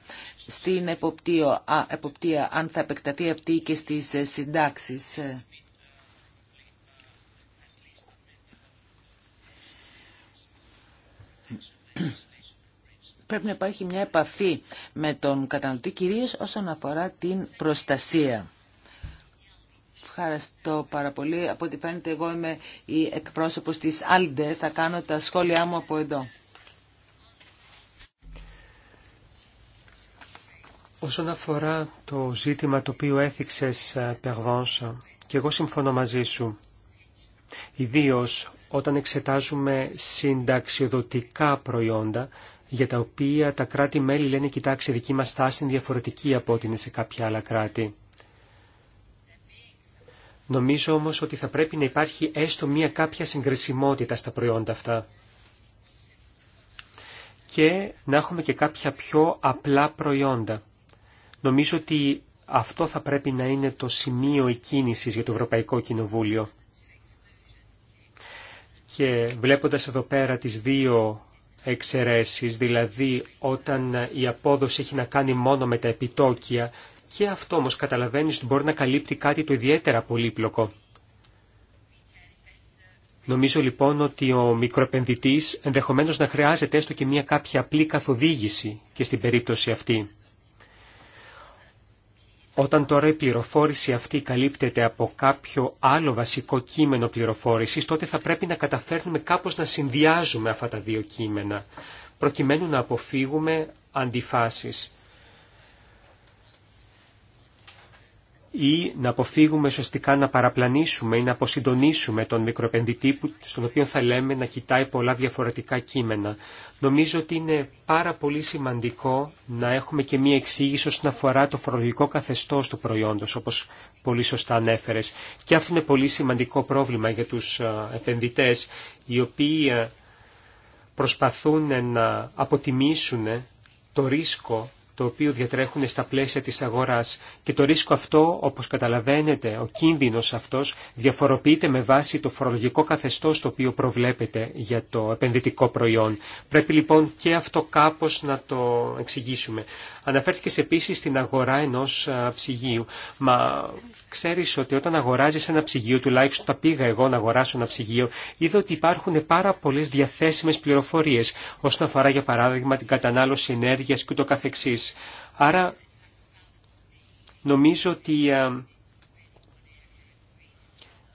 στην εποπτεία, α, εποπτεία αν θα επεκταθεί αυτή και στις ε, συντάξεις. Ε πρέπει να υπάρχει μια επαφή με τον καταναλωτή, κυρίω όσον αφορά την προστασία. Ευχαριστώ πάρα πολύ. Από ό,τι φαίνεται εγώ είμαι η εκπρόσωπος της Άλντε. Θα κάνω τα σχόλιά μου από εδώ. Όσον αφορά το ζήτημα το οποίο έθιξες, ε, Περβάνς, και εγώ συμφωνώ μαζί σου, ιδίως όταν εξετάζουμε συνταξιοδοτικά προϊόντα, για τα οποία τα κράτη-μέλη λένε «Κοιτάξτε, δική μας στάση είναι διαφορετική από ό,τι είναι σε κάποια άλλα κράτη». Νομίζω όμως ότι θα πρέπει να υπάρχει έστω μία κάποια συγκρισιμότητα στα προϊόντα αυτά και να έχουμε και κάποια πιο απλά προϊόντα. Νομίζω ότι αυτό θα πρέπει να είναι το σημείο εκκίνησης για το Ευρωπαϊκό Κοινοβούλιο. Και βλέποντας εδώ πέρα τις δύο εξαιρέσεις, δηλαδή όταν η απόδοση έχει να κάνει μόνο με τα επιτόκια και αυτό όμως καταλαβαίνεις ότι μπορεί να καλύπτει κάτι το ιδιαίτερα πολύπλοκο. Νομίζω λοιπόν ότι ο μικροεπενδυτής ενδεχομένως να χρειάζεται έστω και μια κάποια απλή καθοδήγηση και στην περίπτωση αυτή. Όταν τώρα η πληροφόρηση αυτή καλύπτεται από κάποιο άλλο βασικό κείμενο πληροφόρησης, τότε θα πρέπει να καταφέρνουμε κάπως να συνδυάζουμε αυτά τα δύο κείμενα, προκειμένου να αποφύγουμε αντιφάσεις. ή να αποφύγουμε σωστικά να παραπλανήσουμε ή να αποσυντονίσουμε τον μικροεπενδυτή που, στον οποίο θα λέμε να κοιτάει πολλά διαφορετικά κείμενα. Νομίζω ότι είναι πάρα πολύ σημαντικό να έχουμε και μία εξήγηση όσον αφορά το φορολογικό καθεστώς του προϊόντος, όπως πολύ σωστά ανέφερες. Και αυτό είναι πολύ σημαντικό πρόβλημα για τους ε, επενδυτές, οι οποίοι ε, προσπαθούν να αποτιμήσουν το ρίσκο το οποίο διατρέχουν στα πλαίσια της αγοράς. Και το ρίσκο αυτό, όπως καταλαβαίνετε, ο κίνδυνος αυτός διαφοροποιείται με βάση το φορολογικό καθεστώς το οποίο προβλέπεται για το επενδυτικό προϊόν. Πρέπει λοιπόν και αυτό κάπως να το εξηγήσουμε. Αναφέρθηκες επίσης στην αγορά ενός ψυγείου. Μα ξέρεις ότι όταν αγοράζεις ένα ψυγείο, τουλάχιστον τα πήγα εγώ να αγοράσω ένα ψυγείο, είδα ότι υπάρχουν πάρα πολλές διαθέσιμες πληροφορίες όσον αφορά για παράδειγμα την κατανάλωση ενέργειας και το καθεξής. Άρα νομίζω ότι ε,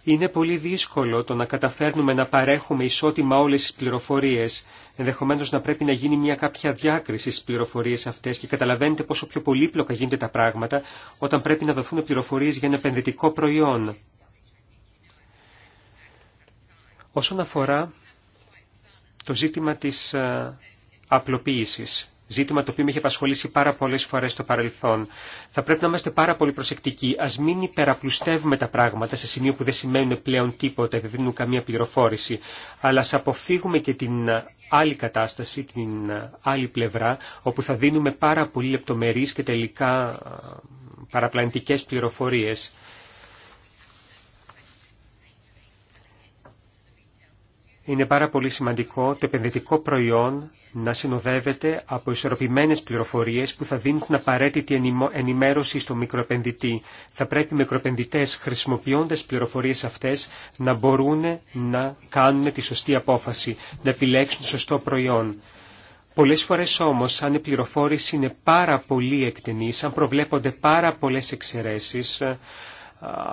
είναι πολύ δύσκολο το να καταφέρνουμε να παρέχουμε ισότιμα όλες τις πληροφορίες. Ενδεχομένως να πρέπει να γίνει μια κάποια διάκριση στις πληροφορίες αυτές και καταλαβαίνετε πόσο πιο πολύπλοκα γίνεται τα πράγματα όταν πρέπει να δοθούν πληροφορίες για ένα επενδυτικό προϊόν. Όσον αφορά το ζήτημα της ε, απλοποίησης. Ζήτημα το οποίο με έχει απασχολήσει πάρα πολλέ φορέ στο παρελθόν. Θα πρέπει να είμαστε πάρα πολύ προσεκτικοί. Α μην υπεραπλουστεύουμε τα πράγματα σε σημείο που δεν σημαίνουν πλέον τίποτα, δεν δίνουν καμία πληροφόρηση. Αλλά α αποφύγουμε και την άλλη κατάσταση, την άλλη πλευρά, όπου θα δίνουμε πάρα πολύ λεπτομερεί και τελικά παραπλανητικέ πληροφορίε. είναι πάρα πολύ σημαντικό το επενδυτικό προϊόν να συνοδεύεται από ισορροπημένες πληροφορίες που θα δίνουν την απαραίτητη ενημέρωση στο μικροεπενδυτή. Θα πρέπει οι μικροεπενδυτές χρησιμοποιώντας πληροφορίες αυτές να μπορούν να κάνουν τη σωστή απόφαση, να επιλέξουν το σωστό προϊόν. Πολλές φορές όμως, αν η πληροφόρηση είναι πάρα πολύ εκτενή, αν προβλέπονται πάρα πολλές εξαιρέσεις,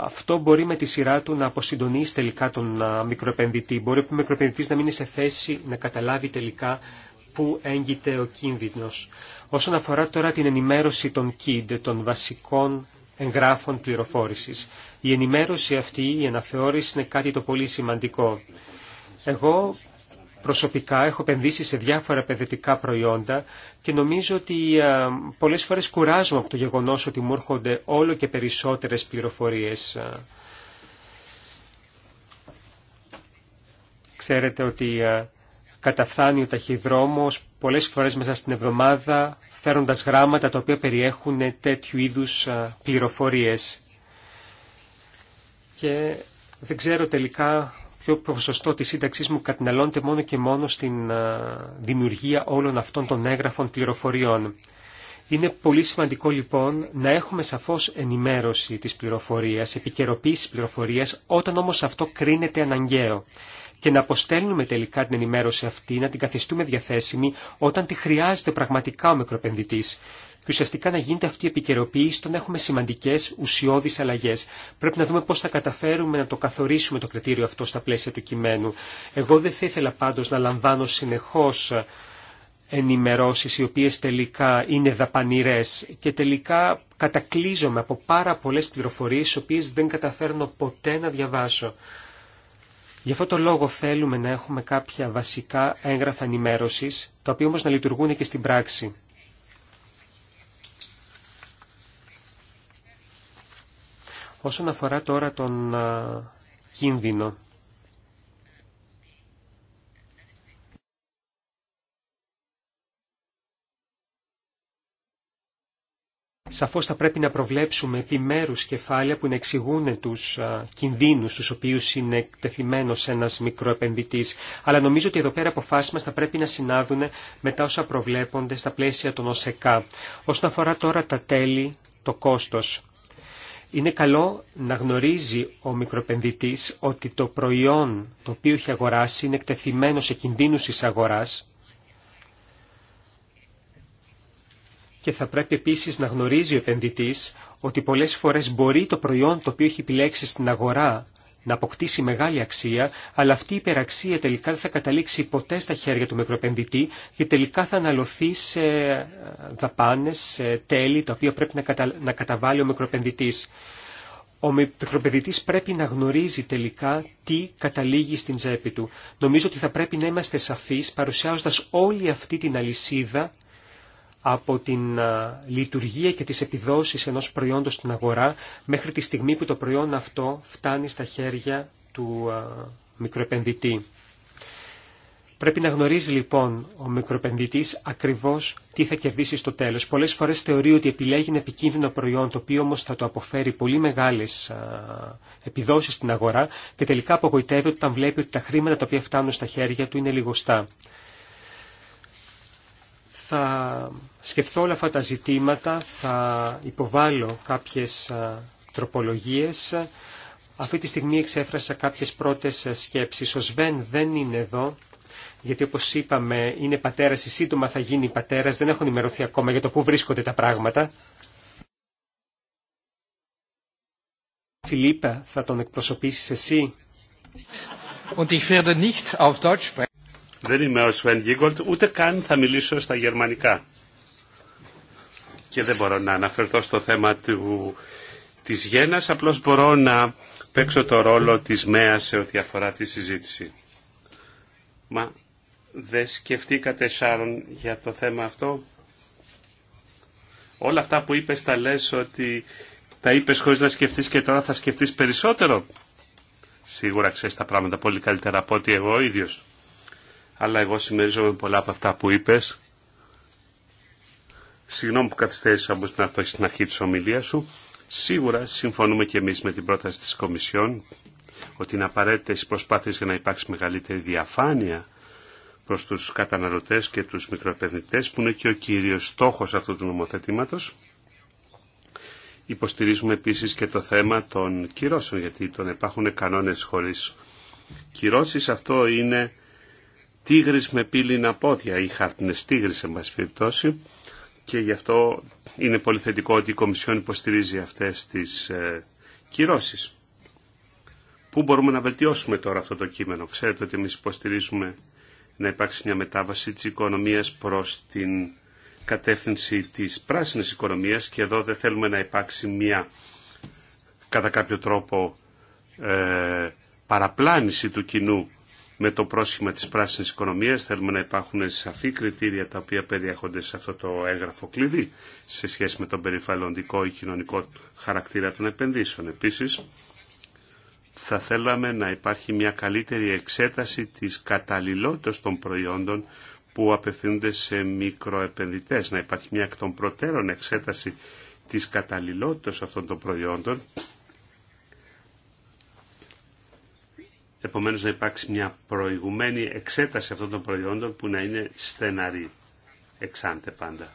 αυτό μπορεί με τη σειρά του να αποσυντονίσει τελικά τον μικροεπενδυτή. Μπορεί ο μικροεπενδυτής να μην είναι σε θέση να καταλάβει τελικά που έγκυται ο κίνδυνος. Όσον αφορά τώρα την ενημέρωση των KID, των βασικών εγγράφων πληροφόρησης. Η ενημέρωση αυτή, η αναθεώρηση είναι κάτι το πολύ σημαντικό. Εγώ Προσωπικά έχω επενδύσει σε διάφορα παιδευτικά προϊόντα και νομίζω ότι ε, πολλές φορές κουράζομαι από το γεγονός ότι μου έρχονται όλο και περισσότερες πληροφορίες. Ε, ξέρετε ότι ε, καταφθάνει ο ταχυδρόμος πολλές φορές μέσα στην εβδομάδα φέροντας γράμματα τα οποία περιέχουν τέτοιου είδους πληροφορίες. Και δεν ξέρω τελικά πιο ποσοστό της σύνταξής μου κατηναλώνεται μόνο και μόνο στην δημιουργία όλων αυτών των έγγραφων πληροφοριών. Είναι πολύ σημαντικό λοιπόν να έχουμε σαφώς ενημέρωση της πληροφορίας, επικαιροποίηση της πληροφορίας, όταν όμως αυτό κρίνεται αναγκαίο και να αποστέλνουμε τελικά την ενημέρωση αυτή, να την καθιστούμε διαθέσιμη όταν τη χρειάζεται πραγματικά ο μικροπενδυτής. Και ουσιαστικά να γίνεται αυτή η επικαιροποίηση όταν έχουμε σημαντικέ ουσιώδει αλλαγέ. Πρέπει να δούμε πώ θα καταφέρουμε να το καθορίσουμε το κριτήριο αυτό στα πλαίσια του κειμένου. Εγώ δεν θα ήθελα πάντω να λαμβάνω συνεχώ ενημερώσεις οι οποίες τελικά είναι δαπανηρές και τελικά κατακλείζομαι από πάρα πολλές πληροφορίες οι οποίες δεν καταφέρνω ποτέ να διαβάσω. Γι' αυτό το λόγο θέλουμε να έχουμε κάποια βασικά έγγραφα ενημέρωση, τα οποία όμω να λειτουργούν και στην πράξη. Όσον αφορά τώρα τον κίνδυνο Σαφώς θα πρέπει να προβλέψουμε επιμέρους κεφάλαια που να εξηγούν τους κινδύνους τους οποίους είναι εκτεθειμένος ένας μικροεπενδυτής. Αλλά νομίζω ότι εδώ πέρα αποφάσεις μας θα πρέπει να συνάδουν με τα όσα προβλέπονται στα πλαίσια των ΟΣΕΚΑ. Όσον αφορά τώρα τα τέλη, το κόστος. Είναι καλό να γνωρίζει ο μικροεπενδυτής ότι το προϊόν το οποίο έχει αγοράσει είναι εκτεθειμένο σε κινδύνους της αγοράς και θα πρέπει επίσης να γνωρίζει ο επενδυτής ότι πολλές φορές μπορεί το προϊόν το οποίο έχει επιλέξει στην αγορά να αποκτήσει μεγάλη αξία, αλλά αυτή η υπεραξία τελικά δεν θα καταλήξει ποτέ στα χέρια του μικροεπενδυτή και τελικά θα αναλωθεί σε ε, δαπάνες, σε τέλη τα οποία πρέπει να, κατα... καταβάλει ο μικροεπενδυτής. Ο μικροεπενδυτής πρέπει να γνωρίζει τελικά τι καταλήγει στην τσέπη του. Νομίζω ότι θα πρέπει να είμαστε σαφείς παρουσιάζοντας όλη αυτή την αλυσίδα από την λειτουργία και τις επιδόσεις ενός προϊόντος στην αγορά μέχρι τη στιγμή που το προϊόν αυτό φτάνει στα χέρια του μικροεπενδυτή. Πρέπει να γνωρίζει λοιπόν ο μικροεπενδυτής ακριβώς τι θα κερδίσει στο τέλος. Πολλές φορές θεωρεί ότι επιλέγει ένα επικίνδυνο προϊόν το οποίο όμως θα το αποφέρει πολύ μεγάλες επιδόσεις στην αγορά και τελικά απογοητεύεται όταν βλέπει ότι τα χρήματα τα οποία φτάνουν στα χέρια του είναι λιγοστά θα σκεφτώ όλα αυτά τα ζητήματα, θα υποβάλω κάποιες τροπολογίες. Αυτή τη στιγμή εξέφρασα κάποιες πρώτες σκέψεις. Ο Σβέν δεν είναι εδώ, γιατί όπως είπαμε είναι πατέρας ή σύντομα θα γίνει πατέρας. Δεν έχω ενημερωθεί ακόμα για το πού βρίσκονται τα πράγματα. Φιλίππα, θα τον εκπροσωπήσεις εσύ. Und ich werde nicht auf Deutsch δεν είμαι ο Σβέν Γίγκολτ, ούτε καν θα μιλήσω στα γερμανικά. Και δεν μπορώ να αναφερθώ στο θέμα του, της γένας, απλώς μπορώ να παίξω το ρόλο της ΜΕΑ σε ό,τι αφορά τη συζήτηση. Μα δεν σκεφτήκατε Σάρων, για το θέμα αυτό. Όλα αυτά που είπες τα λες ότι τα είπες χωρίς να σκεφτείς και τώρα θα σκεφτείς περισσότερο. Σίγουρα ξέρεις τα πράγματα πολύ καλύτερα από ότι εγώ ίδιος αλλά εγώ συμμερίζομαι πολλά από αυτά που είπες. Συγγνώμη που καθυστέρησα όμως να το στην αρχή της ομιλίας σου. Σίγουρα συμφωνούμε και εμείς με την πρόταση της Κομισιόν ότι είναι απαραίτητε οι προσπάθειες για να υπάρξει μεγαλύτερη διαφάνεια προς τους καταναλωτές και τους μικροεπενδυτές που είναι και ο κύριος στόχος αυτού του νομοθετήματος. Υποστηρίζουμε επίσης και το θέμα των κυρώσεων γιατί τον υπάρχουν κανόνες χωρίς κυρώσεις. Αυτό είναι τίγρης με πύληνα πόδια ή χάρτινες τίγρης, σε μας περιπτώσει, και γι' αυτό είναι πολύ θετικό ότι η Κομισιόν υποστηρίζει αυτές τις ε, κυρώσεις. Πού μπορούμε να βελτιώσουμε τώρα αυτό το κείμενο. Ξέρετε ότι εμείς υποστηρίζουμε να υπάρξει μια μετάβαση της οικονομίας προς την κατεύθυνση της πράσινης οικονομίας και εδώ δεν θέλουμε να υπάρξει μια κατά κάποιο τρόπο ε, παραπλάνηση του κοινού με το πρόσχημα της πράσινης οικονομίας. Θέλουμε να υπάρχουν σαφή κριτήρια τα οποία περιέχονται σε αυτό το έγγραφο κλειδί σε σχέση με τον περιφαλλοντικό ή κοινωνικό χαρακτήρα των επενδύσεων. Επίσης, θα θέλαμε να υπάρχει μια καλύτερη εξέταση της καταλληλότητας των προϊόντων που απευθύνονται σε μικροεπενδυτές. Να υπάρχει μια εκ των προτέρων εξέταση της καταλληλότητας αυτών των προϊόντων επομένως να υπάρξει μια προηγουμένη εξέταση αυτών των προϊόντων που να είναι στεναρή, εξάντε πάντα.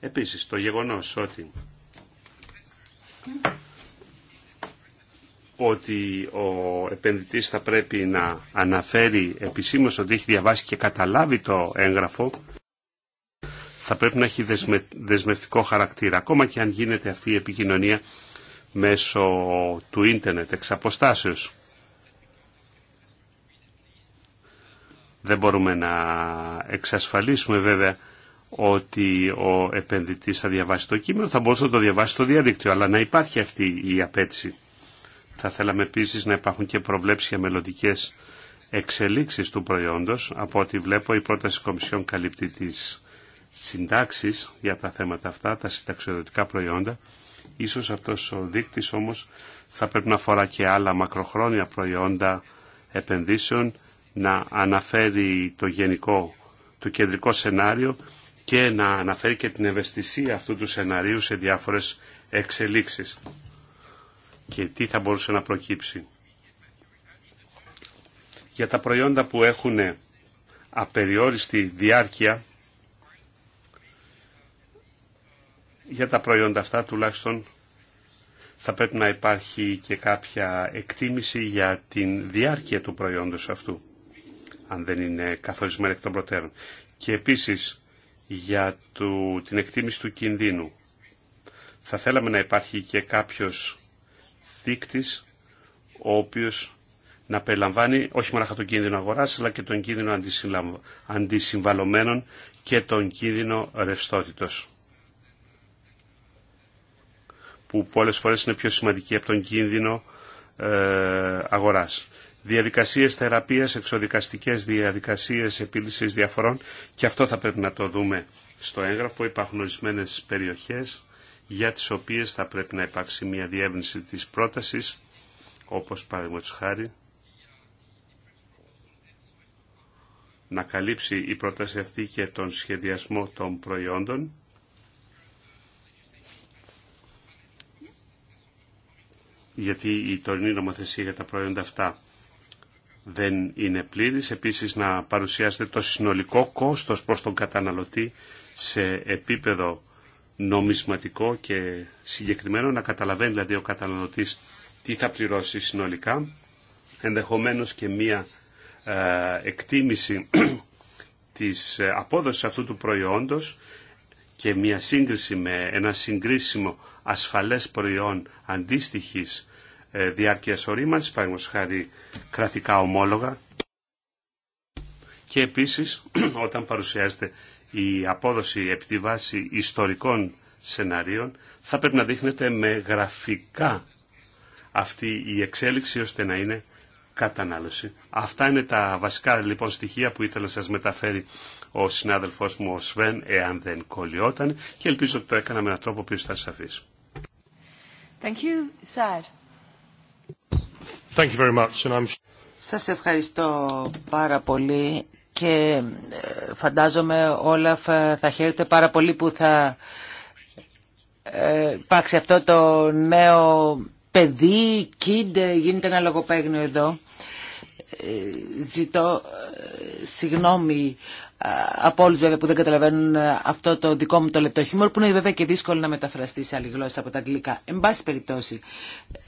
Επίσης, το γεγονός ότι, ότι ο επενδυτής θα πρέπει να αναφέρει επισήμως ότι έχει διαβάσει και καταλάβει το έγγραφο, θα πρέπει να έχει δεσμευτικό χαρακτήρα, ακόμα και αν γίνεται αυτή η επικοινωνία μέσω του ίντερνετ εξ αποστάσεως. Δεν μπορούμε να εξασφαλίσουμε βέβαια ότι ο επενδυτής θα διαβάσει το κείμενο, θα μπορούσε να το διαβάσει στο διαδίκτυο, αλλά να υπάρχει αυτή η απέτηση. Θα θέλαμε επίσης να υπάρχουν και προβλέψεις για μελλοντικέ εξελίξεις του προϊόντος. Από ό,τι βλέπω η πρόταση Κομισιόν καλύπτει τις συντάξεις για τα θέματα αυτά, τα συνταξιοδοτικά προϊόντα Ίσως αυτός ο δείκτης όμως θα πρέπει να αφορά και άλλα μακροχρόνια προϊόντα επενδύσεων, να αναφέρει το γενικό, το κεντρικό σενάριο και να αναφέρει και την ευαισθησία αυτού του σενάριου σε διάφορες εξελίξεις και τι θα μπορούσε να προκύψει. Για τα προϊόντα που έχουν απεριόριστη διάρκεια για τα προϊόντα αυτά τουλάχιστον θα πρέπει να υπάρχει και κάποια εκτίμηση για την διάρκεια του προϊόντος αυτού, αν δεν είναι καθορισμένο εκ των προτέρων. Και επίσης για την εκτίμηση του κινδύνου. Θα θέλαμε να υπάρχει και κάποιος δείκτης ο οποίος να περιλαμβάνει όχι μόνο τον κίνδυνο αγοράς αλλά και τον κίνδυνο αντισυμβαλωμένων και τον κίνδυνο ρευστότητος που πολλές φορές είναι πιο σημαντική από τον κίνδυνο ε, αγοράς. Διαδικασίες θεραπείας, εξοδικαστικές διαδικασίες επίλυσης διαφορών και αυτό θα πρέπει να το δούμε στο έγγραφο. Υπάρχουν ορισμένε περιοχές για τις οποίες θα πρέπει να υπάρξει μια διεύνηση της πρότασης, όπως παραδείγματος χάρη, να καλύψει η πρόταση αυτή και τον σχεδιασμό των προϊόντων γιατί η τωρινή νομοθεσία για τα προϊόντα αυτά δεν είναι πλήρης. Επίσης να παρουσιάσετε το συνολικό κόστος προς τον καταναλωτή σε επίπεδο νομισματικό και συγκεκριμένο, να καταλαβαίνει δηλαδή ο καταναλωτής τι θα πληρώσει συνολικά, ενδεχομένως και μία ε, εκτίμηση της ε, απόδοσης αυτού του προϊόντος και μία σύγκριση με ένα συγκρίσιμο ασφαλές προϊόν αντίστοιχης ε, Διάρκεια ορίμανσης, παραδείγματος χάρη κρατικά ομόλογα. Και επίσης όταν παρουσιάζεται η απόδοση επί τη βάση ιστορικών σενάριων θα πρέπει να δείχνεται με γραφικά αυτή η εξέλιξη ώστε να είναι κατανάλωση. Αυτά είναι τα βασικά λοιπόν στοιχεία που ήθελα να σας μεταφέρει ο συνάδελφός μου ο Σβέν εάν δεν κολλιόταν και ελπίζω ότι το έκανα με έναν τρόπο που θα σας Thank σας ευχαριστώ πάρα πολύ και ε, φαντάζομαι όλα ε, θα χαίρεται πάρα πολύ που θα ε, υπάρξει αυτό το νέο παιδί, kid, γίνεται ένα λογοπαίγνιο εδώ. Ζητώ συγγνώμη από όλου βέβαια που δεν καταλαβαίνουν ε, αυτό το δικό μου το λεπτό χιούμορ που είναι βέβαια και δύσκολο να μεταφραστεί σε άλλη γλώσσα από τα αγγλικά. Εν πάση περιπτώσει,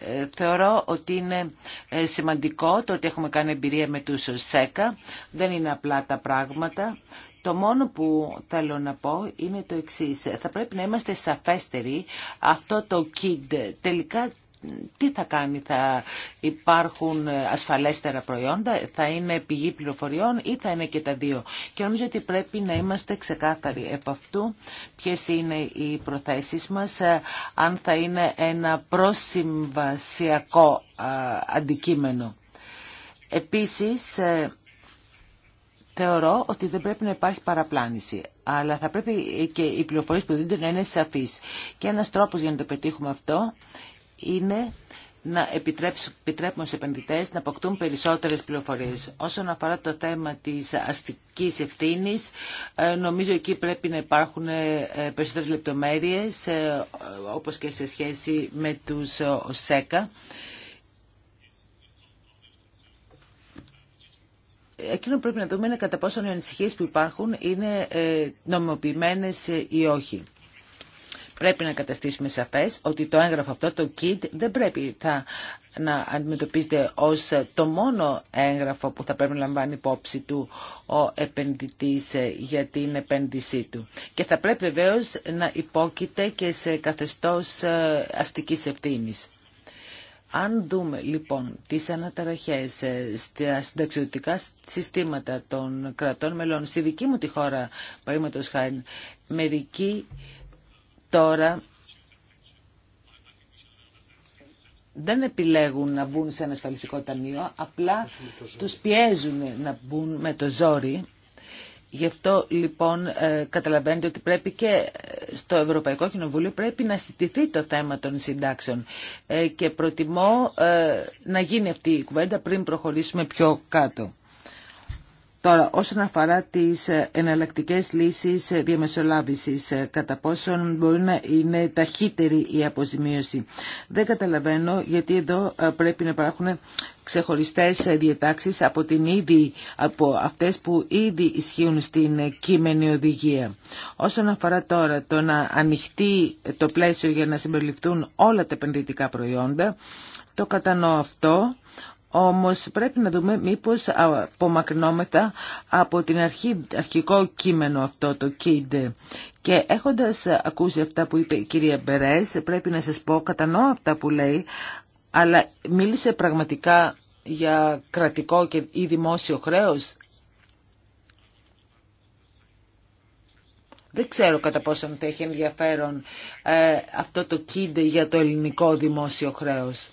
ε, θεωρώ ότι είναι ε, σημαντικό το ότι έχουμε κάνει εμπειρία με τους ΣΕΚΑ. Δεν είναι απλά τα πράγματα. Το μόνο που θέλω να πω είναι το εξής. Θα πρέπει να είμαστε σαφέστεροι αυτό το KID. Τελικά τι θα κάνει, θα υπάρχουν ασφαλέστερα προϊόντα, θα είναι πηγή πληροφοριών ή θα είναι και τα δύο. Και νομίζω ότι πρέπει να είμαστε ξεκάθαροι από αυτού ποιες είναι οι προθέσεις μας, ε, αν θα είναι ένα προσυμβασιακό ε, αντικείμενο. Επίσης, ε, θεωρώ ότι δεν πρέπει να υπάρχει παραπλάνηση. Αλλά θα πρέπει και οι πληροφορίε που δίνονται να είναι σαφεί. Και ένα τρόπος για να το πετύχουμε αυτό είναι να επιτρέπουμε στους επενδυτές να αποκτούν περισσότερες πληροφορίες. Όσον αφορά το θέμα της αστικής ευθύνης, ε, νομίζω εκεί πρέπει να υπάρχουν ε, περισσότερες λεπτομέρειες, ε, όπως και σε σχέση με τους ΣΕΚΑ. Εκείνο που πρέπει να δούμε είναι κατά πόσο οι ανησυχίες που υπάρχουν είναι νομιμοποιημένες ή όχι. Πρέπει να καταστήσουμε σαφές ότι το έγγραφο αυτό, το KID, δεν πρέπει θα να αντιμετωπίζεται ως το μόνο έγγραφο που θα πρέπει να λαμβάνει υπόψη του ο επενδυτής ε, για την επένδυσή του. Και θα πρέπει βεβαίω να υπόκειται και σε καθεστώς ε, αστικής ευθύνη. Αν δούμε λοιπόν τις αναταραχές ε, στα συνταξιδοτικά συστήματα των κρατών μελών, στη δική μου τη χώρα, παραδείγματος χάρη, μερικοί τώρα δεν επιλέγουν να μπουν σε ένα ασφαλιστικό ταμείο, απλά τους πιέζουν να μπουν με το ζόρι. Γι' αυτό λοιπόν ε, καταλαβαίνετε ότι πρέπει και ε, στο Ευρωπαϊκό Κοινοβούλιο πρέπει να συζητηθεί το θέμα των συντάξεων ε, και προτιμώ να γίνει αυτή η κουβέντα πριν προχωρήσουμε πιο κάτω. Τώρα, όσον αφορά τις ε, εναλλακτικέ λύσεις ε, διαμεσολάβησης, ε, κατά πόσον μπορεί να είναι ταχύτερη η αποζημίωση. Δεν καταλαβαίνω γιατί εδώ πρέπει να υπάρχουν ξεχωριστές διατάξεις από, την από αυτές που ήδη ισχύουν στην κείμενη οδηγία. Όσον αφορά τώρα το να ανοιχτεί το πλαίσιο για να συμπεριληφθούν όλα τα επενδυτικά προϊόντα, το κατανοώ αυτό, όμως πρέπει να δούμε μήπως απομακρυνόμεθα από την αρχή, αρχικό κείμενο αυτό το KID. Και έχοντας ακούσει αυτά που είπε η κυρία Μπερές, πρέπει να σας πω, κατανοώ αυτά που λέει, αλλά μίλησε πραγματικά για κρατικό και ή δημόσιο χρέος. Δεν ξέρω κατά πόσο θα έχει ενδιαφέρον ε, αυτό το KID για το ελληνικό δημόσιο χρέος.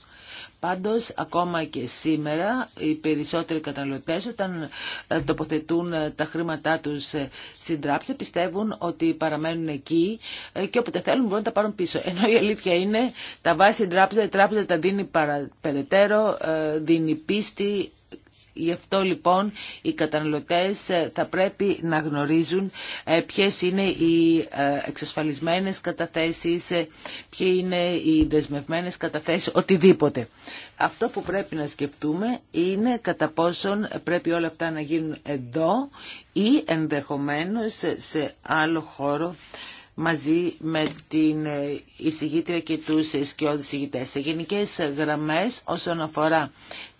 Πάντως, ακόμα και σήμερα, οι περισσότεροι καταναλωτές όταν ε, τοποθετούν ε, τα χρήματά τους ε, στην τράπεζα πιστεύουν ότι παραμένουν εκεί και όποτε θέλουν μπορούν να τα πάρουν πίσω. Ενώ η αλήθεια είναι, τα βάζει στην τράπεζα, η τράπεζα τα δίνει περαιτέρω, δίνει πίστη, Γι' αυτό λοιπόν οι καταναλωτές ε, θα πρέπει να γνωρίζουν ε, ποιες είναι οι ε, εξασφαλισμένες καταθέσεις, ποιοι είναι οι δεσμευμένες καταθέσεις, οτιδήποτε. Αυτό που πρέπει να σκεφτούμε είναι κατά πόσον πρέπει όλα αυτά να γίνουν εδώ ή ενδεχομένως σε άλλο χώρο μαζί με την εισηγήτρια και τους σκιώδης εισηγητές. Σε γενικές γραμμές όσον αφορά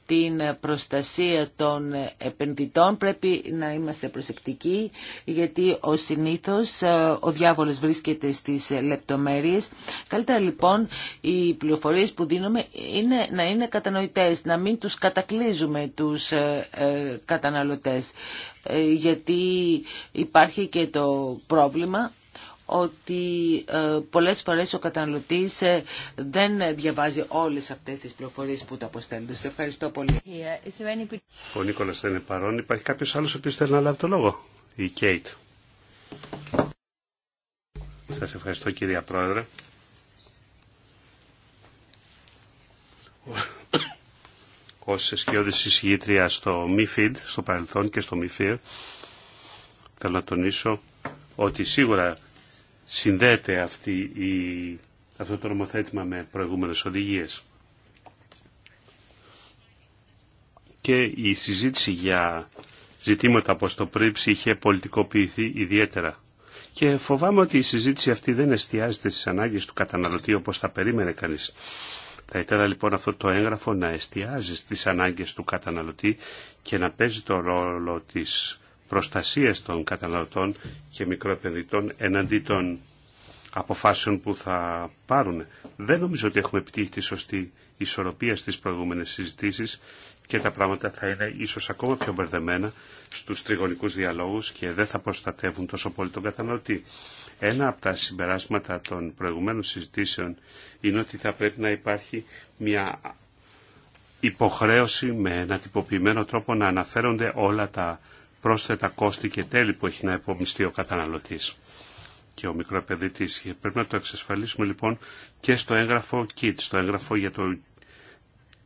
την προστασία των επενδυτών πρέπει να είμαστε προσεκτικοί γιατί ο συνήθως ε, ο διάβολος βρίσκεται στις λεπτομέρειες. Καλύτερα λοιπόν οι πληροφορίες που δίνουμε είναι να είναι κατανοητές, να μην τους κατακλίζουμε, τους ε, ε, καταναλωτές γιατί υπάρχει και το πρόβλημα ότι ε, πολλές φορές ο καταναλωτής ε, δεν διαβάζει όλες αυτές τις πληροφορίες που τα αποστέλνουν. Σε ευχαριστώ πολύ. Ο Νίκολας δεν είναι παρόν. Υπάρχει κάποιος άλλος ο οποίος θέλει να λάβει το λόγο. Η Κέιτ. Σας ευχαριστώ κυρία Πρόεδρε. ως σκιώδης εισηγήτρια στο MIFID, στο παρελθόν και στο MIFIR, θέλω να τονίσω ότι σίγουρα συνδέεται αυτή η, αυτό το νομοθέτημα με προηγούμενες οδηγίες. Και η συζήτηση για ζητήματα από το πρίψη είχε πολιτικοποιηθεί ιδιαίτερα. Και φοβάμαι ότι η συζήτηση αυτή δεν εστιάζεται στις ανάγκες του καταναλωτή όπως τα περίμενε κανείς. Θα ήθελα λοιπόν αυτό το έγγραφο να εστιάζει στις ανάγκες του καταναλωτή και να παίζει το ρόλο της προστασίας των καταναλωτών και μικροεπενδυτών εναντί των αποφάσεων που θα πάρουν. Δεν νομίζω ότι έχουμε επιτύχει τη σωστή ισορροπία στις προηγούμενες συζητήσεις και τα πράγματα θα είναι ίσως ακόμα πιο μπερδεμένα στους τριγωνικούς διαλόγους και δεν θα προστατεύουν τόσο πολύ τον καταναλωτή. Ένα από τα συμπεράσματα των προηγουμένων συζητήσεων είναι ότι θα πρέπει να υπάρχει μια υποχρέωση με ένα τυποποιημένο τρόπο να αναφέρονται όλα τα πρόσθετα κόστη και τέλη που έχει να υπομειστεί ο καταναλωτής και ο μικροεπαιδητής. Πρέπει να το εξασφαλίσουμε λοιπόν και στο έγγραφο KIT, στο έγγραφο για το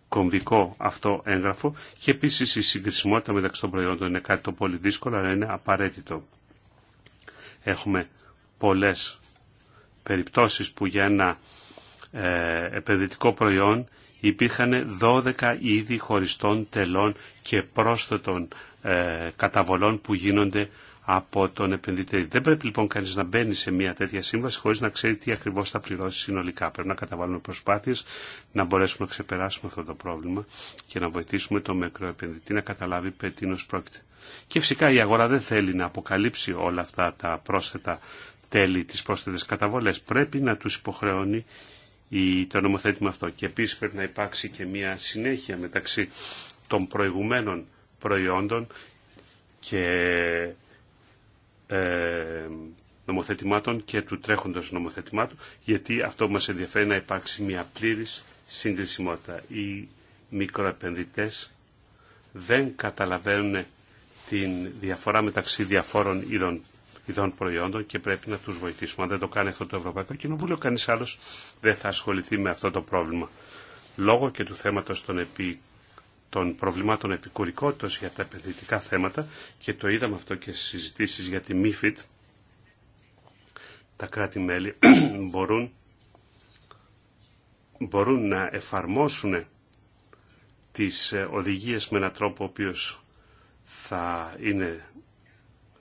κομβικό αυτό έγγραφο και επίσης η συγκρισιμότητα μεταξύ των προϊόντων είναι κάτι το πολύ δύσκολο αλλά είναι απαραίτητο. Έχουμε πολλές περιπτώσεις που για ένα ε, επενδυτικό προϊόν υπήρχαν 12 είδη χωριστών τελών και πρόσθετων ε, καταβολών που γίνονται από τον επενδυτή. Δεν πρέπει λοιπόν κανείς να μπαίνει σε μια τέτοια σύμβαση χωρίς να ξέρει τι ακριβώς θα πληρώσει συνολικά. Πρέπει να καταβάλουμε προσπάθειες να μπορέσουμε να ξεπεράσουμε αυτό το πρόβλημα και να βοηθήσουμε τον μικροεπενδυτή να καταλάβει τι πρόκειται. Και φυσικά η αγορά δεν θέλει να αποκαλύψει όλα αυτά τα πρόσθετα τέλη, τις πρόσθετες καταβολές. Πρέπει να τους υποχρεώνει το νομοθέτημα αυτό. Και επίσης πρέπει να υπάρξει και μια συνέχεια μεταξύ των προηγουμένων προϊόντων και ε, νομοθετημάτων και του τρέχοντος νομοθετημάτων γιατί αυτό που μας ενδιαφέρει να υπάρξει μια πλήρης συγκρισιμότητα. Οι μικροεπενδυτές δεν καταλαβαίνουν τη διαφορά μεταξύ διαφόρων είδων, προϊόντων και πρέπει να τους βοηθήσουμε. Αν δεν το κάνει αυτό το Ευρωπαϊκό Κοινοβούλιο, κανείς άλλος δεν θα ασχοληθεί με αυτό το πρόβλημα. Λόγω και του θέματος των επί των προβλημάτων επικουρικότητας για τα επενδυτικά θέματα και το είδαμε αυτό και στις συζητήσεις για τη ΜΥΦΙΤ. Τα κράτη-μέλη μπορούν, μπορούν να εφαρμόσουν τις ε, οδηγίες με έναν τρόπο ο οποίος θα είναι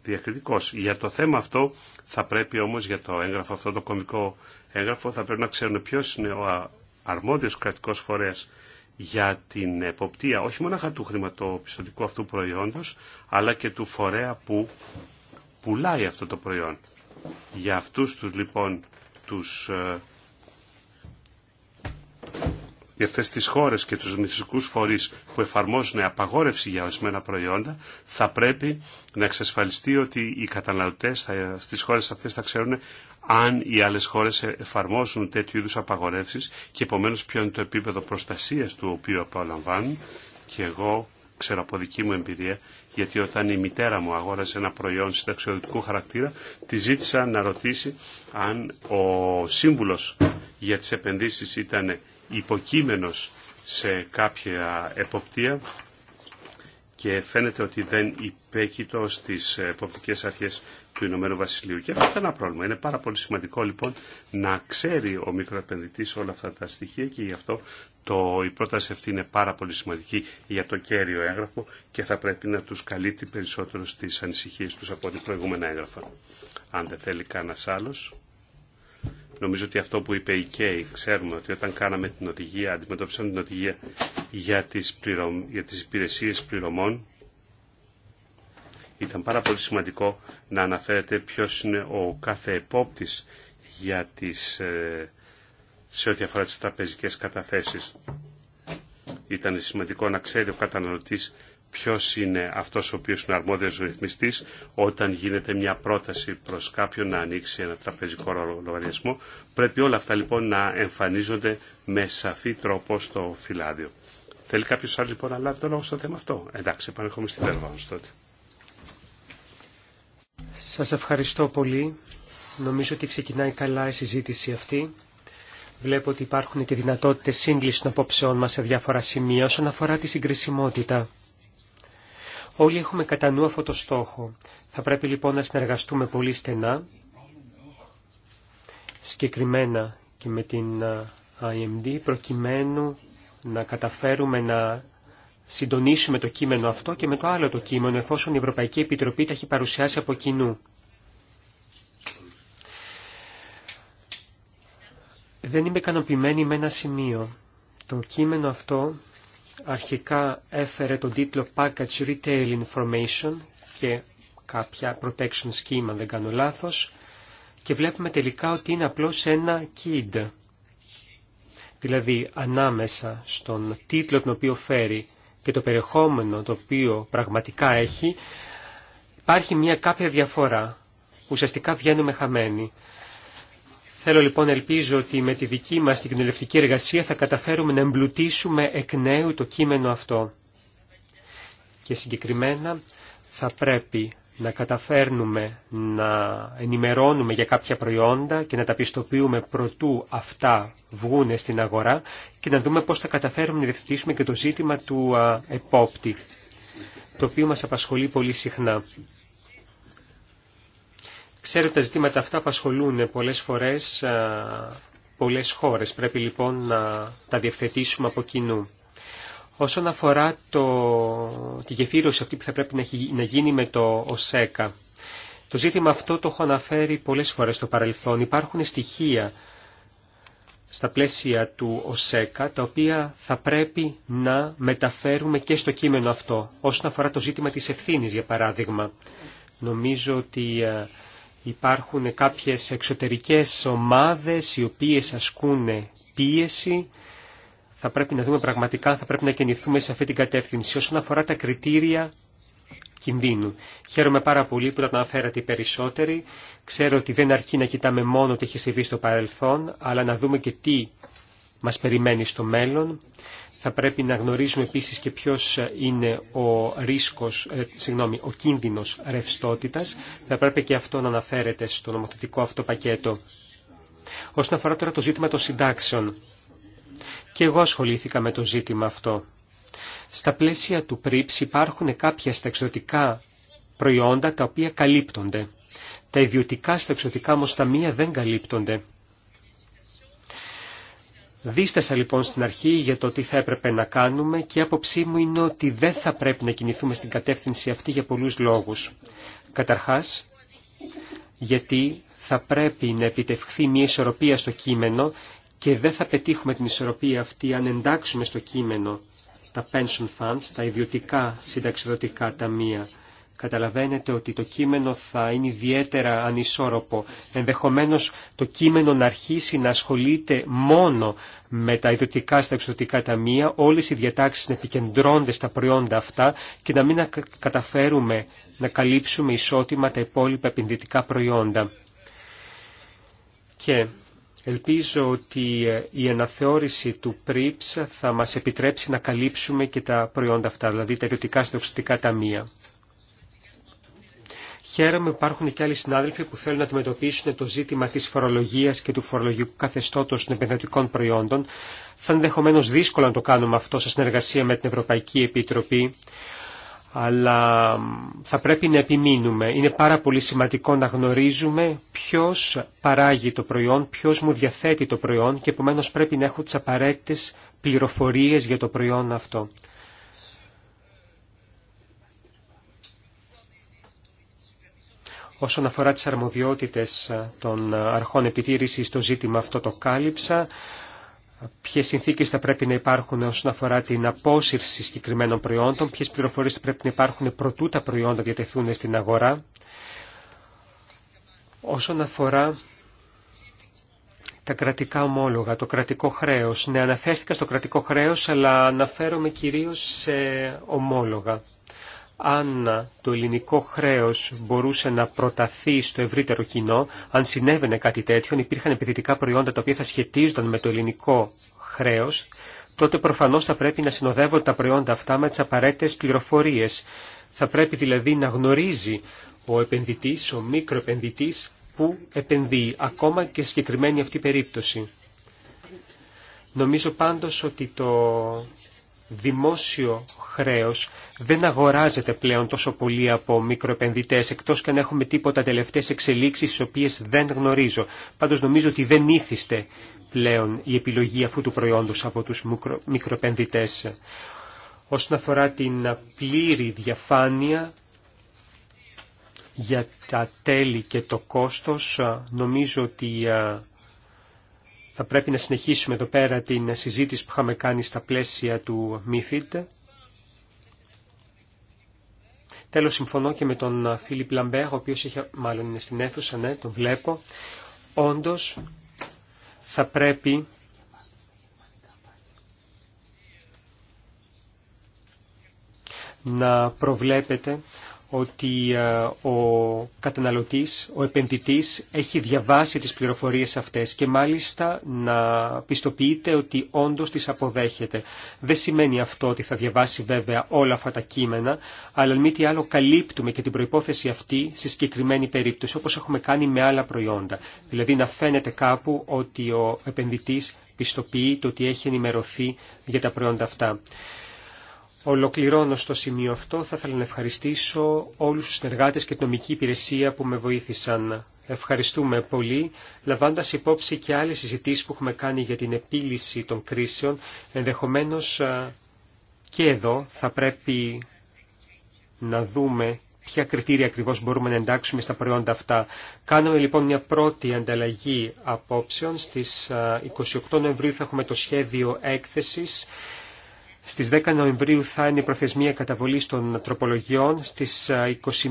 διακριτικός. Για το θέμα αυτό θα πρέπει όμως για το έγγραφο αυτό το κομικό έγγραφο θα πρέπει να ξέρουν ποιος είναι ο αρμόδιος κρατικός φορέας για την εποπτεία όχι μόνο του χρηματοπιστωτικού αυτού προϊόντος, αλλά και του φορέα που πουλάει αυτό το προϊόν. Για αυτούς τους λοιπόν τους ε, για αυτές τις χώρες και τους δημιουργικούς φορείς που εφαρμόζουν απαγόρευση για ορισμένα προϊόντα, θα πρέπει να εξασφαλιστεί ότι οι καταναλωτές θα, στις χώρες αυτές θα ξέρουν αν οι άλλες χώρες ε, εφαρμόσουν τέτοιου είδους απαγορεύσεις και επομένως ποιο είναι το επίπεδο προστασίας του οποίου απολαμβάνουν και εγώ ξέρω από δική μου εμπειρία, γιατί όταν η μητέρα μου αγόρασε ένα προϊόν συνταξιοδοτικού χαρακτήρα, τη ζήτησα να ρωτήσει αν ο σύμβουλος για τις επενδύσεις ήταν υποκείμενος σε κάποια εποπτεία και φαίνεται ότι δεν υπέκειτο στις εποπτικές αρχές του Ηνωμένου Βασιλείου. Και αυτό ήταν ένα πρόβλημα. Είναι πάρα πολύ σημαντικό λοιπόν να ξέρει ο μικροεπενδυτή όλα αυτά τα στοιχεία και γι' αυτό το, η πρόταση αυτή είναι πάρα πολύ σημαντική για το κέριο έγγραφο και θα πρέπει να του καλύπτει περισσότερο στι ανησυχίε του από ό,τι προηγούμενα έγγραφα. Αν δεν θέλει κανένα άλλο. Νομίζω ότι αυτό που είπε η ΚΕΙ, ξέρουμε ότι όταν κάναμε την οδηγία, αντιμετώπισαν την οδηγία για τις, πληρω... για τις υπηρεσίες πληρωμών, ήταν πάρα πολύ σημαντικό να αναφέρεται ποιος είναι ο κάθε επόπτης για τις, ε, σε ό,τι αφορά τις τραπεζικές καταθέσεις. Ήταν σημαντικό να ξέρει ο καταναλωτής ποιος είναι αυτός ο οποίος είναι αρμόδιος ρυθμιστής όταν γίνεται μια πρόταση προς κάποιον να ανοίξει ένα τραπεζικό λογαριασμό. Πρέπει όλα αυτά λοιπόν να εμφανίζονται με σαφή τρόπο στο φυλάδιο. Θέλει κάποιος άλλος λοιπόν να λάβει το λόγο στο θέμα αυτό. Εντάξει, επανέρχομαι στην Περβάνος τότε. Σας ευχαριστώ πολύ. Νομίζω ότι ξεκινάει καλά η συζήτηση αυτή. Βλέπω ότι υπάρχουν και δυνατότητες σύγκλησης των απόψεών μας σε διάφορα σημεία όσον αφορά τη συγκρισιμότητα. Όλοι έχουμε κατά νου αυτό το στόχο. Θα πρέπει λοιπόν να συνεργαστούμε πολύ στενά, συγκεκριμένα και με την IMD, προκειμένου να καταφέρουμε να συντονίσουμε το κείμενο αυτό και με το άλλο το κείμενο, εφόσον η Ευρωπαϊκή Επιτροπή τα έχει παρουσιάσει από κοινού. Δεν είμαι ικανοποιημένη με ένα σημείο. Το κείμενο αυτό αρχικά έφερε τον τίτλο Package Retail Information και κάποια protection scheme, αν δεν κάνω λάθος, και βλέπουμε τελικά ότι είναι απλώς ένα kid. Δηλαδή ανάμεσα στον τίτλο τον οποίο φέρει και το περιεχόμενο το οποίο πραγματικά έχει, υπάρχει μια κάποια διαφορά. Ουσιαστικά βγαίνουμε χαμένοι. Θέλω λοιπόν, ελπίζω ότι με τη δική μας την κοινωνιστική εργασία θα καταφέρουμε να εμπλουτίσουμε εκ νέου το κείμενο αυτό. Και συγκεκριμένα θα πρέπει να καταφέρνουμε να ενημερώνουμε για κάποια προϊόντα και να τα πιστοποιούμε προτού αυτά βγούνε στην αγορά και να δούμε πώς θα καταφέρουμε να διευθυντήσουμε και το ζήτημα του επόπτη, το οποίο μας απασχολεί πολύ συχνά. Ξέρω ότι τα ζητήματα αυτά απασχολούν πολλές φορές α, πολλές χώρες. Πρέπει λοιπόν να τα διευθετήσουμε από κοινού. Όσον αφορά το, τη γεφύρωση αυτή που θα πρέπει να γίνει με το ΟΣΕΚΑ, το ζήτημα αυτό το έχω αναφέρει πολλές φορές στο παρελθόν. Υπάρχουν στοιχεία στα πλαίσια του ΟΣΕΚΑ, τα οποία θα πρέπει να μεταφέρουμε και στο κείμενο αυτό, όσον αφορά το ζήτημα της ευθύνης, για παράδειγμα. Νομίζω ότι ε, υπάρχουν κάποιες εξωτερικές ομάδες οι οποίες ασκούν πίεση θα πρέπει να δούμε πραγματικά, θα πρέπει να κινηθούμε σε αυτή την κατεύθυνση όσον αφορά τα κριτήρια κινδύνου. Χαίρομαι πάρα πολύ που τα αναφέρατε οι περισσότεροι. Ξέρω ότι δεν αρκεί να κοιτάμε μόνο τι έχει συμβεί στο παρελθόν, αλλά να δούμε και τι μας περιμένει στο μέλλον. Θα πρέπει να γνωρίζουμε επίσης και ποιος είναι ο, ρίσκος, ε, συγγνώμη, ο κίνδυνος ρευστότητας. Θα πρέπει και αυτό να αναφέρεται στο νομοθετικό αυτό πακέτο. Όσον αφορά τώρα το ζήτημα των συντάξεων, και εγώ ασχολήθηκα με το ζήτημα αυτό. Στα πλαίσια του ΠΡΥΠΣ υπάρχουν κάποια σταξιδωτικά προϊόντα τα οποία καλύπτονται. Τα ιδιωτικά σταξιδωτικά όμως μία δεν καλύπτονται. Δίστασα λοιπόν στην αρχή για το τι θα έπρεπε να κάνουμε και η άποψή μου είναι ότι δεν θα πρέπει να κινηθούμε στην κατεύθυνση αυτή για πολλούς λόγους. Καταρχάς, γιατί θα πρέπει να επιτευχθεί μια ισορροπία στο κείμενο και δεν θα πετύχουμε την ισορροπία αυτή αν εντάξουμε στο κείμενο τα pension funds, τα ιδιωτικά συνταξιδοτικά ταμεία. Καταλαβαίνετε ότι το κείμενο θα είναι ιδιαίτερα ανισόρροπο. Ενδεχομένως το κείμενο να αρχίσει να ασχολείται μόνο με τα ιδιωτικά στα ταμεία, όλες οι διατάξεις να επικεντρώνται στα προϊόντα αυτά και να μην καταφέρουμε να καλύψουμε ισότιμα τα υπόλοιπα επενδυτικά προϊόντα. Ελπίζω ότι ε, η αναθεώρηση του ΠΡΙΠΣ θα μας επιτρέψει να καλύψουμε και τα προϊόντα αυτά, δηλαδή τα ιδιωτικά συντοξιστικά ταμεία. Χαίρομαι που υπάρχουν και άλλοι συνάδελφοι που θέλουν να αντιμετωπίσουν το ζήτημα της φορολογίας και του φορολογικού καθεστώτος των επενδυτικών προϊόντων. Θα είναι δύσκολο να το κάνουμε αυτό σε συνεργασία με την Ευρωπαϊκή Επιτροπή, αλλά θα πρέπει να επιμείνουμε. Είναι πάρα πολύ σημαντικό να γνωρίζουμε ποιος παράγει το προϊόν, ποιος μου διαθέτει το προϊόν και επομένως πρέπει να έχω τις απαραίτητες πληροφορίες για το προϊόν αυτό. Όσον αφορά τις αρμοδιότητες ε, των ε, αρχών επιτήρησης, το ζήτημα αυτό το κάλυψα ποιες συνθήκες θα πρέπει να υπάρχουν όσον αφορά την απόσυρση συγκεκριμένων προϊόντων, ποιες πληροφορίες θα πρέπει να υπάρχουν προτού τα προϊόντα διατεθούν στην αγορά. Όσον αφορά τα κρατικά ομόλογα, το κρατικό χρέος. Ναι, αναφέρθηκα στο κρατικό χρέος, αλλά αναφέρομαι κυρίως σε ομόλογα αν το ελληνικό χρέος μπορούσε να προταθεί στο ευρύτερο κοινό, αν συνέβαινε κάτι τέτοιο, αν υπήρχαν επιδυτικά προϊόντα τα οποία θα σχετίζονταν με το ελληνικό χρέος, τότε προφανώς θα πρέπει να συνοδεύονται τα προϊόντα αυτά με τις απαραίτητες πληροφορίες. Θα πρέπει δηλαδή να γνωρίζει ο επενδυτής, ο μικροεπενδυτής, που επενδύει, ακόμα και συγκεκριμένη αυτή περίπτωση. Νομίζω πάντως ότι το δημόσιο χρέος δεν αγοράζεται πλέον τόσο πολύ από μικροεπενδυτές, εκτός και αν έχουμε τίποτα τελευταίες εξελίξεις, τις οποίες δεν γνωρίζω. Πάντως νομίζω ότι δεν ήθιστε πλέον η επιλογή αυτού του προϊόντος από τους μικροεπενδυτές. Όσον αφορά την πλήρη διαφάνεια για τα τέλη και το κόστος, νομίζω ότι θα πρέπει να συνεχίσουμε εδώ πέρα την συζήτηση που είχαμε κάνει στα πλαίσια του MIFID. Τέλος, συμφωνώ και με τον Φίλιπ Λαμπέρ, ο οποίος είχε, μάλλον είναι στην αίθουσα, ναι, τον βλέπω. Όντως, θα πρέπει να προβλέπετε ότι ε, ο καταναλωτής, ο επενδυτής έχει διαβάσει τις πληροφορίες αυτές και μάλιστα να πιστοποιείται ότι όντως τις αποδέχεται. Δεν σημαίνει αυτό ότι θα διαβάσει βέβαια όλα αυτά τα κείμενα, αλλά μη τι άλλο καλύπτουμε και την προϋπόθεση αυτή στη συγκεκριμένη περίπτωση, όπως έχουμε κάνει με άλλα προϊόντα. Δηλαδή να φαίνεται κάπου ότι ο επενδυτής πιστοποιείται ότι έχει ενημερωθεί για τα προϊόντα αυτά. Ολοκληρώνω στο σημείο αυτό. Θα ήθελα να ευχαριστήσω όλους τους συνεργάτες και την νομική υπηρεσία που με βοήθησαν. Ευχαριστούμε πολύ, λαμβάνοντα υπόψη και άλλες συζητήσεις που έχουμε κάνει για την επίλυση των κρίσεων. Ενδεχομένως και εδώ θα πρέπει να δούμε ποια κριτήρια ακριβώς μπορούμε να εντάξουμε στα προϊόντα αυτά. Κάνουμε λοιπόν μια πρώτη ανταλλαγή απόψεων. Στις 28 Νοεμβρίου θα έχουμε το σχέδιο έκθεσης. Στις 10 Νοεμβρίου θα είναι η προθεσμία καταβολής των τροπολογιών. Στις 21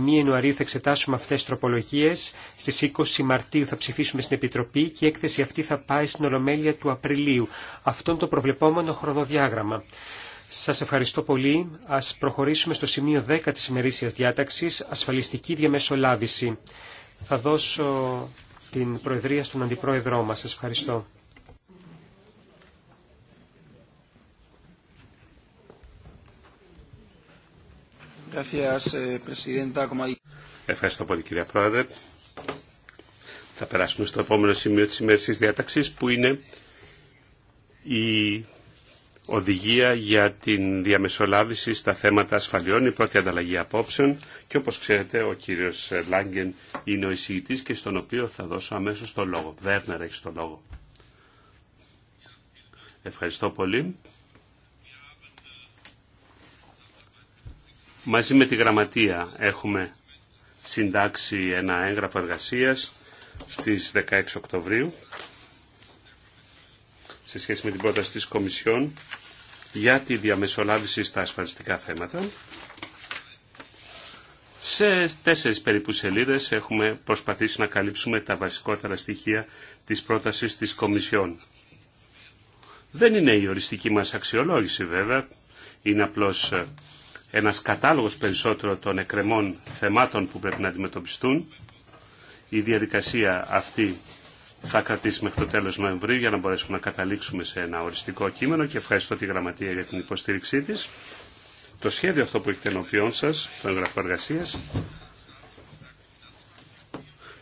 Ιανουαρίου θα εξετάσουμε αυτές τις τροπολογίες. Στις 20 Μαρτίου θα ψηφίσουμε στην Επιτροπή και η έκθεση αυτή θα πάει στην Ολομέλεια του Απριλίου. Αυτό είναι το προβλεπόμενο χρονοδιάγραμμα. Σας ευχαριστώ πολύ. Ας προχωρήσουμε στο σημείο 10 της ημερήσιας διάταξης, ασφαλιστική διαμεσολάβηση. Θα δώσω την Προεδρία στον Αντιπρόεδρό μας. Σας ευχαριστώ. Eh, Ευχαριστώ πολύ κύριε Πρόεδρε. Θα περάσουμε στο επόμενο σημείο της ημέρησης διάταξης που είναι η οδηγία για την διαμεσολάβηση στα θέματα ασφαλιών, η πρώτη ανταλλαγή απόψεων και όπως ξέρετε ο κύριος Λάγκεν είναι ο εισηγητής και στον οποίο θα δώσω αμέσως το λόγο. Βέρνερ έχει το λόγο. Ευχαριστώ πολύ. Μαζί με τη Γραμματεία έχουμε συντάξει ένα έγγραφο εργασίας στις 16 Οκτωβρίου σε σχέση με την πρόταση της Κομισιόν για τη διαμεσολάβηση στα ασφαλιστικά θέματα. Σε τέσσερις περίπου σελίδες έχουμε προσπαθήσει να καλύψουμε τα βασικότερα στοιχεία της πρότασης της Κομισιόν. Δεν είναι η οριστική μας αξιολόγηση βέβαια, είναι απλώς ε, ένας κατάλογος περισσότερο των εκκρεμών θεμάτων που πρέπει να αντιμετωπιστούν. Η διαδικασία αυτή θα κρατήσει μέχρι το τέλος Νοεμβρίου για να μπορέσουμε να καταλήξουμε σε ένα οριστικό κείμενο και ευχαριστώ τη Γραμματεία για την υποστήριξή της. Το σχέδιο αυτό που έχετε ενώπιόν σας, το εγγραφό εργασία,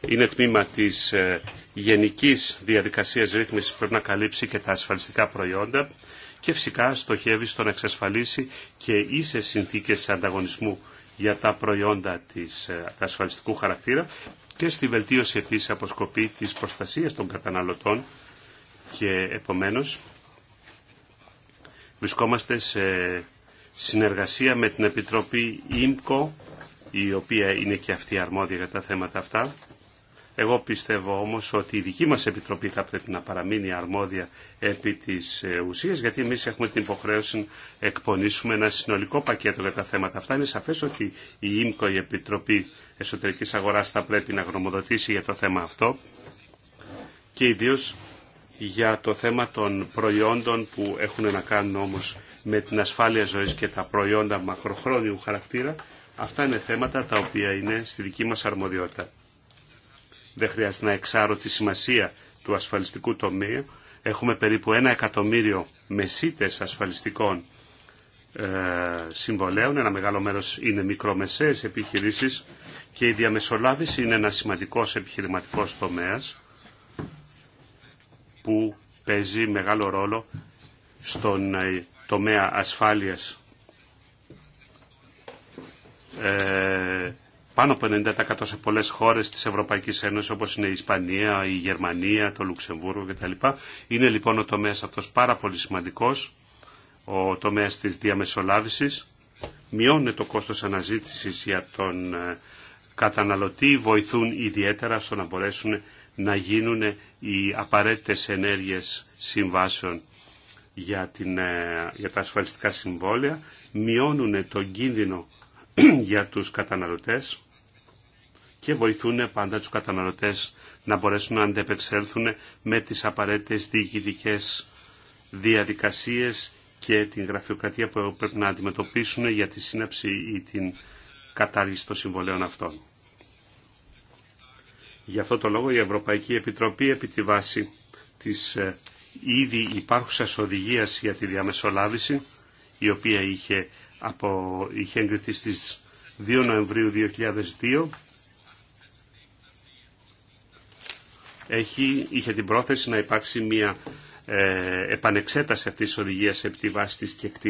είναι τμήμα της ε, γενικής διαδικασίας ρύθμισης που πρέπει να καλύψει και τα ασφαλιστικά προϊόντα και φυσικά στοχεύει στο να εξασφαλίσει και ίσες συνθήκες ανταγωνισμού για τα προϊόντα της, ε, ασφαλιστικού χαρακτήρα και στη βελτίωση επίσης αποσκοπή της προστασίας των καταναλωτών και επομένως βρισκόμαστε σε συνεργασία με την Επιτροπή ΙΜΚΟ η οποία είναι και αυτή αρμόδια για τα θέματα αυτά εγώ πιστεύω όμως ότι η δική μας Επιτροπή θα πρέπει να παραμείνει αρμόδια επί της ε, ουσίας, γιατί εμείς έχουμε την υποχρέωση να εκπονήσουμε ένα συνολικό πακέτο για τα θέματα αυτά. Είναι σαφές ότι η ΙΜΚΟ, η Επιτροπή Εσωτερικής Αγοράς, θα πρέπει να γνωμοδοτήσει για το θέμα αυτό και ιδίως για το θέμα των προϊόντων που έχουν να κάνουν όμως με την ασφάλεια ζωής και τα προϊόντα μακροχρόνιου χαρακτήρα. Αυτά είναι θέματα τα οποία είναι στη δική μας αρμοδιότητα. Δεν χρειάζεται να εξάρω τη σημασία του ασφαλιστικού τομέα. Έχουμε περίπου ένα εκατομμύριο μεσίτες ασφαλιστικών ε, συμβολέων. Ένα μεγάλο μέρος είναι μικρομεσαίες επιχειρήσεις και η διαμεσολάβηση είναι ένα σημαντικός επιχειρηματικός τομέας που παίζει μεγάλο ρόλο στον ε, τομέα ασφάλειας ε, πάνω από 90% σε πολλές χώρες της Ευρωπαϊκής Ένωσης όπως είναι η Ισπανία, η Γερμανία, το Λουξεμβούργο κτλ. Είναι λοιπόν ο τομέας αυτός πάρα πολύ σημαντικός, ο τομέας της διαμεσολάβησης. Μειώνει το κόστος αναζήτησης για τον ε, καταναλωτή, βοηθούν ιδιαίτερα στο να μπορέσουν να γίνουν οι απαραίτητες ενέργειες συμβάσεων για, την, ε, για τα ασφαλιστικά συμβόλαια, μειώνουν τον κίνδυνο για τους καταναλωτές και βοηθούν πάντα τους καταναλωτές να μπορέσουν να αντεπεξέλθουν με τις απαραίτητες διοικητικές διαδικασίες και την γραφειοκρατία που πρέπει να αντιμετωπίσουν για τη σύναψη ή την κατάργηση των συμβολέων αυτών. Γι' αυτό το λόγο η Ευρωπαϊκή Επιτροπή επί τη βάση της ε, ήδη υπάρχουσας οδηγίας για τη διαμεσολάβηση η οποία είχε, από, είχε εγκριθεί στις 2 Νοεμβρίου 2002 έχει, είχε την πρόθεση να υπάρξει μια ε, επανεξέταση αυτής της οδηγίας επί και βάση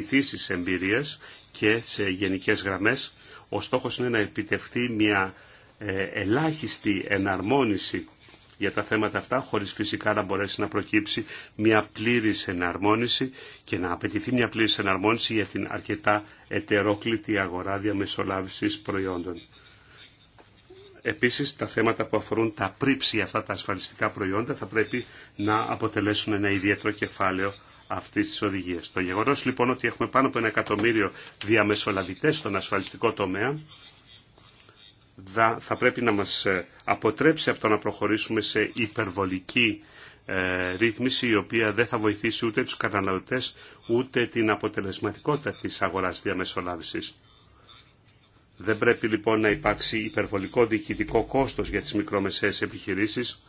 της εμπειρίας και σε γενικές γραμμές. Ο στόχος είναι να επιτευχθεί μια ε, ελάχιστη εναρμόνιση για τα θέματα αυτά, χωρίς φυσικά να μπορέσει να προκύψει μια πλήρης εναρμόνιση και να απαιτηθεί μια πλήρης εναρμόνιση για την αρκετά ετερόκλητη αγορά διαμεσολάβησης προϊόντων. Επίσης τα θέματα που αφορούν τα πρίψη αυτά τα ασφαλιστικά προϊόντα θα πρέπει να αποτελέσουν ένα ιδιαίτερο κεφάλαιο αυτή τη οδηγία. Το γεγονό λοιπόν ότι έχουμε πάνω από ένα εκατομμύριο διαμεσολαβητέ στον ασφαλιστικό τομέα θα πρέπει να μας ε, αποτρέψει από το να προχωρήσουμε σε υπερβολική ε, ρύθμιση η οποία δεν θα βοηθήσει ούτε τους καταναλωτές ούτε την αποτελεσματικότητα της αγοράς διαμεσολάβησης. Δεν πρέπει λοιπόν να υπάρξει υπερβολικό διοικητικό κόστος για τις μικρομεσαίες επιχειρήσεις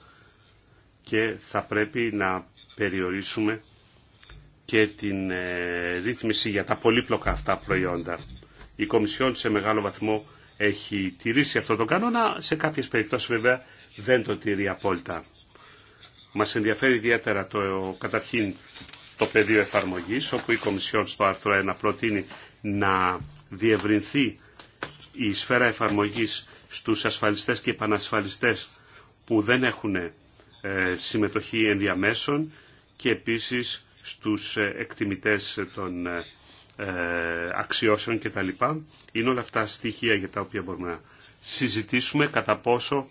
και θα πρέπει να περιορίσουμε και την ε, ρύθμιση για τα πολύπλοκα αυτά προϊόντα. Η Κομισιόν σε μεγάλο βαθμό έχει τηρήσει αυτό το κανόνα, σε κάποιες περιπτώσεις βέβαια δεν το τηρεί απόλυτα. Μας ενδιαφέρει ιδιαίτερα το, καταρχήν το πεδίο εφαρμογής, όπου η Κομισιόν στο άρθρο 1 προτείνει να διευρυνθεί η σφαίρα εφαρμογής στους ασφαλιστές και επανασφαλιστές που δεν έχουν ε, συμμετοχή ενδιαμέσων και επίσης στους ε, εκτιμητές των ε, αξιώσεων κτλ. Είναι όλα αυτά στοιχεία για τα οποία μπορούμε να συζητήσουμε κατά πόσο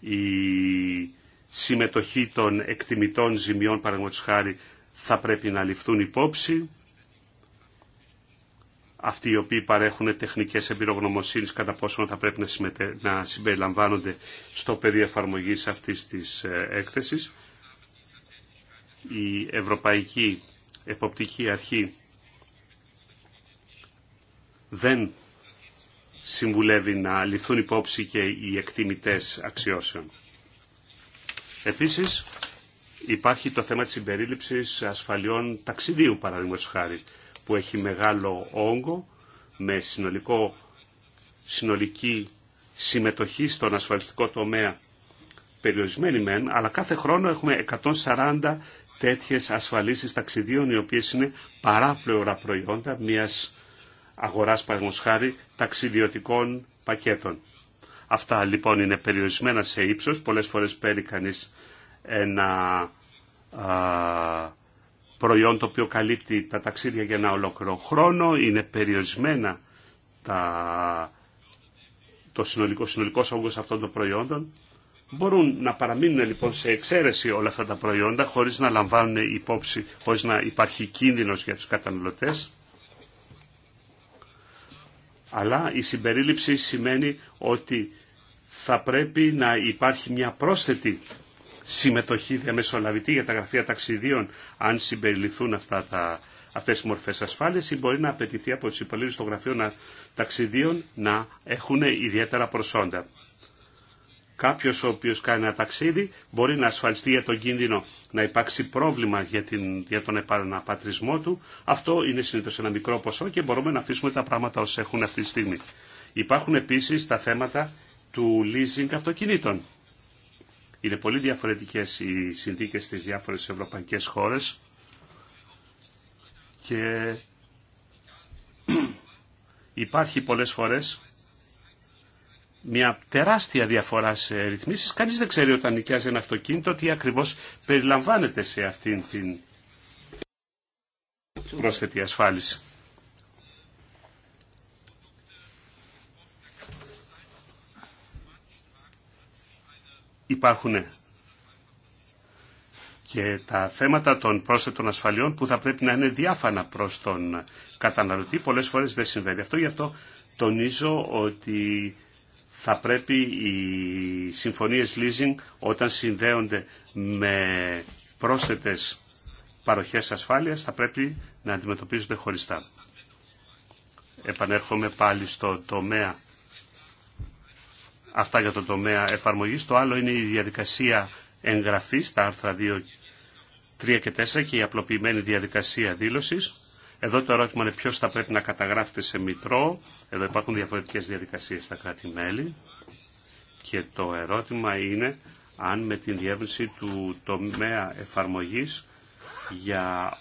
η συμμετοχή των εκτιμητών ζημιών παραγωγή χάρη θα πρέπει να ληφθούν υπόψη αυτοί οι οποίοι παρέχουν τεχνικές εμπειρογνωμοσύνης κατά πόσο θα πρέπει να συμπεριλαμβάνονται στο πεδίο εφαρμογής αυτής της ε, έκθεσης. Η Ευρωπαϊκή Εποπτική Αρχή δεν συμβουλεύει να ληφθούν υπόψη και οι εκτιμητές αξιώσεων. Επίσης, υπάρχει το θέμα της συμπερίληψης ασφαλιών ταξιδίου, παραδείγματος χάρη που έχει μεγάλο όγκο με συνολικό, συνολική συμμετοχή στον ασφαλιστικό τομέα περιορισμένη μεν, αλλά κάθε χρόνο έχουμε 140 τέτοιες ασφαλίσεις ταξιδίων οι οποίες είναι παράπλευρα προϊόντα μιας αγοράς χάρη, ταξιδιωτικών πακέτων. Αυτά λοιπόν είναι περιορισμένα σε ύψος, πολλές φορές παίρνει κανείς ένα προϊόν το οποίο καλύπτει τα ταξίδια για ένα ολόκληρο χρόνο, είναι περιορισμένα τα, το συνολικό, συνολικός αυτών των προϊόντων. Μπορούν να παραμείνουν λοιπόν σε εξαίρεση όλα αυτά τα προϊόντα χωρίς να λαμβάνουν υπόψη, χωρίς να υπάρχει κίνδυνος για τους καταναλωτές. Αλλά η συμπερίληψη σημαίνει ότι θα πρέπει να υπάρχει μια πρόσθετη συμμετοχή διαμεσολαβητή για τα γραφεία ταξιδίων αν συμπεριληφθούν αυτά τα, αυτές οι μορφές ασφάλεια, ή μπορεί να απαιτηθεί από τους υπαλλήλους των γραφείων ταξιδίων να έχουν ιδιαίτερα προσόντα. Κάποιο ο οποίο κάνει ένα ταξίδι μπορεί να ασφαλιστεί για τον κίνδυνο να υπάρξει πρόβλημα για, την, για τον επαναπατρισμό του. Αυτό είναι συνήθω ένα μικρό ποσό και μπορούμε να αφήσουμε τα πράγματα όσα έχουν αυτή τη στιγμή. Υπάρχουν επίση τα θέματα του leasing αυτοκινήτων. Είναι πολύ διαφορετικές οι συνθήκες στις διάφορες ευρωπαϊκές χώρες και υπάρχει πολλές φορές μια τεράστια διαφορά σε ρυθμίσεις. Κανείς δεν ξέρει όταν νοικιάζει ένα αυτοκίνητο τι ακριβώς περιλαμβάνεται σε αυτήν την πρόσθετη ασφάλιση. υπάρχουν και τα θέματα των πρόσθετων ασφαλιών που θα πρέπει να είναι διάφανα προς τον καταναλωτή πολλές φορές δεν συμβαίνει αυτό. Γι' αυτό τονίζω ότι θα πρέπει οι συμφωνίες leasing όταν συνδέονται με πρόσθετες παροχές ασφάλειας θα πρέπει να αντιμετωπίζονται χωριστά. Επανέρχομαι πάλι στο τομέα Αυτά για το τομέα εφαρμογής. Το άλλο είναι η διαδικασία εγγραφής, στα άρθρα 2, 3 και 4 και η απλοποιημένη διαδικασία δήλωσης. Εδώ το ερώτημα είναι ποιος θα πρέπει να καταγράφεται σε μητρό. Εδώ υπάρχουν διαφορετικές διαδικασίες στα κράτη-μέλη. Και το ερώτημα είναι αν με την διεύρυνση του τομέα εφαρμογής για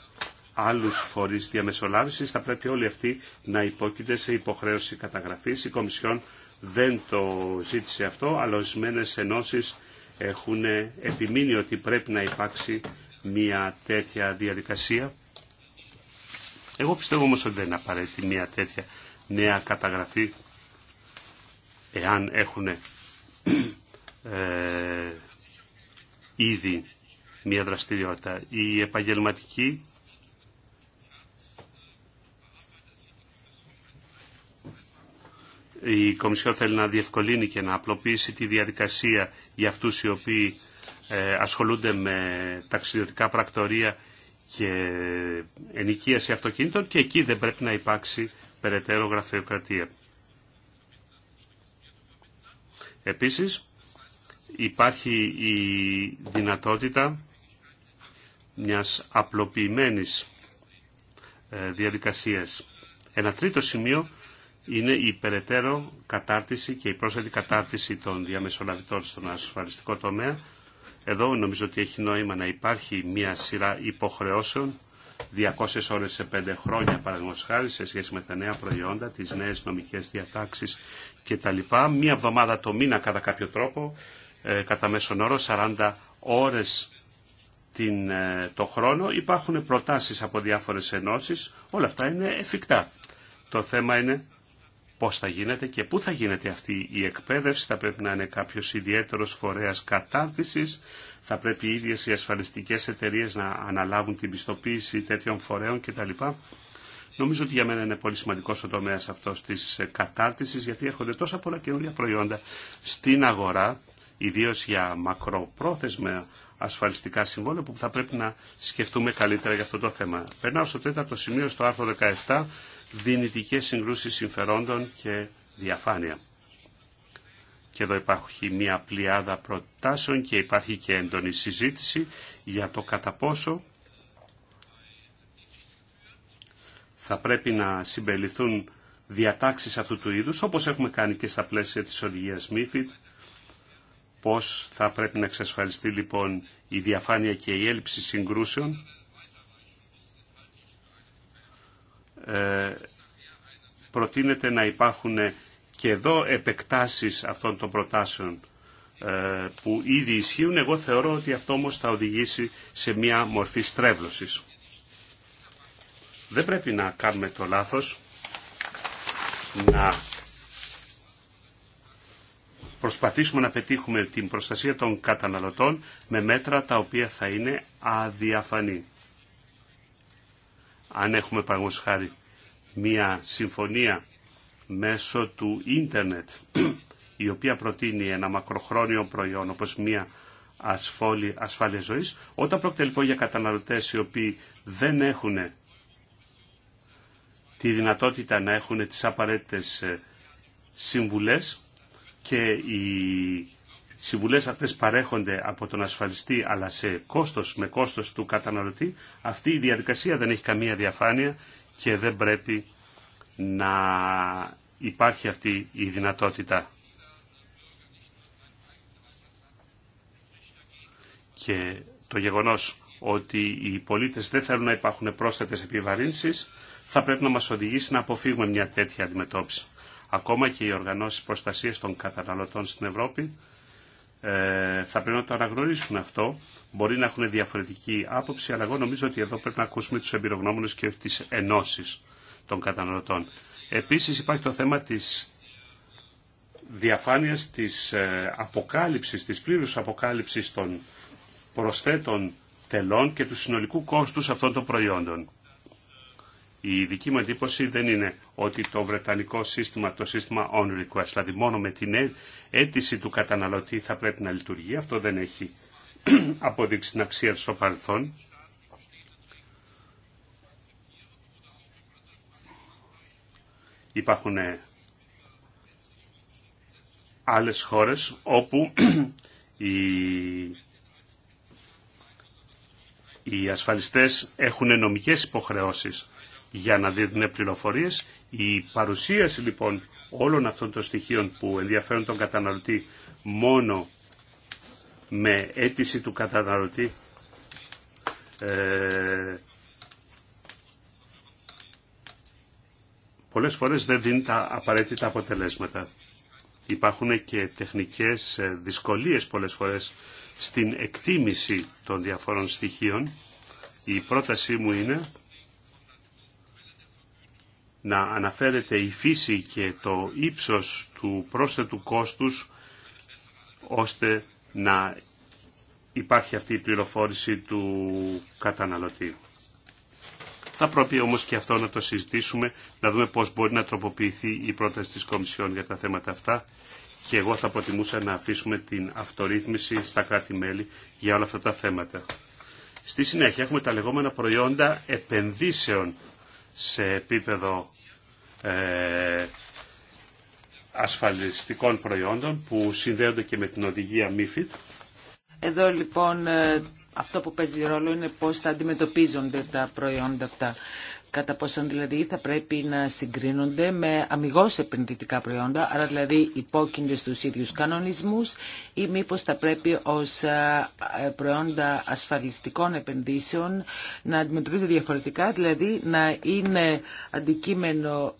άλλους φορείς διαμεσολάβησης θα πρέπει όλοι αυτοί να υπόκεινται σε υποχρέωση καταγραφής. Η Κομισιόν δεν το ζήτησε αυτό, αλλά ορισμένε ενώσει έχουν επιμείνει ότι πρέπει να υπάρξει μια τέτοια διαδικασία. Εγώ πιστεύω όμως ότι δεν είναι απαραίτητη μια τέτοια νέα καταγραφή εάν έχουν ε, ήδη μια δραστηριότητα. Οι επαγγελματικοί η Κομισιόν θέλει να διευκολύνει και να απλοποιήσει τη διαδικασία για αυτούς οι οποίοι ε, ασχολούνται με ταξιδιωτικά πρακτορία και ενοικίαση αυτοκινήτων και εκεί δεν πρέπει να υπάρξει περαιτέρω γραφειοκρατία. Επίσης υπάρχει η δυνατότητα μιας απλοποιημένης ε, διαδικασίας. Ένα τρίτο σημείο είναι η περαιτέρω κατάρτιση και η πρόσθετη κατάρτιση των διαμεσολαβητών στον ασφαλιστικό τομέα. Εδώ νομίζω ότι έχει νόημα να υπάρχει μια σειρά υποχρεώσεων 200 ώρες σε 5 χρόνια παραδείγματος χάρη σε σχέση με τα νέα προϊόντα, τις νέες νομικές διατάξεις κτλ. Μία εβδομάδα το μήνα κατά κάποιο τρόπο, ε, κατά μέσον όρο 40 ώρες την, ε, το χρόνο. Υπάρχουν προτάσεις από διάφορες ενώσεις, όλα αυτά είναι εφικτά. Το θέμα είναι πώς θα γίνεται και πού θα γίνεται αυτή η εκπαίδευση. Θα πρέπει να είναι κάποιος ιδιαίτερος φορέας κατάρτισης. Θα πρέπει οι ίδιες οι ασφαλιστικές εταιρείες να αναλάβουν την πιστοποίηση τέτοιων φορέων κτλ. Νομίζω ότι για μένα είναι πολύ σημαντικό ο τομέα αυτό τη κατάρτιση, γιατί έρχονται τόσα πολλά καινούργια προϊόντα στην αγορά, ιδίω για μακροπρόθεσμα ασφαλιστικά συμβόλαια, που θα πρέπει να σκεφτούμε καλύτερα για αυτό το θέμα. Περνάω στο τέταρτο σημείο, στο άρθρο 17, δυνητικές συγκρούσεις συμφερόντων και διαφάνεια. Και εδώ υπάρχει μια πλειάδα προτάσεων και υπάρχει και έντονη συζήτηση για το κατά πόσο θα πρέπει να συμπεριληφθούν διατάξεις αυτού του είδους, όπως έχουμε κάνει και στα πλαίσια της οδηγίας MIFID, πώς θα πρέπει να εξασφαλιστεί λοιπόν η διαφάνεια και η έλλειψη συγκρούσεων Ε, προτείνεται να υπάρχουν και εδώ επεκτάσεις αυτών των προτάσεων ε, που ήδη ισχύουν. Εγώ θεωρώ ότι αυτό όμως θα οδηγήσει σε μια μορφή στρέβλωσης. Δεν πρέπει να κάνουμε το λάθος να προσπαθήσουμε να πετύχουμε την προστασία των καταναλωτών με μέτρα τα οποία θα είναι αδιαφανή αν έχουμε παραγωγή χάρη μια συμφωνία μέσω του ίντερνετ η οποία προτείνει ένα μακροχρόνιο προϊόν όπως μια ασφόλη, ασφάλεια ζωής όταν πρόκειται λοιπόν για καταναλωτές οι οποίοι δεν έχουν τη δυνατότητα να έχουν τις απαραίτητες ε, συμβουλές και οι συμβουλές αυτές παρέχονται από τον ασφαλιστή αλλά σε κόστος, με κόστος του καταναλωτή, αυτή η διαδικασία δεν έχει καμία διαφάνεια και δεν πρέπει να υπάρχει αυτή η δυνατότητα. Και το γεγονός ότι οι πολίτες δεν θέλουν να υπάρχουν πρόσθετες επιβαρύνσεις θα πρέπει να μας οδηγήσει να αποφύγουμε μια τέτοια αντιμετώπιση. Ακόμα και οι οργανώσεις προστασίας των καταναλωτών στην Ευρώπη ε, θα πρέπει να το αναγνωρίσουν αυτό. Μπορεί να έχουν διαφορετική άποψη, αλλά εγώ νομίζω ότι εδώ πρέπει να ακούσουμε του εμπειρογνώμονες και όχι τις ενώσεις των καταναλωτών. Επίσης υπάρχει το θέμα της διαφάνειας της ε, αποκάλυψης, της πλήρους αποκάλυψης των προσθέτων τελών και του συνολικού κόστου αυτών των προϊόντων η δική μου εντύπωση δεν είναι ότι το βρετανικό σύστημα, το σύστημα on request, δηλαδή μόνο με την ε, αίτηση του καταναλωτή θα πρέπει να λειτουργεί. Αυτό δεν έχει αποδείξει την αξία του στο παρελθόν. Υπάρχουν ε, άλλες χώρες όπου η οι ασφαλιστές έχουν νομικές υποχρεώσεις για να δίνουν πληροφορίε. Η παρουσίαση λοιπόν όλων αυτών των στοιχείων που ενδιαφέρουν τον καταναλωτή μόνο με αίτηση του καταναλωτή ε, πολλές φορές δεν δίνει τα απαραίτητα αποτελέσματα. Υπάρχουν και τεχνικές ε, δυσκολίες πολλές φορές στην εκτίμηση των διαφορών στοιχείων. Η πρότασή μου είναι να αναφέρεται η φύση και το ύψος του πρόσθετου κόστους ώστε να υπάρχει αυτή η πληροφόρηση του καταναλωτή. Θα πρέπει όμως και αυτό να το συζητήσουμε, να δούμε πώς μπορεί να τροποποιηθεί η πρόταση της Κομισιόν για τα θέματα αυτά και εγώ θα προτιμούσα να αφήσουμε την αυτορύθμιση στα κράτη-μέλη για όλα αυτά τα θέματα. Στη συνέχεια έχουμε τα λεγόμενα προϊόντα επενδύσεων σε επίπεδο ε, ασφαλιστικών προϊόντων που συνδέονται και με την οδηγία MIFID. Εδώ λοιπόν ε, αυτό που παίζει ρόλο είναι πώς θα αντιμετωπίζονται τα προϊόντα αυτά κατά πόσον δηλαδή θα πρέπει να συγκρίνονται με αμυγός επενδυτικά προϊόντα, άρα δηλαδή υπόκεινται στους ίδιους κανονισμούς ή μήπως θα πρέπει ως προϊόντα ασφαλιστικών επενδύσεων να αντιμετωπίζονται διαφορετικά, δηλαδή να είναι αντικείμενο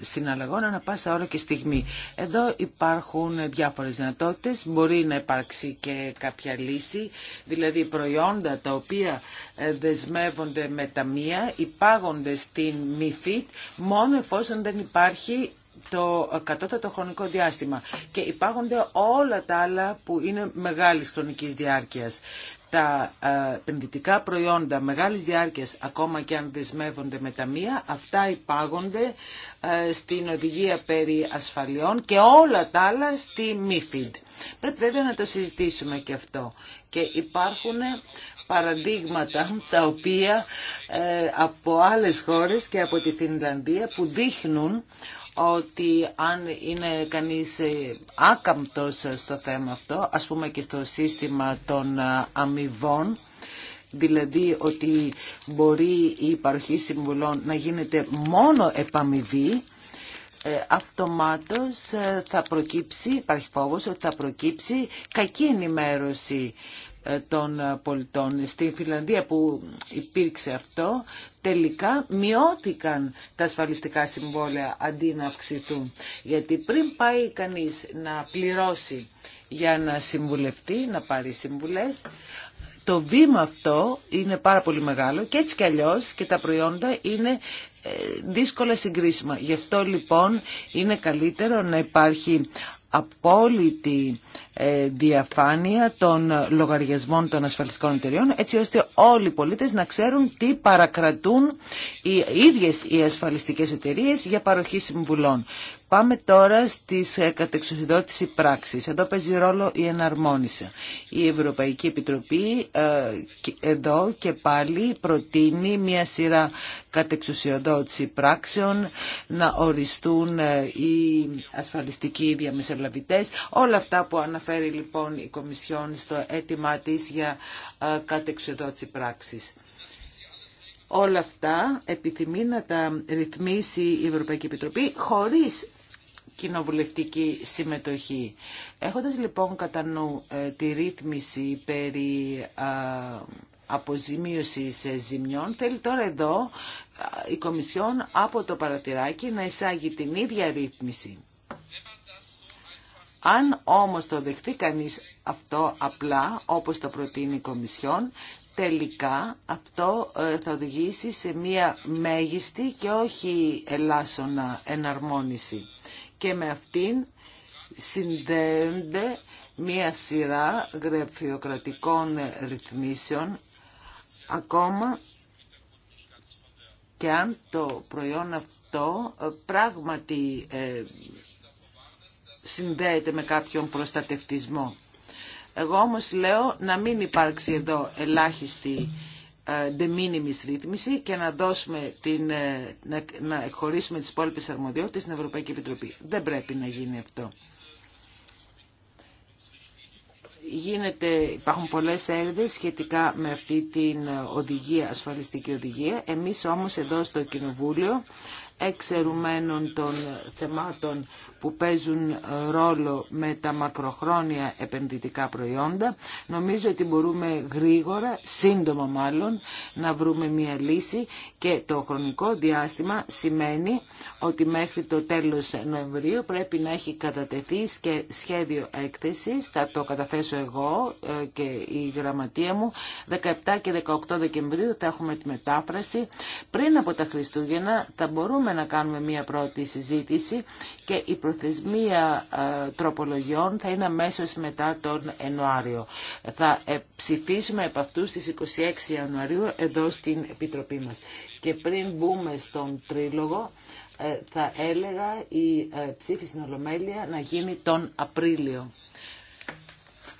συναλλαγών ανά πάσα ώρα και στιγμή. Εδώ υπάρχουν διάφορες δυνατότητες, μπορεί να υπάρξει και κάποια λύση, δηλαδή προϊόντα τα οποία ε, δεσμεύονται με ταμεία, υπάγονται στην MIFID μόνο εφόσον δεν υπάρχει το κατώτατο χρονικό διάστημα και υπάγονται όλα τα άλλα που είναι μεγάλης χρονικής διάρκειας. Τα ε, επενδυτικά προϊόντα μεγάλης διάρκειας, ακόμα και αν δεσμεύονται με ταμεία, αυτά υπάγονται ε, στην οδηγία περί ασφαλιών και όλα τα άλλα στη MIFID. Πρέπει βέβαια να το συζητήσουμε και αυτό. Και υπάρχουν παραδείγματα τα οποία ε, από άλλες χώρες και από τη Φινλανδία που δείχνουν ότι αν είναι κανείς ε, άκαμπτος στο θέμα αυτό, ας πούμε και στο σύστημα των ε, αμοιβών, δηλαδή ότι μπορεί η υπαρχή συμβουλών να γίνεται μόνο επαμοιβή, αυτομάτως θα προκύψει, υπάρχει φόβος ότι θα προκύψει κακή ενημέρωση των πολιτών. Στη Φιλανδία που υπήρξε αυτό, τελικά μειώθηκαν τα ασφαλιστικά συμβόλαια αντί να αυξηθούν. Γιατί πριν πάει κανείς να πληρώσει για να συμβουλευτεί, να πάρει συμβουλές, το βήμα αυτό είναι πάρα πολύ μεγάλο και έτσι κι αλλιώς και τα προϊόντα είναι ε, δύσκολα συγκρίσιμα. Γι' αυτό λοιπόν είναι καλύτερο να υπάρχει απόλυτη ε, διαφάνεια των λογαριασμών των ασφαλιστικών εταιριών έτσι ώστε όλοι οι πολίτες να ξέρουν τι παρακρατούν οι ίδιες οι ασφαλιστικές εταιρείες για παροχή συμβουλών. Πάμε τώρα στις ε, κατεξουσιδότηση πράξης. Εδώ παίζει ρόλο η εναρμόνιση. Η Ευρωπαϊκή Επιτροπή ε, εδώ και πάλι προτείνει μια σειρά κατεξουσιοδότηση πράξεων, να οριστούν ε, οι ασφαλιστικοί διαμεσολαβητές. Όλα αυτά που αναφέρει λοιπόν η Κομισιόν στο αίτημά της για κατεξουσιοδότηση πράξης. Όλα αυτά επιθυμεί να τα ρυθμίσει η Ευρωπαϊκή Επιτροπή χωρίς κοινοβουλευτική συμμετοχή. Έχοντας λοιπόν κατά νου ε, τη ρύθμιση περί αποζημίωσης ε, ζημιών, θέλει τώρα εδώ η Κομισιόν από το παρατηράκι να εισάγει την ίδια ρύθμιση. Αν όμως το δεχτεί κανείς αυτό απλά, όπως το προτείνει η Κομισιόν, τελικά αυτό ε, θα οδηγήσει σε μία μέγιστη και όχι ελάσσονα εναρμόνιση και με αυτήν συνδέονται μία σειρά γραφειοκρατικών ρυθμίσεων ακόμα και αν το προϊόν αυτό πράγματι ε, συνδέεται με κάποιον προστατευτισμό. Εγώ όμως λέω να μην υπάρξει εδώ ελάχιστη de minimis ρύθμιση και να, δώσουμε την, ε, να, να τις υπόλοιπε αρμοδιότητες στην Ευρωπαϊκή Επιτροπή. Δεν πρέπει να γίνει αυτό. Γίνεται, υπάρχουν πολλές έρευνες σχετικά με αυτή την οδηγία, ασφαλιστική οδηγία. Εμείς όμως εδώ στο Κοινοβούλιο εξαιρουμένων των θεμάτων που παίζουν ρόλο με τα μακροχρόνια επενδυτικά προϊόντα. Νομίζω ότι μπορούμε γρήγορα, σύντομα μάλλον, να βρούμε μια λύση και το χρονικό διάστημα σημαίνει ότι μέχρι το τέλος Νοεμβρίου πρέπει να έχει κατατεθεί και σχέδιο έκθεσης, θα το καταθέσω εγώ ε, και η γραμματεία μου, 17 και 18 Δεκεμβρίου θα έχουμε τη μετάφραση. Πριν από τα Χριστούγεννα θα μπορούμε μπορούμε να κάνουμε μία πρώτη συζήτηση και η προθεσμία ε, τροπολογιών θα είναι αμέσω μετά τον Ιανουάριο. Θα ε, ψηφίσουμε από αυτού στις 26 Ιανουαρίου εδώ στην Επιτροπή μας. Και πριν μπούμε στον Τρίλογο, ε, θα έλεγα η ψήφιση στην Ολομέλεια να γίνει τον Απρίλιο.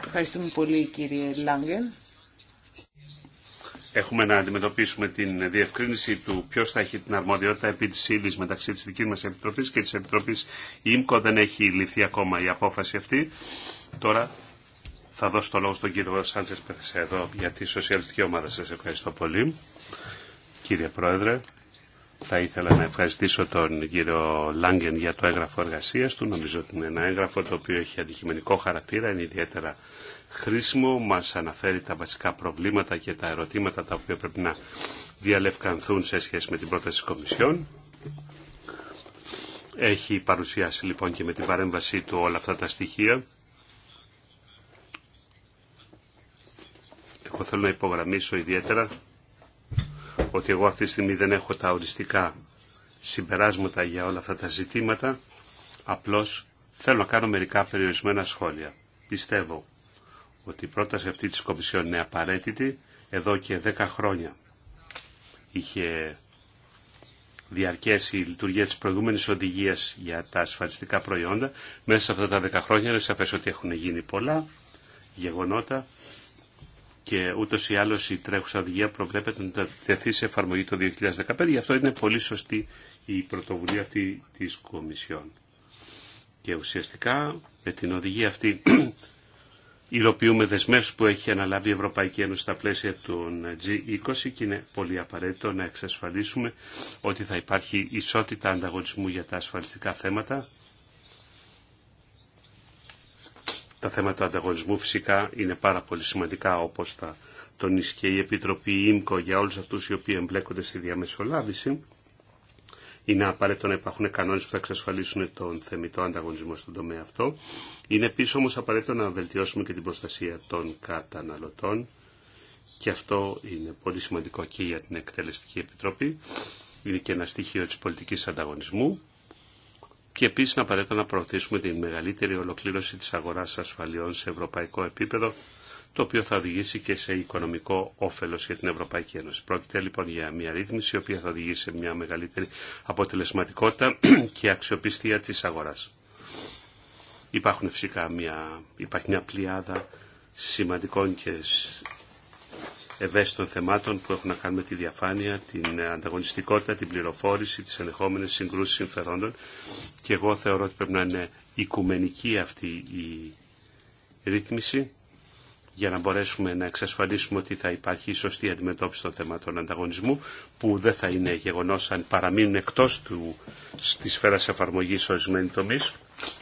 Ευχαριστούμε πολύ κύριε Λάγκεν. Έχουμε να αντιμετωπίσουμε την διευκρίνηση του ποιο θα έχει την αρμοδιότητα επί τη ύλη μεταξύ τη δική μα Επιτροπή και τη Επιτροπή ΙΜΚΟ. Δεν έχει ληφθεί ακόμα η απόφαση αυτή. Τώρα θα δώσω το λόγο στον κύριο Σάντσε Περσέδο για τη Σοσιαλιστική Ομάδα. Σα ευχαριστώ πολύ. Κύριε Πρόεδρε, θα ήθελα να ευχαριστήσω τον κύριο Λάγκεν για το έγγραφο εργασία του. Νομίζω ότι είναι ένα έγγραφο το οποίο έχει αντικειμενικό χαρακτήρα, είναι ιδιαίτερα χρήσιμο, μας αναφέρει τα βασικά προβλήματα και τα ερωτήματα τα οποία πρέπει να διαλευκανθούν σε σχέση με την πρόταση της Κομισιόν. Έχει παρουσιάσει λοιπόν και με την παρέμβασή του όλα αυτά τα στοιχεία. Εγώ θέλω να υπογραμμίσω ιδιαίτερα ότι εγώ αυτή τη στιγμή δεν έχω τα οριστικά συμπεράσματα για όλα αυτά τα ζητήματα, απλώς θέλω να κάνω μερικά περιορισμένα σχόλια. Πιστεύω ότι η πρόταση αυτή της Κομισιόν είναι απαραίτητη εδώ και 10 χρόνια. Είχε διαρκέσει η λειτουργία της προηγούμενης οδηγίας για τα ασφαλιστικά προϊόντα. Μέσα σε αυτά τα 10 χρόνια είναι σαφές ότι έχουν γίνει πολλά γεγονότα και ούτως ή άλλως η τρέχουσα οδηγία προβλέπεται να τεθεί σε εφαρμογή το 2015. Γι' αυτό είναι πολύ σωστή η πρωτοβουλία αυτή της Κομισιόν. Και ουσιαστικά με την οδηγία αυτή υλοποιούμε δεσμεύσει που έχει αναλάβει η Ευρωπαϊκή Ένωση στα πλαίσια των G20 και είναι πολύ απαραίτητο να εξασφαλίσουμε ότι θα υπάρχει ισότητα ανταγωνισμού για τα ασφαλιστικά θέματα. Τα θέματα του ανταγωνισμού φυσικά είναι πάρα πολύ σημαντικά όπως θα τονίσει και η Επιτροπή ΙΜΚΟ για όλους αυτούς οι οποίοι εμπλέκονται στη διαμεσολάβηση είναι απαραίτητο να υπάρχουν κανόνε που θα εξασφαλίσουν τον θεμητό ανταγωνισμό στον τομέα αυτό. Είναι επίση όμω απαραίτητο να βελτιώσουμε και την προστασία των καταναλωτών και αυτό είναι πολύ σημαντικό και για την Εκτελεστική Επιτροπή. Είναι και ένα στοιχείο τη πολιτική ανταγωνισμού. Και επίση είναι απαραίτητο να προωθήσουμε την μεγαλύτερη ολοκλήρωση τη αγορά ασφαλιών σε ευρωπαϊκό επίπεδο το οποίο θα οδηγήσει και σε οικονομικό όφελος για την Ευρωπαϊκή Ένωση. Πρόκειται λοιπόν για μια ρύθμιση η οποία θα οδηγήσει σε μια μεγαλύτερη αποτελεσματικότητα και αξιοπιστία της αγοράς. Υπάρχουν φυσικά μια, υπάρχει μια πλειάδα σημαντικών και ευαίσθητων θεμάτων που έχουν να κάνουν με τη διαφάνεια, την ανταγωνιστικότητα, την πληροφόρηση, τις ενδεχόμενες συγκρούσεις συμφερόντων και εγώ θεωρώ ότι πρέπει να είναι οικουμενική αυτή η ρύθμιση για να μπορέσουμε να εξασφαλίσουμε ότι θα υπάρχει η σωστή αντιμετώπιση των θέματων ανταγωνισμού, που δεν θα είναι γεγονός αν παραμείνουν εκτός του, της σφαίρας εφαρμογής τομή. τομής.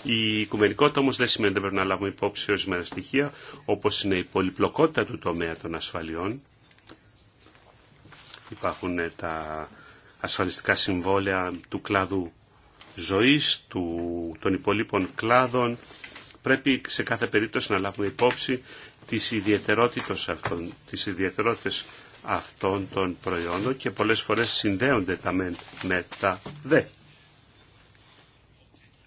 Η οικουμενικότητα όμως δεν σημαίνει ότι πρέπει να λάβουμε υπόψη ορισμένα στοιχεία, όπως είναι η πολυπλοκότητα του τομέα των ασφαλιών. Υπάρχουν ε, τα ασφαλιστικά συμβόλαια του κλάδου ζωής, του, των υπολείπων κλάδων, πρέπει σε κάθε περίπτωση να λάβουμε υπόψη τις ιδιαιτερότητες αυτών, της ιδιαιτερότητες αυτών των προϊόντων και πολλές φορές συνδέονται τα με, με τα δε.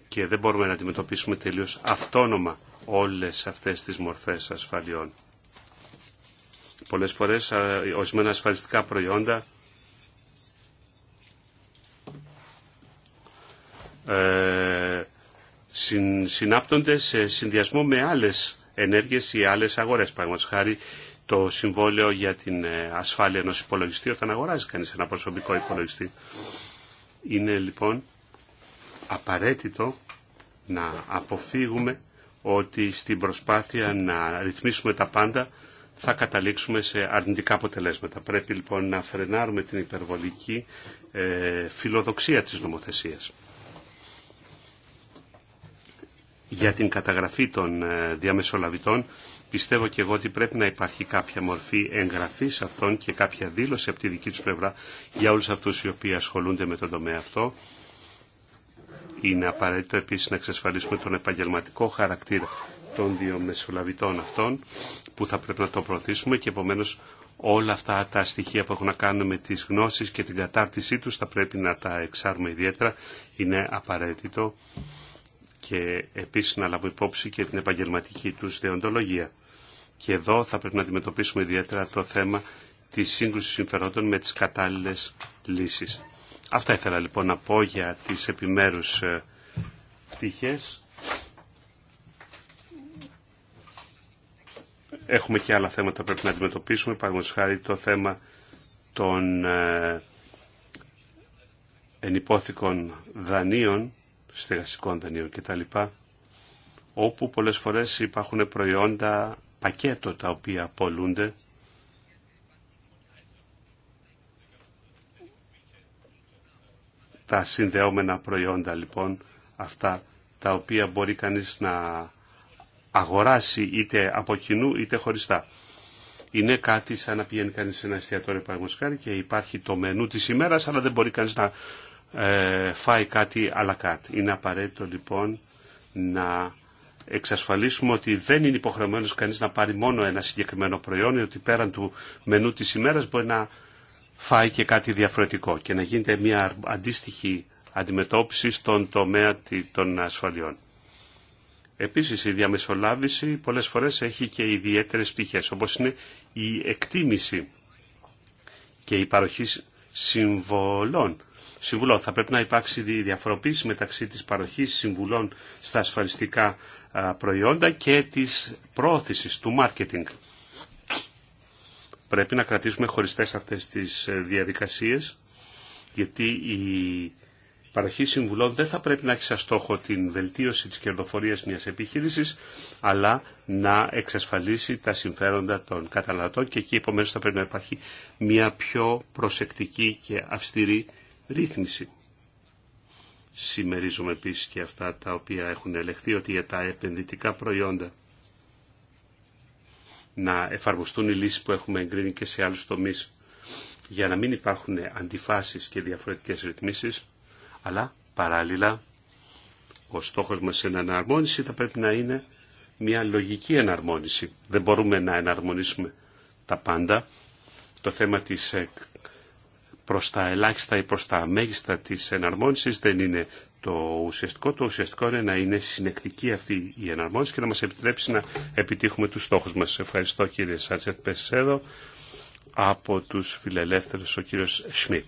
Και δεν μπορούμε να αντιμετωπίσουμε τελείως αυτόνομα όλες αυτές τις μορφές ασφαλιών. Πολλές φορές ορισμένα ασφαλιστικά προϊόντα ε, συν, συνάπτονται σε συνδυασμό με άλλες ενέργειες ή άλλες αγορές. Παραδείγματος χάρη το συμβόλαιο για την ε, ασφάλεια ενός υπολογιστή όταν αγοράζει κανείς ένα προσωπικό υπολογιστή. Είναι λοιπόν απαραίτητο να αποφύγουμε ότι στην προσπάθεια να ρυθμίσουμε τα πάντα θα καταλήξουμε σε αρνητικά αποτελέσματα. Πρέπει λοιπόν να φρενάρουμε την υπερβολική ε, φιλοδοξία της νομοθεσίας για την καταγραφή των ε, διαμεσολαβητών, πιστεύω και εγώ ότι πρέπει να υπάρχει κάποια μορφή εγγραφής αυτών και κάποια δήλωση από τη δική τους πλευρά για όλους αυτούς οι οποίοι ασχολούνται με τον τομέα αυτό. Είναι απαραίτητο επίσης να εξασφαλίσουμε τον επαγγελματικό χαρακτήρα των διαμεσολαβητών αυτών που θα πρέπει να το προωθήσουμε και επομένως όλα αυτά τα στοιχεία που έχουν να κάνουν με τις γνώσεις και την κατάρτισή τους θα πρέπει να τα εξάρουμε ιδιαίτερα. Είναι απαραίτητο και επίσης να λαβω υπόψη και την επαγγελματική τους διοντολογία. Και εδώ θα πρέπει να αντιμετωπίσουμε ιδιαίτερα το θέμα της σύγκρουσης συμφερόντων με τις κατάλληλες λύσεις. Αυτά ήθελα λοιπόν να πω για τις επιμέρους ε, πτυχές. Έχουμε και άλλα θέματα που πρέπει να αντιμετωπίσουμε, παραδείγματος χάρη το θέμα των ε, ενυπόθηκων δανείων στεγαστικών δανείων κτλ. Όπου πολλές φορές υπάρχουν προϊόντα πακέτο τα οποία απολούνται τα συνδεόμενα προϊόντα λοιπόν αυτά τα οποία μπορεί κανείς να αγοράσει είτε από κοινού είτε χωριστά. Είναι κάτι σαν να πηγαίνει κανείς σε ένα εστιατόριο παραγωγικά και υπάρχει το μενού της ημέρας αλλά δεν μπορεί κανείς να ε, φάει κάτι αλακάτ. Είναι απαραίτητο λοιπόν να εξασφαλίσουμε ότι δεν είναι υποχρεωμένος κανείς να πάρει μόνο ένα συγκεκριμένο προϊόν, ότι πέραν του μενού της ημέρας μπορεί να φάει και κάτι διαφορετικό και να γίνεται μια αντίστοιχη αντιμετώπιση στον τομέα των ασφαλιών. Επίσης η διαμεσολάβηση πολλές φορές έχει και ιδιαίτερες πτυχές, όπως είναι η εκτίμηση και η παροχή συμβολών συμβουλών. Θα πρέπει να υπάρξει διαφοροποίηση μεταξύ της παροχής συμβουλών στα ασφαλιστικά προϊόντα και της προώθησης του μάρκετινγκ. Πρέπει να κρατήσουμε χωριστές αυτές τις ε, διαδικασίες, γιατί η παροχή συμβουλών δεν θα πρέπει να έχει σαν στόχο την βελτίωση της κερδοφορίας μιας επιχείρησης, αλλά να εξασφαλίσει τα συμφέροντα των καταναλωτών και εκεί επομένως θα πρέπει να υπάρχει μια πιο προσεκτική και αυστηρή ρύθμιση. Σημερίζουμε επίσης και αυτά τα οποία έχουν ελεχθεί ότι για τα επενδυτικά προϊόντα να εφαρμοστούν οι λύσεις που έχουμε εγκρίνει και σε άλλους τομείς για να μην υπάρχουν αντιφάσεις και διαφορετικές ρυθμίσεις, αλλά παράλληλα ο στόχος μας είναι εναρμόνιση θα πρέπει να είναι μια λογική εναρμόνιση. Δεν μπορούμε να εναρμονίσουμε τα πάντα. Το θέμα ε, προς τα ελάχιστα ή προς τα μέγιστα της εναρμόνισης δεν είναι το ουσιαστικό. Το ουσιαστικό είναι να είναι συνεκτική αυτή η εναρμόνιση και να μας επιτρέψει να επιτύχουμε τους στόχους μας. Ευχαριστώ κύριε Σάτσερ Πεσέδο. Από τους φιλελεύθερους ο κύριος Σμιτ.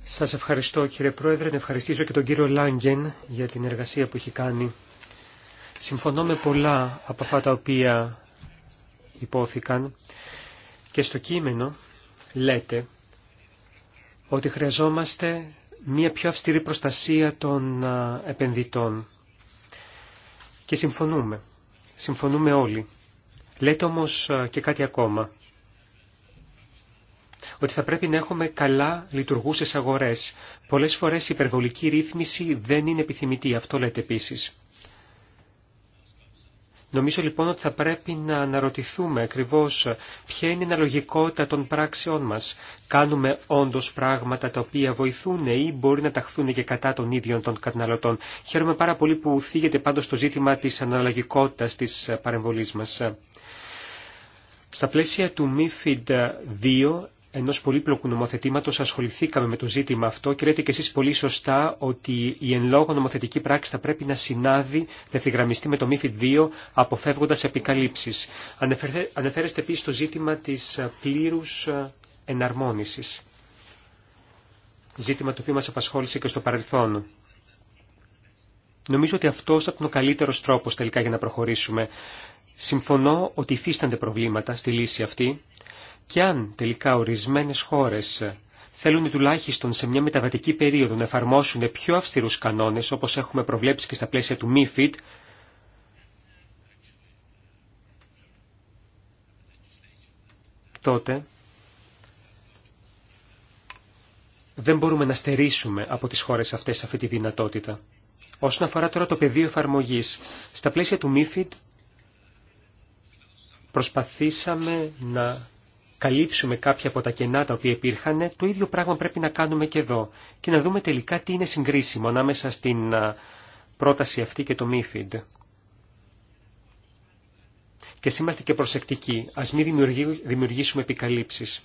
Σας ευχαριστώ κύριε Πρόεδρε, ευχαριστήσω και τον κύριο Λάγκεν για την εργασία που έχει κάνει. Συμφωνώ με πολλά από αυτά τα οποία υπόθηκαν και στο κείμενο λέτε ότι χρειαζόμαστε μια πιο αυστηρή προστασία των επενδυτών. Και συμφωνούμε. Συμφωνούμε όλοι. Λέτε όμως και κάτι ακόμα. Ότι θα πρέπει να έχουμε καλά λειτουργούσες αγορές. Πολλές φορές η υπερβολική ρύθμιση δεν είναι επιθυμητή. Αυτό λέτε επίσης. Νομίζω λοιπόν ότι θα πρέπει να αναρωτηθούμε ακριβώς ποια είναι η αναλογικότητα των πράξεών μας. Κάνουμε όντως πράγματα τα οποία βοηθούν ή μπορεί να ταχθούν και κατά των ίδιων των καταναλωτών. Χαίρομαι πάρα πολύ που θίγεται πάντως το ζήτημα της αναλογικότητας της παρεμβολής μας. Στα πλαίσια του MIFID 2 ενό πολύπλοκου νομοθετήματο ασχοληθήκαμε με το ζήτημα αυτό και λέτε και εσεί πολύ σωστά ότι η εν λόγω νομοθετική πράξη θα πρέπει να συνάδει, να ευθυγραμμιστεί με το MIFID 2, αποφεύγοντα επικαλύψει. Αναφέρεστε επίση το ζήτημα τη ε, πλήρου ε, εναρμόνιση. Ζήτημα το οποίο μα απασχόλησε και στο παρελθόν. Νομίζω ότι αυτό θα ήταν ο καλύτερο τρόπο τελικά για να προχωρήσουμε. Συμφωνώ ότι υφίστανται προβλήματα στη λύση αυτή και αν τελικά ορισμένες χώρες θέλουν τουλάχιστον σε μια μεταβατική περίοδο να εφαρμόσουν πιο αυστηρούς κανόνες όπως έχουμε προβλέψει και στα πλαίσια του MIFID, τότε δεν μπορούμε να στερήσουμε από τις χώρες αυτές αυτή τη δυνατότητα. Όσον αφορά τώρα το πεδίο εφαρμογής, στα πλαίσια του MIFID προσπαθήσαμε να καλύψουμε κάποια από τα κενά τα οποία υπήρχαν, το ίδιο πράγμα πρέπει να κάνουμε και εδώ και να δούμε τελικά τι είναι συγκρίσιμο ανάμεσα στην πρόταση αυτή και το MIFID. Και εσύ είμαστε και προσεκτικοί, ας μην δημιουργήσουμε επικαλύψεις.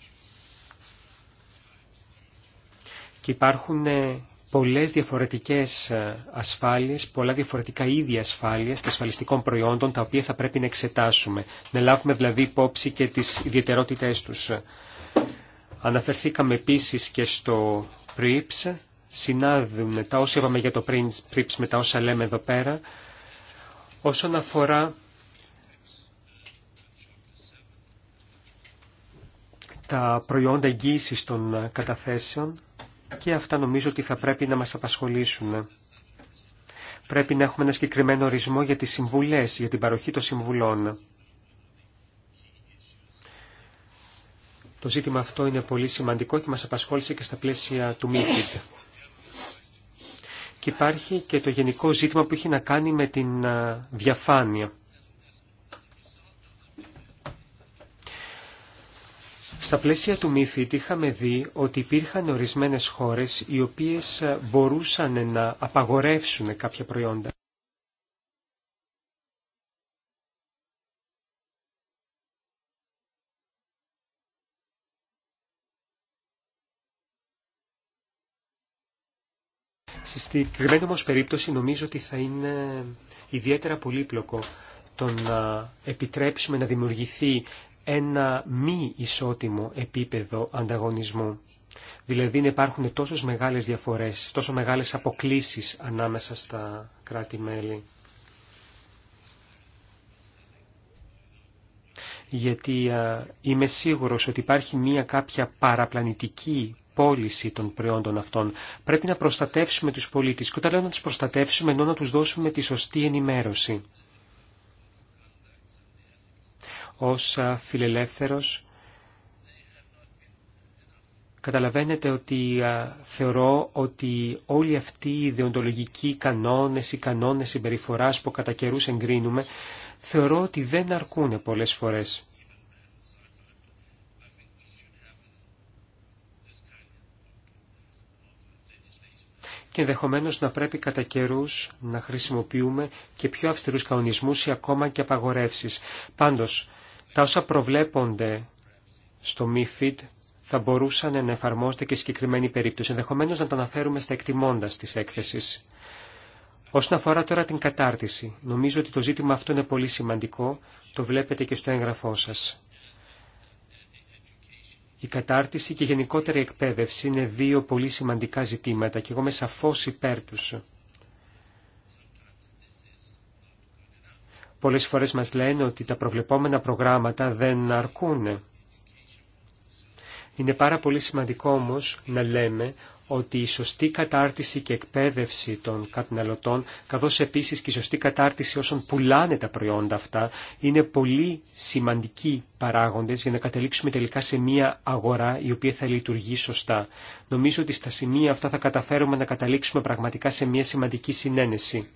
Και υπάρχουν ε, πολλές διαφορετικές ε, ασφάλειες, πολλά διαφορετικά είδη ασφάλειας και ασφαλιστικών προϊόντων τα οποία θα πρέπει να εξετάσουμε. Να λάβουμε δηλαδή υπόψη και τις ιδιαιτερότητές τους. Αναφερθήκαμε επίσης και στο PRIPS, συνάδουν τα όσα είπαμε για το PRIPS με τα όσα λέμε εδώ πέρα. Όσον αφορά τα προϊόντα εγγύησης των καταθέσεων, και αυτά νομίζω ότι θα πρέπει να μας απασχολήσουν. Πρέπει να έχουμε ένα συγκεκριμένο ορισμό για τις συμβουλές, για την παροχή των συμβουλών. Το ζήτημα αυτό είναι πολύ σημαντικό και μας απασχόλησε και στα πλαίσια του MIFID. Και υπάρχει και το γενικό ζήτημα που έχει να κάνει με την διαφάνεια. Στα πλαίσια του μύθιτ είχαμε δει ότι υπήρχαν ορισμένες χώρες οι οποίες ε, μπορούσαν να απαγορεύσουν κάποια προϊόντα. Στη συγκεκριμένη όμως περίπτωση νομίζω ότι θα είναι ιδιαίτερα πολύπλοκο το να επιτρέψουμε να δημιουργηθεί ένα μη ισότιμο επίπεδο ανταγωνισμού. Δηλαδή να υπάρχουν τόσο μεγάλες διαφορές, τόσο μεγάλες αποκλίσεις ανάμεσα στα κράτη-μέλη. Γιατί είμαι σίγουρος ότι υπάρχει μία κάποια παραπλανητική πώληση των προϊόντων αυτών. Πρέπει να προστατεύσουμε τους πολίτες και όταν λέω να τους προστατεύσουμε ενώ να τους δώσουμε τη σωστή ενημέρωση ως φιλελεύθερος καταλαβαίνετε ότι θεωρώ ότι όλοι αυτοί οι ιδεοντολογικοί κανόνες, οι κανόνες συμπεριφοράς που κατά καιρού εγκρίνουμε, θεωρώ ότι δεν αρκούν πολλές φορές. και ενδεχομένω να πρέπει κατά καιρού να χρησιμοποιούμε και πιο αυστηρούς κανονισμούς ή ακόμα και απαγορεύσεις. Πάντως, τα όσα προβλέπονται στο MIFID θα μπορούσαν να εφαρμόζονται και συγκεκριμένη περίπτωση, Ενδεχομένω να τα αναφέρουμε στα εκτιμώντα τη έκθεση. Όσον αφορά τώρα την κατάρτιση, νομίζω ότι το ζήτημα αυτό είναι πολύ σημαντικό, το βλέπετε και στο έγγραφό σας. Η κατάρτιση και γενικότερη εκπαίδευση είναι δύο πολύ σημαντικά ζητήματα και εγώ είμαι σαφώ υπέρ τους. Πολλές φορές μας λένε ότι τα προβλεπόμενα προγράμματα δεν αρκούν. Είναι πάρα πολύ σημαντικό όμως να λέμε ότι η σωστή κατάρτιση και εκπαίδευση των καταναλωτών, καθώς επίσης και η σωστή κατάρτιση όσων πουλάνε τα προϊόντα αυτά, είναι πολύ σημαντικοί παράγοντες για να καταλήξουμε τελικά σε μια αγορά η οποία θα λειτουργεί σωστά. Νομίζω ότι στα σημεία αυτά θα καταφέρουμε να καταλήξουμε πραγματικά σε μια σημαντική συνένεση.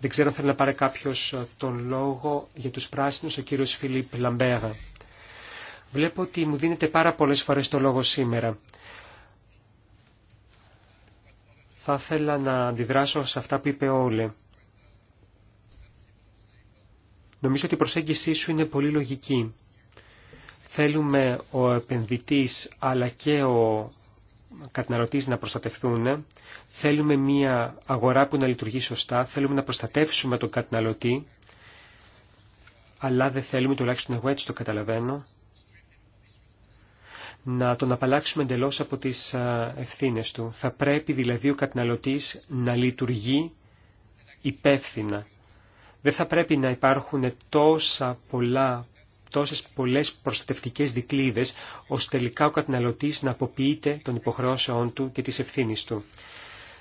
Δεν ξέρω αν θέλει να πάρει κάποιο ε, τον λόγο για του πράσινους, ο κύριος Φιλίπ Λαμπέγα. Βλέπω ότι μου δίνετε πάρα πολλέ φορέ το λόγο σήμερα. Θα ήθελα να αντιδράσω σε αυτά που είπε όλε. Νομίζω ότι η προσέγγισή σου είναι πολύ λογική. Θέλουμε ο επενδυτής αλλά και ο να προστατευτούν. Θέλουμε μια αγορά που να λειτουργεί σωστά, θέλουμε να προστατεύσουμε τον καταναλωτή, αλλά δεν θέλουμε, τουλάχιστον εγώ έτσι το καταλαβαίνω, να τον απαλλάξουμε εντελώ από τις ευθύνες του. Θα πρέπει δηλαδή ο καταναλωτής να λειτουργεί υπεύθυνα. Δεν θα πρέπει να υπάρχουν τόσα πολλά Τόσε πολλέ προστατευτικέ δικλείδε, ώστε τελικά ο καταναλωτή να αποποιείται των υποχρεώσεών του και τη ευθύνη του.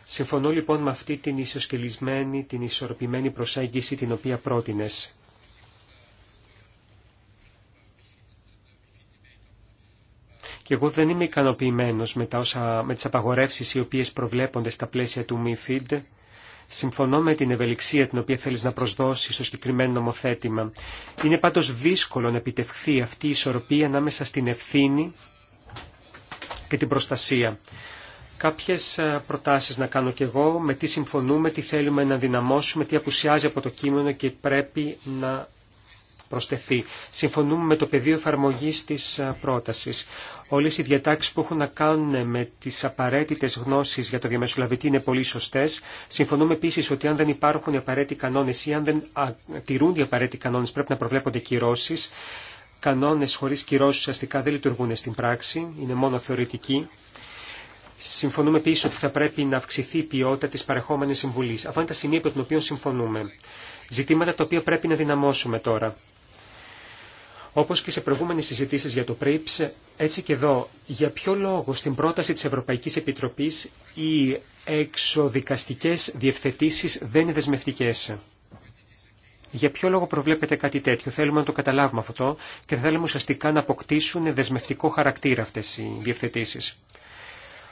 Συμφωνώ λοιπόν με αυτή την ισοσκελισμένη, την ισορροπημένη προσέγγιση την οποία πρότεινε. Και εγώ δεν είμαι ικανοποιημένος με, τα με τις απαγορεύσεις οι οποίες προβλέπονται στα πλαίσια του MIFID. Συμφωνώ με την ευελιξία την οποία θέλεις να προσδώσεις στο συγκεκριμένο νομοθέτημα. Είναι πάντως δύσκολο να επιτευχθεί αυτή η ισορροπία ανάμεσα στην ευθύνη και την προστασία. Κάποιες ε, προτάσεις να κάνω κι εγώ, με τι συμφωνούμε, τι θέλουμε να δυναμώσουμε, τι απουσιάζει από το κείμενο και πρέπει να προστεθεί. Συμφωνούμε με το πεδίο εφαρμογή τη ε, πρόταση. Όλες οι διατάξεις που έχουν να κάνουν με τις απαραίτητες γνώσεις για το διαμεσολαβητή είναι πολύ σωστές. Συμφωνούμε επίσης ότι αν δεν υπάρχουν οι απαραίτητοι κανόνες ή αν δεν τηρούν οι απαραίτητοι κανόνες πρέπει να προβλέπονται κυρώσεις. Κανόνες χωρίς κυρώσεις ουσιαστικά δεν λειτουργούν στην πράξη, είναι μόνο θεωρητικοί. Συμφωνούμε επίση ότι θα πρέπει να αυξηθεί η ποιότητα τη παρεχόμενη συμβουλή. Αυτά είναι τα σημεία από των οποία συμφωνούμε. Ζητήματα τα οποία πρέπει να δυναμώσουμε τώρα. Όπως και σε προηγούμενες συζητήσεις για το PRIPS, έτσι και εδώ, για ποιο λόγο στην πρόταση της Ευρωπαϊκής Επιτροπής οι εξοδικαστικές διευθετήσεις δεν είναι δεσμευτικές. Για ποιο λόγο προβλέπετε κάτι τέτοιο, θέλουμε να το καταλάβουμε αυτό και θέλουμε ουσιαστικά να αποκτήσουν δεσμευτικό χαρακτήρα αυτές οι διευθετήσεις.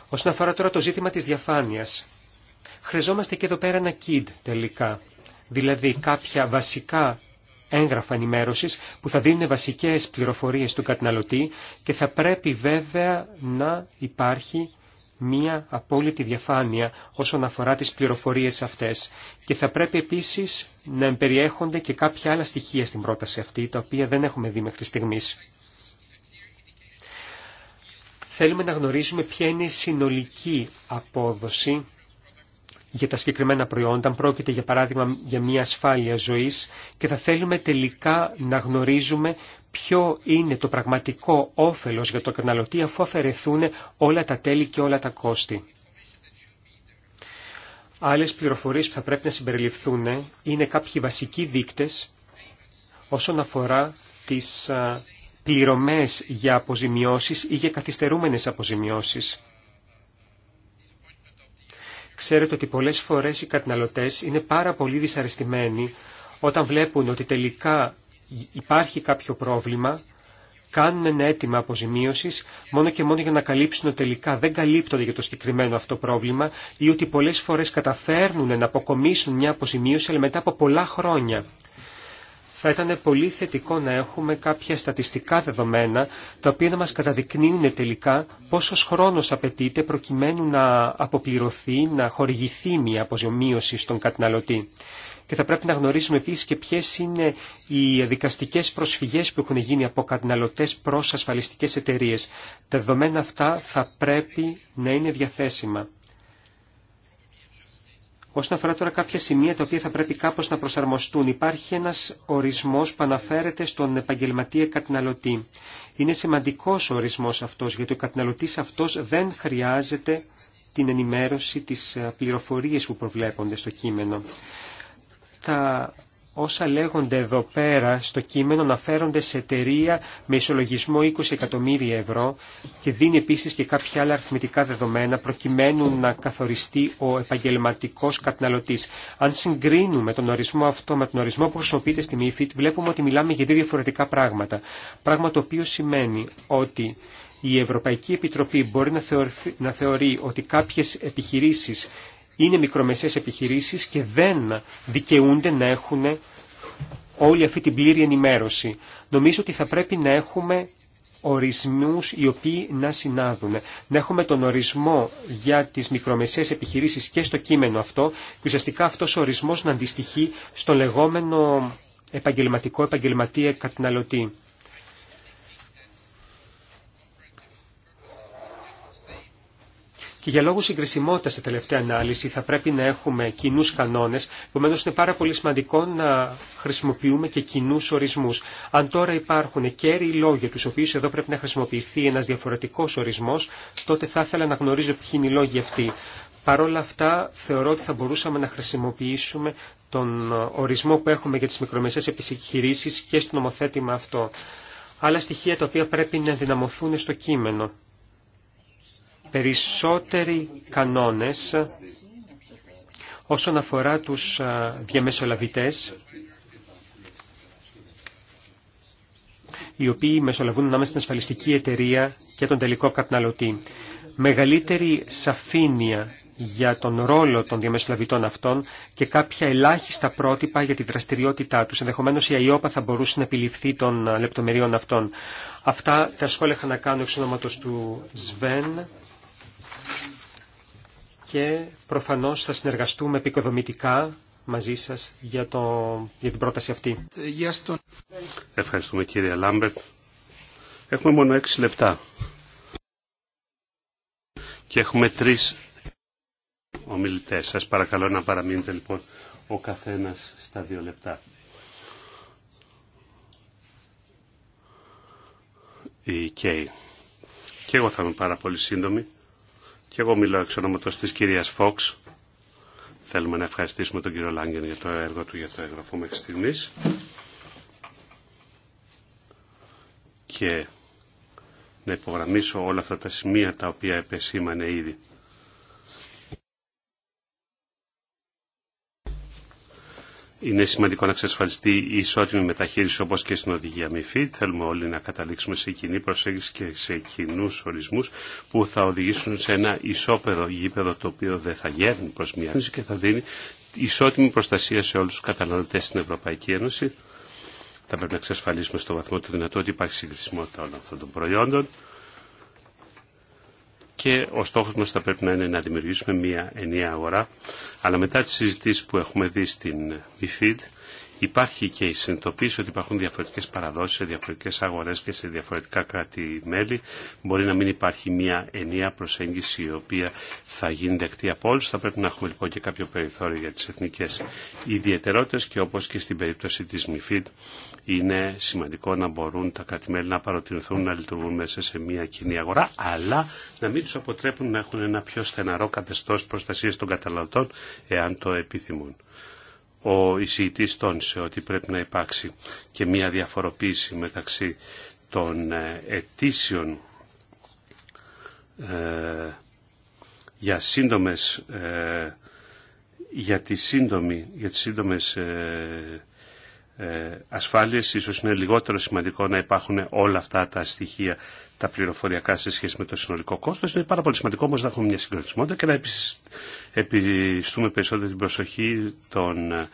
Όσον αφορά τώρα το ζήτημα της διαφάνειας, χρειαζόμαστε και εδώ πέρα ένα KID τελικά, δηλαδή κάποια βασικά έγγραφα ενημέρωση που θα δίνουν βασικές πληροφορίες του καταναλωτή και θα πρέπει βέβαια να υπάρχει μία απόλυτη διαφάνεια όσον αφορά τις πληροφορίες αυτές και θα πρέπει επίσης να εμπεριέχονται και κάποια άλλα στοιχεία στην πρόταση αυτή τα οποία δεν έχουμε δει μέχρι στιγμής. Θέλουμε να γνωρίζουμε ποια είναι η συνολική απόδοση για τα συγκεκριμένα προϊόντα, αν πρόκειται για παράδειγμα για μια ασφάλεια ζωής και θα θέλουμε τελικά να γνωρίζουμε ποιο είναι το πραγματικό όφελος για το καταναλωτή αφού αφαιρεθούν όλα τα τέλη και όλα τα κόστη. Άλλες πληροφορίες που θα πρέπει να συμπεριληφθούν είναι κάποιοι βασικοί δείκτες όσον αφορά τις πληρωμές για αποζημιώσεις ή για καθυστερούμενες αποζημιώσεις. Ξέρετε ότι πολλές φορές οι καταναλωτές είναι πάρα πολύ δυσαρεστημένοι όταν βλέπουν ότι τελικά υπάρχει κάποιο πρόβλημα, κάνουν ένα αίτημα αποζημίωση μόνο και μόνο για να καλύψουν ότι τελικά δεν καλύπτονται για το συγκεκριμένο αυτό πρόβλημα ή ότι πολλές φορές καταφέρνουν να αποκομίσουν μια αποζημίωση αλλά μετά από πολλά χρόνια θα ήταν πολύ θετικό να έχουμε κάποια στατιστικά δεδομένα τα οποία να μας καταδεικνύουν τελικά πόσος χρόνος απαιτείται προκειμένου να αποπληρωθεί, να χορηγηθεί μια αποζημίωση στον καταναλωτή. Και θα πρέπει να γνωρίζουμε επίση και ποιε είναι οι δικαστικέ προσφυγές που έχουν γίνει από καταναλωτές προ ασφαλιστικέ εταιρείε. Τα δεδομένα αυτά θα πρέπει να είναι διαθέσιμα. Όσον αφορά τώρα κάποια σημεία τα οποία θα πρέπει κάπως να προσαρμοστούν, υπάρχει ένας ορισμός που αναφέρεται στον επαγγελματία καταναλωτή. Είναι σημαντικός ο ορισμός αυτός, γιατί ο καταναλωτής αυτός δεν χρειάζεται την ενημέρωση, της πληροφορίες που προβλέπονται στο κείμενο όσα λέγονται εδώ πέρα στο κείμενο αναφέρονται σε εταιρεία με ισολογισμό 20 εκατομμύρια ευρώ και δίνει επίσης και κάποια άλλα αριθμητικά δεδομένα προκειμένου να καθοριστεί ο επαγγελματικός καταναλωτής. Αν συγκρίνουμε τον ορισμό αυτό με τον ορισμό που χρησιμοποιείται στη MIFID βλέπουμε ότι μιλάμε για δύο διαφορετικά πράγματα. Πράγμα το οποίο σημαίνει ότι η Ευρωπαϊκή Επιτροπή μπορεί να, θεωρεί, να θεωρεί ότι κάποιες επιχειρήσεις είναι μικρομεσαίες επιχειρήσεις και δεν δικαιούνται να έχουν όλη αυτή την πλήρη ενημέρωση. Νομίζω ότι θα πρέπει να έχουμε ορισμούς οι οποίοι να συνάδουν. Να έχουμε τον ορισμό για τις μικρομεσαίες επιχειρήσεις και στο κείμενο αυτό και ουσιαστικά αυτός ο ορισμός να αντιστοιχεί στο λεγόμενο επαγγελματικό επαγγελματία καταναλωτή. Και για λόγους συγκρισιμότητας σε τελευταία ανάλυση θα πρέπει να έχουμε κοινού κανόνες, επομένως είναι πάρα πολύ σημαντικό να χρησιμοποιούμε και κοινού ορισμούς. Αν τώρα υπάρχουν κέρυοι λόγοι του τους οποίους εδώ πρέπει να χρησιμοποιηθεί ένας διαφορετικός ορισμός, τότε θα ήθελα να γνωρίζω ποιοι είναι οι λόγοι αυτοί. Παρ' όλα αυτά θεωρώ ότι θα μπορούσαμε να χρησιμοποιήσουμε τον ορισμό που έχουμε για τις μικρομεσαίες επιχειρήσεις και στο νομοθέτημα αυτό. Άλλα στοιχεία τα οποία πρέπει να δυναμωθούν στο κείμενο περισσότεροι κανόνες όσον αφορά τους διαμεσολαβητές οι οποίοι μεσολαβούν ανάμεσα στην ασφαλιστική εταιρεία και τον τελικό καταναλωτή. Μεγαλύτερη σαφήνεια για τον ρόλο των διαμεσολαβητών αυτών και κάποια ελάχιστα πρότυπα για τη δραστηριότητά τους. Ενδεχομένως η ΑΙΟΠΑ θα μπορούσε να επιληφθεί των λεπτομεριών αυτών. Αυτά τα σχόλια είχα να κάνω εξ του Σβέν και προφανώς θα συνεργαστούμε επικοδομητικά μαζί σας για, το, για την πρόταση αυτή. Ευχαριστούμε κύριε Λάμπερτ. Έχουμε μόνο έξι λεπτά και έχουμε τρεις ομιλητές. Σας παρακαλώ να παραμείνετε λοιπόν ο καθένας στα δύο λεπτά. Η Κέι. Και εγώ θα είμαι πάρα πολύ σύντομη. Και εγώ μιλώ εξ ονόματος της κυρίας Φόξ. Θέλουμε να ευχαριστήσουμε τον κύριο Λάγκεν για το έργο του, για το έγγραφο μέχρι στιγμής. Και να υπογραμμίσω όλα αυτά τα σημεία τα οποία επεσήμανε ήδη. είναι σημαντικό να εξασφαλιστεί η ισότιμη μεταχείριση όπως και στην οδηγία μυφή. Θέλουμε όλοι να καταλήξουμε σε κοινή προσέγγιση και σε κοινού ορισμούς που θα οδηγήσουν σε ένα ισόπεδο γήπεδο το οποίο δεν θα γέρνει προς μια και θα δίνει ισότιμη προστασία σε όλους τους καταναλωτές στην Ευρωπαϊκή Ένωση. Θα πρέπει να εξασφαλίσουμε στο βαθμό του δυνατό ότι υπάρχει συγκρισιμότητα όλων αυτών των προϊόντων και ο στόχος μας θα πρέπει να είναι να δημιουργήσουμε μια ενιαία αγορά. Αλλά μετά τις συζητήσεις που έχουμε δει στην MIFID, υπάρχει και η συνειδητοποίηση ότι υπάρχουν διαφορετικές παραδόσεις σε διαφορετικές αγορές και σε διαφορετικά κράτη-μέλη. Μπορεί να μην υπάρχει μια ενιαία προσέγγιση η οποία θα γίνει δεκτή από όλους. Θα πρέπει να έχουμε λοιπόν και κάποιο περιθώριο για τις εθνικές ιδιαιτερότητες και όπως και στην περίπτωση της ΜΥΦΙΤ είναι σημαντικό να μπορούν τα κράτη-μέλη να παροτηρηθούν να λειτουργούν μέσα σε μια κοινή αγορά, αλλά να μην τους αποτρέπουν να έχουν ένα πιο στεναρό καθεστώς προστασία των καταναλωτών εάν το επιθυμούν ο εισηγητής τόνισε ότι πρέπει να υπάρξει και μία διαφοροποίηση μεταξύ των ε, αιτήσεων ε, για σύντομες ε, για τις, για τις σύντομες ε, ε, ασφάλειες ίσως είναι λιγότερο σημαντικό να υπάρχουν όλα αυτά τα στοιχεία τα πληροφοριακά σε σχέση με το συνολικό κόστος. Είναι πάρα πολύ σημαντικό όμως να έχουμε μια συγκροτησμότητα και να επιστούμε περισσότερη την προσοχή των ε,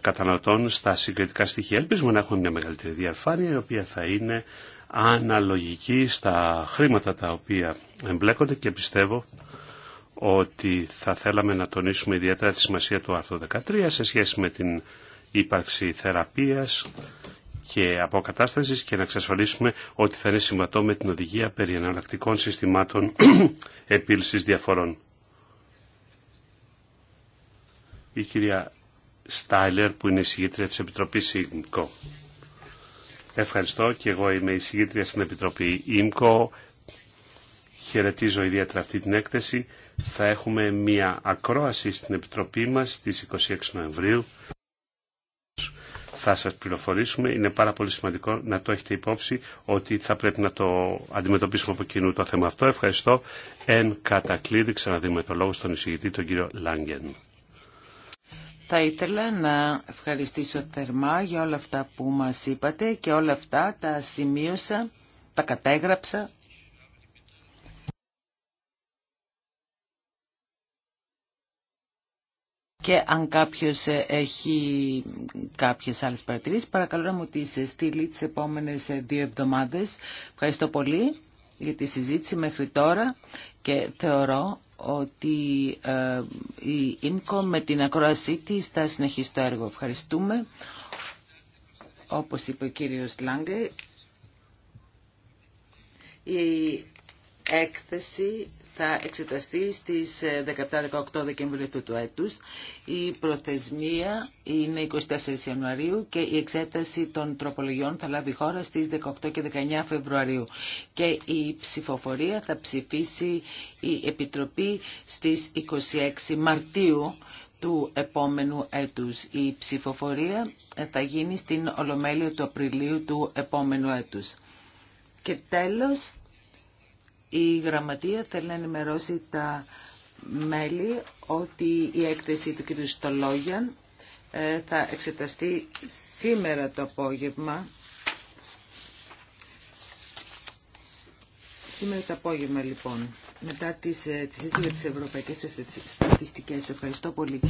καταναλωτών στα συγκριτικά στοιχεία. Ελπίζουμε να έχουμε μια μεγαλύτερη διαφάνεια η οποία θα είναι αναλογική στα χρήματα τα οποία εμπλέκονται και πιστεύω ότι θα θέλαμε να τονίσουμε ιδιαίτερα τη σημασία του άρθρου 13 σε σχέση με την ύπαρξη θεραπείας, και αποκατάσταση και να εξασφαλίσουμε ότι θα είναι συμβατό με την οδηγία περί εναλλακτικών συστημάτων επίλυσης διαφορών. Η κυρία Στάιλερ που είναι η συγγήτρια της Επιτροπής ΙΜΚΟ. Ευχαριστώ και εγώ είμαι η στην Επιτροπή ΙΜΚΟ. Χαιρετίζω ιδιαίτερα αυτή την έκθεση. Θα έχουμε μία ακρόαση στην Επιτροπή μας στις 26 Νοεμβρίου θα σας πληροφορήσουμε. Είναι πάρα πολύ σημαντικό να το έχετε υπόψη ότι θα πρέπει να το αντιμετωπίσουμε από κοινού το θέμα αυτό. Ευχαριστώ. Εν κατακλείδη ξαναδίνουμε το λόγο στον εισηγητή, τον κύριο Λάγκεν. Θα ήθελα να ευχαριστήσω θερμά για όλα αυτά που μας είπατε και όλα αυτά τα σημείωσα, τα κατέγραψα και αν κάποιος ε, έχει κάποιες άλλες παρατηρήσεις παρακαλώ να μου τις ε, στείλει τις επόμενες ε, δύο εβδομάδες. Ευχαριστώ πολύ για τη συζήτηση μέχρι τώρα και θεωρώ ότι η ΙΜΚΟ με την ακρόασή τη θα συνεχίσει το έργο. Ευχαριστούμε. Όπως είπε ο κύριος η έκθεση θα εξεταστεί στις 17-18 ε, Δεκεμβρίου του έτους. Η προθεσμία είναι 24 Ιανουαρίου και η εξέταση των τροπολογιών θα λάβει χώρα στις 18 και 19 Φεβρουαρίου. Και η ψηφοφορία θα ψηφίσει η Επιτροπή στις 26 Μαρτίου του επόμενου έτους. Η ψηφοφορία ε, θα γίνει στην Ολομέλεια του Απριλίου του επόμενου έτους. Και τέλος, η Γραμματεία θέλει να ενημερώσει τα μέλη ότι η έκθεση του κ. Στολόγιαν ε, θα εξεταστεί σήμερα το απόγευμα. Σήμερα το απόγευμα λοιπόν, μετά τις, ε, τις, τις, τις ευρωπαϊκές στατιστικές. Ευχαριστώ πολύ.